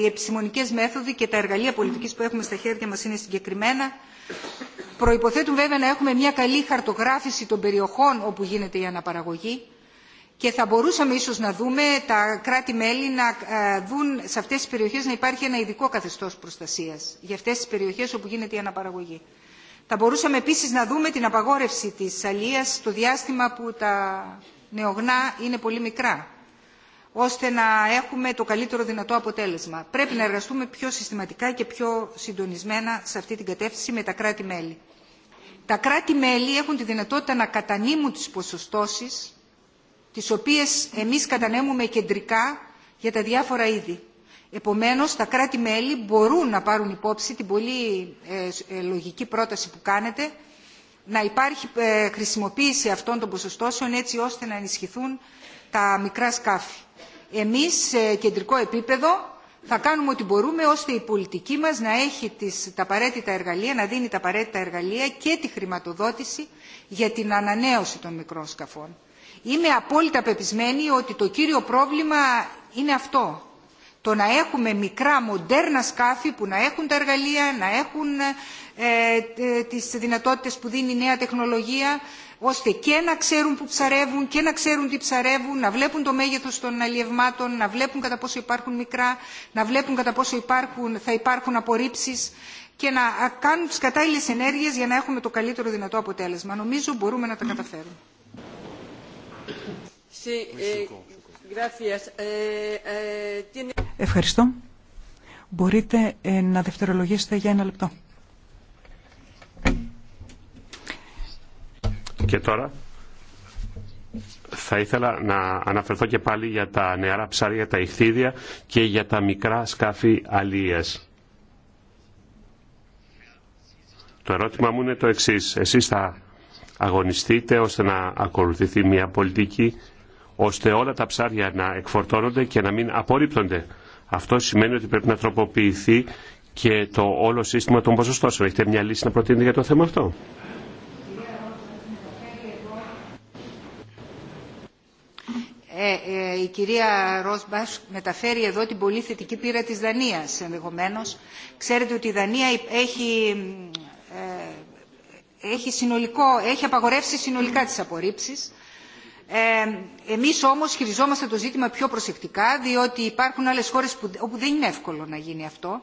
οι επιστημονικές μέθοδοι και τα εργαλεία πολιτικής που έχουμε στα χέρια μας είναι συγκεκριμένα. Προϋποθέτουν βέβαια να έχουμε μια καλή χαρτογράφηση των περιοχών όπου γίνεται η αναπαραγωγή και θα μπορούσαμε ίσως να δούμε τα κράτη-μέλη να ε, δουν σε αυτές τις περιοχές να υπάρχει ένα ειδικό καθεστώς προστασίας για αυτές τις περιοχές όπου γίνεται η αναπαραγωγή. Θα μπορούσαμε επίσης να δούμε την απαγόρευση της αλίας στο διάστημα που τα νεογνά είναι πολύ μικρά, ώστε να έχουμε το καλύτερο δυνατό αποτέλεσμα. Πρέπει να εργαστούμε πιο συστηματικά και πιο συντονισμένα σε αυτή την κατεύθυνση με τα κράτη-μέλη. Τα κράτη-μέλη έχουν τη δυνατότητα να κατανείμουν τις ποσοστώσεις, τις οποίες εμείς κατανέμουμε κεντρικά για τα διάφορα είδη. Επομένως, τα κράτη-μέλη μπορούν να πάρουν υπόψη την πολύ ε, ε, λογική πρόταση που κάνετε να υπάρχει ε, χρησιμοποίηση αυτών των ποσοστώσεων έτσι ώστε να ενισχυθούν τα μικρά σκάφη. Εμείς σε κεντρικό επίπεδο θα κάνουμε ό,τι μπορούμε ώστε η πολιτική μας να έχει τις, τα απαραίτητα εργαλεία, να δίνει τα απαραίτητα εργαλεία και τη χρηματοδότηση για την ανανέωση των μικρών σκαφών. Είμαι απόλυτα πεπισμένη ότι το κύριο πρόβλημα είναι αυτό το να έχουμε μικρά μοντέρνα σκάφη που να έχουν τα εργαλεία, να έχουν ε, ε, τις δυνατότητες που δίνει η νέα τεχνολογία, ώστε και να ξέρουν που ψαρεύουν και να ξέρουν τι ψαρεύουν, να βλέπουν το μέγεθος των αλλιευμάτων, να βλέπουν κατά πόσο υπάρχουν μικρά, να βλέπουν κατά πόσο υπάρχουν, θα υπάρχουν απορρίψεις και να κάνουν τις κατάλληλες ενέργειες για να έχουμε το καλύτερο δυνατό αποτέλεσμα. Νομίζω μπορούμε να τα καταφέρουμε. Ε, Eh, eh, Ευχαριστώ. Μπορείτε ε, να δευτερολογήσετε για ένα λεπτό. Και τώρα θα ήθελα να αναφερθώ και πάλι για τα νεαρά ψάρια, τα ηχθίδια και για τα μικρά σκάφη αλίες. Το ερώτημα μου είναι το εξής. Εσείς θα αγωνιστείτε ώστε να ακολουθηθεί μια πολιτική ώστε όλα τα ψάρια να εκφορτώνονται και να μην απορρίπτονται. Αυτό σημαίνει ότι πρέπει να τροποποιηθεί και το όλο σύστημα των ποσοστώσεων. Έχετε μια λύση να προτείνετε για το θέμα αυτό. Ε, ε, η κυρία Ρόσμπας μεταφέρει εδώ την πολύ θετική πείρα της Δανίας ενδεχομένως. Ξέρετε ότι η Δανία έχει, ε, έχει, συνολικό, έχει απαγορεύσει συνολικά τις απορρίψεις ε, εμείς όμως χειριζόμαστε το ζήτημα πιο προσεκτικά διότι υπάρχουν άλλες χώρες όπου δεν είναι εύκολο να γίνει αυτό.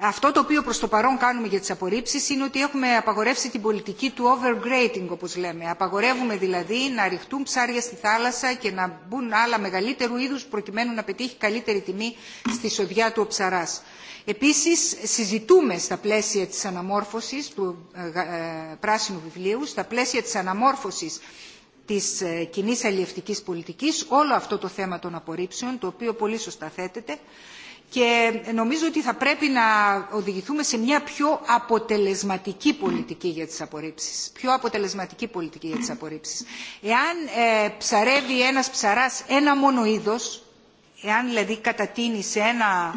Αυτό το οποίο προς το παρόν κάνουμε για τις απορρίψεις είναι ότι έχουμε απαγορεύσει την πολιτική του overgrading όπως λέμε. Απαγορεύουμε δηλαδή να ρηχτούν ψάρια στη θάλασσα και να μπουν άλλα μεγαλύτερου είδους προκειμένου να πετύχει καλύτερη τιμή στη σοδιά του ο ψαράς. Επίσης συζητούμε στα πλαίσια της αναμόρφωσης του ε, ε πράσινου βιβλίου, στα πλαίσια της αναμόρφωσης της ε, κοινή αλλιευτικής πολιτικής, όλο αυτό το θέμα των απορρίψεων, το οποίο πολύ σωστά θέτεται και νομίζω ότι θα πρέπει να οδηγηθούμε σε μια πιο αποτελεσματική πολιτική για τις απορρίψεις. Πιο αποτελεσματική πολιτική για τις απορρίψεις. Εάν ε, ψαρεύει ένας ψαράς ένα μόνο είδος, εάν δηλαδή κατατείνει σε ένα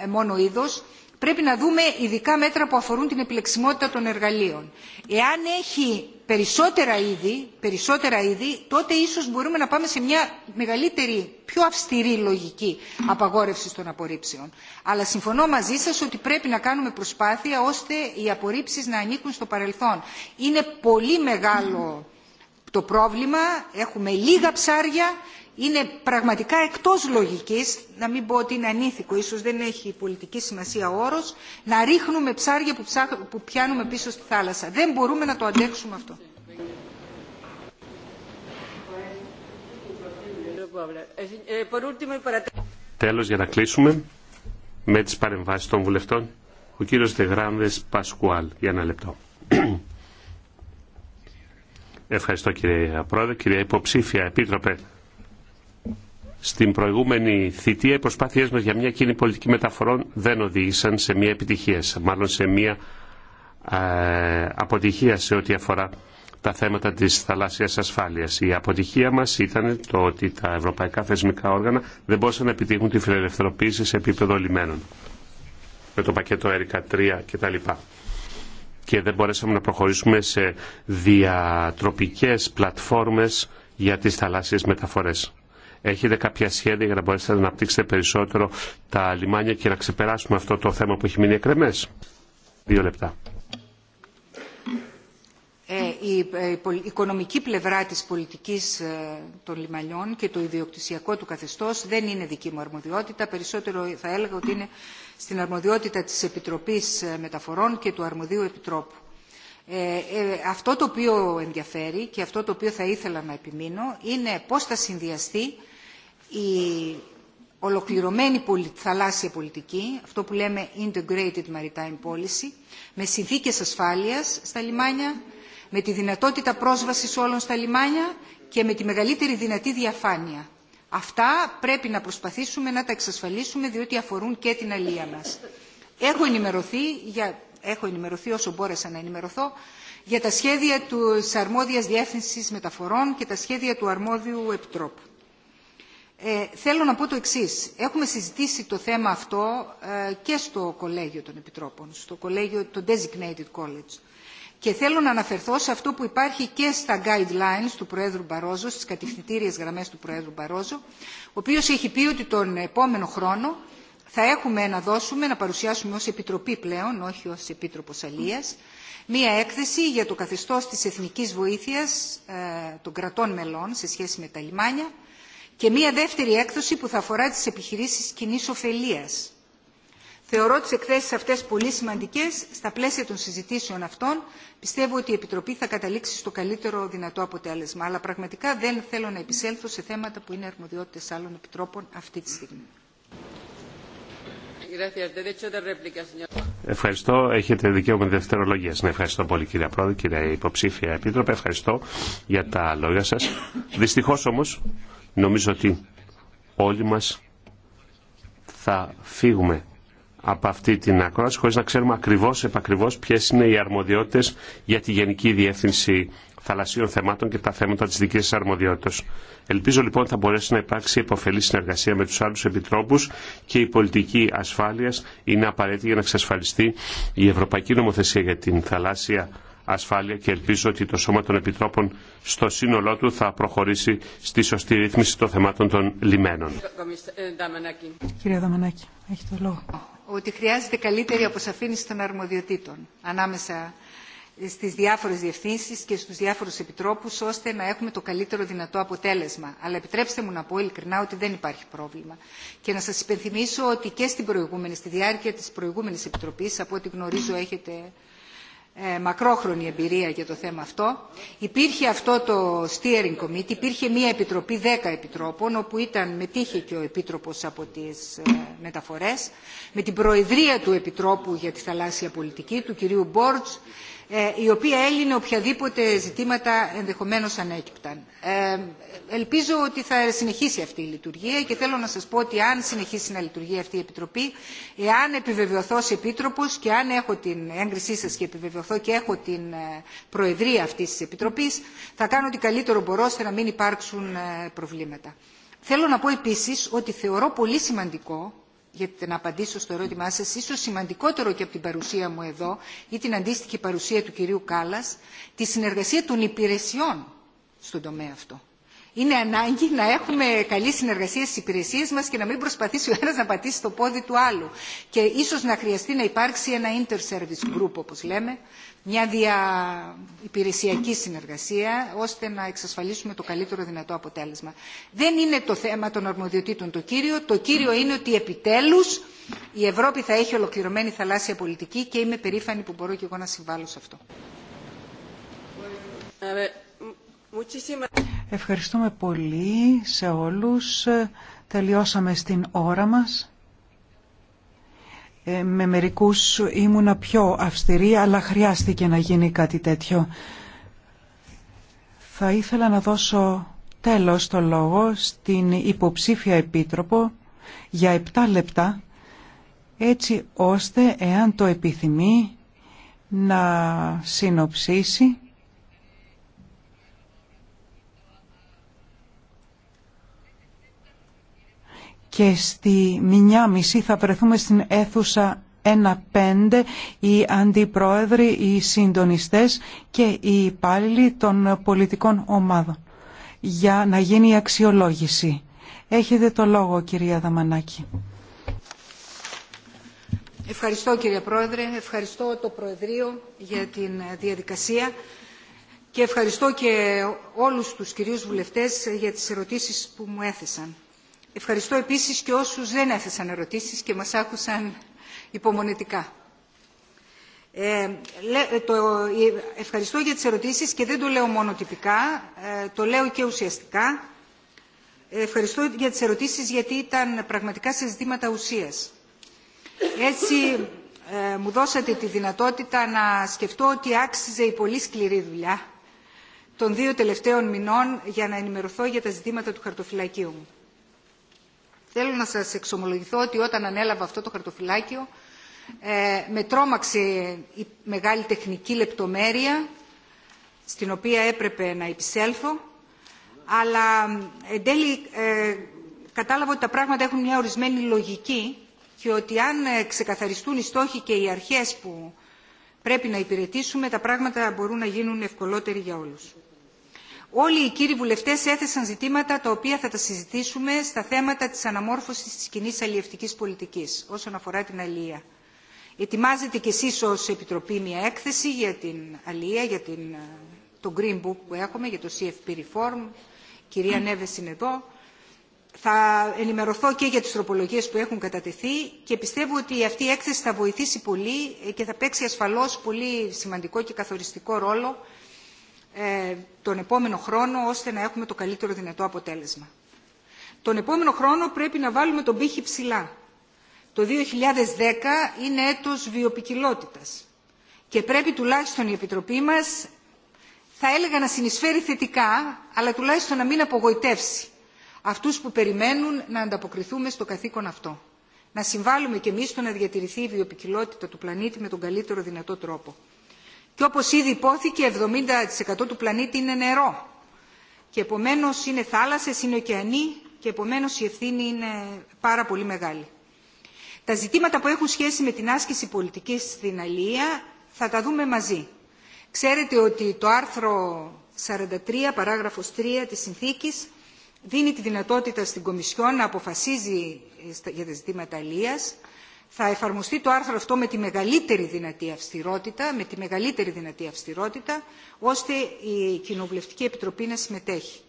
ε, ε μόνο είδος, πρέπει να δούμε ειδικά μέτρα που αφορούν την επιλεξιμότητα των εργαλείων. Εάν έχει περισσότερα είδη, περισσότερα είδη, τότε ίσως μπορούμε να πάμε σε μια μεγαλύτερη, πιο αυστηρή λογική απαγόρευση των απορρίψεων. Αλλά συμφωνώ μαζί σας ότι πρέπει να κάνουμε προσπάθεια ώστε οι απορρίψεις να ανήκουν στο παρελθόν. Είναι πολύ μεγάλο το πρόβλημα, έχουμε λίγα ψάρια είναι πραγματικά εκτός λογικής, να μην πω ότι είναι ανήθικο, ίσως δεν έχει πολιτική σημασία όρος, να ρίχνουμε ψάρια που, πιάνουμε πίσω στη θάλασσα. Δεν μπορούμε να το αντέξουμε αυτό. Τέλος, για να κλείσουμε, με τις παρεμβάσεις των βουλευτών, ο κύριος Δεγράνδες Πασκουάλ, για ένα λεπτό. [CLEARS THROAT] Ευχαριστώ κύριε Πρόεδρε, κύριε Υποψήφια Επίτροπε. Στην προηγούμενη θητεία οι προσπάθειές μας για μια κοινή πολιτική μεταφορών δεν οδήγησαν σε μια επιτυχία, μάλλον σε μια ε, αποτυχία σε ό,τι αφορά τα θέματα της θαλάσσιας ασφάλειας. Η αποτυχία μας ήταν το ότι τα ευρωπαϊκά θεσμικά όργανα δεν μπορούσαν να επιτύχουν τη φιλελευθεροποίηση σε επίπεδο λιμένων με το πακέτο ΕΡΙΚΑ 3 κτλ. Και δεν μπορέσαμε να προχωρήσουμε σε διατροπικές πλατφόρμες για τις θαλάσσιες μεταφορές. Έχετε κάποια σχέδια για να μπορέσετε να αναπτύξετε περισσότερο τα λιμάνια και να ξεπεράσουμε αυτό το θέμα που έχει μείνει εκρεμές. Δύο λεπτά. Ε, ε, η οικονομική πλευρά της πολιτικής ε, των λιμανιών και το ιδιοκτησιακό του καθεστώς δεν είναι δική μου αρμοδιότητα. Περισσότερο θα έλεγα ότι είναι στην αρμοδιότητα της Επιτροπής Μεταφορών και του Αρμοδίου Επιτρόπου. αυτό το οποίο ενδιαφέρει και αυτό το οποίο θα ήθελα να επιμείνω είναι πώς θα συνδυαστεί η ολοκληρωμένη θαλάσσια πολιτική, αυτό που λέμε Integrated Maritime Policy, με συνθήκες ασφάλειας στα λιμάνια, με τη δυνατότητα πρόσβασης όλων στα λιμάνια και με τη μεγαλύτερη δυνατή διαφάνεια. Αυτά πρέπει να προσπαθήσουμε να τα εξασφαλίσουμε διότι αφορούν και την αλία μας. Έχω ενημερωθεί, για, έχω ενημερωθεί όσο μπόρεσα να ενημερωθώ για τα σχέδια της αρμόδιας διεύθυνσης μεταφορών και τα σχέδια του αρμόδιου επιτρόπου. Ε, θέλω να πω το εξή. Έχουμε συζητήσει το θέμα αυτό ε, και στο Κολέγιο των Επιτρόπων, στο Κολέγιο, το Designated College. Και θέλω να αναφερθώ σε αυτό που υπάρχει και στα guidelines του Προέδρου Μπαρόζο, στι κατευθυντήριε γραμμέ του Προέδρου Μπαρόζο, ο οποίο έχει πει ότι τον επόμενο χρόνο θα έχουμε να δώσουμε, να παρουσιάσουμε ως Επιτροπή πλέον, όχι ως Επίτροπος Αλίας, μία έκθεση για το καθεστώ της εθνικής βοήθειας ε, των κρατών μελών σε σχέση με τα λιμάνια, και μία δεύτερη έκδοση που θα αφορά τις επιχειρήσεις κοινή ωφελία. Θεωρώ τις εκθέσεις αυτές πολύ σημαντικές. Στα πλαίσια των συζητήσεων αυτών πιστεύω ότι η Επιτροπή θα καταλήξει στο καλύτερο δυνατό αποτέλεσμα. Αλλά πραγματικά δεν θέλω να επισέλθω σε θέματα που είναι αρμοδιότητες άλλων επιτρόπων αυτή τη στιγμή. Ευχαριστώ. Έχετε δικαίωμα δευτερολογία. Ναι, ευχαριστώ πολύ κυρία Πρόεδρε, κυρία Υποψήφια Επίτροπε. Ευχαριστώ για τα λόγια σα. Δυστυχώ όμω Νομίζω ότι όλοι μας θα φύγουμε από αυτή την ακρόαση χωρίς να ξέρουμε ακριβώς, επακριβώς ποιες είναι οι αρμοδιότητες για τη Γενική Διεύθυνση θαλασσίων θεμάτων και τα θέματα της δικής της αρμοδιότητας. Ελπίζω λοιπόν θα μπορέσει να υπάρξει επωφελή συνεργασία με τους άλλους επιτρόπους και η πολιτική ασφάλειας είναι απαραίτητη για να εξασφαλιστεί η Ευρωπαϊκή Νομοθεσία για την θαλάσσια ασφάλεια και ελπίζω ότι το Σώμα των Επιτρόπων στο σύνολό του θα προχωρήσει στη σωστή ρύθμιση των θεμάτων των λιμένων. Κύριε Δαμανάκη, έχει το λόγο. Ότι χρειάζεται καλύτερη αποσαφήνιση των αρμοδιοτήτων ανάμεσα στις διάφορες διευθύνσεις και στους διάφορους επιτρόπους ώστε να έχουμε το καλύτερο δυνατό αποτέλεσμα. Αλλά επιτρέψτε μου να πω ειλικρινά ότι δεν υπάρχει πρόβλημα. Και να σας υπενθυμίσω ότι και στην προηγούμενη, στη διάρκεια της προηγούμενης επιτροπής, από ό,τι γνωρίζω έχετε ε, μακρόχρονη εμπειρία για το θέμα αυτό. Υπήρχε αυτό το steering committee, υπήρχε μια επιτροπή 10 επιτρόπων, όπου ήταν μετήχε και ο Επίτροπος από τις ε, μεταφορές, με την προεδρία του Επιτρόπου για τη θαλάσσια πολιτική, του κυρίου Μπόρτς, ε, η οποία έλυνε οποιαδήποτε ζητήματα ενδεχομένως ανέκυπταν. Ε, ελπίζω ότι θα συνεχίσει αυτή η λειτουργία και θέλω να σας πω ότι αν συνεχίσει να λειτουργεί αυτή η Επιτροπή, εάν επιβεβαιωθώ ως Επίτροπος και αν έχω την έγκρισή σας και επιβεβαιωθώ και έχω την ε, Προεδρία αυτής της Επιτροπής, θα κάνω ότι καλύτερο μπορώ ώστε να μην υπάρξουν προβλήματα. Θέλω να πω επίσης ότι θεωρώ πολύ σημαντικό γιατί να απαντήσω στο ερώτημά σας, ίσως σημαντικότερο και από την παρουσία μου εδώ ή την αντίστοιχη παρουσία του κυρίου Κάλλας, τη συνεργασία των υπηρεσιών στον τομέα αυτό είναι ανάγκη να έχουμε καλή συνεργασία στι υπηρεσίε μα και να μην προσπαθήσει ο ένα να πατήσει το πόδι του άλλου. Και ίσω να χρειαστεί να υπάρξει ένα inter-service group, όπω λέμε, μια διαυπηρεσιακή συνεργασία, ώστε να εξασφαλίσουμε το καλύτερο δυνατό αποτέλεσμα. Δεν είναι το θέμα των αρμοδιοτήτων το κύριο. Το κύριο είναι ότι επιτέλου η Ευρώπη θα έχει ολοκληρωμένη θαλάσσια πολιτική και είμαι περήφανη που μπορώ και εγώ να συμβάλλω σε αυτό. Ε, Ευχαριστούμε πολύ σε όλους. Τελειώσαμε στην ώρα μας. Ε, με μερικούς ήμουνα πιο αυστηρή, αλλά χρειάστηκε να γίνει κάτι τέτοιο. Θα ήθελα να δώσω τέλος το λόγο στην υποψήφια επίτροπο για 7 λεπτά, έτσι ώστε, εάν το επιθυμεί, να συνοψίσει και στη μηνιά μισή θα βρεθούμε στην αίθουσα 1-5 οι αντιπρόεδροι, οι συντονιστές και οι υπάλληλοι των πολιτικών ομάδων για να γίνει η αξιολόγηση. Έχετε το λόγο κυρία Δαμανάκη. Ευχαριστώ κύριε Πρόεδρε, ευχαριστώ το Προεδρείο για την διαδικασία και ευχαριστώ και όλους τους κυρίους βουλευτές για τις ερωτήσεις που μου έθεσαν Ευχαριστώ επίσης και όσους δεν έθεσαν ερωτήσεις και μας άκουσαν υπομονετικά. Ε, ε, το, ε, ευχαριστώ για τις ερωτήσεις και δεν το λέω μόνο τυπικά, το λέω και ουσιαστικά. Ευχαριστώ για τις ερωτήσεις γιατί ήταν πραγματικά σε ζητήματα ουσίας. Έτσι μου δώσατε τη δυνατότητα να σκεφτώ ότι άξιζε η πολύ σκληρή δουλειά των δύο τελευταίων μηνών για να ενημερωθώ για τα ζητήματα του χαρτοφυλακίου μου. Θέλω να σας εξομολογηθώ ότι όταν ανέλαβα αυτό το χαρτοφυλάκιο ε, με τρόμαξε η μεγάλη τεχνική λεπτομέρεια στην οποία έπρεπε να επισέλθω αλλά ε, εν τέλει ε, κατάλαβα ότι τα πράγματα έχουν μια ορισμένη λογική και ότι αν ξεκαθαριστούν οι στόχοι και οι αρχές που πρέπει να υπηρετήσουμε τα πράγματα μπορούν να γίνουν ευκολότεροι για όλους όλοι οι κύριοι βουλευτές έθεσαν ζητήματα τα οποία θα τα συζητήσουμε στα θέματα της αναμόρφωσης της κοινή αλλιευτικής πολιτικής όσον αφορά την αλληλεία. Ετοιμάζετε κι εσείς ως Επιτροπή μια έκθεση για την αλληλεία, για τον το Green Book που έχουμε, για το CFP Reform. Η κυρία Νέβες είναι εδώ. Θα ενημερωθώ και για τις τροπολογίες που έχουν κατατεθεί και πιστεύω ότι αυτή η έκθεση θα βοηθήσει πολύ και θα παίξει ασφαλώς πολύ σημαντικό και καθοριστικό ρόλο ε, τον επόμενο χρόνο ώστε να έχουμε το καλύτερο δυνατό αποτέλεσμα. Τον επόμενο χρόνο πρέπει να βάλουμε τον πύχη ψηλά. Το 2010 είναι έτος βιοπικιλότητας και πρέπει τουλάχιστον η Επιτροπή μας, θα έλεγα να συνεισφέρει θετικά, αλλά τουλάχιστον να μην απογοητεύσει αυτούς που περιμένουν να ανταποκριθούμε στο καθήκον αυτό. Να συμβάλλουμε κι εμείς στο να διατηρηθεί η βιοπικιλότητα του πλανήτη με τον καλύτερο δυνατό τρόπο. Και όπως ήδη υπόθηκε, 70% του πλανήτη είναι νερό. Και επομένως είναι θάλασσες, είναι ωκεανοί και επομένως η ευθύνη είναι πάρα πολύ μεγάλη. Τα ζητήματα που έχουν σχέση με την άσκηση πολιτικής στην Αλία θα τα δούμε μαζί. Ξέρετε ότι το άρθρο 43, παράγραφος 3 της συνθήκης δίνει τη δυνατότητα στην Κομισιόν να αποφασίζει για τα ζητήματα αλίας θα εφαρμοστεί το άρθρο αυτό με τη μεγαλύτερη δυνατή αυστηρότητα, με τη μεγαλύτερη δυνατή αυστηρότητα, ώστε η Κοινοβουλευτική Επιτροπή να συμμετέχει.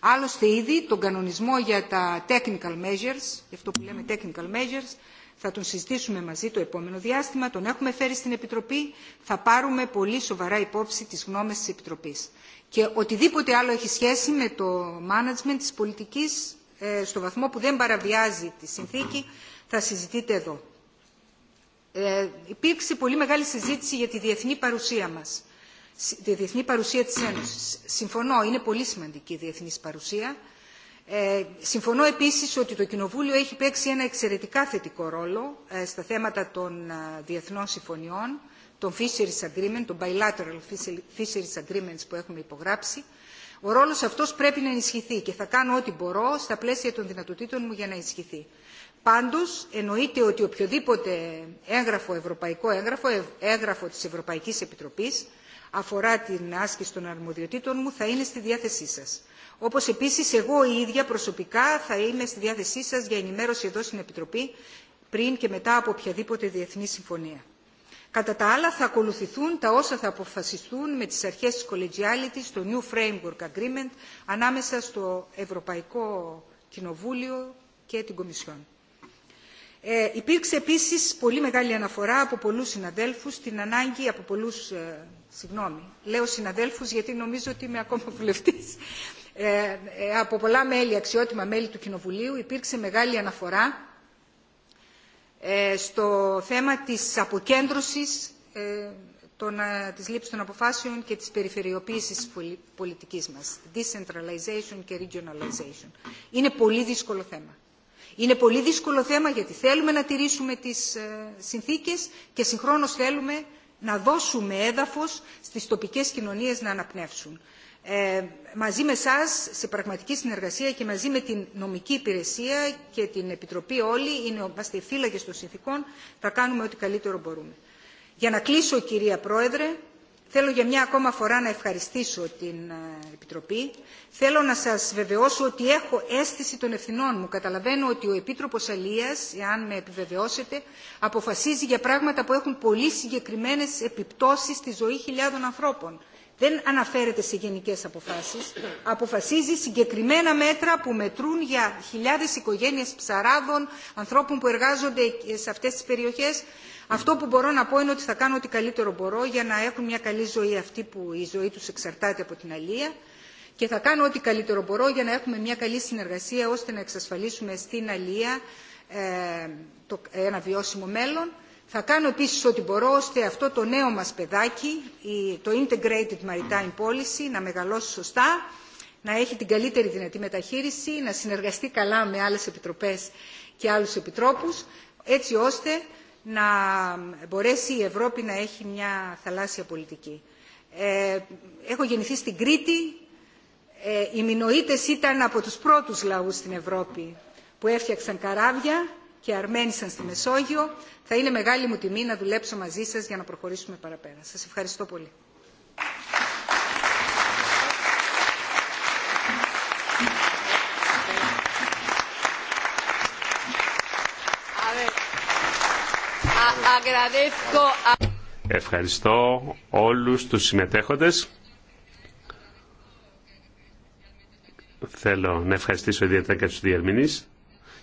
Άλλωστε ήδη τον κανονισμό για τα technical measures, γι' αυτό που λέμε technical measures, θα τον συζητήσουμε μαζί το επόμενο διάστημα, τον έχουμε φέρει στην Επιτροπή, θα πάρουμε πολύ σοβαρά υπόψη τις γνώμες της Επιτροπής. Και οτιδήποτε άλλο έχει σχέση με το management της πολιτικής, ε, στο βαθμό που δεν παραβιάζει τη συνθήκη, θα συζητείτε εδώ. Ε, υπήρξε πολύ μεγάλη συζήτηση για τη διεθνή παρουσία μας, τη διεθνή παρουσία της Ένωσης. Συμφωνώ, είναι πολύ σημαντική η διεθνής παρουσία. Ε, συμφωνώ επίσης ότι το Κοινοβούλιο έχει παίξει ένα εξαιρετικά θετικό ρόλο ε, στα θέματα των διεθνών συμφωνιών, των Fisheries Agreement, των Bilateral Fisheries Agreements που έχουμε υπογράψει. Ο ρόλος αυτός πρέπει να ενισχυθεί και θα κάνω ό,τι μπορώ στα πλαίσια των δυνατοτήτων μου για να ενισχυθεί. Πάντως εννοείται ότι οποιοδήποτε έγγραφο, ευρωπαϊκό έγγραφο, έγγραφο της Ευρωπαϊκής Επιτροπής αφορά την άσκηση των αρμοδιοτήτων μου θα είναι στη διάθεσή σας. Όπως επίσης εγώ η ίδια προσωπικά θα είμαι στη διάθεσή σας για ενημέρωση εδώ στην Επιτροπή πριν και μετά από οποιαδήποτε διεθνή συμφωνία. Κατά τα άλλα θα ακολουθηθούν τα όσα θα αποφασιστούν με τις αρχές της collegiality στο New Framework Agreement ανάμεσα στο Ευρωπαϊκό Κοινοβούλιο και την Κομισιόν. Ε, υπήρξε επίσης πολύ μεγάλη αναφορά από πολλούς συναδέλφους στην ανάγκη από πολλούς ε, συγγνώμη λέω συναδέλφους γιατί νομίζω ότι είμαι ακόμα βουλευτής ε, ε, από πολλά μέλη, αξιότιμα μέλη του Κοινοβουλίου υπήρξε μεγάλη αναφορά στο θέμα της αποκέντρωσης των, της λήψης των αποφάσεων και της περιφερειοποίησης της πολιτικής μας. Decentralization και regionalization. Είναι πολύ δύσκολο θέμα. Είναι πολύ δύσκολο θέμα γιατί θέλουμε να τηρήσουμε τις ε, συνθήκες και συγχρόνως θέλουμε να δώσουμε έδαφος στις τοπικές κοινωνίες να αναπνεύσουν. Ε, μαζί με εσά, σε πραγματική συνεργασία και μαζί με την νομική υπηρεσία και την Επιτροπή όλοι, είμαστε φύλακες των συνθήκων, θα κάνουμε ό,τι καλύτερο μπορούμε. Για να κλείσω, κυρία Πρόεδρε, Θέλω για μια ακόμα φορά να ευχαριστήσω την ε, Επιτροπή. Θέλω να σας βεβαιώσω ότι έχω αίσθηση των ευθυνών μου. Καταλαβαίνω ότι ο Επίτροπος Αλίας, εάν με επιβεβαιώσετε, αποφασίζει για πράγματα που έχουν πολύ συγκεκριμένες επιπτώσεις στη ζωή χιλιάδων ανθρώπων. Δεν αναφέρεται σε γενικές αποφάσεις. Αποφασίζει συγκεκριμένα μέτρα που μετρούν για χιλιάδες οικογένειες ψαράδων, ανθρώπων που εργάζονται σε αυτές τις περιοχές αυτό που μπορώ να πω είναι ότι θα κάνω ό,τι καλύτερο μπορώ για να έχουν μια καλή ζωή αυτή που η ζωή τους εξαρτάται από την αλία και θα κάνω ό,τι καλύτερο μπορώ για να έχουμε μια καλή συνεργασία ώστε να εξασφαλίσουμε στην αλία ε, ένα βιώσιμο μέλλον. Θα κάνω επίσης ό,τι μπορώ ώστε αυτό το νέο μας παιδάκι, το Integrated Maritime Policy, να μεγαλώσει σωστά, να έχει την καλύτερη δυνατή μεταχείριση, να συνεργαστεί καλά με άλλες επιτροπές και άλλους επιτρόπους, έτσι ώστε να μπορέσει η Ευρώπη να έχει μια θαλάσσια πολιτική. Ε, έχω γεννηθεί στην Κρήτη. Ε, οι Μινοίτες ήταν από τους πρώτους λαούς στην Ευρώπη που έφτιαξαν καράβια και αρμένισαν στη Μεσόγειο. Θα είναι μεγάλη μου τιμή να δουλέψω μαζί σας για να προχωρήσουμε παραπέρα. Σας ευχαριστώ πολύ. Ευχαριστώ όλους τους συμμετέχοντες. Θέλω να ευχαριστήσω ιδιαίτερα και τους διερμηνείς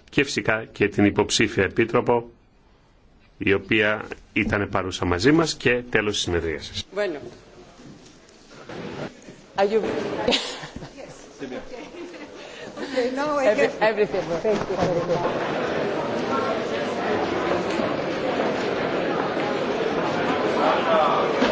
και φυσικά και την υποψήφια επίτροπο η οποία ήταν παρούσα μαζί μας και τέλος της συνεδρίασης. Bueno. [LAUGHS] Yeah.